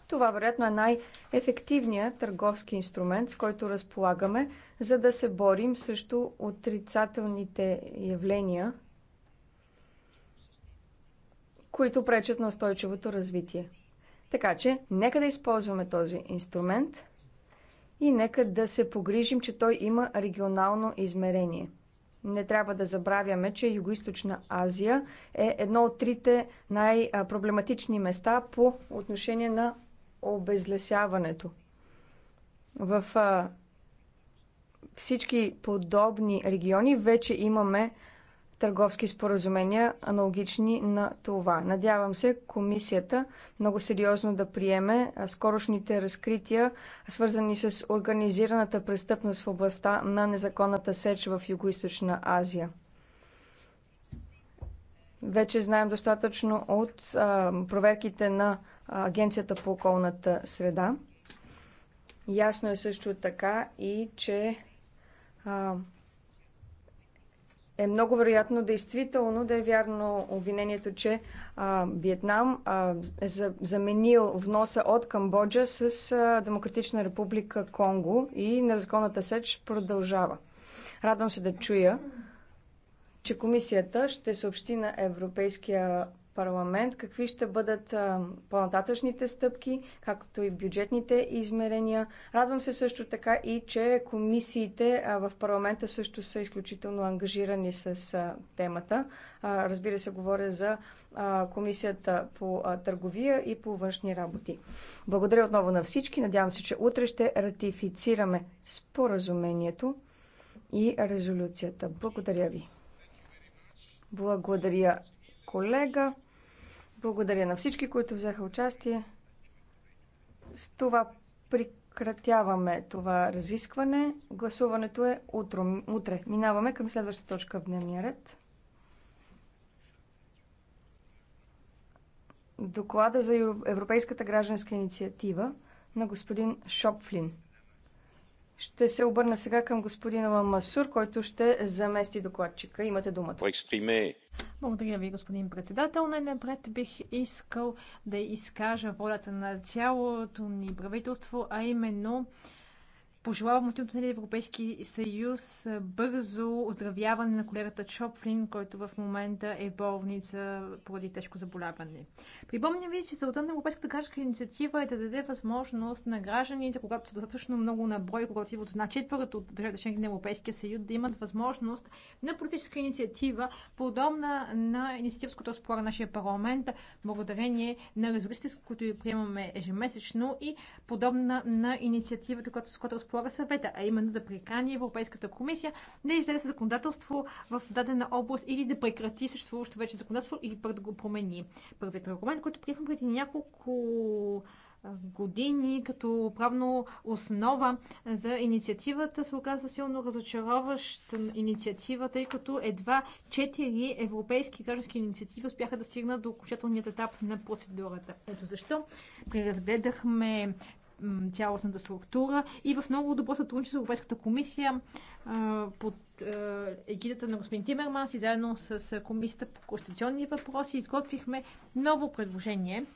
Това, вероятно, е най-ефективният търговски инструмент, с който разполагаме, за да се борим срещу отрицателните явления, които пречат на устойчивото развитие. Така че, нека да използваме този инструмент и нека да се погрижим, че той има регионално измерение – не трябва да забравяме, че Юго-Источна Азия е едно от трите най-проблематични места по отношение на обезлесяването. В всички подобни региони вече имаме търговски споразумения, аналогични на това. Надявам се комисията много сериозно да приеме скорошните разкрития, свързани с организираната престъпност в областта на незаконната сеч в Юго-Источна Азия. Вече знаем достатъчно от а, проверките на Агенцията по околната среда. Ясно е също така и, че а, е много вероятно действително да е вярно обвинението, че а, Виетнам а, е заменил вноса от Камбоджа с а, Демократична република Конго и незаконната сеч продължава. Радвам се да чуя, че комисията ще съобщи на Европейския парламент, какви ще бъдат по-нататъчните стъпки, както и в бюджетните измерения. Радвам се също така и, че комисиите в парламента също са изключително ангажирани с темата. Разбира се, говоря за комисията по търговия и по външни работи. Благодаря отново на всички. Надявам се, че утре ще ратифицираме споразумението и резолюцията. Благодаря ви. Благодаря колега. Благодаря на всички, които взеха участие. С това прекратяваме това разискване. Гласуването е утро, утре. Минаваме към следващата точка в дневния ред. Доклада за Европейската гражданска инициатива на господин Шопфлин. Ще се обърна сега към господин Ламасур, който ще замести докладчика. Имате думата. Благодаря ви, господин председател. Най-напред бих искал да изкажа волята на цялото ни правителство, а именно Пожелавам от на Европейски съюз бързо оздравяване на колегата Чоплин, който в момента е в болница поради тежко заболяване. Припомням ви, че целта на Европейската гражданска инициатива е да даде възможност на гражданите, когато са достатъчно много на брой, когато идват една четвърта от държавите членки на Европейския съюз, да имат възможност на политическа инициатива, подобна на инициативското която на нашия парламент, благодарение на резолюциите, които приемаме ежемесечно и подобна на инициативата, която, с която разполага съвета, а именно да прикани Европейската комисия да излезе законодателство в дадена област или да прекрати съществуващо вече законодателство или пък да го промени. Първият аргумент, който приехме преди няколко години като правно основа за инициативата се оказа силно разочароваща инициатива, тъй като едва четири европейски граждански инициативи успяха да стигнат до окончателният етап на процедурата. Ето защо преразгледахме цялостната структура и в много добро сътрудничество с Европейската комисия под егидата на господин Тимерманс и заедно с Комисията по конституционни въпроси изготвихме ново предложение –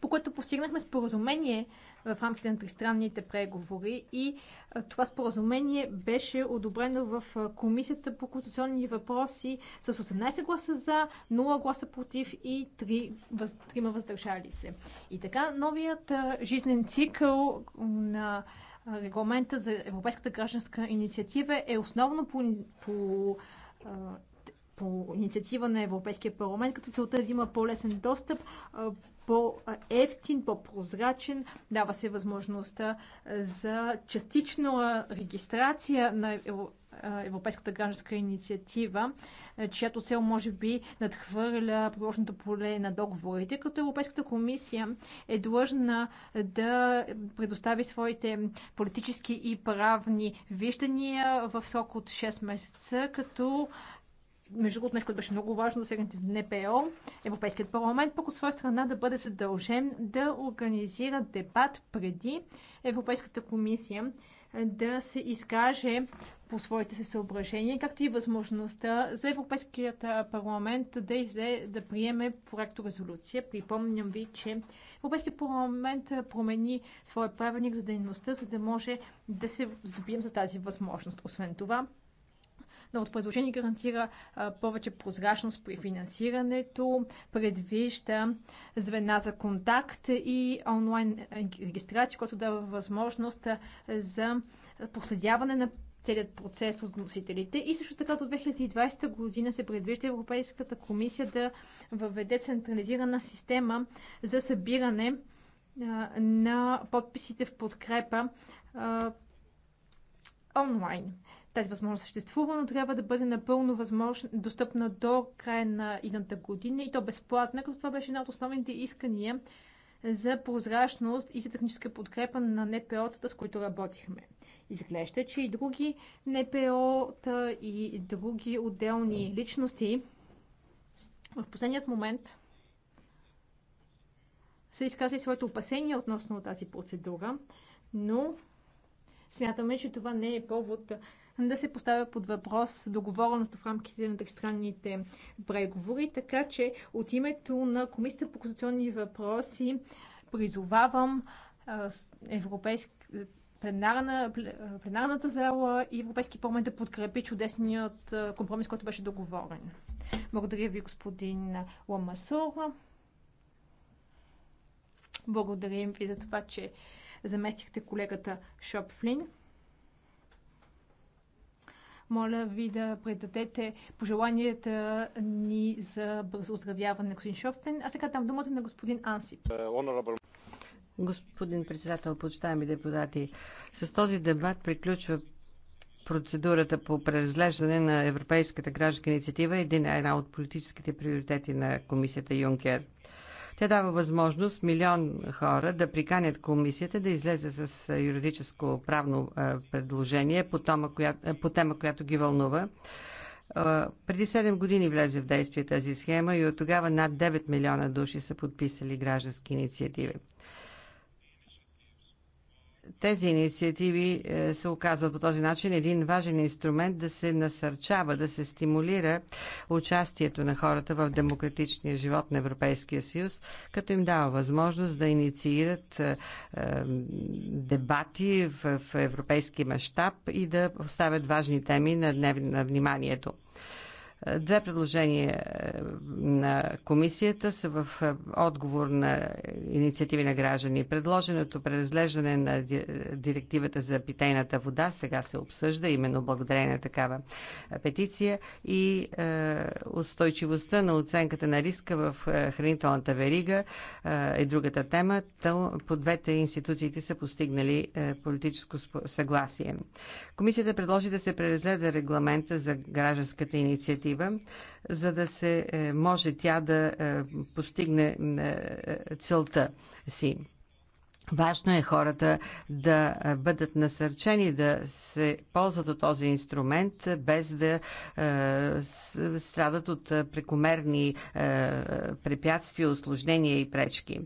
по което постигнахме споразумение в рамките на тристранните преговори и това споразумение беше одобрено в Комисията по конституционни въпроси с 18 гласа за, 0 гласа против и 3, 3 въздържали се. И така, новият жизнен цикъл на регламента за Европейската гражданска инициатива е основно по, по по инициатива на Европейския парламент, като целта е да има по-лесен достъп, по-ефтин, по-прозрачен. Дава се възможността за частична регистрация на Европейската гражданска инициатива, чиято цел може би надхвърля приложното поле на договорите, като Европейската комисия е длъжна да предостави своите политически и правни виждания в срок от 6 месеца, като между другото, нещо, което беше много важно за сегнати НПО, Европейският парламент пък от своя страна да бъде задължен да организира дебат преди Европейската комисия е, да се изкаже по своите се съображения, както и възможността за Европейският парламент да, изле, да приеме проекто резолюция. Припомням ви, че Европейският парламент промени своя правилник за дейността, за да може да се здобием с тази възможност. Освен това, Новото предложение гарантира повече прозрачност при финансирането, предвижда звена за контакт и онлайн регистрация, което дава възможност за проследяване на целият процес от носителите. И също така до 2020 година се предвижда Европейската комисия да въведе централизирана система за събиране на подписите в подкрепа онлайн. Тази възможност съществува, но трябва да бъде напълно възможно, достъпна до края на едната година и то безплатна, като това беше една от основните искания за прозрачност и за техническа подкрепа на НПО-тата, с които работихме. Изглежда, че и други НПО-та и други отделни личности в последният момент са изказали своите опасения относно тази процедура, но смятаме, че това не е повод да се поставя под въпрос договореното в рамките на тристранните преговори. Така че от името на Комисията по конституционни въпроси призовавам европейски пленарна, пленарната зала и Европейски парламент да подкрепи чудесният компромис, който беше договорен. Благодаря ви, господин Ламасора. Благодарим ви за това, че заместихте колегата Шопфлин. Моля ви да предадете пожеланията ни за бързо оздравяване на господин Шофен. А сега дам думата на господин Ансип. Господин председател, почитаеми депутати, с този дебат приключва процедурата по преразглеждане на Европейската гражданска инициатива е една от политическите приоритети на комисията Юнкер. Тя дава възможност милион хора да приканят комисията да излезе с юридическо правно предложение по тема, която, по тема, която ги вълнува. Преди 7 години влезе в действие тази схема и от тогава над 9 милиона души са подписали граждански инициативи. Тези инициативи е, се оказват по този начин един важен инструмент да се насърчава, да се стимулира участието на хората в демократичния живот на Европейския съюз, като им дава възможност да инициират е, е, дебати в европейски мащаб и да поставят важни теми на, днев, на вниманието. Две предложения е, на комисията са в е, отговор на инициативи на граждани. Предложеното преразглеждане на директивата за питейната вода сега се обсъжда, именно благодарение на такава е, петиция и устойчивостта на оценката на риска в хранителната верига е другата тема. По двете институциите са постигнали политическо съгласие. Комисията предложи да се преразгледа регламента за гражданската инициатива такива, за да се е, може тя да е, постигне е, целта си. Важно е хората да бъдат насърчени да се ползват от този инструмент, без да е, страдат от прекомерни е, препятствия, осложнения и пречки.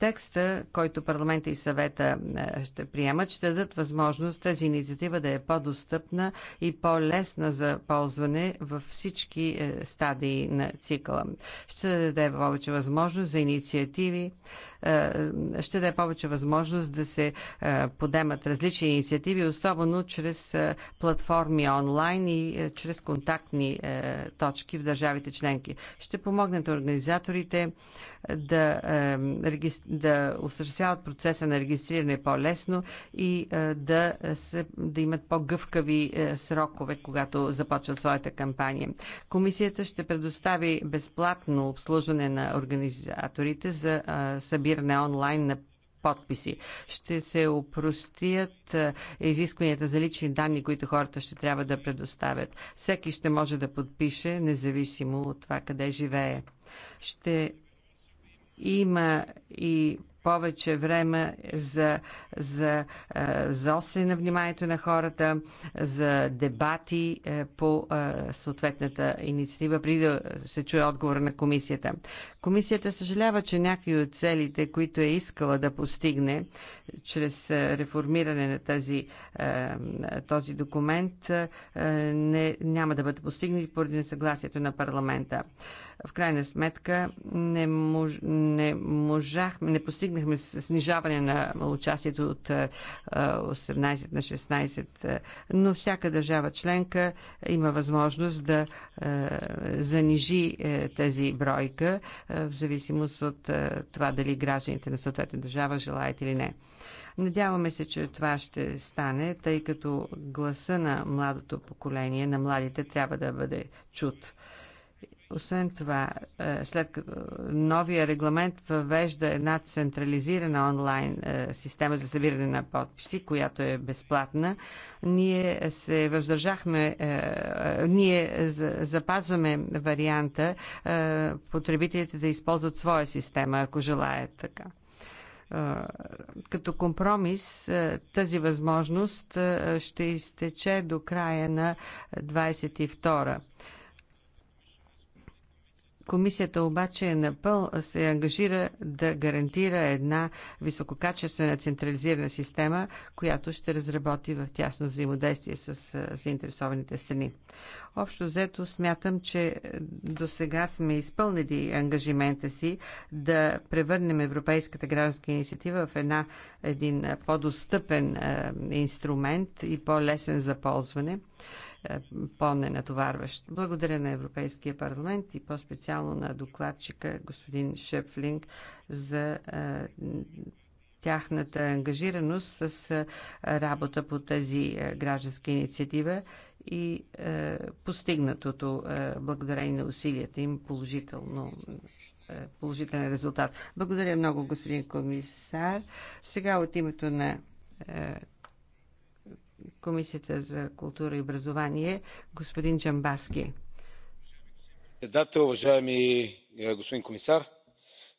Текста, който парламента и съвета е, ще приемат, ще дадат възможност тази инициатива да е по-достъпна и по-лесна за ползване във всички е, стадии на цикъла. Ще даде повече възможност за инициативи, е, ще даде повече възможност да се е, подемат различни инициативи, особено чрез е, платформи онлайн и чрез контактни точки в държавите членки. Ще помогнат организаторите да, да осъществяват процеса на регистриране по-лесно и да, се, да имат по-гъвкави срокове, когато започват своята кампания. Комисията ще предостави безплатно обслужване на организаторите за събиране събиране онлайн на подписи. Ще се опростият е, изискванията за лични данни, които хората ще трябва да предоставят. Всеки ще може да подпише, независимо от това къде живее. Ще има и повече време за, за е, заостряне на вниманието на хората, за дебати е, по е, съответната инициатива, преди да се чуе отговор на комисията. Комисията съжалява, че някои от целите, които е искала да постигне чрез реформиране на тази, този документ, не, няма да бъдат постигнати поради несъгласието на парламента. В крайна сметка не, мож, не можахме, не постигнахме снижаване на участието от 18 на 16, но всяка държава членка има възможност да занижи е, тази бройка в зависимост от това дали гражданите на съответна държава желаят или не. Надяваме се, че това ще стане, тъй като гласа на младото поколение, на младите, трябва да бъде чут. Освен това, е, след като новия регламент въвежда една централизирана онлайн е, система за събиране на подписи, която е безплатна, ние се въздържахме, е, ние запазваме варианта потребителите да използват своя система, ако желаят така като компромис тази възможност ще изтече до края на 22-а. Комисията обаче е напъл се ангажира да гарантира една висококачествена централизирана система, която ще разработи в тясно взаимодействие с заинтересованите страни. Общо взето смятам, че до сега сме изпълнили ангажимента си да превърнем Европейската гражданска инициатива в една, един по-достъпен инструмент и по-лесен за ползване. Е, по-ненатоварващ. Благодаря на Европейския парламент и по-специално на докладчика господин Шепфлинг за е, тяхната ангажираност с е, работа по тази граждански инициатива и постигнатото благодарение на усилията им положително положителен резултат. Благодаря много, господин комисар. Сега от името на е, Комисията за култура и образование, господин Джамбаски. Председател, уважаеми е, господин комисар,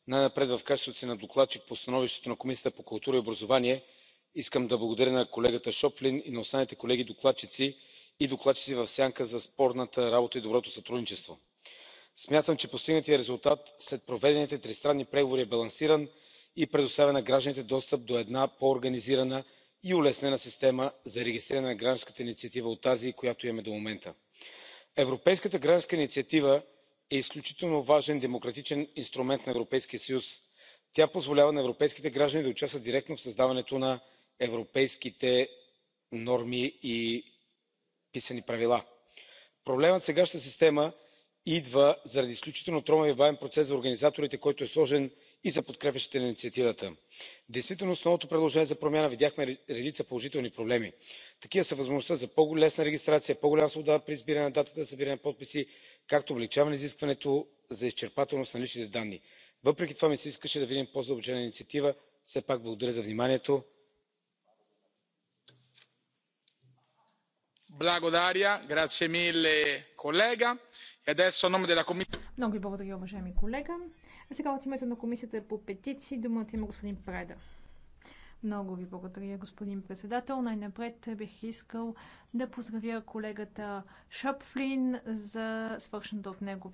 най-напред в качеството си на докладчик по становището на Комисията по култура и образование искам да благодаря на колегата Шоплин и на останалите колеги докладчици и докладчици в сянка за спорната работа и доброто сътрудничество. Смятам, че постигнатият резултат след проведените тристранни преговори е балансиран и предоставя на гражданите достъп до една по-организирана и улеснена система за регистриране на гражданската инициатива от тази която имаме до момента. европейската гражданска инициатива е изключително важен демократичен инструмент на европейския съюз. тя позволява на европейските граждани да участват директно в създаването на европейските норми и писани правила. проблемът в сегашната система идва заради изключително тромавия и бавен процес за организаторите който е сложен и за подкрепящите инициативата. действително с новото предложение за промяна видяхме редица положителни проблеми. такива са възможността за по лесна регистрация по голяма свобода при избиране на датата за събиране на подписи както и облекчаване изискването за изчерпателност на личните данни. въпреки това ми се искаше да видим по задълбочена инициатива. все пак благодаря за вниманието. Много ви благодаря, уважаеми колега. А сега от името на комисията по петиции думата има господин Преда. Много ви благодаря, господин председател. Най-напред бих искал да поздравя колегата Шапфлин за свършната от него,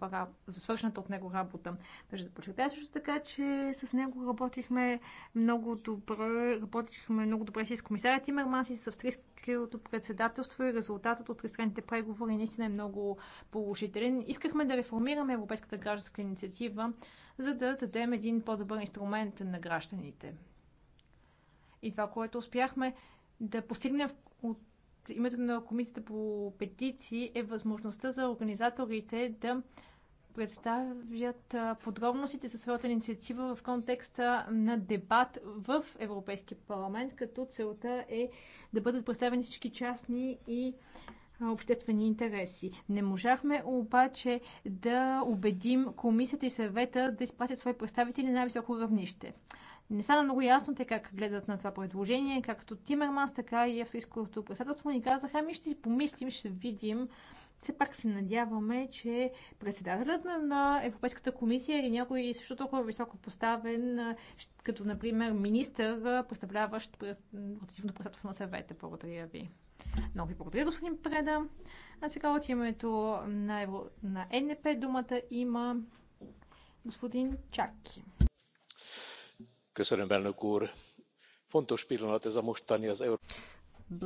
за свършната от него работа. Държа да подчертая също така, че с него работихме много добре, работихме много добре с комисарят Тимерманс и с австрийското председателство и резултатът от тристранните преговори наистина е много положителен. Искахме да реформираме Европейската гражданска инициатива, за да дадем един по-добър инструмент на гражданите. И това, което успяхме да постигнем от името на Комисията по петиции, е възможността за организаторите да представят подробностите за своята инициатива в контекста на дебат в Европейския парламент, като целта е да бъдат представени всички частни и обществени интереси. Не можахме обаче да убедим комисията и съвета да изпратят свои представители на високо равнище. Не стана много ясно те как гледат на това предложение, както Тимерманс, така и австрийското председателство ни казаха, ами ще си помислим, ще видим. Все пак се надяваме, че председателят на Европейската комисия или някой също толкова високо поставен, като например министър, представляващ противно председателство на съвета. Благодаря ви. Много ви благодаря, господин Преда. А сега от името на, Евро... на НП думата има господин Чаки.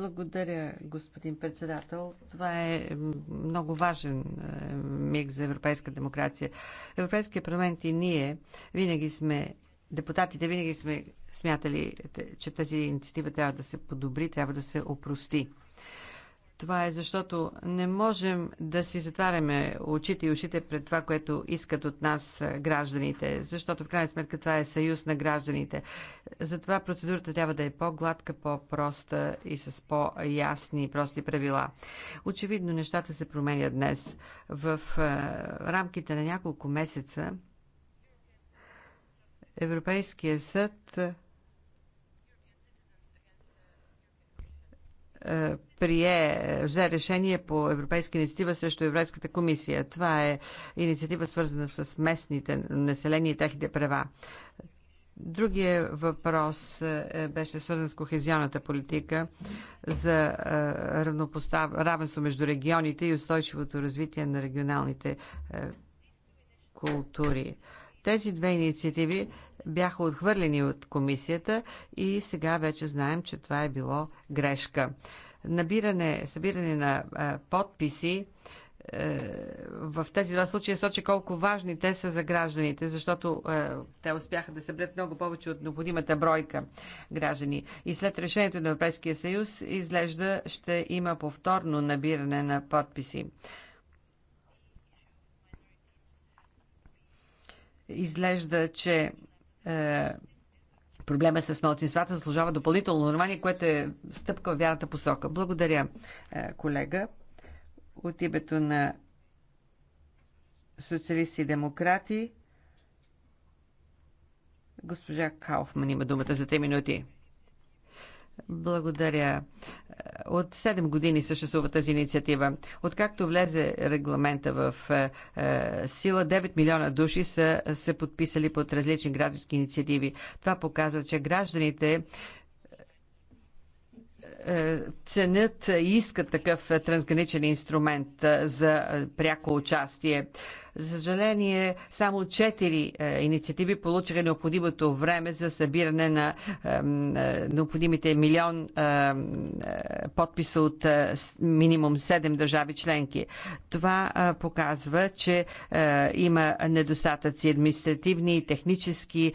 Благодаря, господин председател. Това е много важен е, миг за европейска демокрация. Европейския парламент и ние винаги сме, депутатите винаги сме смятали, е, че тази инициатива трябва да се подобри, трябва да се опрости. Това е защото не можем да си затваряме очите и ушите пред това, което искат от нас гражданите, защото в крайна сметка това е съюз на гражданите. Затова процедурата трябва да е по-гладка, по-проста и с по-ясни и прости правила. Очевидно нещата се променят днес. В рамките на няколко месеца Европейския съд Е, прие, взе решение по европейска инициатива срещу Еврейската комисия. Това е инициатива свързана с местните населения и техните права. Другия въпрос е, беше свързан с кохезионната политика за е, равенство между регионите и устойчивото развитие на регионалните култури. Тези две инициативи бяха отхвърлени от комисията и сега вече знаем, че това е било грешка. Набиране, събиране на а, подписи е, в тези два случая сочи колко важни те са за гражданите, защото е, те успяха да съберат много повече от необходимата бройка граждани. И след решението на Европейския съюз, изглежда, ще има повторно набиране на подписи. Изглежда, че е, проблема е с малцинствата заслужава допълнително внимание, което е стъпка в вярната посока. Благодаря, е, колега. От името на социалисти и демократи, госпожа Кауфман има думата за 3 минути. Благодаря. От 7 години съществува тази инициатива. Откакто влезе регламента в е, е сила, 9 милиона души са се подписали под различни граждански инициативи. Това показва, че гражданите е, ценят и искат такъв трансграничен инструмент е, за пряко участие. За съжаление, само четири е, инициативи получиха необходимото време за събиране на е, необходимите милион е, подписа от минимум 7 държави членки. Това показва, че има недостатъци административни и технически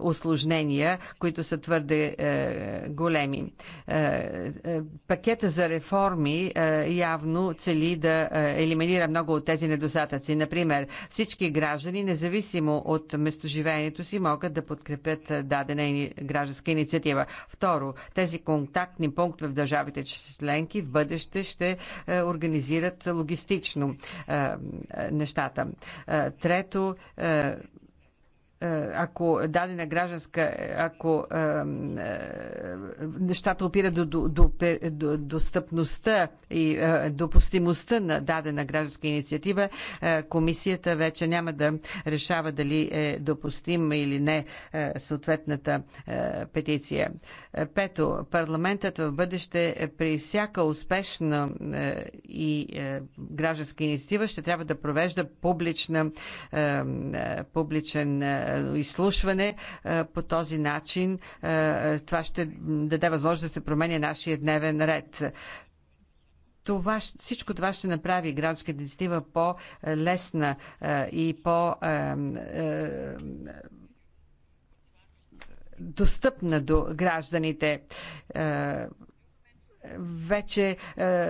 осложнения, които са твърде големи. Пакета за реформи явно цели да елиминира много от тези недостатъци. Например, всички граждани, независимо от местоживеенето си, могат да подкрепят дадена гражданска инициатива. Второ, тези контактни пунктове в държавите членки в бъдеще ще организират логистично нещата. Трето, е, ако дадена гражданска, е, ако е, нещата опират до, до, до, до достъпността и е, допустимостта на дадена гражданска инициатива, е, комисията вече няма да решава дали е допустим или не е, съответната е, петиция. Е, пето, парламентът в бъдеще при всяка успешна е, и е, гражданска инициатива ще трябва да провежда публична, е, публичен е, е, изслушване. Е, по този начин е, това ще даде възможност да се променя нашия дневен ред това, всичко това ще направи градска инициатива по-лесна и по- достъпна до гражданите вече е, е,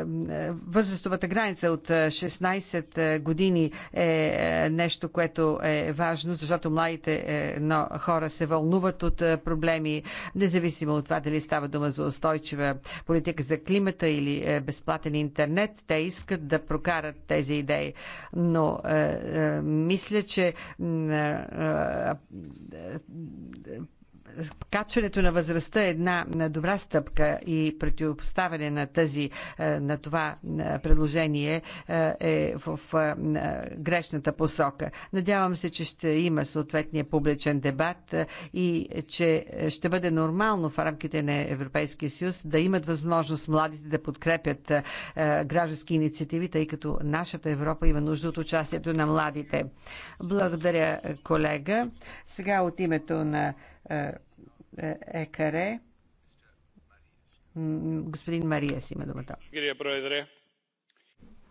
възрастовата граница от 16 е, години е нещо, което е важно, защото младите хора се вълнуват от проблеми, независимо от това дали става дума за устойчива политика за климата или безплатен интернет. Те искат да прокарат тези идеи. Но мисля, че качването на възрастта е една добра стъпка и противопоставяне на тази, е, на това е, предложение е, е в грешната посока. Надявам се, че ще има съответния публичен дебат и че ще бъде нормално в рамките на Европейския съюз да имат възможност младите да подкрепят граждански инициативи, тъй като нашата Европа има нужда от участието на младите. Благодаря, колега. Сега от името на е, е, ЕКР. Господин Мария си има думата.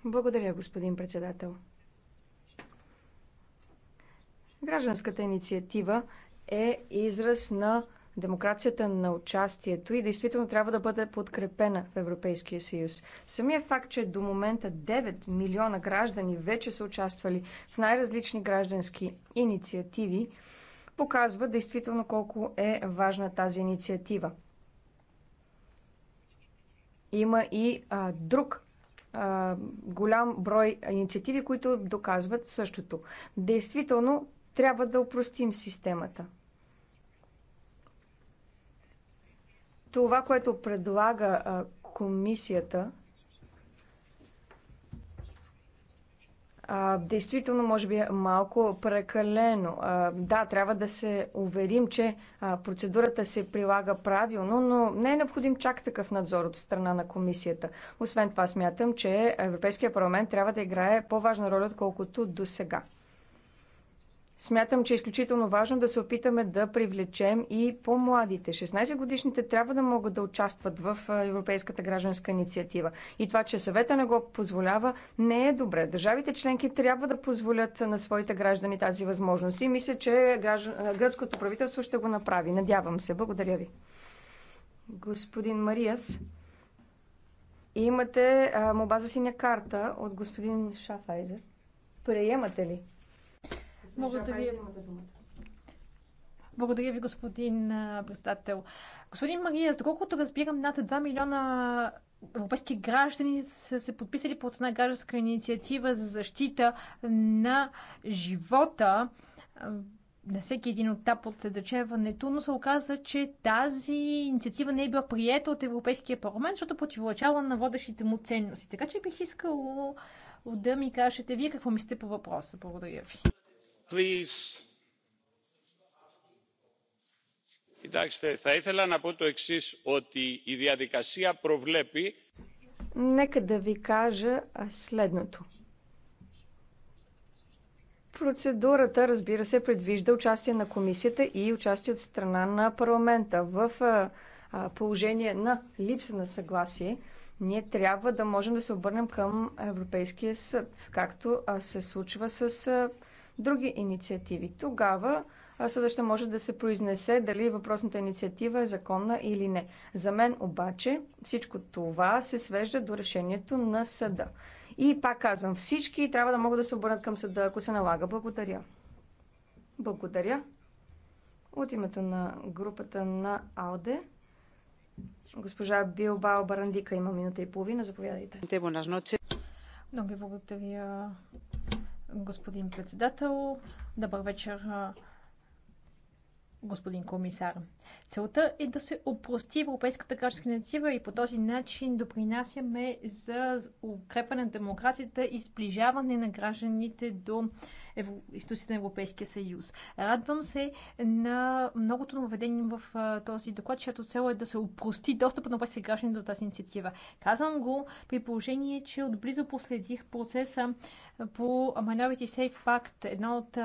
Благодаря, господин председател. Гражданската инициатива е израз на демокрацията на участието и действително трябва да бъде подкрепена в Европейския съюз. Самия факт, че до момента 9 милиона граждани вече са участвали в най-различни граждански инициативи, показва действително колко е важна тази инициатива. Има и а, друг а, голям брой инициативи, които доказват същото. Действително трябва да упростим системата. Това, което предлага а, комисията, А, действително, може би е малко прекалено. А, да, трябва да се уверим, че а, процедурата се прилага правилно, но не е необходим чак такъв надзор от страна на комисията. Освен това, смятам, че Европейския парламент трябва да играе по-важна роля, отколкото до сега. Смятам, че е изключително важно да се опитаме да привлечем и по-младите. 16-годишните трябва да могат да участват в Европейската гражданска инициатива. И това, че съвета не го позволява, не е добре. Държавите членки трябва да позволят на своите граждани тази възможност. И мисля, че гръцкото правителство ще го направи. Надявам се. Благодаря ви. Господин Мариас, имате моба за синя карта от господин Шафайзер. Приемате ли? Благодаря ви. Благодаря ви, господин председател. Господин Мария, доколкото разбирам, над 2 милиона европейски граждани са се подписали под една гражданска инициатива за защита на живота на всеки един етап от съдъчеването, но се оказа, че тази инициатива не е била приета от Европейския парламент, защото противоречава на водещите му ценности. Така че бих искал да ми кажете вие какво мислите по въпроса. Благодаря ви. Κοιτάξτε, θα ήθελα να πω το ότι η διαδικασία προβλέπει... Нека да ви кажа следното. Процедурата, разбира се, предвижда участие на комисията и участие от страна на парламента. В положение на липса на съгласие, ние трябва да можем да се обърнем към Европейския съд, както се случва с други инициативи. Тогава съдът ще може да се произнесе дали въпросната инициатива е законна или не. За мен обаче всичко това се свежда до решението на съда. И пак казвам, всички трябва да могат да се обърнат към съда, ако се налага. Благодаря. Благодаря. От името на групата на АЛДЕ, госпожа Билбао Барандика има минута и половина. Заповядайте. Много ви благодаря, господин председател. Добър вечер, господин комисар. Целта е да се опрости Европейската гражданска инициатива и по този начин допринасяме за укрепване на демокрацията и сближаване на гражданите до институциите на Европейския съюз. Радвам се на многото нововедение в този доклад, чиято цел е да се опрости достъпа на българските граждани до тази инициатива. Казвам го при положение, че отблизо последих процеса по Minority Safe Pact, една от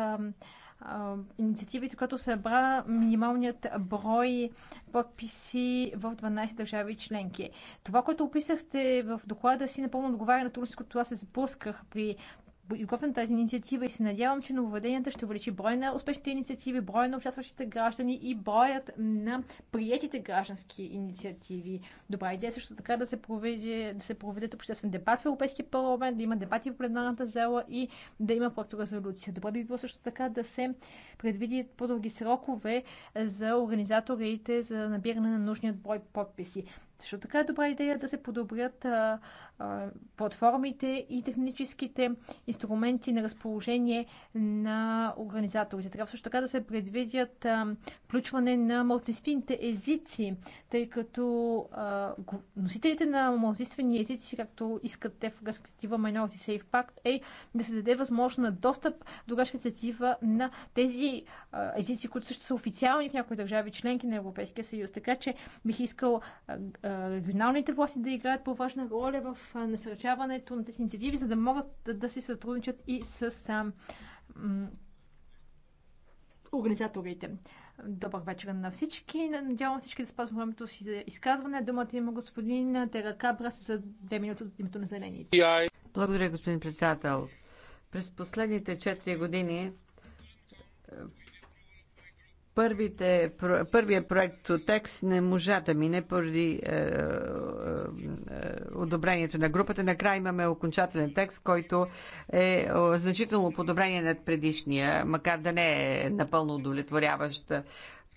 инициативите, която събра минималният брой подписи в 12 държави членки. Това, което описахте в доклада си, напълно отговаря на трудности, аз се сблъсках при подготвям тази инициатива и се надявам, че нововведенията ще увеличи брой на успешните инициативи, броя на участващите граждани и броят на приятите граждански инициативи. Добра идея също така да се проведе, да се проведе обществен дебат в Европейския парламент, да има дебати в пленарната зала и да има резолюция. Добре би било също така да се предвиди по-дълги срокове за организаторите за набиране на нужният брой подписи. Също така е добра идея да се подобрят а, платформите и техническите инструменти на разположение на организаторите. Трябва също така да се предвидят включване на малцинствените езици, тъй като носителите на малцинствени езици, както искат те в перспектива Minority Safe Pact, е да се даде възможност на достъп до инициатива на тези езици, които също са официални в някои държави, членки на Европейския съюз. Така че бих искал регионалните власти да играят по-важна роля в насърчаването на тези инициативи, за да могат да, да си сътрудничат и с а, м, организаторите. Добър вечер на всички. Надявам всички да спазвам времето си за изказване. Думата има господин Кабра за две минути от името на зелените. Благодаря, господин председател. През последните 4 години Първите, първия проект текст не можа да мине поради е, е, е, одобрението на групата. Накрая имаме окончателен текст, който е, е значително подобрение над предишния, макар да не е напълно удовлетворяващ.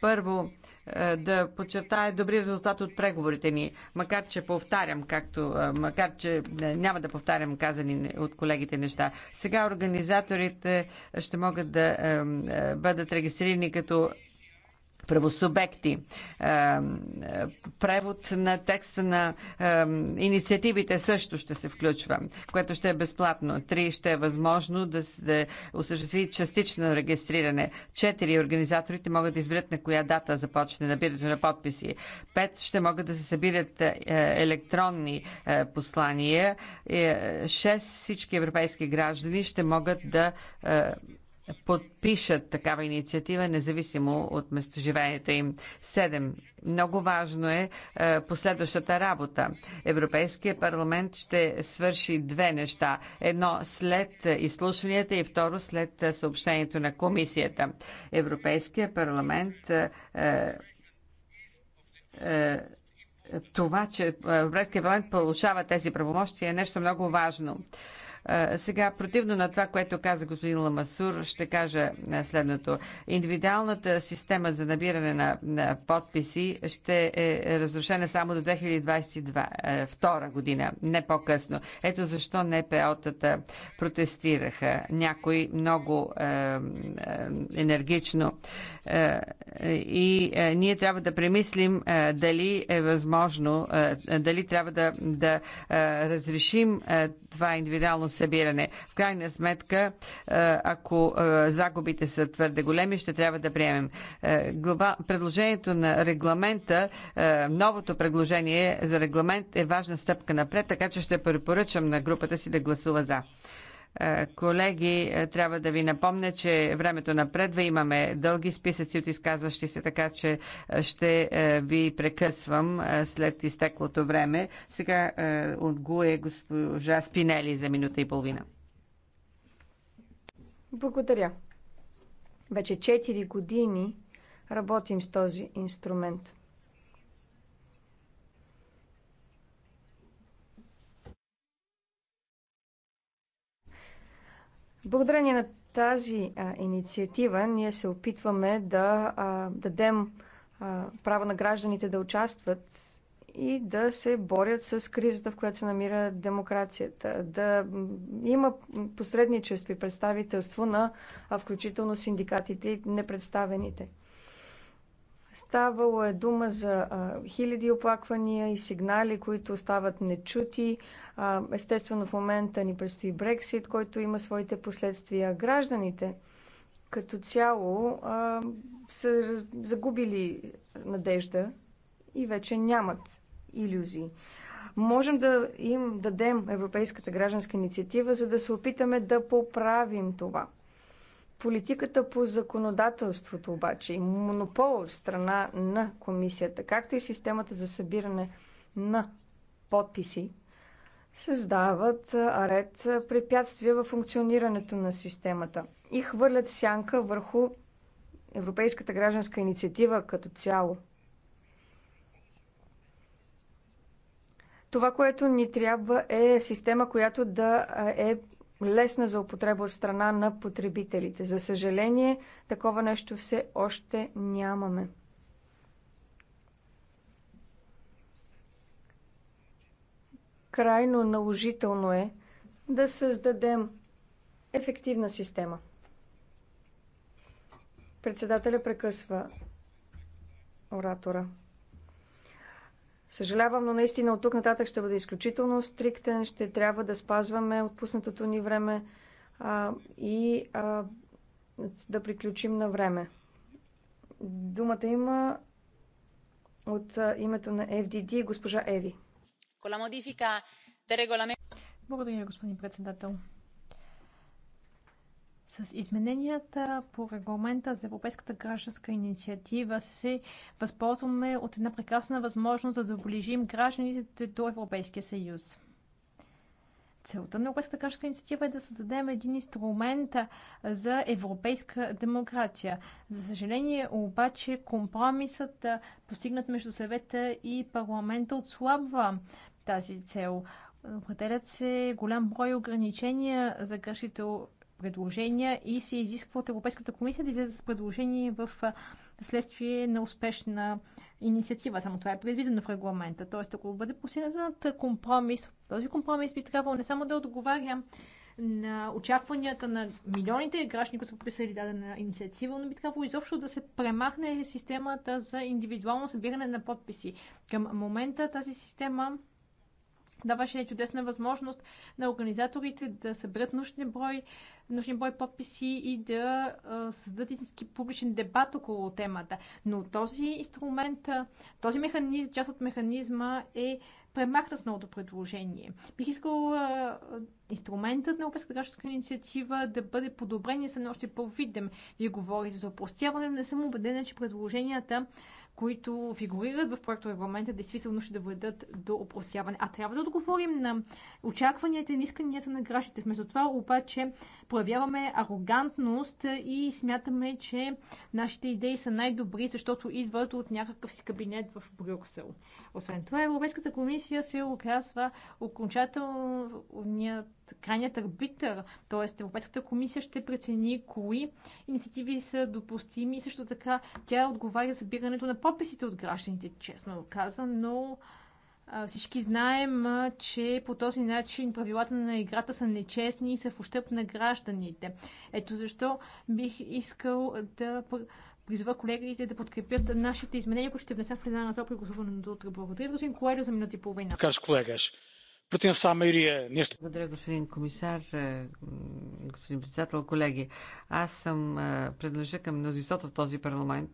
Първо, е, да подчертая добри резултат от преговорите ни, макар че повтарям, както, макар че няма да повтарям казани от колегите неща. Сега организаторите ще могат да бъдат регистрирани като правосубекти. Е, превод на текста на е, инициативите също ще се включва, което ще е безплатно. Три ще е възможно да се осъществи частично регистриране. Четири организаторите могат да изберат на коя дата започне набирането на подписи. Пет ще могат да се събират е, електронни послания. Шест всички европейски граждани ще могат да подпишат такава инициатива, независимо от местоживеенето им. Седем. Много важно е, е последващата работа. Европейския парламент ще свърши две неща. Едно след изслушванията и второ след съобщението на комисията. Европейския парламент е, е, е това, че Европейския парламент получава тези правомощи е нещо много важно. Сега, противно на това, което каза господин Ламасур, ще кажа следното. Индивидуалната система за набиране на, подписи ще е разрушена само до 2022 година, не по-късно. Ето защо НПО-тата протестираха. някой много енергично. и ние трябва да премислим дали е възможно, дали трябва да, да разрешим това индивидуално събиране. В крайна сметка, е, ако е, загубите са твърде големи, ще трябва да приемем. Е, предложението на регламента, новото предложение за регламент е важна стъпка напред, така че ще препоръчам на групата си да гласува за. Е, колеги, е, трябва да ви напомня, че времето напредва. Имаме дълги списъци от изказващи се, така че е, ще ви прекъсвам след изтеклото време. Сега отгуе госпожа Спинели за минута и половина. Благодаря. Вече 4 години работим с този инструмент. Благодарение на тази а, инициатива ние се опитваме да а, дадем а, право на гражданите да участват и да се борят с кризата, в която се намира демокрацията. Да има посредничество и представителство на а, включително синдикатите и непредставените. Ставало е дума за а, хиляди оплаквания и сигнали, които стават нечути. А, естествено, в момента ни предстои Брексит, който има своите последствия. Гражданите като цяло а, са загубили надежда и вече нямат иллюзии. Можем да им дадем Европейската гражданска инициатива, за да се опитаме да поправим това. Политиката по законодателството обаче и монопол от страна на комисията, както и системата за събиране на подписи, създават ред препятствия в функционирането на системата и хвърлят сянка върху Европейската гражданска инициатива като цяло. Това, което ни трябва е система, която да е лесна за употреба от страна на потребителите. За съжаление, такова нещо все още нямаме. Крайно наложително е да създадем ефективна система. Председателя прекъсва оратора. Съжалявам, но наистина от тук нататък ще бъде изключително стриктен. Ще трябва да спазваме отпуснатото ни време а, и а, да приключим на време. Думата има от а, името на FDD госпожа Еви. Благодаря, господин председател. С измененията по регламента за Европейската гражданска инициатива се възползваме от една прекрасна възможност да доближим гражданите до Европейския съюз. Целта на Европейската гражданска инициатива е да създадем един инструмент за европейска демокрация. За съжаление обаче компромисът, постигнат между съвета и парламента, отслабва тази цел. Определят се голям брой ограничения за гражданите предложения и се изисква от Европейската комисия да излезе с предложение в следствие на успешна инициатива. Само това е предвидено в регламента. Тоест, ако бъде постигнат компромис, този компромис би трябвало не само да отговаря на очакванията на милионите граждани, които са подписали дадена инициатива, но би трябвало изобщо да се премахне системата за индивидуално събиране на подписи. Към момента тази система даваше чудесна възможност на организаторите да съберат нужния брой, нужния брой подписи и да създадат истински публичен дебат около темата. Но този инструмент, този механизъм, част от механизма е премахна с новото предложение. Бих искал а, инструментът на Европейската гражданска инициатива да бъде подобрен и съм още по-видим. Вие говорите за опростяване, но не съм убедена, че предложенията които фигурират в проекто регламента, действително ще доведат до опростяване. А трябва да отговорим на очакванията и исканията на гражданите. Вместо това обаче проявяваме арогантност и смятаме, че нашите идеи са най-добри, защото идват от някакъв си кабинет в Брюксел. Освен това, Европейската комисия се оказва окончателният крайният арбитър, т.е. Европейската комисия ще прецени кои инициативи са допустими и също така тя отговаря за бирането на подписите от гражданите, честно казвам, но всички знаем, че по този начин правилата на играта са нечестни и са в ущърп на гражданите. Ето защо бих искал да призова колегите да подкрепят нашите изменения, които ще внесем в пленарна зала при гласуването от. Благодаря, господин Коелю, за минути и половина. Каш колегаш, Потенца Мария, нещо. Благодаря, господин комисар, е, господин председател, колеги. Аз съм е, предложа към мнозинството в този парламент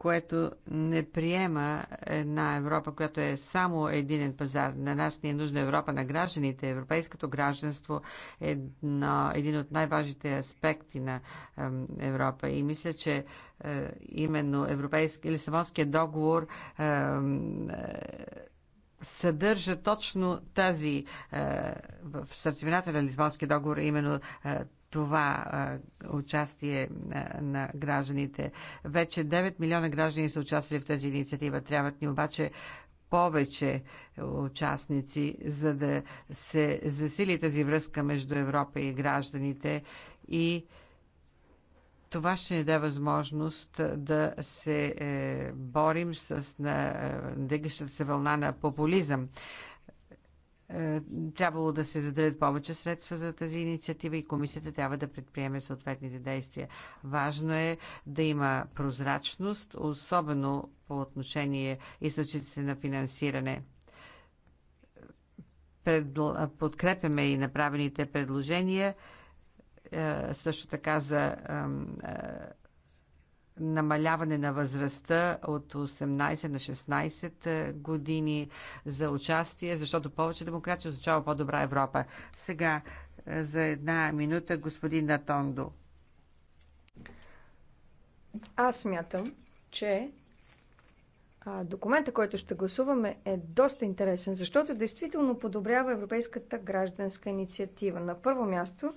което не приема една Европа, която е само единен пазар. На нас ни е нужна Европа на гражданите. Европейското гражданство е едно, един от най-важните аспекти на Европа. И мисля, че е, именно Европейски Лисабонския договор е, съдържа точно тази е, в сърцевината на Лисбонския договор, именно това участие на гражданите. Вече 9 милиона граждани са участвали в тази инициатива. Трябват ни обаче повече участници, за да се засили тази връзка между Европа и гражданите и това ще ни даде възможност да се е, борим с е, дигащата се вълна на популизъм. Е, трябвало да се заделят повече средства за тази инициатива и комисията трябва да предприеме съответните действия. Важно е да има прозрачност, особено по отношение източниците на финансиране. Подкрепяме и направените предложения е, също така за е, намаляване на възрастта от 18 на 16 е, години за участие, защото повече демокрация означава по-добра Европа. Сега е, за една минута господин Натондо. Аз смятам, че документа, който ще гласуваме, е доста интересен, защото действително подобрява Европейската гражданска инициатива. На първо място,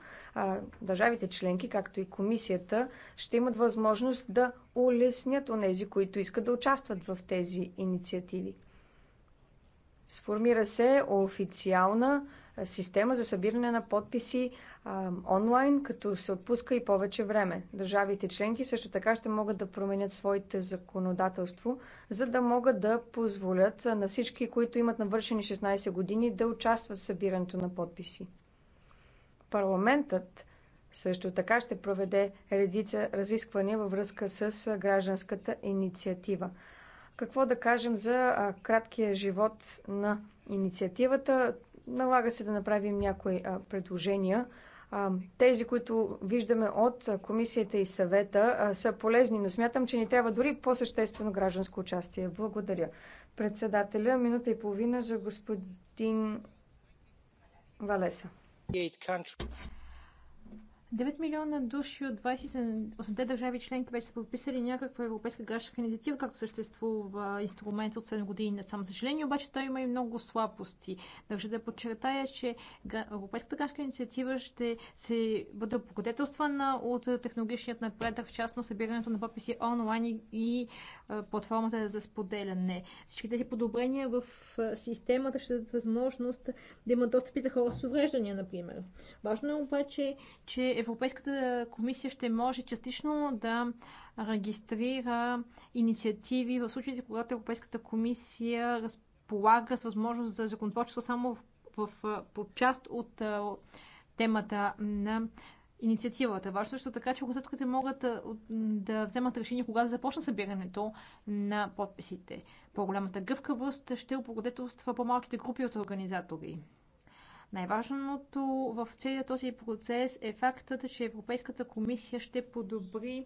държавите членки, както и комисията, ще имат възможност да улеснят онези, които искат да участват в тези инициативи. Сформира се официална система за събиране на подписи онлайн, като се отпуска и повече време. Държавите членки също така ще могат да променят своите законодателство, за да могат да позволят на всички, които имат навършени 16 години, да участват в събирането на подписи. Парламентът също така ще проведе редица разисквания във връзка с гражданската инициатива. Какво да кажем за краткия живот на инициативата? Налага се да направим някои предложения. Тези, които виждаме от комисията и съвета, са полезни, но смятам, че ни трябва дори по-съществено гражданско участие. Благодаря. Председателя, минута и половина за господин Валеса. 9 милиона души от 28-те държави членки вече са подписали някаква европейска гражданска инициатива, както съществува инструмент от 7 години на само съжаление, обаче той има и много слабости. Държа да подчертая, че европейската гражданска инициатива ще се бъде благодетелствана от технологичният напредък, в частност събирането на подписи онлайн и е, платформата за споделяне. Всички тези подобрения в е, системата ще дадат възможност да има и за хора с увреждания, например. Важно е обаче, че Европейската комисия ще може частично да регистрира инициативи в случаите, когато Европейската комисия разполага с възможност за законотворчество само в, в, по част от темата на инициативата. Важно е също така, че организаторите могат да, да вземат решение кога да започне събирането на подписите. По-голямата гъвкавост ще облагодетелства по-малките групи от организатори. Най-важното в целият този процес е фактът, че Европейската комисия ще подобри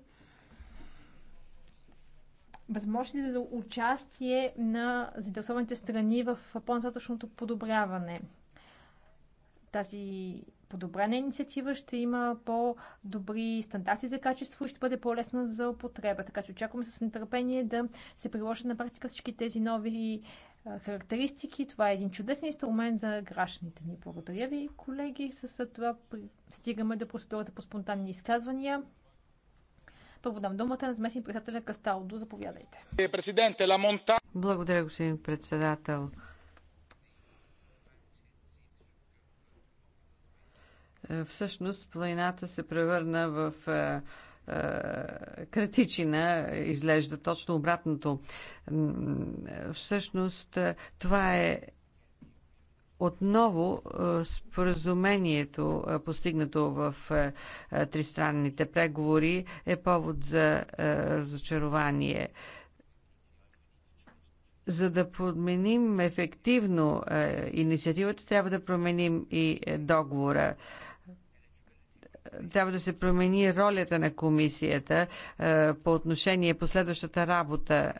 възможности за участие на заинтересованите страни в по-нататъчното подобряване. Тази подобрена инициатива ще има по-добри стандарти за качество и ще бъде по-лесна за употреба. Така че очакваме с нетърпение да се приложат на практика всички тези нови характеристики. Това е един чудесен инструмент за гражданите ни. Благодаря ви, колеги. С това стигаме до процедурата по спонтанни изказвания. Първо дам думата на заместник председателя Касталдо. Заповядайте. Благодаря, господин председател. Е, всъщност планината се превърна в е, е, критичина изглежда точно обратното. Всъщност е, това е отново е, споразумението, постигнато в тристранните преговори, е повод за разочарование. За да подменим ефективно инициативата, трябва да променим и договора трябва да се промени ролята на комисията по отношение последващата работа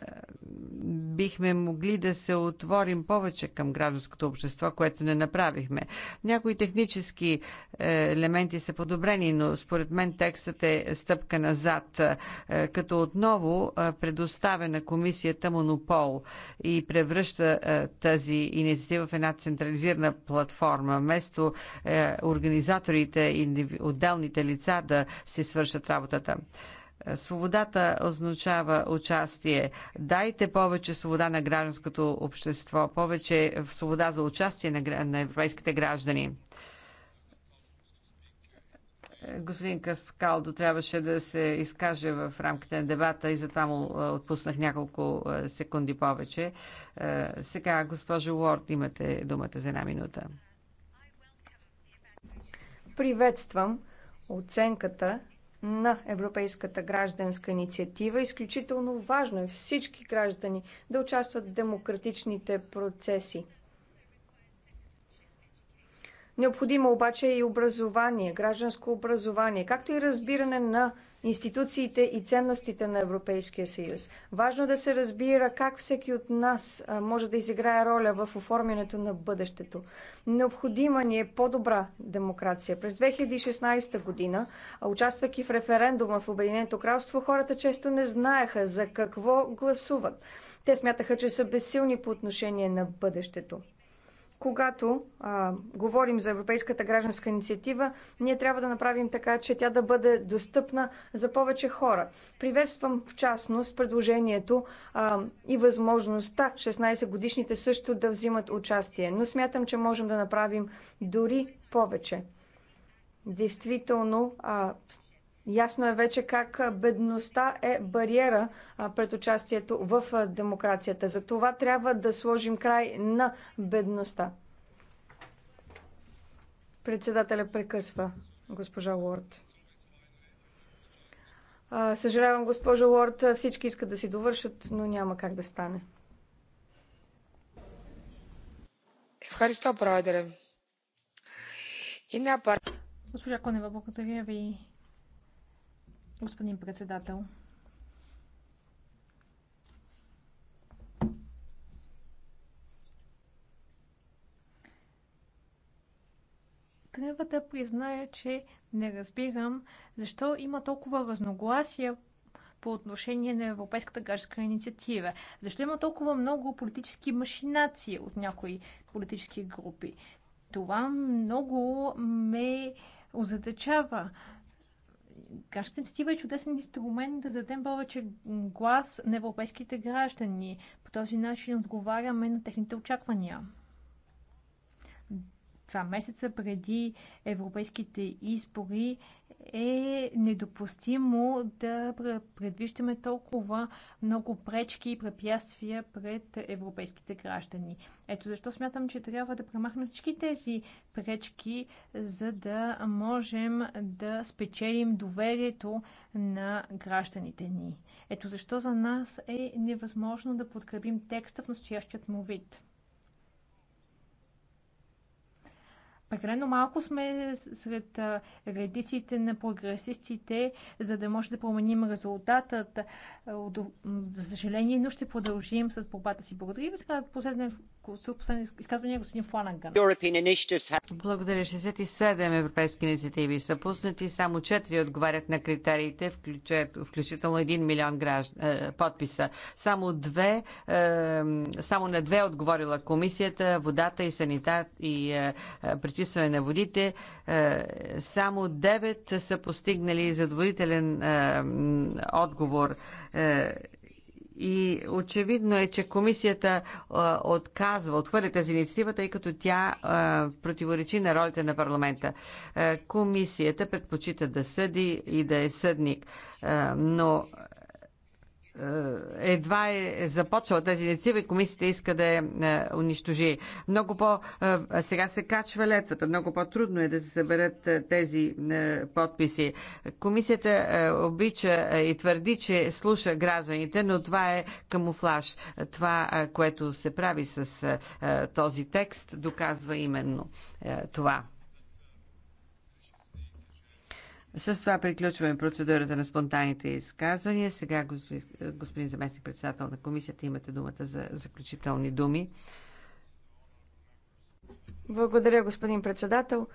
бихме могли да се отворим повече към гражданското общество, което не направихме. Някои технически е, елементи са подобрени, но според мен текстът е стъпка назад, е, като отново е, предоставя на комисията монопол и превръща тази инициатива в една централизирана платформа. Вместо организаторите и отделните лица да си свършат работата. Е, свободата означава участие. Дайте повече свобода на гражданското общество, повече свобода за участие на, на европейските граждани. Е, господин Каскалдо трябваше да се изкаже в рамките на дебата и затова му е, отпуснах няколко секунди повече. Сега, госпожо Уорд, имате думата за една минута. Приветствам оценката на Европейската гражданска инициатива. Изключително важно е всички граждани да участват в демократичните процеси. Необходимо обаче е и образование, гражданско образование, както и разбиране на институциите и ценностите на Европейския съюз. Важно да се разбира как всеки от нас може да изиграе роля в оформянето на бъдещето. Необходима ни е по-добра демокрация. През 2016 година, участвайки в референдума в Обединеното кралство, хората често не знаеха за какво гласуват. Те смятаха, че са безсилни по отношение на бъдещето. Когато а, говорим за Европейската гражданска инициатива, ние трябва да направим така, че тя да бъде достъпна за повече хора. Приветствам в частност предложението а, и възможността 16-годишните също да взимат участие, но смятам, че можем да направим дори повече. Действително, а, Ясно е вече как бедността е бариера пред участието в демокрацията. За това трябва да сложим край на бедността. Председателя прекъсва госпожа Уорд. Съжалявам, госпожа Уорд, всички искат да си довършат, но няма как да стане. Госпожа Конева, благодаря ви господин председател. Трябва да призная, че не разбирам защо има толкова разногласия по отношение на Европейската гражданска инициатива? Защо има толкова много политически машинации от някои политически групи? Това много ме озадачава. Гражданската инициатива е чудесен инструмент да дадем повече глас на европейските граждани. По този начин отговаряме на техните очаквания. Два месеца преди европейските избори е недопустимо да предвиждаме толкова много пречки и препятствия пред европейските граждани. Ето защо смятам, че трябва да премахнем всички тези пречки, за да можем да спечелим доверието на гражданите ни. Ето защо за нас е невъзможно да подкрепим текста в настоящият му вид. Прекалено малко сме сред редиците на прогресистите, за да може да променим резултатът. За съжаление, но ще продължим с борбата си. Благодаря ви. Сега последен благодаря. 67 европейски инициативи са пуснати. Само 4 отговарят на критериите, включително 1 милион е, подписа. Само, две, е, само на две отговорила комисията, водата и санитар и е, пречистване на водите. Само 9 са постигнали задоволителен отговор и очевидно е, че комисията а, отказва, отхвърля тази инициатива, тъй като тя а, противоречи на ролите на парламента. А, комисията предпочита да съди и да е съдник, а, но е, едва е, е започнала тази инициатива и комисията иска да я е, унищожи. Много по... Сега се качва летвата. Много по-трудно е да се съберат тези подписи. Комисията обича и твърди, че слуша гражданите, но това е камуфлаж. Това, което се прави с този текст, доказва именно това. С това приключваме процедурата на спонтанните изказвания. Сега, господин, господин заместник председател на комисията, имате думата за заключителни думи. Благодаря, господин председател.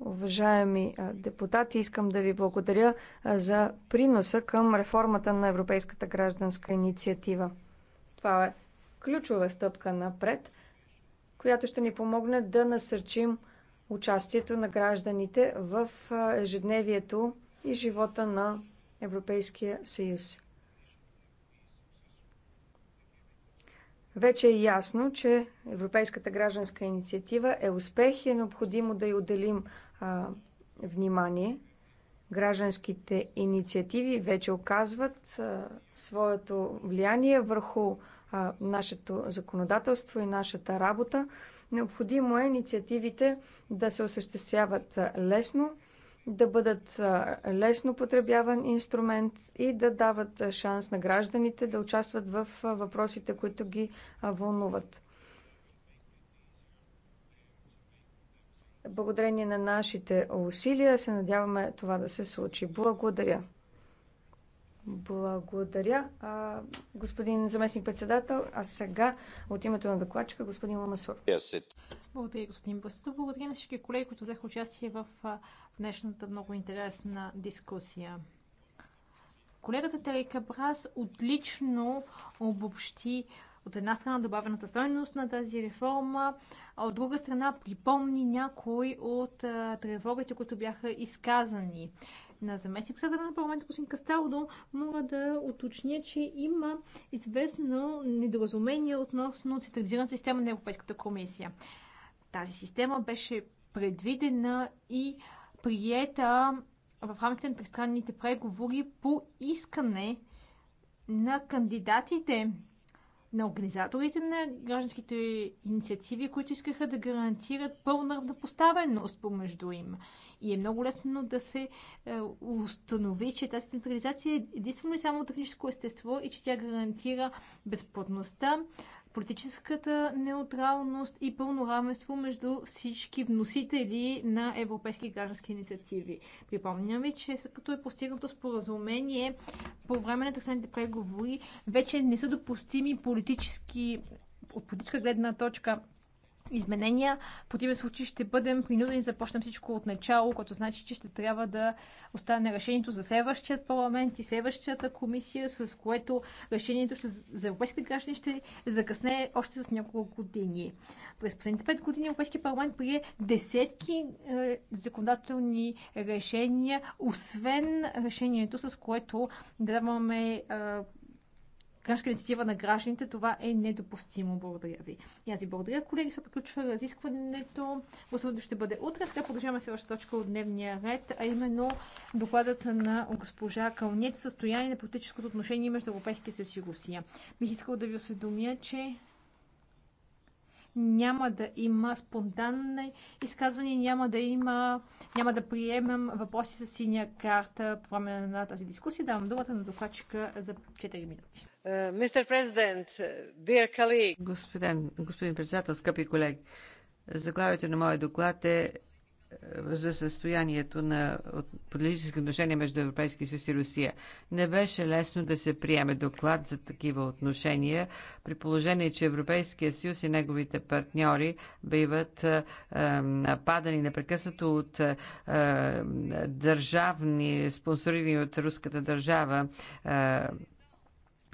Уважаеми депутати, искам да ви благодаря за приноса към реформата на Европейската гражданска инициатива. Това е ключова стъпка напред, която ще ни помогне да насърчим участието на гражданите в ежедневието и живота на Европейския съюз. Вече е ясно, че Европейската гражданска инициатива е успех и е необходимо да й отделим а, внимание. Гражданските инициативи вече оказват а, своето влияние върху а, нашето законодателство и нашата работа. Необходимо е инициативите да се осъществяват лесно, да бъдат лесно потребяван инструмент и да дават шанс на гражданите да участват в въпросите, които ги вълнуват. Благодарение на нашите усилия се надяваме това да се случи. Благодаря. Благодаря, господин заместник-председател. А сега от името на докладчика господин Ламасур. Yes, Благодаря, господин Баситов. Благодаря на всички колеги, които взеха участие в днешната много интересна дискусия. Колегата Терека Брас отлично обобщи от една страна добавената стойност на тази реформа, а от друга страна припомни някои от тревогите, които бяха изказани на заместник председател на парламента господин Касталдо, мога да уточня, че има известно недоразумение относно централизираната система на Европейската комисия. Тази система беше предвидена и приета в рамките на тристранните преговори по искане на кандидатите на организаторите на гражданските инициативи, които искаха да гарантират пълна равнопоставеност помежду им. И е много лесно да се е, установи, че тази централизация е единствено и само техническо естество и че тя гарантира безплатността, политическата неутралност и пълно равенство между всички вносители на европейски граждански инициативи. Припомням ви, че след като е постигнато споразумение по време на търсените преговори, вече не са допустими политически от политическа гледна точка изменения. В противен случай ще бъдем принудени да започнем всичко от начало, което значи, че ще трябва да остане решението за следващият парламент и следващата комисия, с което решението ще, за европейските граждани ще закъсне още с няколко години. През последните пет години Европейския парламент прие десетки е, законодателни решения, освен решението, с което даваме е, гражданска инициатива на гражданите, това е недопустимо. Благодаря ви. И аз ви благодаря, колеги. Се приключва разискването. Гласуването ще бъде утре. Сега продължаваме с ваша точка от дневния ред, а именно докладът на госпожа Кълнец. състояние на политическото отношение между Европейския съюз и Русия. Бих искала да ви осведомя, че няма да има спонтанни изказвания, няма да има, няма да приемам въпроси с синя карта по време на тази дискусия. Давам думата на докладчика за 4 минути. Uh, uh, господин, господин председател, скъпи колеги, заглавието на моя доклад е, е за състоянието на политически отношения между Европейския съюз и Русия. Не беше лесно да се приеме доклад за такива отношения, при положение, че Европейския съюз и неговите партньори биват е, е, нападани непрекъснато от държавни, спонсорирани от руската държава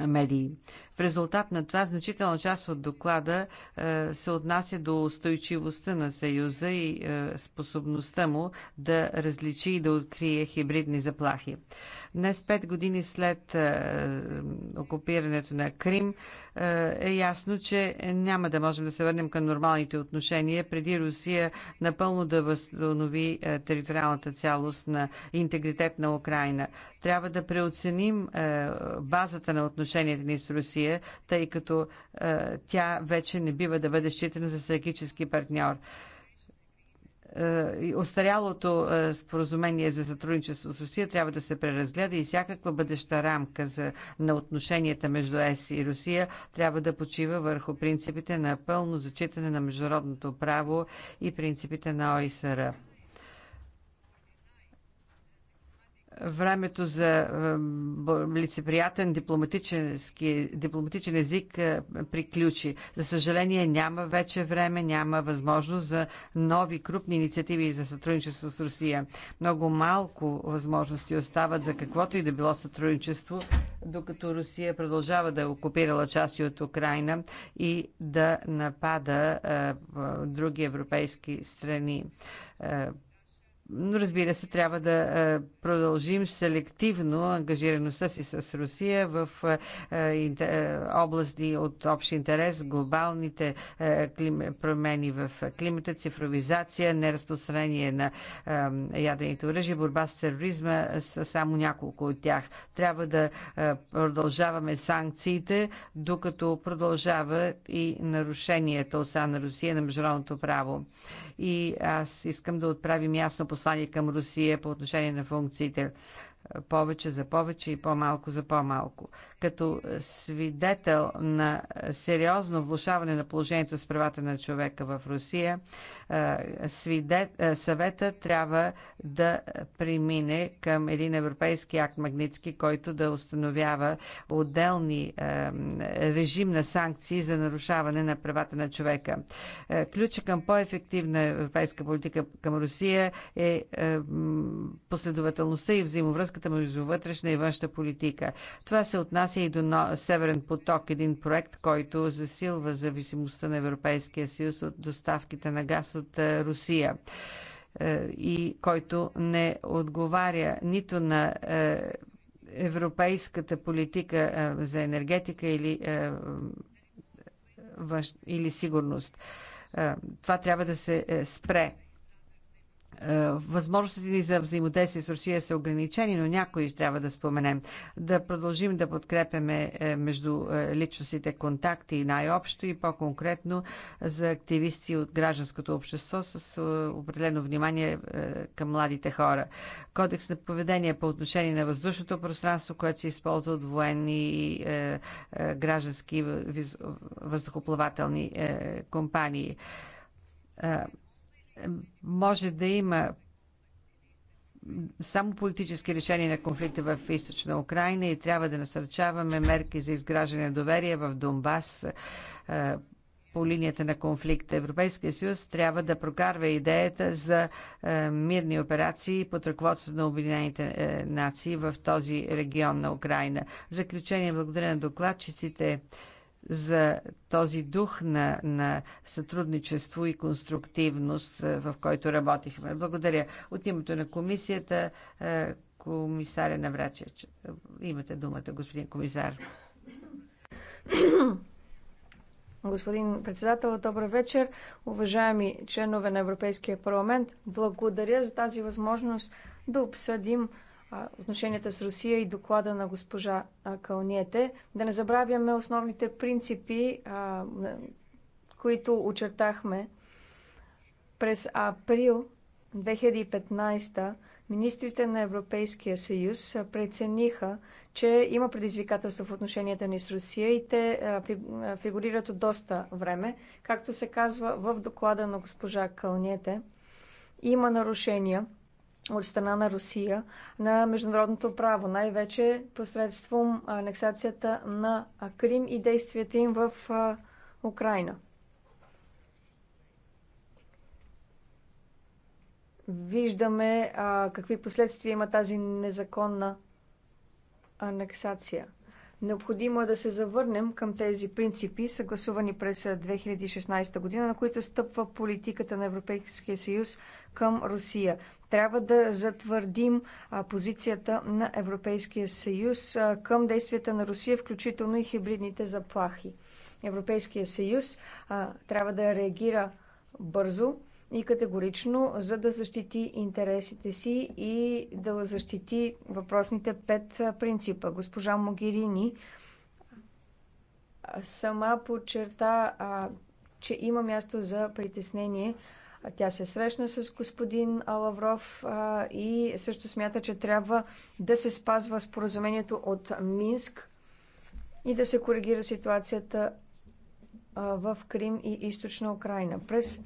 медии. В резултат на това значителна част от доклада е, се отнася до устойчивостта на Съюза и е, способността му да различи и да открие хибридни заплахи. Днес, пет години след е, окупирането на Крим, е ясно, че няма да можем да се върнем към нормалните отношения преди Русия напълно да възстанови териториалната цялост на интегритет на Украина. Трябва да преоценим базата на отношенията ни с Русия Русия, тъй като е, тя вече не бива да бъде считана за стратегически партньор. Е, остарялото е, споразумение за сътрудничество с Русия трябва да се преразгледа и всякаква бъдеща рамка за, на отношенията между ЕС и Русия трябва да почива върху принципите на пълно зачитане на международното право и принципите на ОИСР. времето за лицеприятен дипломатичен език е, приключи. За съжаление няма вече време, няма възможност за нови крупни инициативи за сътрудничество с Русия. Много малко възможности остават за каквото и да било сътрудничество, докато Русия продължава да е окупирала части от Украина и да напада е, други европейски страни е, Разбира се, трябва да продължим селективно ангажираността си с Русия в области от общ интерес, глобалните промени в климата, цифровизация, неразпространение на ядените оръжия, борба с тероризма са само няколко от тях. Трябва да продължаваме санкциите, докато продължава и нарушенията от страна на Русия на международното право. И аз искам да отправим ясно по послание към Русия по отношение на функциите повече за повече и по-малко за по-малко. Като свидетел на сериозно влушаване на положението с правата на човека в Русия, съвета трябва да премине към един европейски акт магнитски, който да установява отделни режим на санкции за нарушаване на правата на човека. Ключа към по-ефективна европейска политика към Русия е последователността и взаимовръзка връзката между вътрешна и външна политика. Това се отнася и до Северен поток, един проект, който засилва зависимостта на Европейския съюз от доставките на газ от е, Русия е, и който не отговаря нито на е, европейската политика за енергетика или, или сигурност. Това трябва да се спре е, възможностите ни за взаимодействие с Русия са ограничени, но някои ще трябва да споменем. Да продължим да подкрепяме е, между е, личностите контакти най-общо и по-конкретно за активисти от гражданското общество с определено внимание към младите хора. Кодекс на поведение по отношение на въздушното пространство, което се използва от военни и граждански въздухоплавателни компании може да има само политически решения на конфликта в източна Украина и трябва да насърчаваме мерки за изграждане на доверие в Донбас е, по линията на конфликта. Европейския съюз трябва да прокарва идеята за е, мирни операции под ръководството на Обединените е, нации в този регион на Украина. В заключение, благодаря на докладчиците за този дух на, на сътрудничество и конструктивност, е, в който работихме. Благодаря. От името на комисията, е, комисаря Наврачеч. Имате думата, господин комисар. Господин председател, добър вечер. Уважаеми членове на Европейския парламент, благодаря за тази възможност да обсъдим отношенията с Русия и доклада на госпожа Кълниете. Да не забравяме основните принципи, които очертахме през април 2015 министрите на Европейския съюз прецениха, че има предизвикателство в отношенията ни с Русия и те фигурират от доста време. Както се казва в доклада на госпожа Кълнете, има нарушения – от страна на Русия на международното право, най-вече посредством анексацията на Крим и действията им в Украина. Виждаме а, какви последствия има тази незаконна анексация. Необходимо е да се завърнем към тези принципи, съгласувани през 2016 година, на които стъпва политиката на Европейския съюз към Русия трябва да затвърдим позицията на Европейския съюз към действията на Русия, включително и хибридните заплахи. Европейския съюз трябва да реагира бързо и категорично, за да защити интересите си и да защити въпросните пет принципа. Госпожа Могирини сама подчерта, че има място за притеснение тя се срещна с господин Лавров и също смята, че трябва да се спазва споразумението от Минск и да се коригира ситуацията в Крим и източна Украина. През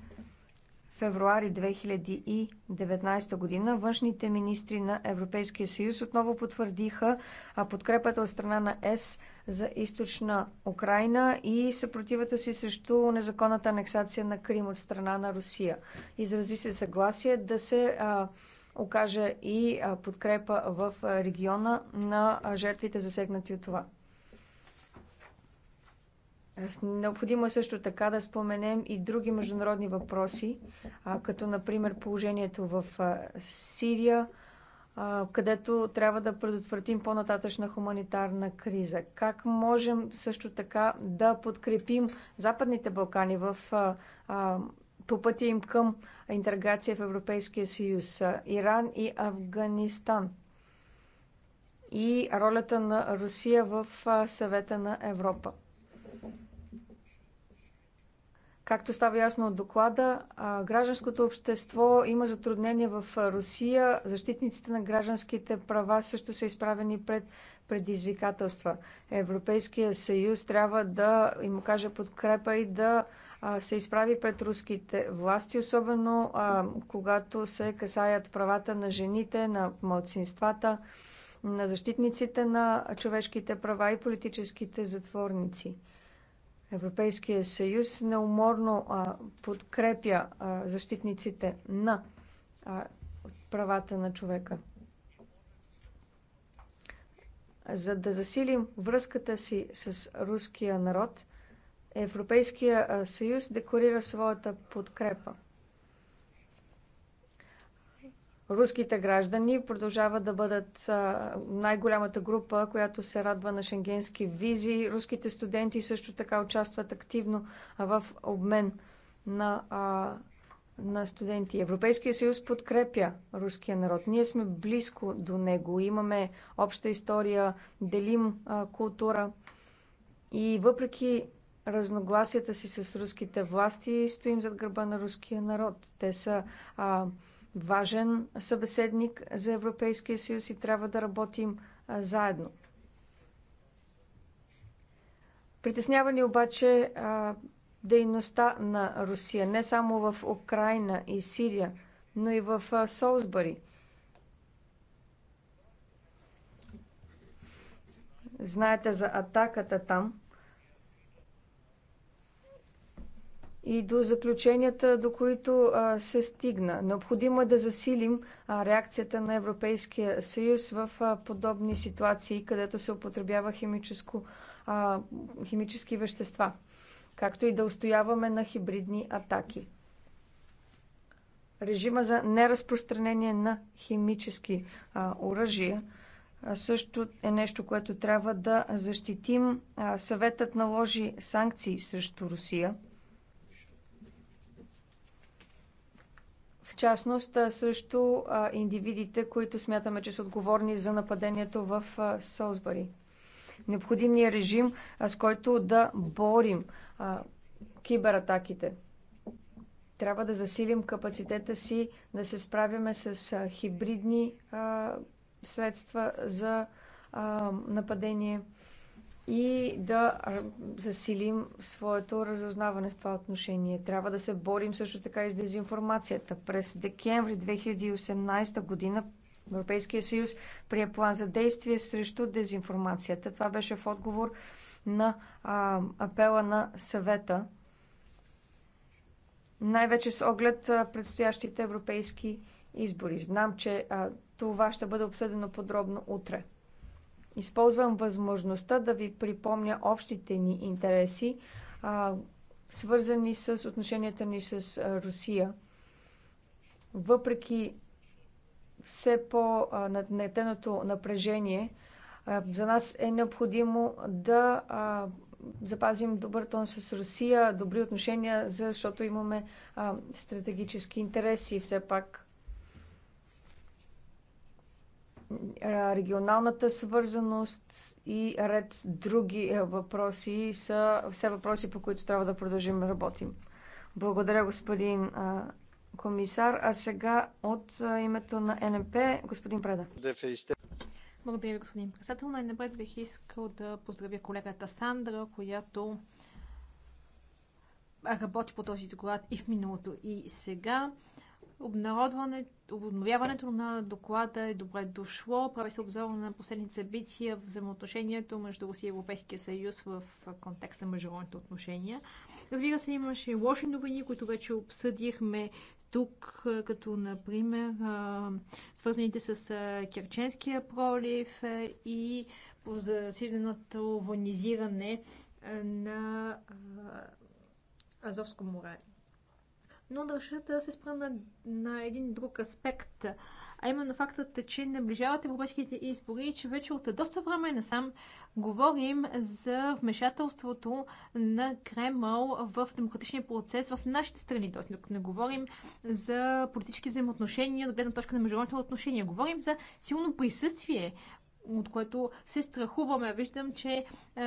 февруари 2019 година външните министри на Европейския съюз отново потвърдиха подкрепата от страна на ЕС за източна Украина и съпротивата си срещу незаконната анексация на Крим от страна на Русия. Изрази се съгласие да се окаже и подкрепа в региона на жертвите засегнати от това. Необходимо е също така да споменем и други международни въпроси, като например положението в Сирия, където трябва да предотвратим по-нататъчна хуманитарна криза. Как можем също така да подкрепим Западните Балкани в, по пътя им към интеграция в Европейския съюз, Иран и Афганистан? И ролята на Русия в съвета на Европа. Както става ясно от доклада, гражданското общество има затруднения в Русия. Защитниците на гражданските права също са изправени пред предизвикателства. Европейския съюз трябва да им окаже подкрепа и да се изправи пред руските власти, особено когато се касаят правата на жените, на младсинствата, на защитниците на човешките права и политическите затворници. Европейския съюз неуморно а, подкрепя а, защитниците на а, правата на човека. За да засилим връзката си с руския народ, Европейския съюз декорира своята подкрепа. Руските граждани продължават да бъдат най-голямата група, която се радва на шенгенски визи. Руските студенти също така участват активно в обмен на, на студенти. Европейския съюз подкрепя руския народ. Ние сме близко до него. Имаме обща история, делим култура. И въпреки разногласията си с руските власти, стоим зад гърба на руския народ. Те са. А, важен събеседник за Европейския съюз и трябва да работим заедно. Притеснява ни обаче а, дейността на Русия, не само в Украина и Сирия, но и в а, Солсбъри. Знаете за атаката там. и до заключенията, до които а, се стигна. Необходимо е да засилим а, реакцията на Европейския съюз в а, подобни ситуации, където се употребява химическо, а, химически вещества, както и да устояваме на хибридни атаки. Режима за неразпространение на химически а, оръжия също е нещо, което трябва да защитим. А, съветът наложи санкции срещу Русия – в частност срещу индивидите, които смятаме, че са отговорни за нападението в Солсбъри. Необходимният е режим, с който да борим кибератаките. Трябва да засилим капацитета си да се справяме с хибридни средства за нападение – и да засилим своето разузнаване в това отношение. Трябва да се борим също така и с дезинформацията. През декември 2018 година Европейския съюз прие план за действие срещу дезинформацията. Това беше в отговор на а, апела на съвета, най-вече с оглед предстоящите европейски избори. Знам, че а, това ще бъде обсъдено подробно утре. Използвам възможността да ви припомня общите ни интереси, а, свързани с отношенията ни с Русия. Въпреки все по-наднетеното напрежение, за нас е необходимо да запазим добър тон с Русия, добри отношения, защото имаме стратегически интереси. Все пак регионалната свързаност и ред други е, въпроси са все въпроси, по които трябва да продължим да работим. Благодаря, господин комисар. А сега от името на НП, господин Преда. Благодаря ви, господин председател. Най-напред бих искал да поздравя колегата Сандра, която работи по този доклад и в миналото, и сега обновяването на доклада е добре дошло. Прави се обзор на последните събития в взаимоотношението между Русия и Европейския съюз в контекста на международните отношения. Разбира се, имаше и лоши новини, които вече обсъдихме тук, като например свързаните с Керченския пролив и засиленото вонизиране на Азовско море но решат да се спра на, на един друг аспект, а именно фактът, че наближават европейските избори и че вече от доста време насам говорим за вмешателството на Кремъл в демократичния процес в нашите страни. Тоест, не говорим за политически взаимоотношения от гледна точка на международните отношения. Говорим за силно присъствие от което се страхуваме. Виждам, че е,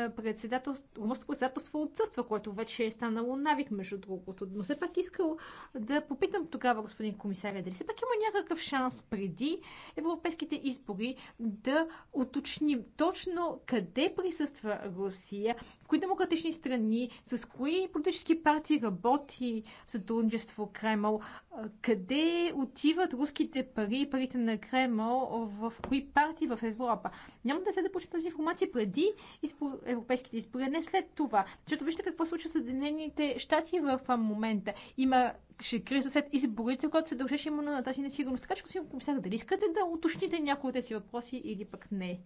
председателство, румънското председателство отсъства, което вече е станало навик, между другото. Но все пак искал да попитам тогава, господин комисаря, дали все пак има някакъв шанс преди европейските избори да уточним точно къде присъства Русия, в кои демократични страни, с кои политически партии работи сътрудничество Кремл, къде отиват руските пари, парите на Кремл, в кои партии в Европа. Европа. Няма да се да получим тази информация преди изпо... европейските избори, а не след това. Защото вижте какво случва с Съединените щати в момента. Има ще криза след изборите, когато се дължеше именно на тази несигурност. Така че, господин комисар, дали искате да уточните някои от тези въпроси или пък не?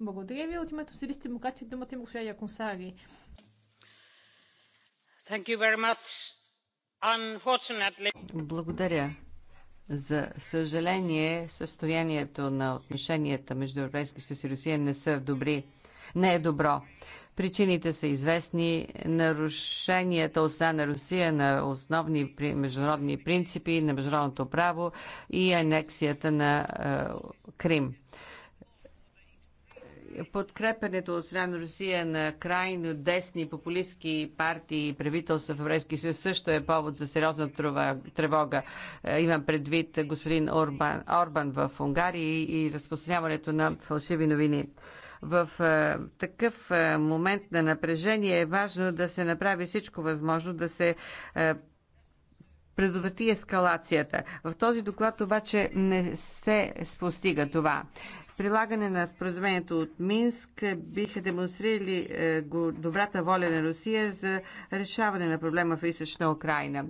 Благодаря ви. От името си листи демократи думата има госпожа Яконсари. Благодаря. За съжаление, състоянието на отношенията между Европейския съюз и Русия не са добри. Не е добро. Причините са известни. Нарушенията от страна на Русия на основни международни принципи, на международното право и анексията на е, Крим подкрепенето от страна Русия на крайно десни популистски партии и правителства в Европейския съюз също е повод за сериозна тревога. Е, имам предвид господин Орбан, Орбан в Унгария и разпространяването на фалшиви новини. В е, такъв е, момент на напрежение е важно да се направи всичко възможно, да се е, предотврати ескалацията. В този доклад обаче не се спостига това прилагане на споразумението от Минск биха демонстрирали е, добрата воля на Русия за решаване на проблема в източна Украина.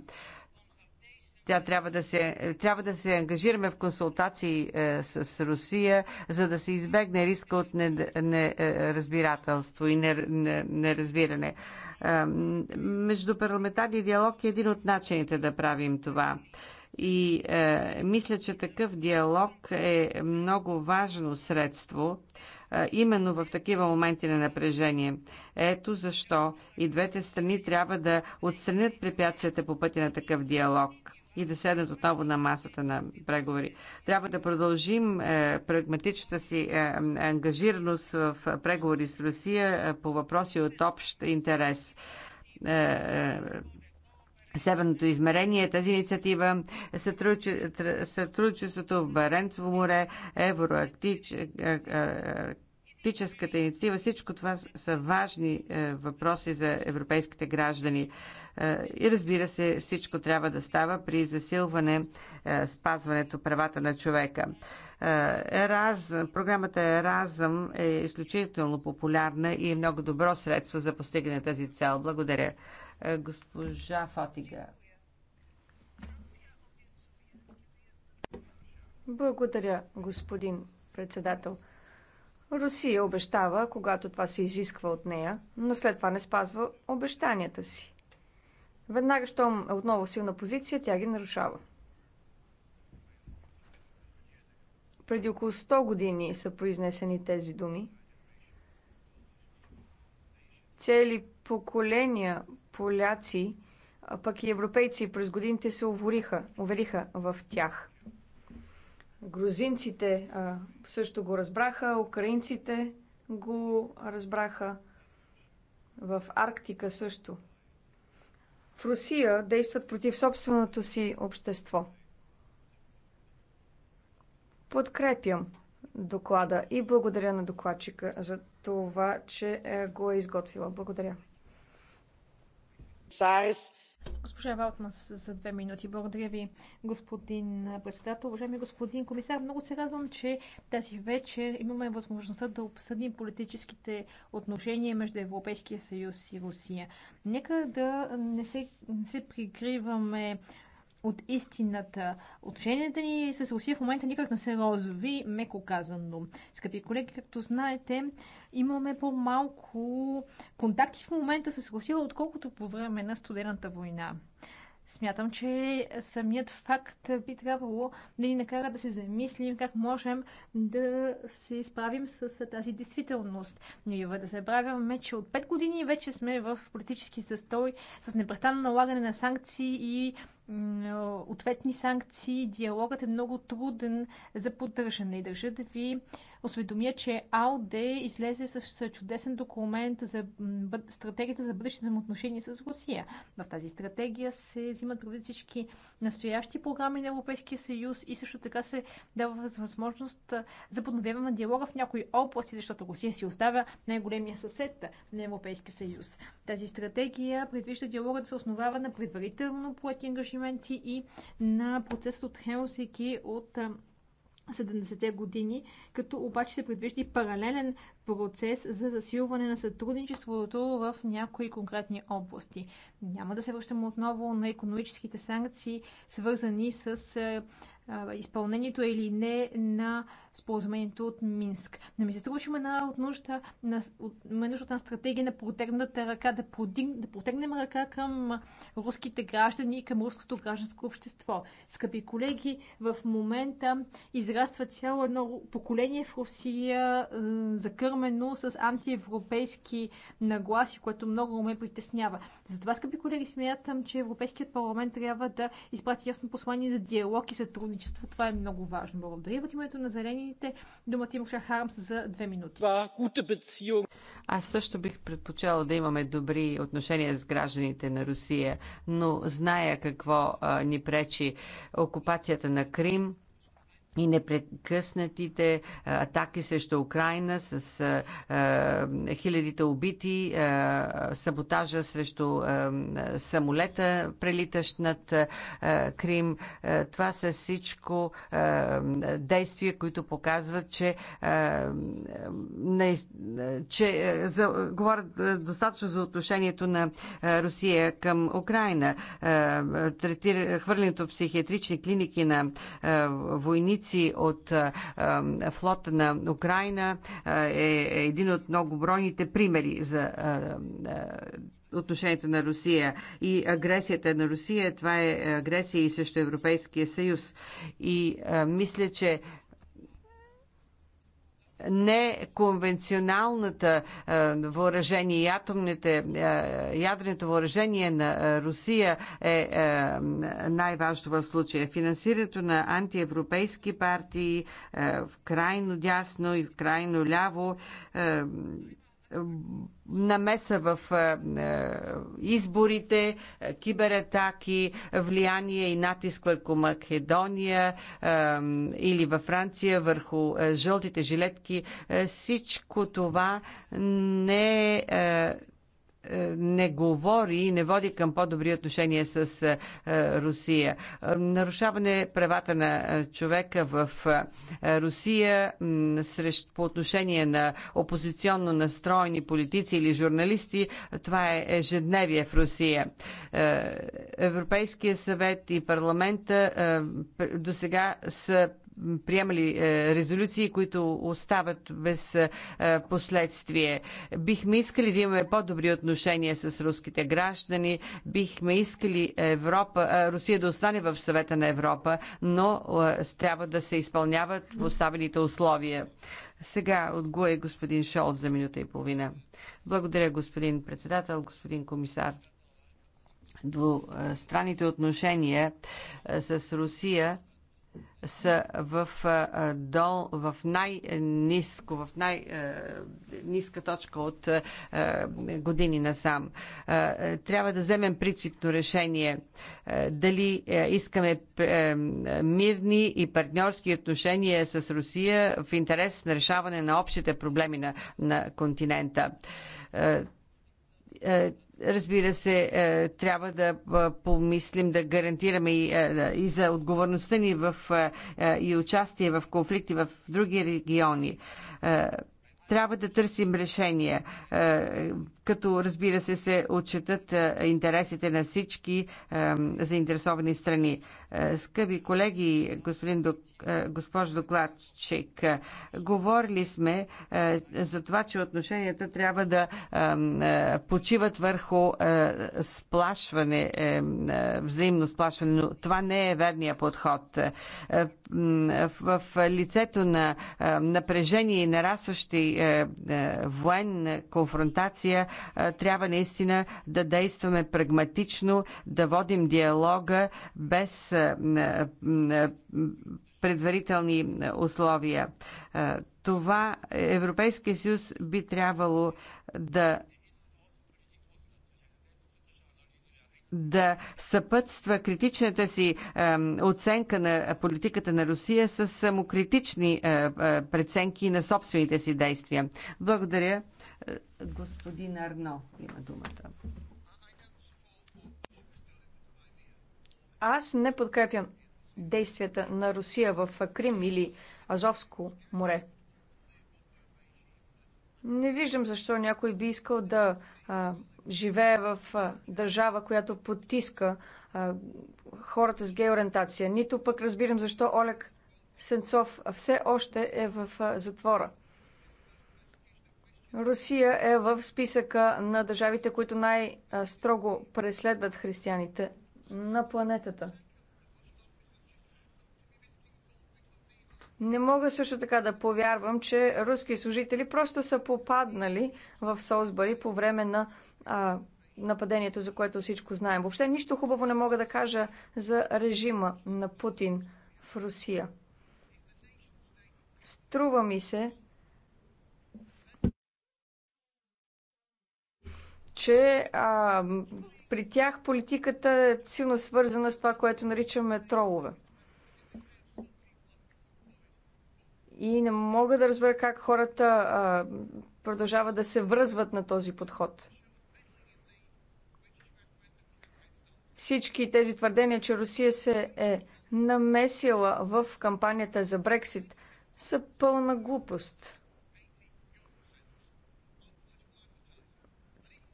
Тя трябва да се, трябва да се ангажираме в консултации е, с Русия, за да се избегне риска от неразбирателство е, не, не, и неразбиране. Не, не е, Междупарламентарният диалог е един от начините да правим това. Е, и е, мисля, че такъв диалог е много важно средство е, именно в такива моменти на напрежение. Ето защо и двете страни трябва да отстранят препятствията по пътя на такъв диалог и да седнат отново на масата на преговори. Трябва да продължим е, прагматичната си е, ангажираност в преговори с Русия е, по въпроси от общ интерес. Е, е, Северното измерение, тази инициатива, сътрудничеството в Баренцево море, евроактическата е, е, инициатива, всичко това са важни е, въпроси за европейските граждани. И разбира се, всичко трябва да става при засилване спазването правата на човека. Еразъм, програмата Еразъм е изключително популярна и е много добро средство за постигане тази цел. Благодаря. Е, госпожа Фатига. Благодаря, господин председател. Русия обещава, когато това се изисква от нея, но след това не спазва обещанията си. Веднага, щом е отново силна позиция, тя ги нарушава. Преди около 100 години са произнесени тези думи. Цели поколения поляци, а пък и европейци през годините се увориха, увериха в тях. Грузинците а, също го разбраха, украинците го разбраха, в Арктика също. В Русия действат против собственото си общество. Подкрепям доклада и благодаря на докладчика за това, че е го е изготвила. Благодаря комисарис. Госпожа Валтмас за две минути. Благодаря ви, господин председател. Уважаеми господин комисар, много се радвам, че тази вечер имаме възможността да обсъдим политическите отношения между Европейския съюз и Русия. Нека да не се, не се прикриваме от истината. Отношенията ни с Русия в момента никак не са розови, меко казано. Скъпи колеги, както знаете, имаме по-малко контакти в момента с Русия, отколкото по време на студената война. Смятам, че самият факт би трябвало да ни накара да се замислим как можем да се справим с тази действителност. Не бива да забравяме, че от 5 години вече сме в политически застой с непрестанно налагане на санкции и ответни санкции. Диалогът е много труден за поддържане и държа да ви осведомя, че АОДЕ излезе с чудесен документ за стратегията за бъдещи взаимоотношения с Русия. В тази стратегия се взимат предвид всички настоящи програми на Европейския съюз и също така се дава възможност за подновяване на диалога в някои области, защото Русия си оставя най-големия съсед на Европейския съюз. Тази стратегия предвижда диалога да се основава на предварително поети ангажименти и на процес от Хелсики от 70-те години, като обаче се предвижда и паралелен процес за засилване на сътрудничеството в някои конкретни области. Няма да се връщам отново на економическите санкции, свързани с е, изпълнението е или не на споразумението от Минск. Но ми се струва, че има нужда, на, от, нужда от една стратегия на протегната ръка, да, подиг, да протегнем ръка към руските граждани и към руското гражданско общество. Скъпи колеги, в момента израства цяло едно поколение в Русия, закърмено с антиевропейски нагласи, което много ме притеснява. Затова, скъпи колеги, смятам, че Европейският парламент трябва да изпрати ясно послание за диалог и сътрудничество сътрудничество. Това е много важно. Благодаря. От името на зелените думата има Хармс за две минути. Е Аз също бих предпочела да имаме добри отношения с гражданите на Русия, но зная какво а, ни пречи окупацията на Крим, и непрекъснатите атаки срещу Украина с хилядите убити, саботажа срещу самолета, прелитащ над Крим. това са всичко действия, които показват, че, не, че за, говорят достатъчно за отношението на Русия към Украина. Е, третир, хвърлянето в психиатрични клиники на е, войници войници от флота на Украина е, е един от многобройните примери за отношението на Русия и агресията на Русия. Това е агресия и също Европейския съюз. И а, мисля, че неконвенционалната е, въоръжение и атомните, е, ядреното въоръжение на е, Русия е най-важно в случая. Финансирането на антиевропейски партии в крайно дясно и в крайно ляво намеса в е, е, изборите, е, кибератаки, влияние и натиск върху Македония или във Франция върху жълтите жилетки. Всичко това не е е, не говори и не води към по-добри отношения с е, Русия. Е, нарушаване правата на човека в Русия по отношение на опозиционно настроени политици или журналисти, това е ежедневие в Русия. Европейския съвет и парламента до сега са приемали е, резолюции, които остават без е, последствие. Бихме искали да имаме по-добри отношения с руските граждани, бихме искали Европа, е, Русия да остане в съвета на Европа, но трябва да се изпълняват поставените условия. Сега отгое господин Шолт за минута и половина. Благодаря, господин председател, господин комисар двустранните отношения с Русия са в, дол, в най-низко, в най ниска точка от години насам. Трябва да вземем принципно решение дали искаме мирни и партньорски отношения с Русия в интерес на решаване на общите проблеми на, на континента Разбира се, е, трябва да е, помислим да гарантираме е, и за отговорността ни в, и участие в конфликти в други региони трябва да търсим решения като разбира се се отчитат интересите на всички заинтересовани страни. Скъпи колеги, господин док, госпожо докладчик, говорили сме за това, че отношенията трябва да почиват върху сплашване, взаимно сплашване, но това не е верния подход. В лицето на напрежение и нарастващи военна конфронтация трябва наистина да действаме прагматично, да водим диалога без предварителни условия. Това Европейския съюз би трябвало да да съпътства критичната си е, оценка на политиката на Русия с самокритични е, е, преценки на собствените си действия. Благодаря. Господин Арно има думата. Аз не подкрепям действията на Русия в Крим или Азовско море. Не виждам защо някой би искал да а, живее в а, държава, която потиска а, хората с геориентация. Нито пък разбирам защо Олег Сенцов все още е в а, затвора. Русия е в списъка на държавите, които най-строго преследват християните на планетата. Не мога също така да повярвам, че руски служители просто са попаднали в Солсбари по време на а, нападението, за което всичко знаем. Въобще нищо хубаво не мога да кажа за режима на Путин в Русия. Струва ми се, че а, при тях политиката е силно свързана с това, което наричаме тролове. И не мога да разбера как хората а, продължават да се връзват на този подход. Всички тези твърдения, че Русия се е намесила в кампанията за Брексит, са пълна глупост.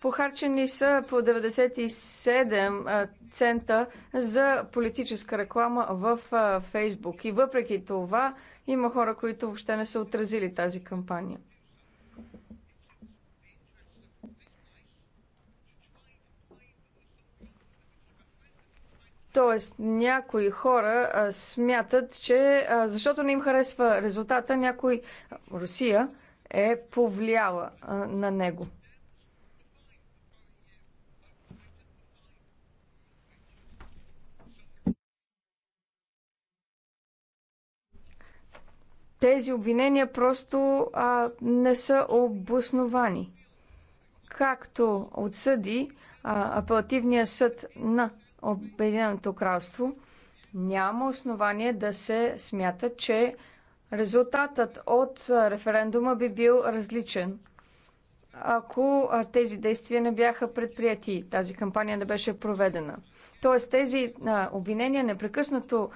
Похарчени са по 97 цента за политическа реклама в Фейсбук. И въпреки това има хора, които въобще не са отразили тази кампания. Тоест, някои хора а, смятат, че а, защото не им харесва резултата, някой Русия е повлияла а, на него. Тези обвинения просто а, не са обосновани. Както отсъди а, апелативния съд на Обединеното кралство, няма основание да се смята, че резултатът от референдума би бил различен, ако тези действия не бяха предприяти, тази кампания не беше проведена. Тоест тези обвинения непрекъснато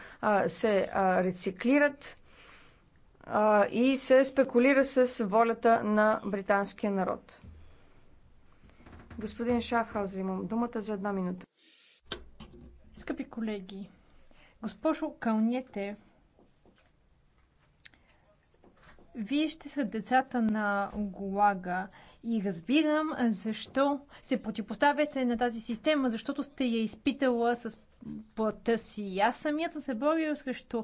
се рециклират и се спекулира с волята на британския народ. Господин Шафхаузер, имам думата за една минута. Скъпи колеги, госпожо Калнете, вие ще сте децата на Голага и разбирам защо се противопоставяте на тази система, защото сте я изпитала с плата си. Аз самият съм се борил срещу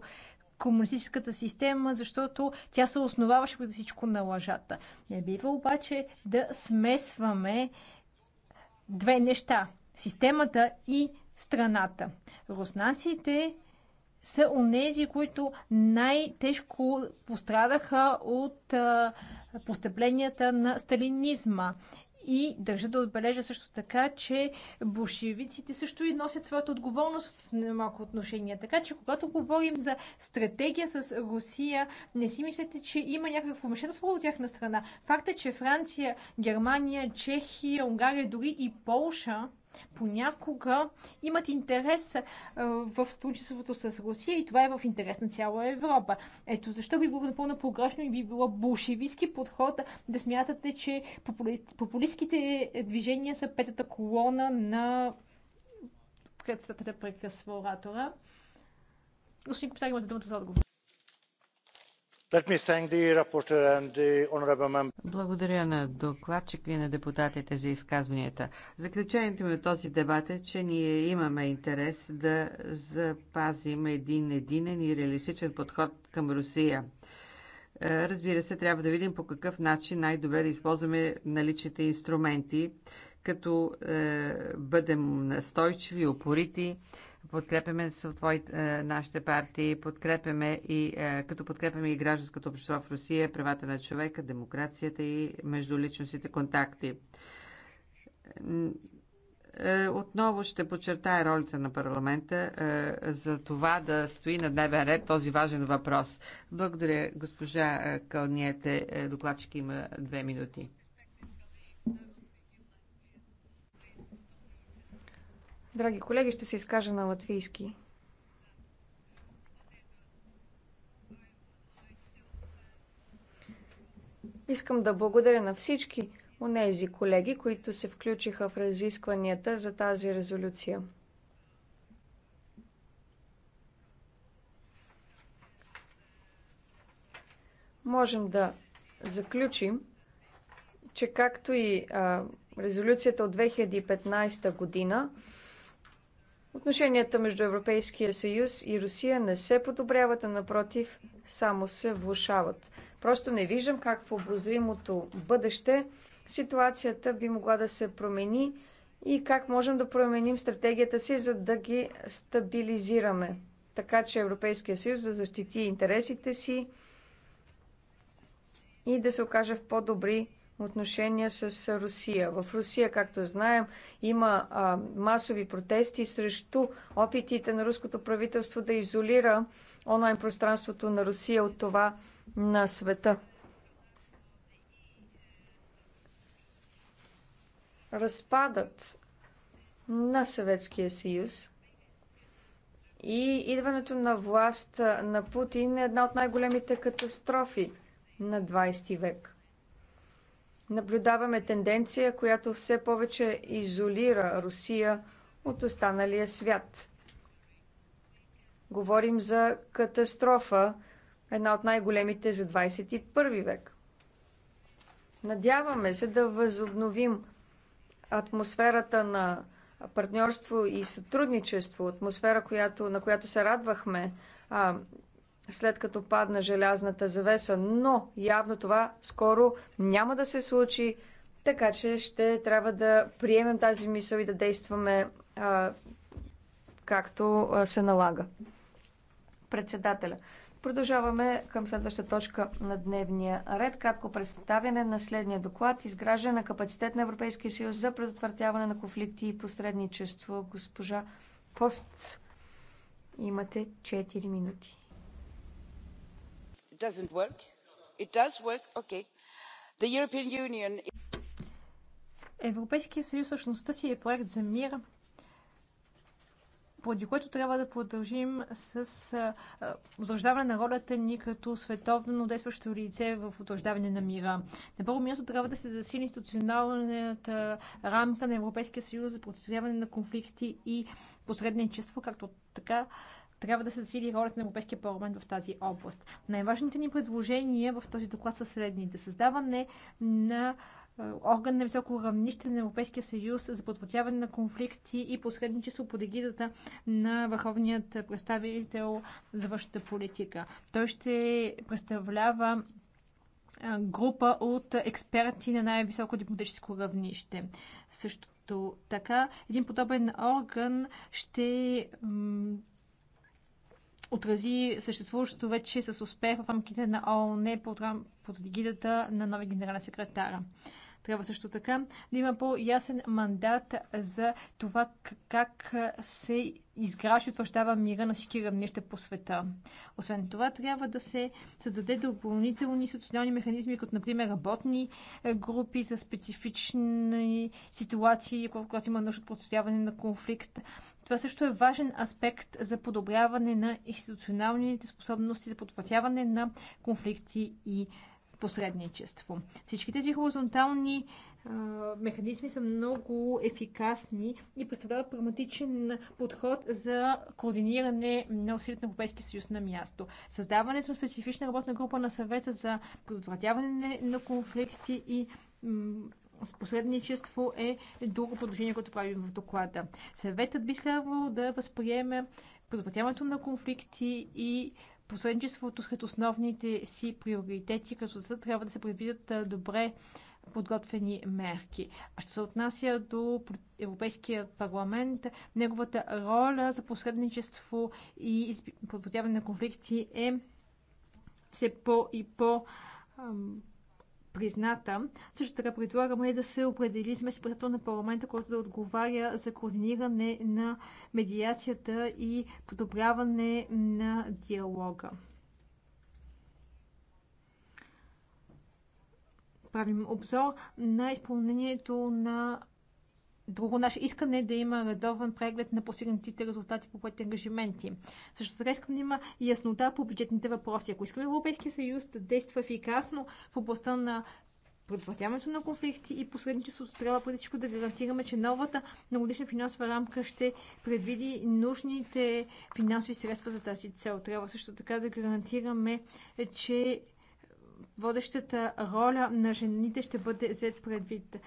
комунистическата система, защото тя се основаваше преди всичко на лъжата. Не бива обаче да смесваме две неща системата и страната. Руснаците са онези, които най-тежко пострадаха от а, постъпленията на сталинизма. И държа да отбележа също така, че бушевиците също и носят своята отговорност в малко отношение. Така че, когато говорим за стратегия с Русия, не си мислете, че има някакво вмешателство от тяхна страна. Факта, е, че Франция, Германия, Чехия, Унгария, дори и Полша понякога имат интерес в сътрудничеството с Русия и това е в интерес на цяла Европа. Ето защо би било напълно погрешно и би било болшевистски подход да смятате, че популистските движения са петата колона на председателя прекъсва оратора. Господин Копсар, имате думата за отговор. Благодаря на докладчика и на депутатите за изказванията. Заключението ми от този дебат е, че ние имаме интерес да запазим един единен и реалистичен подход към Русия. Е, разбира се, трябва да видим по какъв начин най-добре да използваме наличните инструменти, като е, бъдем настойчиви, опорити подкрепяме се от твои, е, нашите партии, подкрепяме и, е, като подкрепяме и гражданското общество в Русия, правата на човека, демокрацията и междуличностите контакти. Е, отново ще подчертая ролята на парламента за това да стои на дневен ред този важен въпрос. Благодаря, госпожа Кълниете. Докладчик има две минути. Драги колеги, ще се изкажа на латвийски. Искам да благодаря на всички онези колеги, които се включиха в разискванията за тази резолюция. Можем да заключим, че както и а, резолюцията от 2015 година, Отношенията между Европейския съюз и Русия не се подобряват, а напротив, само се влушават. Просто не виждам как в обозримото бъдеще ситуацията би могла да се промени и как можем да променим стратегията си, за да ги стабилизираме, така че Европейския съюз да защити интересите си и да се окаже в по-добри отношения с Русия. В Русия, както знаем, има а, масови протести срещу опитите на руското правителство да изолира онлайн пространството на Русия от това на света. Разпадът на Съветския съюз и идването на власт на Путин е една от най-големите катастрофи на 20 век наблюдаваме тенденция, която все повече изолира Русия от останалия свят. Говорим за катастрофа, една от най-големите за 21 век. Надяваме се да възобновим атмосферата на партньорство и сътрудничество, атмосфера, която, на която се радвахме а, след като падна желязната завеса, но явно това скоро няма да се случи, така че ще трябва да приемем тази мисъл и да действаме а, както се налага. Председателя. Продължаваме към следваща точка на дневния ред. Кратко представяне на следния доклад. Изграждане на капацитет на Европейския съюз за предотвратяване на конфликти и посредничество. Госпожа Пост, имате 4 минути. Европейския съюз същността си е проект за мир, поради който трябва да продължим с утвърждаване на ролята ни като световно действащо лице в утвърждаване на мира. На първо място трябва да се засили институционалната рамка на Европейския съюз за противостояване на конфликти и посредничество, както така трябва да се засили ролята на Европейския парламент в тази област. Най-важните ни предложения в този доклад са следните. Създаване на е, орган на високо равнище на Европейския съюз за подводяване на конфликти и посредничество под егидата на върховният представител за външната политика. Той ще представлява е, група от експерти на най-високо дипломатическо равнище. Също така, един подобен орган ще отрази съществуващото вече с успех в рамките на ООН под егидата на нови генерален секретар. Трябва също така да има по-ясен мандат за това как се изгражда и утвърждава мира на всички равнища по света. Освен това, трябва да се създаде допълнителни социални механизми, като например работни групи за специфични ситуации, когато има нужда от противяване на конфликт, това също е важен аспект за подобряване на институционалните способности за подвратяване на конфликти и посредничество. Всички тези хоризонтални а, механизми са много ефикасни и представляват прагматичен подход за координиране на усилията на Европейския съюз на място. Създаването на специфична работна група на съвета за предотвратяване на конфликти и посредничество е друго предложение, което правим в доклада. Съветът би следвало да възприеме предотвратяването на конфликти и посредничеството сред основните си приоритети, като за трябва да се предвидят добре подготвени мерки. А що се отнася до Европейския парламент, неговата роля за посредничество и предотвратяване на конфликти е все по и по призната. Също така предлагаме да се определи заместник на парламента, който да отговаря за координиране на медиацията и подобряване на диалога. Правим обзор на изпълнението на Друго наше искане е да има редовен преглед на постигнатите резултати по поети ангажименти. Също така искам да има яснота по бюджетните въпроси. Ако искаме Европейския съюз да действа ефикасно в областта на предотвратяването на конфликти и посредничеството трябва преди всичко да гарантираме, че новата многодишна финансова рамка ще предвиди нужните финансови средства за тази цел. Трябва също така да гарантираме, че водещата роля на жените ще бъде взет предвид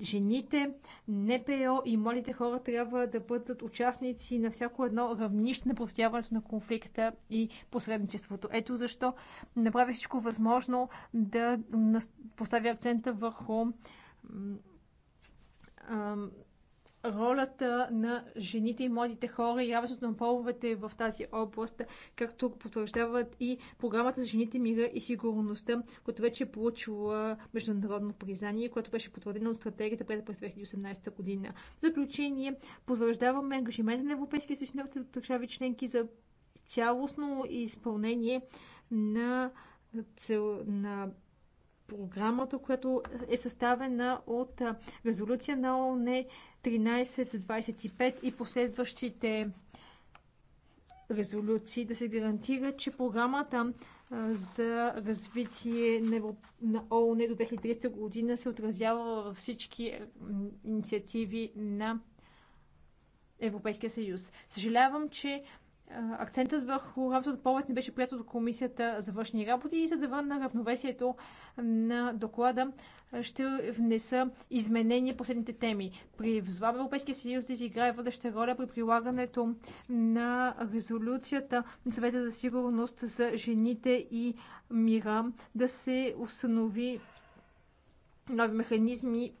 жените, НПО и младите хора трябва да бъдат участници на всяко едно равнище на постояването на конфликта и посредничеството. Ето защо направя всичко възможно да поставя акцента върху ролята на жените и младите хора и равенството на половете в тази област, както потвърждават и програмата за жените, мира и сигурността, която вече е получила международно признание, което беше потвърдено от стратегията пред през 2018 година. В заключение, потвърждаваме ангажимента на Европейския съюз и държави членки за цялостно изпълнение на цел на програмата, която е съставена от резолюция на ООН 1325 и последващите резолюции, да се гарантира, че програмата за развитие на ООН до 2030 година се отразява във всички инициативи на Европейския съюз. Съжалявам, че акцентът върху работата по не беше прият от Комисията за външни работи и за да върна равновесието на доклада ще внеса изменения последните теми. При взлам Европейския съюз да изиграе водеща роля при прилагането на резолюцията на съвета за сигурност за жените и мира, да се установи нови механизми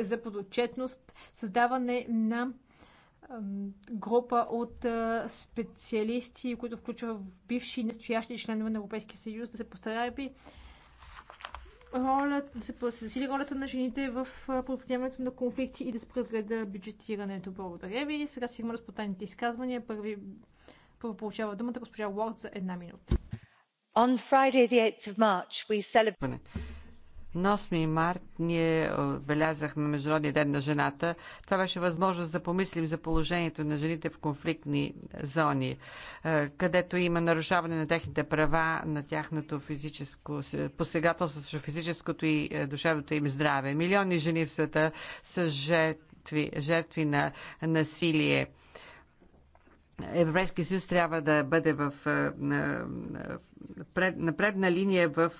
за подотчетност, създаване на група от специалисти, които включва бивши и настоящи членове на Европейския съюз, да се постараби роля, да се засили ролята на жените в предотвратяването на конфликти и да се преразгледа бюджетирането. Благодаря ви. Сега си има разпотаните изказвания. Първи, първо получава думата госпожа Уорд за една минута. On Friday, the 8th of March, we celebrate на 8 март ние е, отбелязахме Международния ден на жената. Това беше възможност да помислим за положението на жените в конфликтни зони, е, където има нарушаване на техните права, на тяхното физическо посегателство срещу физическото и е, душевното им здраве. Милиони жени в света са жертви, жертви на насилие Европейския съюз трябва да бъде в напредна линия в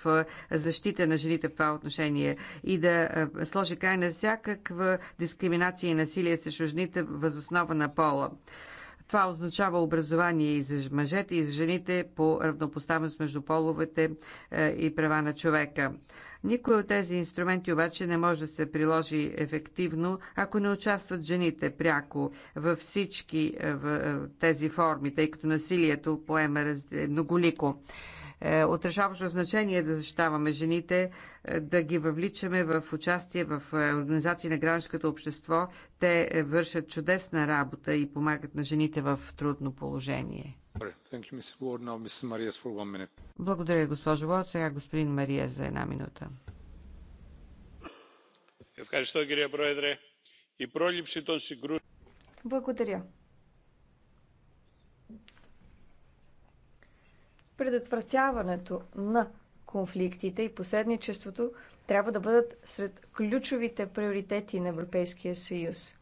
защита на жените в това отношение и да сложи край на всякаква дискриминация и насилие срещу жените възоснова на пола. Това означава образование и за мъжете, и за жените по равнопоставеност между половете и права на човека. Никой от тези инструменти обаче не може да се приложи ефективно, ако не участват жените пряко във всички е, в е, тези форми, тъй като насилието поема е, многолико Отрешаващо значение е да защитаваме жените, да ги въвличаме в участие в организации на гражданското общество. Те вършат чудесна работа и помагат на жените в трудно положение. Благодаря, госпожо Уорд. Сега господин Мария за една минута. Благодаря. Предотвратяването на конфликтите и посредничеството трябва да бъдат сред ключовите приоритети на Европейския съюз.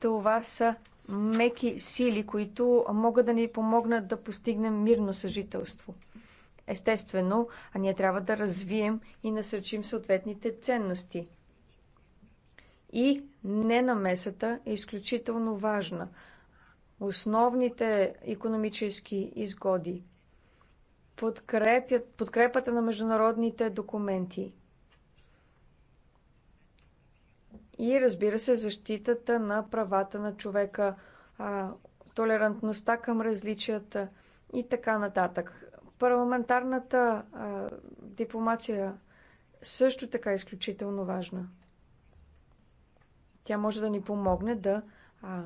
Това са меки сили, които могат да ни помогнат да постигнем мирно съжителство. Естествено, а ние трябва да развием и насърчим съответните ценности. И ненамесата е изключително важна. Основните економически изгоди подкрепят, подкрепата на международните документи – и разбира се защитата на правата на човека, толерантността към различията и така нататък. Парламентарната а, дипломация също така е изключително важна. Тя може да ни помогне да а,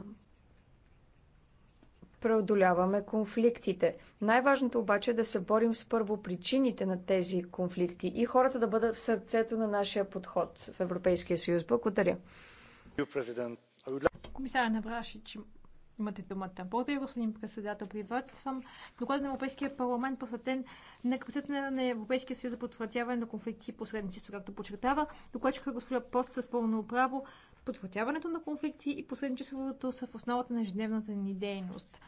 преодоляваме конфликтите. Най-важното обаче е да се борим с първопричините на тези конфликти и хората да бъдат в сърцето на нашия подход в Европейския съюз. Благодаря. Комисаря Наврашич, имате думата. Благодаря, господин председател. Приветствам доклад на Европейския парламент, посветен на капацитета на Европейския съюз за потвърдяване на конфликти и посредничество, както подчертава. Докладчика госпожа Пост с пълно право Подхватяването на конфликти и посредничеството са в основата на ежедневната ни дейност.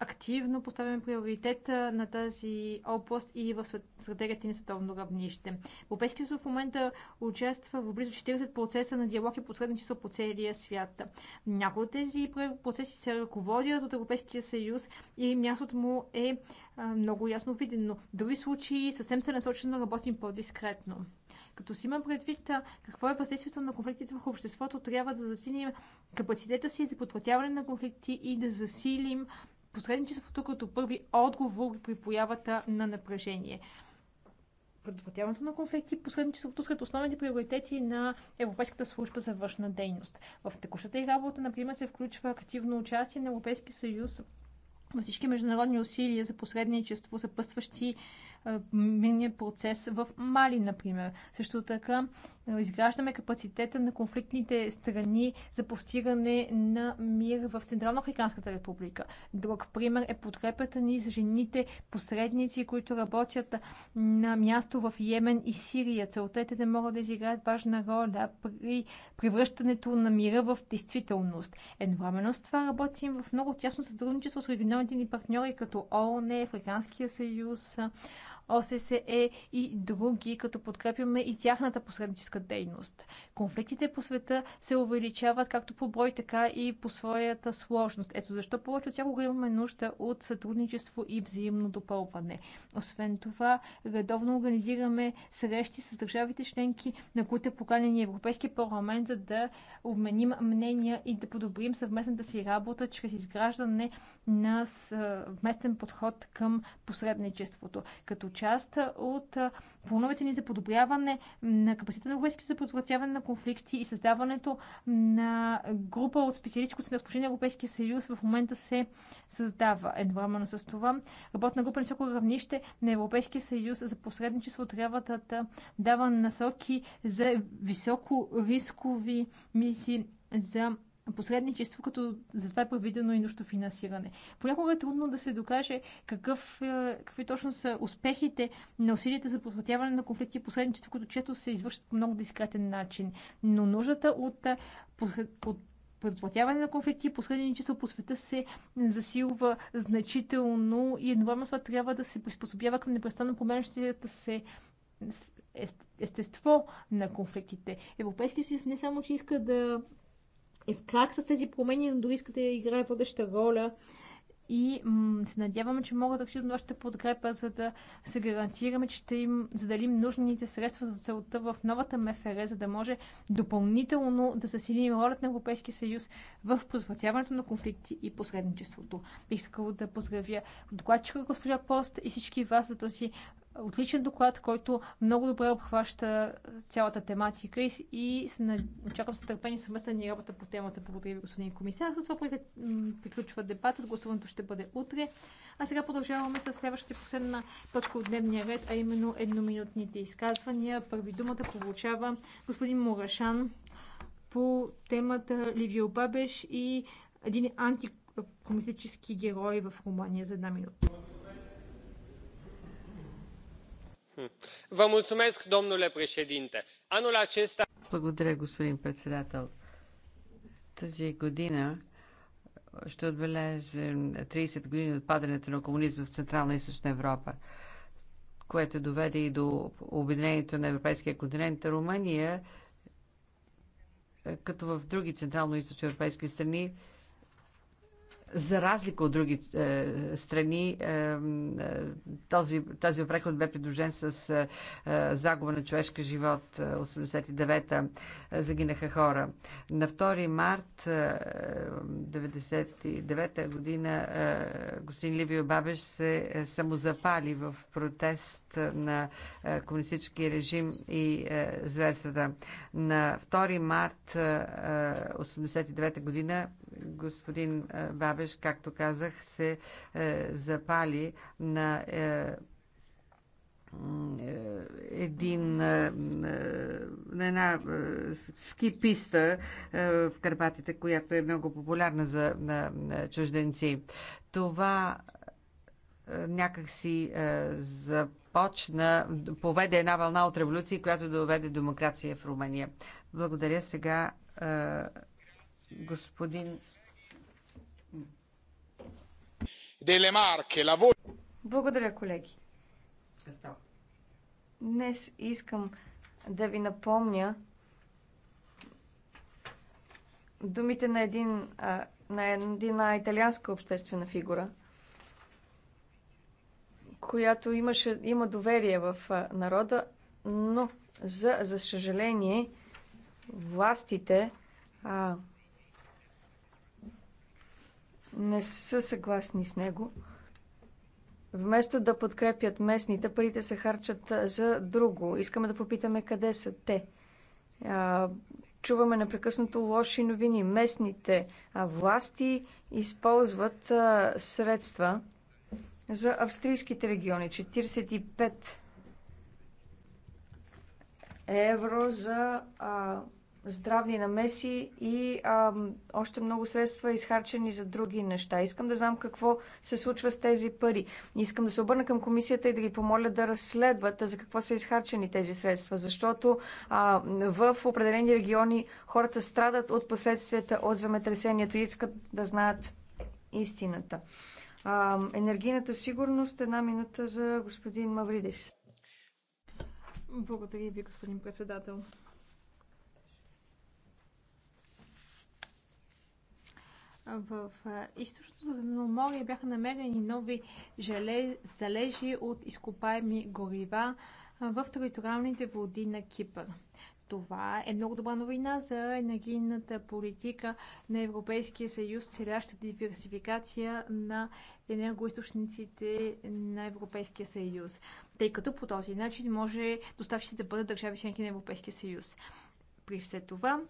Активно поставяме приоритета на тази област и в стратегията ни световно равнище. Европейския съюз в момента участва в близо 40 процеса на диалог и посредничество по целия свят. Някои от тези процеси се ръководят от Европейския съюз и мястото му е много ясно видено. В други случаи съвсем целенасочено работим по-дискретно. Като си има предвид какво е въздействието на конфликтите в обществото, трябва да засилим капацитета си за подплатяване на конфликти и да засилим посредничеството като първи отговор при появата на напрежение предотвратяването на конфликти и посредничеството сред основните приоритети на Европейската служба за външна дейност. В текущата и работа, например, се включва активно участие на Европейския съюз във всички международни усилия за посредничество, съпъстващи мирния процес в Мали, например. Също така изграждаме капацитета на конфликтните страни за постигане на мир в Централно-Африканската република. Друг пример е подкрепата ни за жените посредници, които работят на място в Йемен и Сирия. Целта е да могат да изиграят важна роля при превръщането на мира в действителност. Едновременно с това работим в много тясно сътрудничество с регионалните ни партньори, като ООН, е, Африканския съюз, ОССЕ е и други, като подкрепяме и тяхната посредническа дейност. Конфликтите по света се увеличават както по брой, така и по своята сложност. Ето защо повече от всякога имаме нужда от сътрудничество и взаимно допълване. Освен това, редовно организираме срещи с държавите членки, на които е поканен Европейски парламент, за да обменим мнения и да подобрим съвместната си работа чрез изграждане на съвместен подход към посредничеството. Като част от плановете ни за подобряване на капацитета на Европейския за предотвратяване на конфликти и създаването на група от специалисти, които са на разположение на Европейския съюз, в момента се създава. Едновременно с това работна група на високо равнище на Европейския съюз за посредничество трябва да дава насоки за високо рискови мисии за посредничество, като за това е предвидено и нужно финансиране. Понякога е трудно да се докаже какъв, е, какви точно са успехите на усилията за предотвратяване на конфликти и посредничество, като често се извършват по много дискретен начин. Но нуждата от, е, от предотвратяване на конфликти и посредничество по света се засилва значително и едновременно това трябва да се приспособява към непрестанно променящата се естество на конфликтите. Европейския съюз не само, че иска да е как с тези промени, но дори искате да играе водеща роля. И се надяваме, че могат да разчитат нашата подкрепа, за да се гарантираме, че ще им заделим нужните средства за целта в новата МФР, за да може допълнително да засилим ролята на Европейския съюз в предотвратяването на конфликти и посредничеството. Бих искала да поздравя докладчика госпожа Пост и всички вас за този отличен доклад, който много добре обхваща цялата тематика и, и очаквам с търпение съвместна ни работа по темата. Благодаря ви, господин комисар. С това приключва дебатът. Гласуването ще бъде утре. А сега продължаваме с следващата последна точка от дневния ред, а именно едноминутните изказвания. Първи думата получава господин Мурашан по темата Ливио Бабеш и един антикомунистически герой в Румъния за една минута. domnule președinte anul acesta. Благодаря, господин председател. Тази година ще отбележим 30 години от падането на комунизма в Централна и Източна Европа, което доведе и до обединението на европейския континент. Румъния, като в други централно-источно европейски страни, за разлика от други е, страни, е, е, този, този преход бе придружен с е, е загуба на човешка живот. 89-та е, е, загинаха хора. На 2 март е, 99-та година е, господин Ливио Бабеш се е, самозапали в протест на е, комунистическия режим и е, зверствата. На 2 март е, 89-та година господин е, Бабеш, както казах, се е, запали на е, един, на една ски писта в Карпатите, която е много популярна за на, на чужденци. Това някакси започна, поведе една вълна от революции, която доведе демокрация в Румъния. Благодаря сега Господин лаво. благодаря, колеги. Днес искам да ви напомня думите на, един, на една италианска обществена фигура, която имаше, има доверие в народа, но за, за съжаление властите а, не са съгласни с него. Вместо да подкрепят местните, парите се харчат за друго. Искаме да попитаме къде са те. чуваме непрекъснато лоши новини. Местните власти използват средства за австрийските региони. 45 евро за а, здравни намеси и а, още много средства изхарчени за други неща. Искам да знам какво се случва с тези пари. Искам да се обърна към комисията и да ги помоля да разследват за какво са изхарчени тези средства, защото а, в определени региони хората страдат от последствията от земетресението и искат да знаят истината. А, енергийната сигурност, една минута за господин Мавридис. Благодаря ви, господин председател. В източното Средиземноморие бяха намерени нови желез, залежи от изкопаеми горива в териториалните води на Кипър. Това е много добра новина за енергийната политика на Европейския съюз, целяща диверсификация на енергоисточниците на Европейския съюз, тъй като по този начин може доставчиците да бъдат държави членки на Европейския съюз. При все това,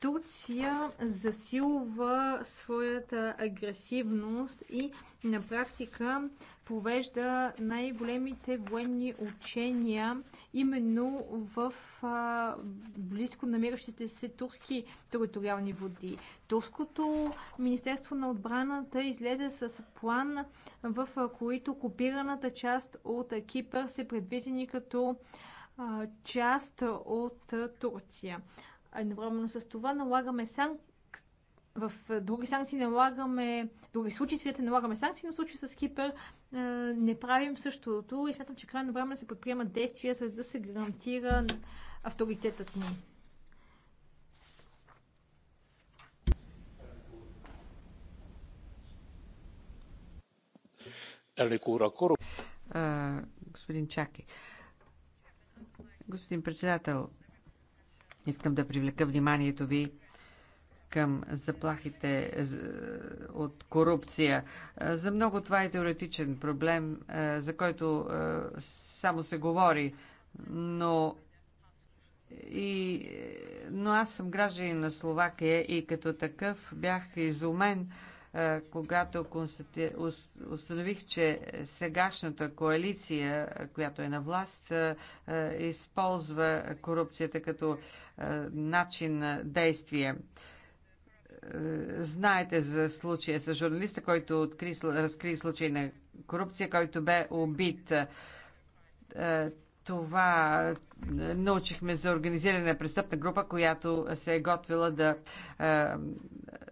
Турция засилва своята агресивност и на практика провежда най-големите военни учения именно в а, близко намиращите се турски териториални води. Турското Министерство на отбраната излезе с план, в който които копираната част от Кипър се предвидени като а, част от Турция а едновременно с това налагаме санкции в други санкции налагаме, в други случаи света налагаме санкции, но в случай с Кипър не правим същото и смятам, че крайно време се предприемат действия, за да се гарантира авторитетът ни. А, господин Чаки. Господин председател, Искам да привлека вниманието ви към заплахите е, от корупция. Е, за много това е теоретичен проблем, е, за който само се говори, но и, но аз съм гражданин на Словакия и като такъв бях изумен, когато установих, че сегашната коалиция, която е на власт, използва корупцията като е, начин на действие. Е, знаете за случая с журналиста, който откри, разкри случай на корупция, който бе убит. Е, това научихме за организирана престъпна група, която се е готвила да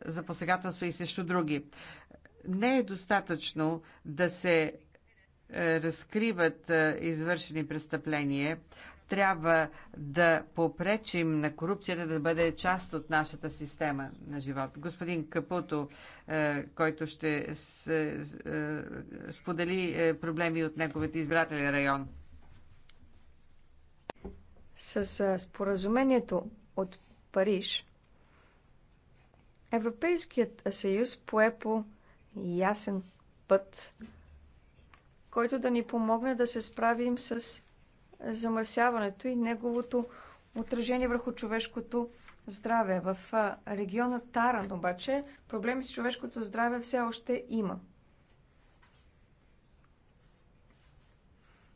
за посегателство и също други. Не е достатъчно да се разкриват извършени престъпления, трябва да попречим на корупцията да бъде част от нашата система на живот. Господин Капуто, е, който ще е, сподели е, проблеми от неговите избирателен район. С споразумението от Париж, Европейският съюз пое по ясен път, който да ни помогне да се справим с замърсяването и неговото отражение върху човешкото здраве. В региона Таран обаче проблеми с човешкото здраве все още има.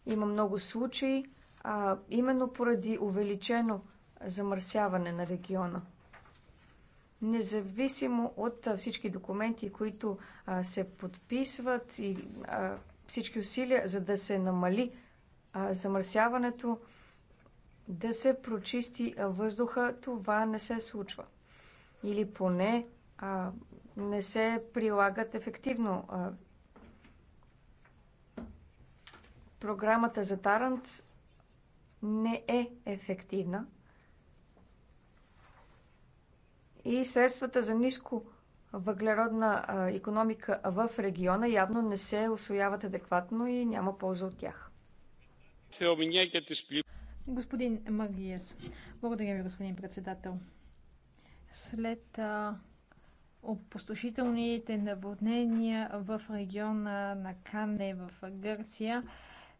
Има много случаи, а, именно поради увеличено замърсяване на региона. Независимо от всички документи, които а, се подписват и а, всички усилия, за да се намали замърсяването, да се прочисти въздуха, това не се случва. Или поне а, не се прилагат ефективно. А, програмата за Тарант не е ефективна. И средствата за ниско въглеродна економика в региона явно не се освояват адекватно и няма полза от тях. Господин Магиес, благодаря ви, господин председател. След а, опустошителните наводнения в региона на Канне в Гърция,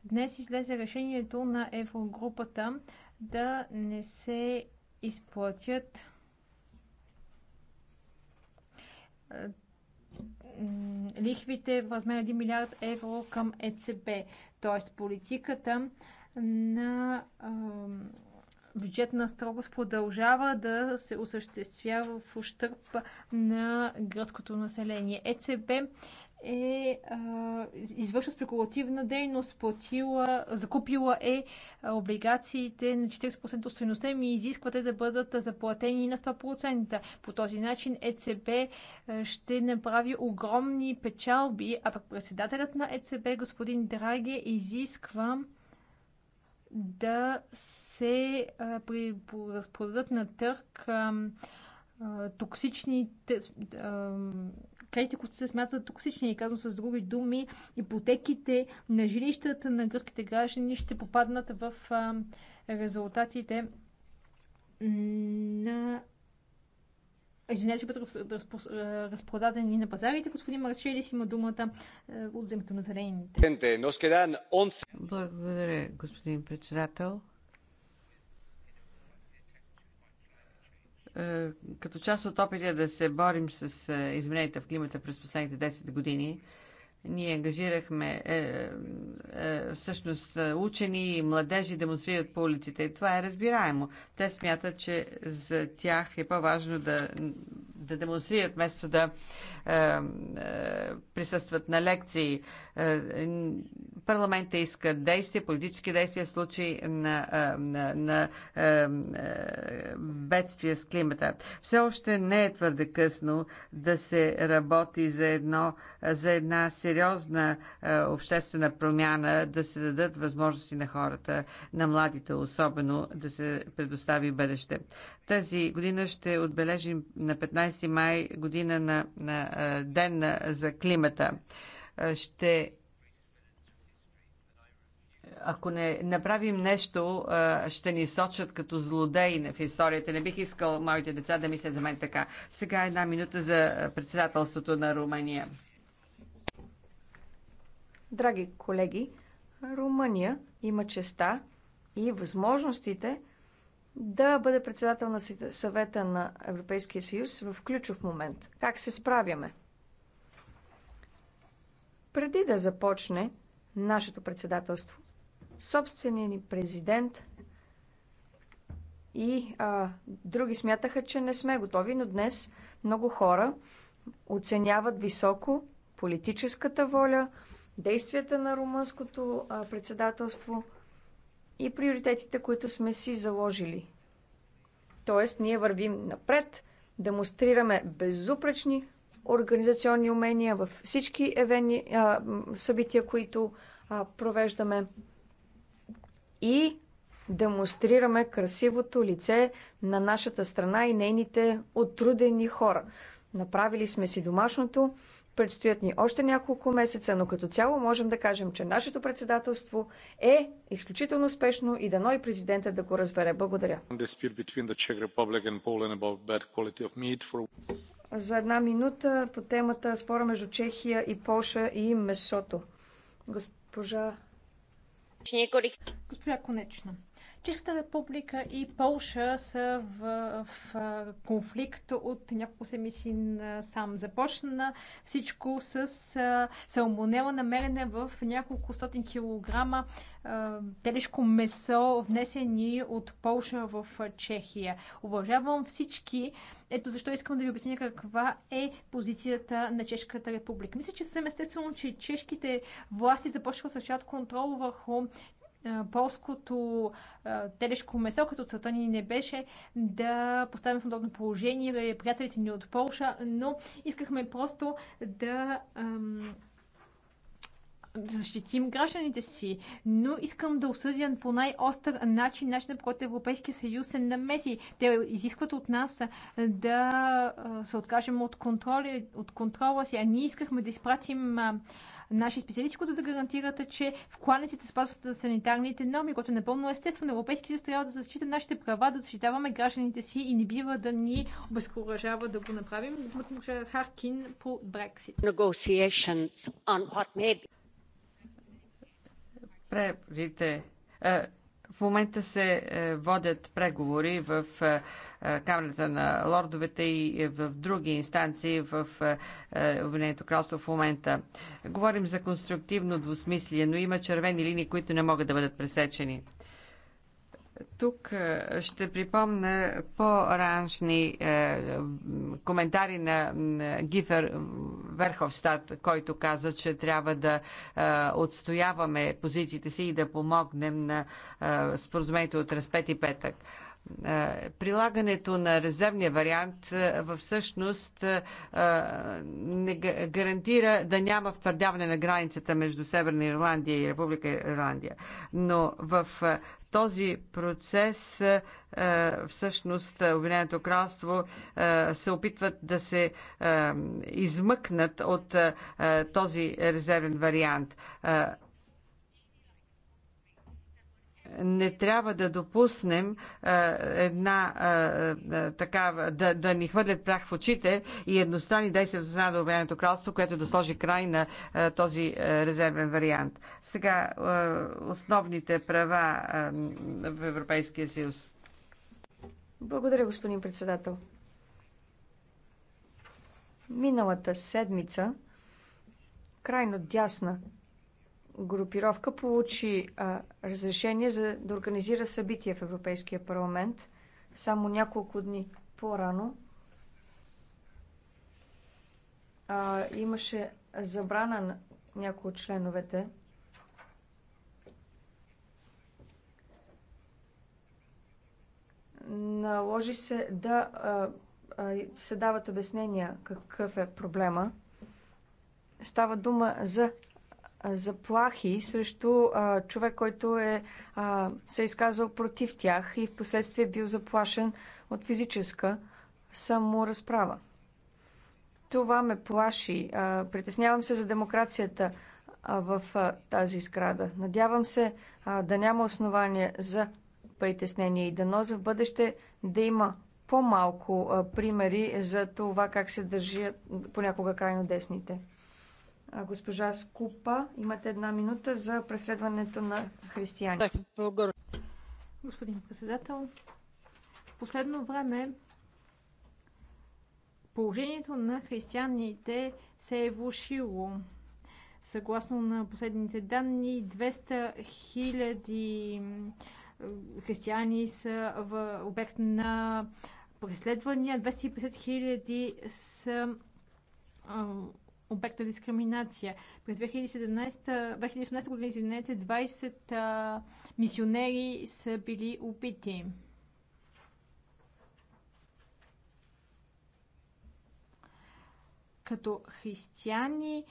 днес излезе решението на Еврогрупата да не се изплатят лихвите в размер 1 милиард евро към ЕЦБ. Тоест политиката на бюджетна строгост продължава да се осъществява в ущърп на гръцкото население. ЕЦБ е а, извършва спекулативна дейност, платила, закупила е облигациите на 40% от стоеността и изисква те да бъдат заплатени на 100%. По този начин ЕЦБ ще направи огромни печалби, а пък председателят на ЕЦБ, господин Драге, изисква да се а, при, разпродадат на търк а, токсичните кредити, които се смятат токсични. И казвам с други думи, ипотеките на жилищата на гръцките граждани ще попаднат в резултатите на Извинявайте, ще бъдат разпродадени на пазарите. Господин Марчелис има думата от земето на зелените. Благодаря, господин председател. Е, като част от опитите да се борим с е, измененията в климата през последните 10 години, ние ангажирахме е, е, всъщност е, учени и младежи демонстрират по улиците. И това е разбираемо. Те смятат, че за тях е по-важно да, да демонстрират, вместо да е, е, присъстват на лекции. Е, е, е, парламента иска действия, политически действия в случай на, е, на, на, на бедствия с климата. Все още не е твърде късно да се работи за, едно, за една сериозна обществена промяна, да се дадат възможности на хората, на младите особено, да се предостави бъдеще. Тази година ще отбележим на 15 май година на, на ден за климата ще ако не направим нещо, ще ни сочат като злодеи в историята. Не бих искал моите деца да мислят за мен така. Сега една минута за председателството на Румъния. Драги колеги, Румъния има честа и възможностите да бъде председател на съвета на Европейския съюз в ключов момент. Как се справяме? Преди да започне нашето председателство, собственият ни президент и а, други смятаха, че не сме готови, но днес много хора оценяват високо политическата воля, действията на румънското а, председателство и приоритетите, които сме си заложили. Тоест, ние вървим напред, демонстрираме безупречни организационни умения във всички евени, а, събития, които а, провеждаме. И демонстрираме красивото лице на нашата страна и нейните отрудени хора. Направили сме си домашното, предстоят ни още няколко месеца, но като цяло можем да кажем, че нашето председателство е изключително успешно и дано и президента да го разбере. Благодаря за една минута по темата спора между Чехия и Польша и месото. Госпожа... Е Госпожа Конечна. Чешката република и Полша са в, в конфликт от няколко седмици сам. Започна всичко с салмонела намерена в няколко стотин килограма телешко месо, внесени от Полша в Чехия. Уважавам всички. Ето защо искам да ви обясня каква е позицията на Чешката република. Мисля, че съм естествено, че чешките власти започнаха да контрол върху полското телешко месо, като целта ни не беше да поставим в удобно положение приятелите ни от Полша, но искахме просто да да защитим гражданите си, но искам да осъдя по най-остър начин начина, по който Европейския съюз се намеси. Те изискват от нас да се откажем от от контрола си, а ние искахме да изпратим наши специалисти, които да гарантират, че в кланиците спазват санитарните норми, което е напълно естествено. Европейски съюз трябва да защита нашите права, да защитаваме гражданите си и не бива да ни обезкуражава да го направим. Харкин по Брексит преговорите в момента се е, водят преговори в е, е, Камерата на лордовете и в други инстанции в Обединеното кралство в момента. Говорим за конструктивно двусмислие, но има червени линии, които не могат да бъдат пресечени. Тук е, ще припомня по-раншни е, коментари на Гифер Верховстат, който каза, че трябва да е, отстояваме позициите си и да помогнем на е, споразумението от разпет и петък е, прилагането на резервния вариант е, всъщност не гарантира да няма втвърдяване на границата между Северна Ирландия и Република Ирландия. Но в този процес е, е, всъщност е, Обединеното кралство се опитват да се измъкнат от този резервен вариант не трябва да допуснем а, една а, такава, да, да ни хвърлят прах в очите и едностранни действия в страна до Обединеното кралство, което да сложи край на а, този а, резервен вариант. Сега а, основните права а, в Европейския съюз. Благодаря, господин председател. Миналата седмица крайно дясна групировка получи а, разрешение за да организира събитие в Европейския парламент само няколко дни по-рано. имаше забрана на някои от членовете. Наложи се да а, а, се дават обяснения какъв е проблема. Става дума за заплахи срещу а, човек, който е, а, се е изказал против тях и в последствие бил заплашен от физическа саморазправа. Това ме плаши. А, притеснявам се за демокрацията а, в а, тази сграда. Надявам се а, да няма основания за притеснение и дано за в бъдеще да има по-малко примери за това как се държат понякога крайно десните. Госпожа Скупа, имате една минута за преследването на християни. Господин председател, в последно време положението на християните се е влушило. Съгласно на последните данни, 200 хиляди християни са в обект на преследвания, 250 хиляди са обект на дискриминация. През 2017, 2018 година, извинете, 20 а, мисионери са били убити. Като християни,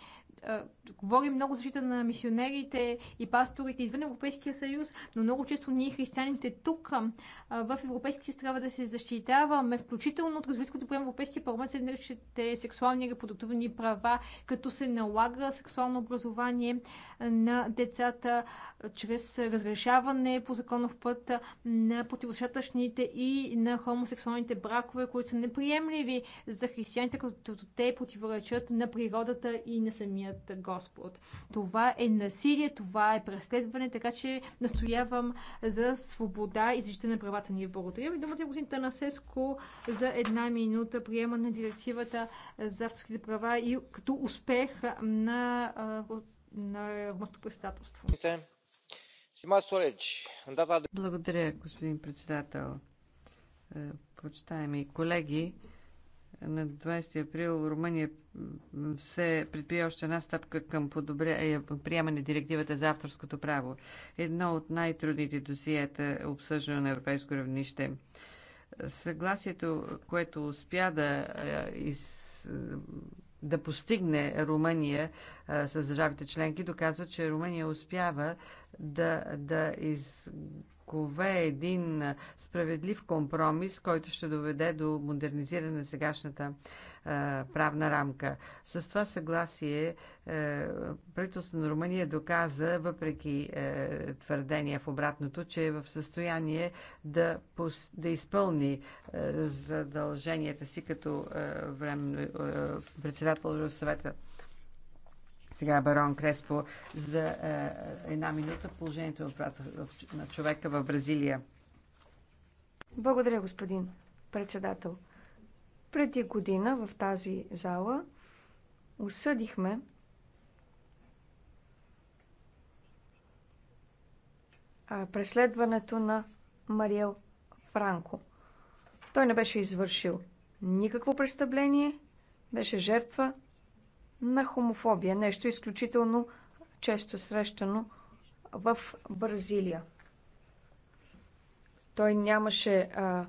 говорим много защита на мисионерите и пасторите извън Европейския съюз, но много често ние християните тук в Европейския съюз трябва да се защитаваме, включително от развитското приема Европейския парламент се наричате сексуални и репродуктивни права, като се налага сексуално образование на децата чрез разрешаване по законов път на противосъщатъчните и на хомосексуалните бракове, които са неприемливи за християните, като те противоречат на природата и на самия самият Господ. Това е насилие, това е преследване, така че настоявам за свобода и защита на правата ни. Благодаря ви. Думата е господин Танасеско за една минута приема на директивата за авторските права и като успех на, на председателство. Благодаря, господин председател. Почитаеми колеги, на 20 април Румъния се предприе още една стъпка към подобре, приемане директивата за авторското право. Едно от най-трудните досиета е обсъждано на европейско равнище. Съгласието, което успя да, е, из, да постигне Румъния е, с държавите членки, доказва, че Румъния успява да, да из векове един справедлив компромис, който ще доведе до модернизиране на сегашната правна рамка. С това съгласие правителството на Румъния доказа, въпреки твърдения в обратното, че е в състояние да, да изпълни задълженията си като временно председател на съвета сега барон Креспо за е, една минута положението на човека в Бразилия. Благодаря, господин председател. Преди година в тази зала осъдихме преследването на Мариел Франко. Той не беше извършил никакво престъпление, беше жертва на хомофобия. Нещо изключително често срещано в Бразилия. Той нямаше а,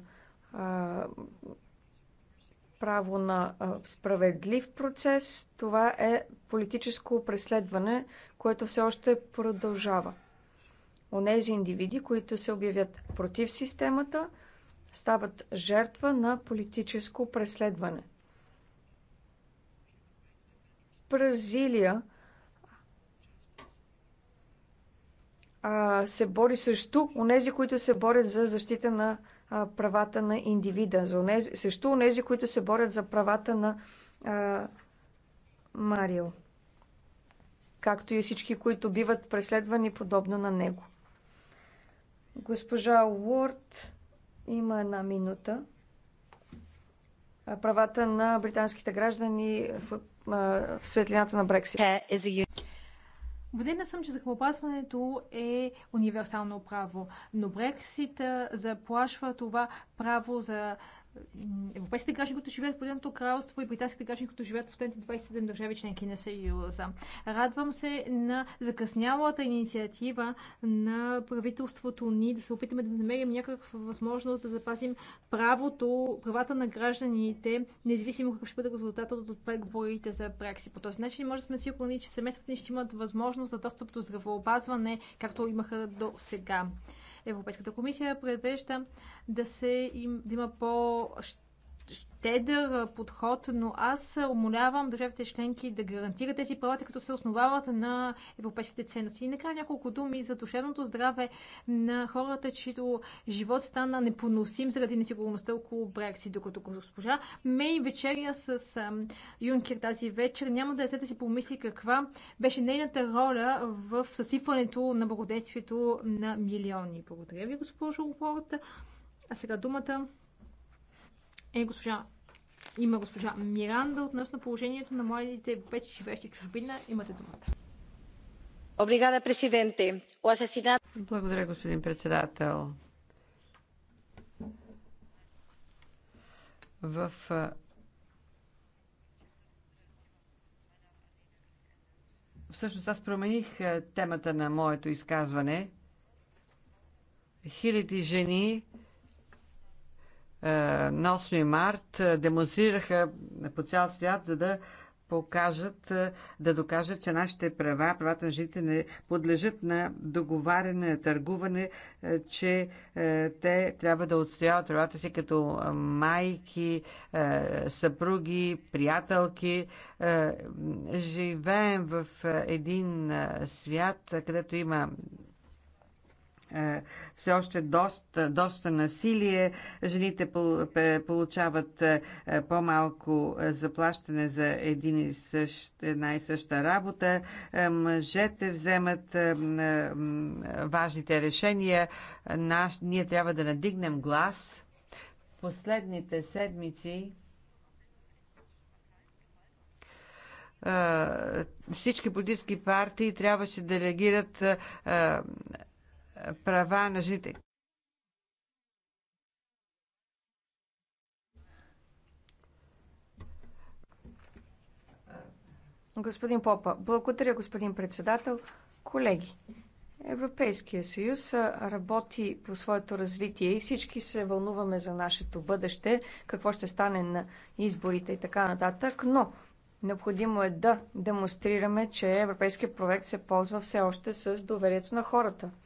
а, право на а, справедлив процес. Това е политическо преследване, което все още продължава. Онези индивиди, които се обявят против системата, стават жертва на политическо преследване – Бразилия а, се бори срещу онези, които се борят за защита на а, правата на индивида, за срещу онези, които се борят за правата на а, Марио, както и всички, които биват преследвани подобно на него. Госпожа Уорд има една минута. Правата на британските граждани в в светлината на Брексит. Убедена съм, че захлопасването е универсално право, но Брексит заплашва това право за европейските граждани, които живеят в Поденото кралство и британските граждани, които живеят в тези 27 държави членки на Съюза. Радвам се на закъснялата инициатива на правителството ни да се опитаме да намерим някаква възможност да запазим правото, правата на гражданите, независимо какъв ще бъде резултатът от преговорите за Брексит. По този начин може да сме сигурни, че семействата ни ще имат възможност за достъп до здравеопазване, както имаха до сега. Европейската комисия предвежда да, се им, да има по щедър подход, но аз умолявам държавите членки да гарантират тези права, тъй като се основават на европейските ценности. И накрая няколко думи за душевното здраве на хората, чието живот стана непоносим заради несигурността около Брексит, докато госпожа Мей вечеря с Юнкер тази вечер няма да е да си помисли каква беше нейната роля в съсипването на благодействието на милиони. Благодаря ви, госпожо Уорд. А сега думата е госпожа има госпожа Миранда относно положението на младите европейци, живеещи в чужбина. Имате думата. Обригада, президенте. Благодаря, господин председател. В Всъщност аз промених темата на моето изказване. Хиляди жени е, на 8 март е, демонстрираха по цял свят, за да покажат, е, да докажат, че нашите права, правата на жените не подлежат на договаряне, на търгуване, че те трябва да отстояват правата си като майки, съпруги, приятелки. Живеем в един свят, където има е, все още доста, доста насилие. Жените получават е, по-малко е, заплащане за един и същ, една и съща работа. Мъжете вземат важните решения. Наш, ние трябва да надигнем глас. Последните седмици всички политически партии трябваше да реагират права на жители. Господин Попа, благодаря, господин председател. Колеги, Европейския съюз работи по своето развитие и всички се вълнуваме за нашето бъдеще, какво ще стане на изборите и така нататък, но необходимо е да демонстрираме, че европейският проект се ползва все още с доверието на хората –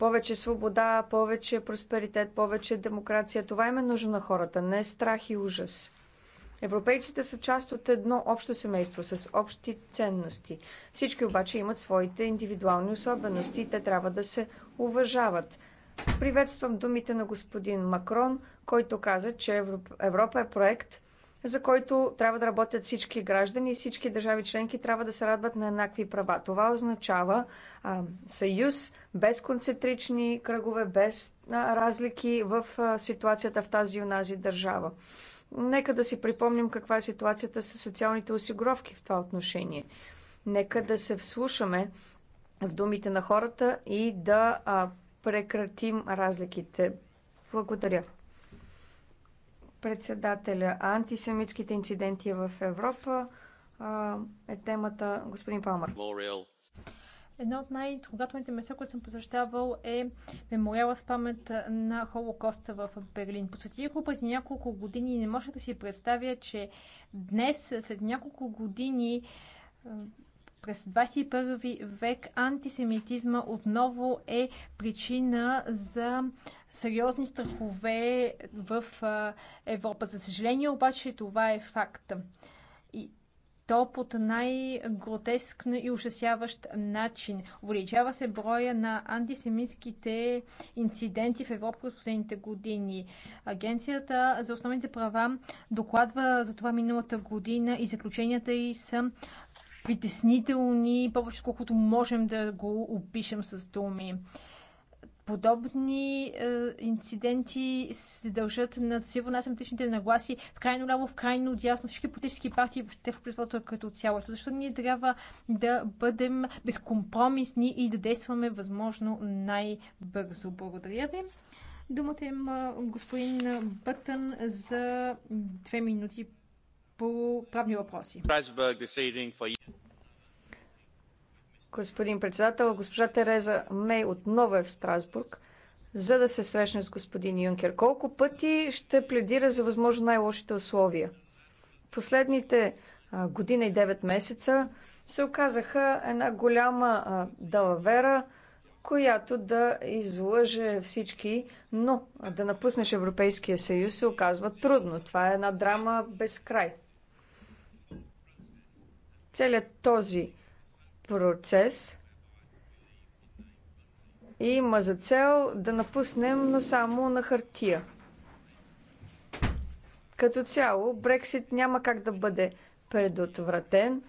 повече свобода, повече просперитет, повече демокрация. Това им е нужно на хората, не страх и ужас. Европейците са част от едно общо семейство с общи ценности. Всички обаче имат своите индивидуални особености и те трябва да се уважават. Приветствам думите на господин Макрон, който каза, че Европа е проект – за който трябва да работят всички граждани и всички държави членки трябва да се радват на еднакви права. Това означава а, съюз без концентрични кръгове, без а, разлики в а, ситуацията в тази и унази държава. Нека да си припомним каква е ситуацията с социалните осигуровки в това отношение. Нека да се вслушаме в думите на хората и да а, прекратим разликите. Благодаря председателя. Антисемитските инциденти в Европа а, е темата господин Палмър. Едно от най-трогателните места, които съм посещавал е мемориала в памет на Холокоста в Берлин. Посветих го преди няколко години и не може да си представя, че днес, след няколко години, през 21 век антисемитизма отново е причина за сериозни страхове в Европа. За съжаление обаче това е факт. И то под най-гротескно и ужасяващ начин. Увеличава се броя на антисемитските инциденти в Европа през последните години. Агенцията за основните права докладва за това миналата година и заключенията й са притеснителни, повече колкото можем да го опишем с думи подобни е, инциденти се дължат на силно асимптичните нагласи в крайно ляво, в крайно дясно, всички политически партии, въобще в обществото е като цялото. Защо ние трябва да бъдем безкомпромисни и да действаме възможно най-бързо? Благодаря ви. Думата има господин Бътън за две минути по правни въпроси господин председател. Госпожа Тереза Мей отново е в Страсбург, за да се срещне с господин Юнкер. Колко пъти ще пледира за възможно най-лошите условия? Последните година и 9 месеца се оказаха една голяма а, далавера, която да излъже всички, но да напуснеш Европейския съюз се оказва трудно. Това е една драма без край. Целият този процес и има за цел да напуснем, но само на хартия. Като цяло, Брексит няма как да бъде предотвратен,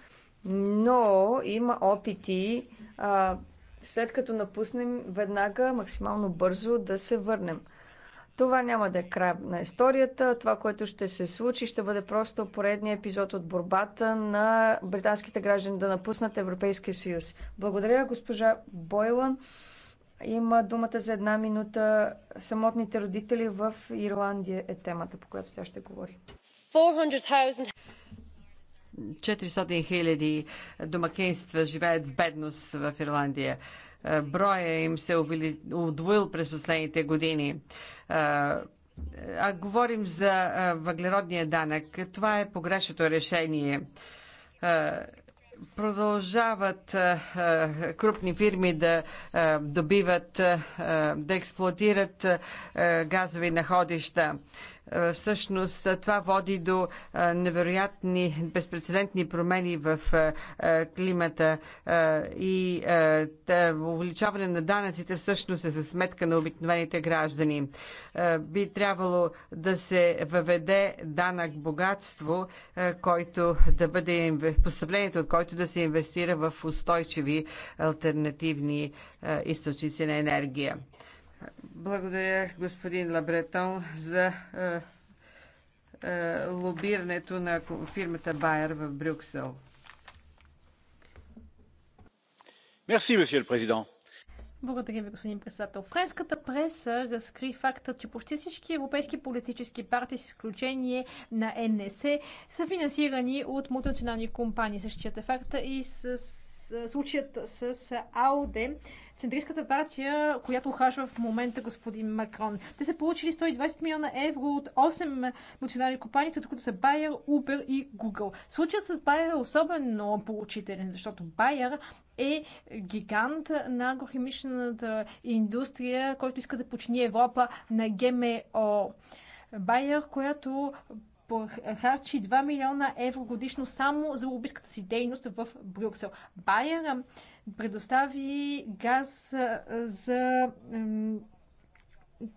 но има опити а, след като напуснем веднага максимално бързо да се върнем. Това няма да е край на историята. Това, което ще се случи, ще бъде просто поредния епизод от борбата на британските граждани да напуснат Европейския съюз. Благодаря, госпожа Бойлан. Има думата за една минута. Самотните родители в Ирландия е темата, по която тя ще говори. 400 хиляди домакинства живеят в бедност в Ирландия. Броя им се удвоил през последните години. А говорим за въглеродния данък. Това е погрешното решение продължават а, крупни фирми да а, добиват, а, да експлуатират газови находища. Е, всъщност е, това води до е, невероятни, безпредседентни промени в климата и увеличаване на данъците всъщност е за сметка на обикновените граждани. Би трябвало да се въведе данък богатство, който да бъде поставлението, от който да се инвестира в устойчиви альтернативни източници на енергия. Благодаря господин Лабретон за е, е, лобирането на фирмата Байер в Брюксел. Мерси, месье президент. Благодаря ви, господин председател. Френската преса разкри факта, че почти всички европейски политически партии, с изключение на НСЕ, са финансирани от мултинационални компании. Същият е факта и с случаят с АОДЕ, центристската партия, която ухажва в момента господин Макрон. Те са получили 120 милиона евро от 8 национални компании, след които са Bayer, Uber и Google. Случаят с Bayer е особено получителен, защото Bayer е гигант на агрохимичната индустрия, който иска да почини Европа на ГМО. Байер, която харчи 2 милиона евро годишно само за лобистката си дейност в Брюксел. Байер предостави газ за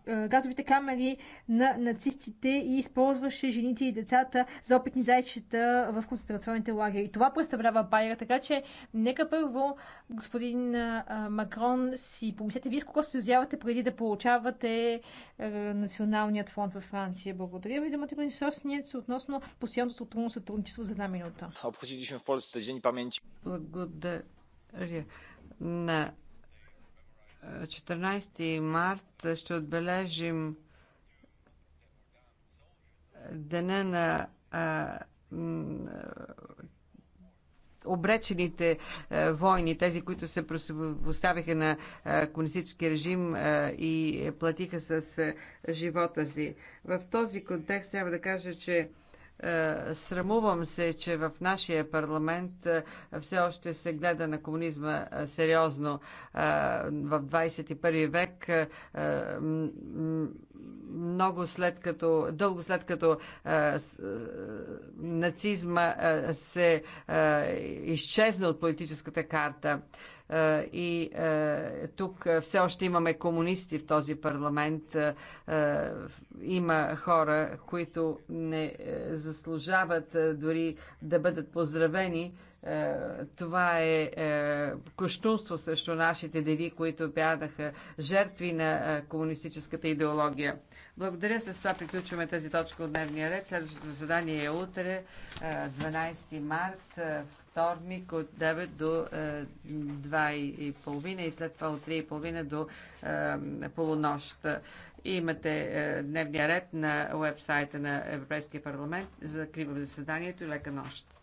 газовите камери на нацистите и използваше жените и децата за опитни зайчета в концентрационните лагери. Това представлява байра. така че нека първо, господин Макрон, си помислете вие с кого се взявате преди да получавате националният фонд във Франция. Благодаря ви, Демати Сосниец, относно постоянното трудно сътрудничество за една минута. Обходили сме в Польша жени памети. Благодаря на 14 март ще отбележим деня на а, обречените войни, тези, които се поставиха на комунистически режим и платиха с живота си. В този контекст трябва да кажа, че е, срамувам се, че в нашия парламент е, все още се гледа на комунизма е, сериозно. В 21 век, много след като, дълго след като нацизма се изчезна от политическата карта, и тук все още имаме комунисти в този парламент. Има хора, които не заслужават дори да бъдат поздравени е, това е, е кощунство срещу нашите деди, които бядаха жертви на е, комунистическата идеология. Благодаря. С това приключваме тази точка от дневния ред. Следващото заседание е утре, 12 март, вторник от 9 до 2.30 и след това от 3.30 до полунощ. Имате дневния ред на уебсайта на Европейския парламент. Закривам заседанието и лека нощ.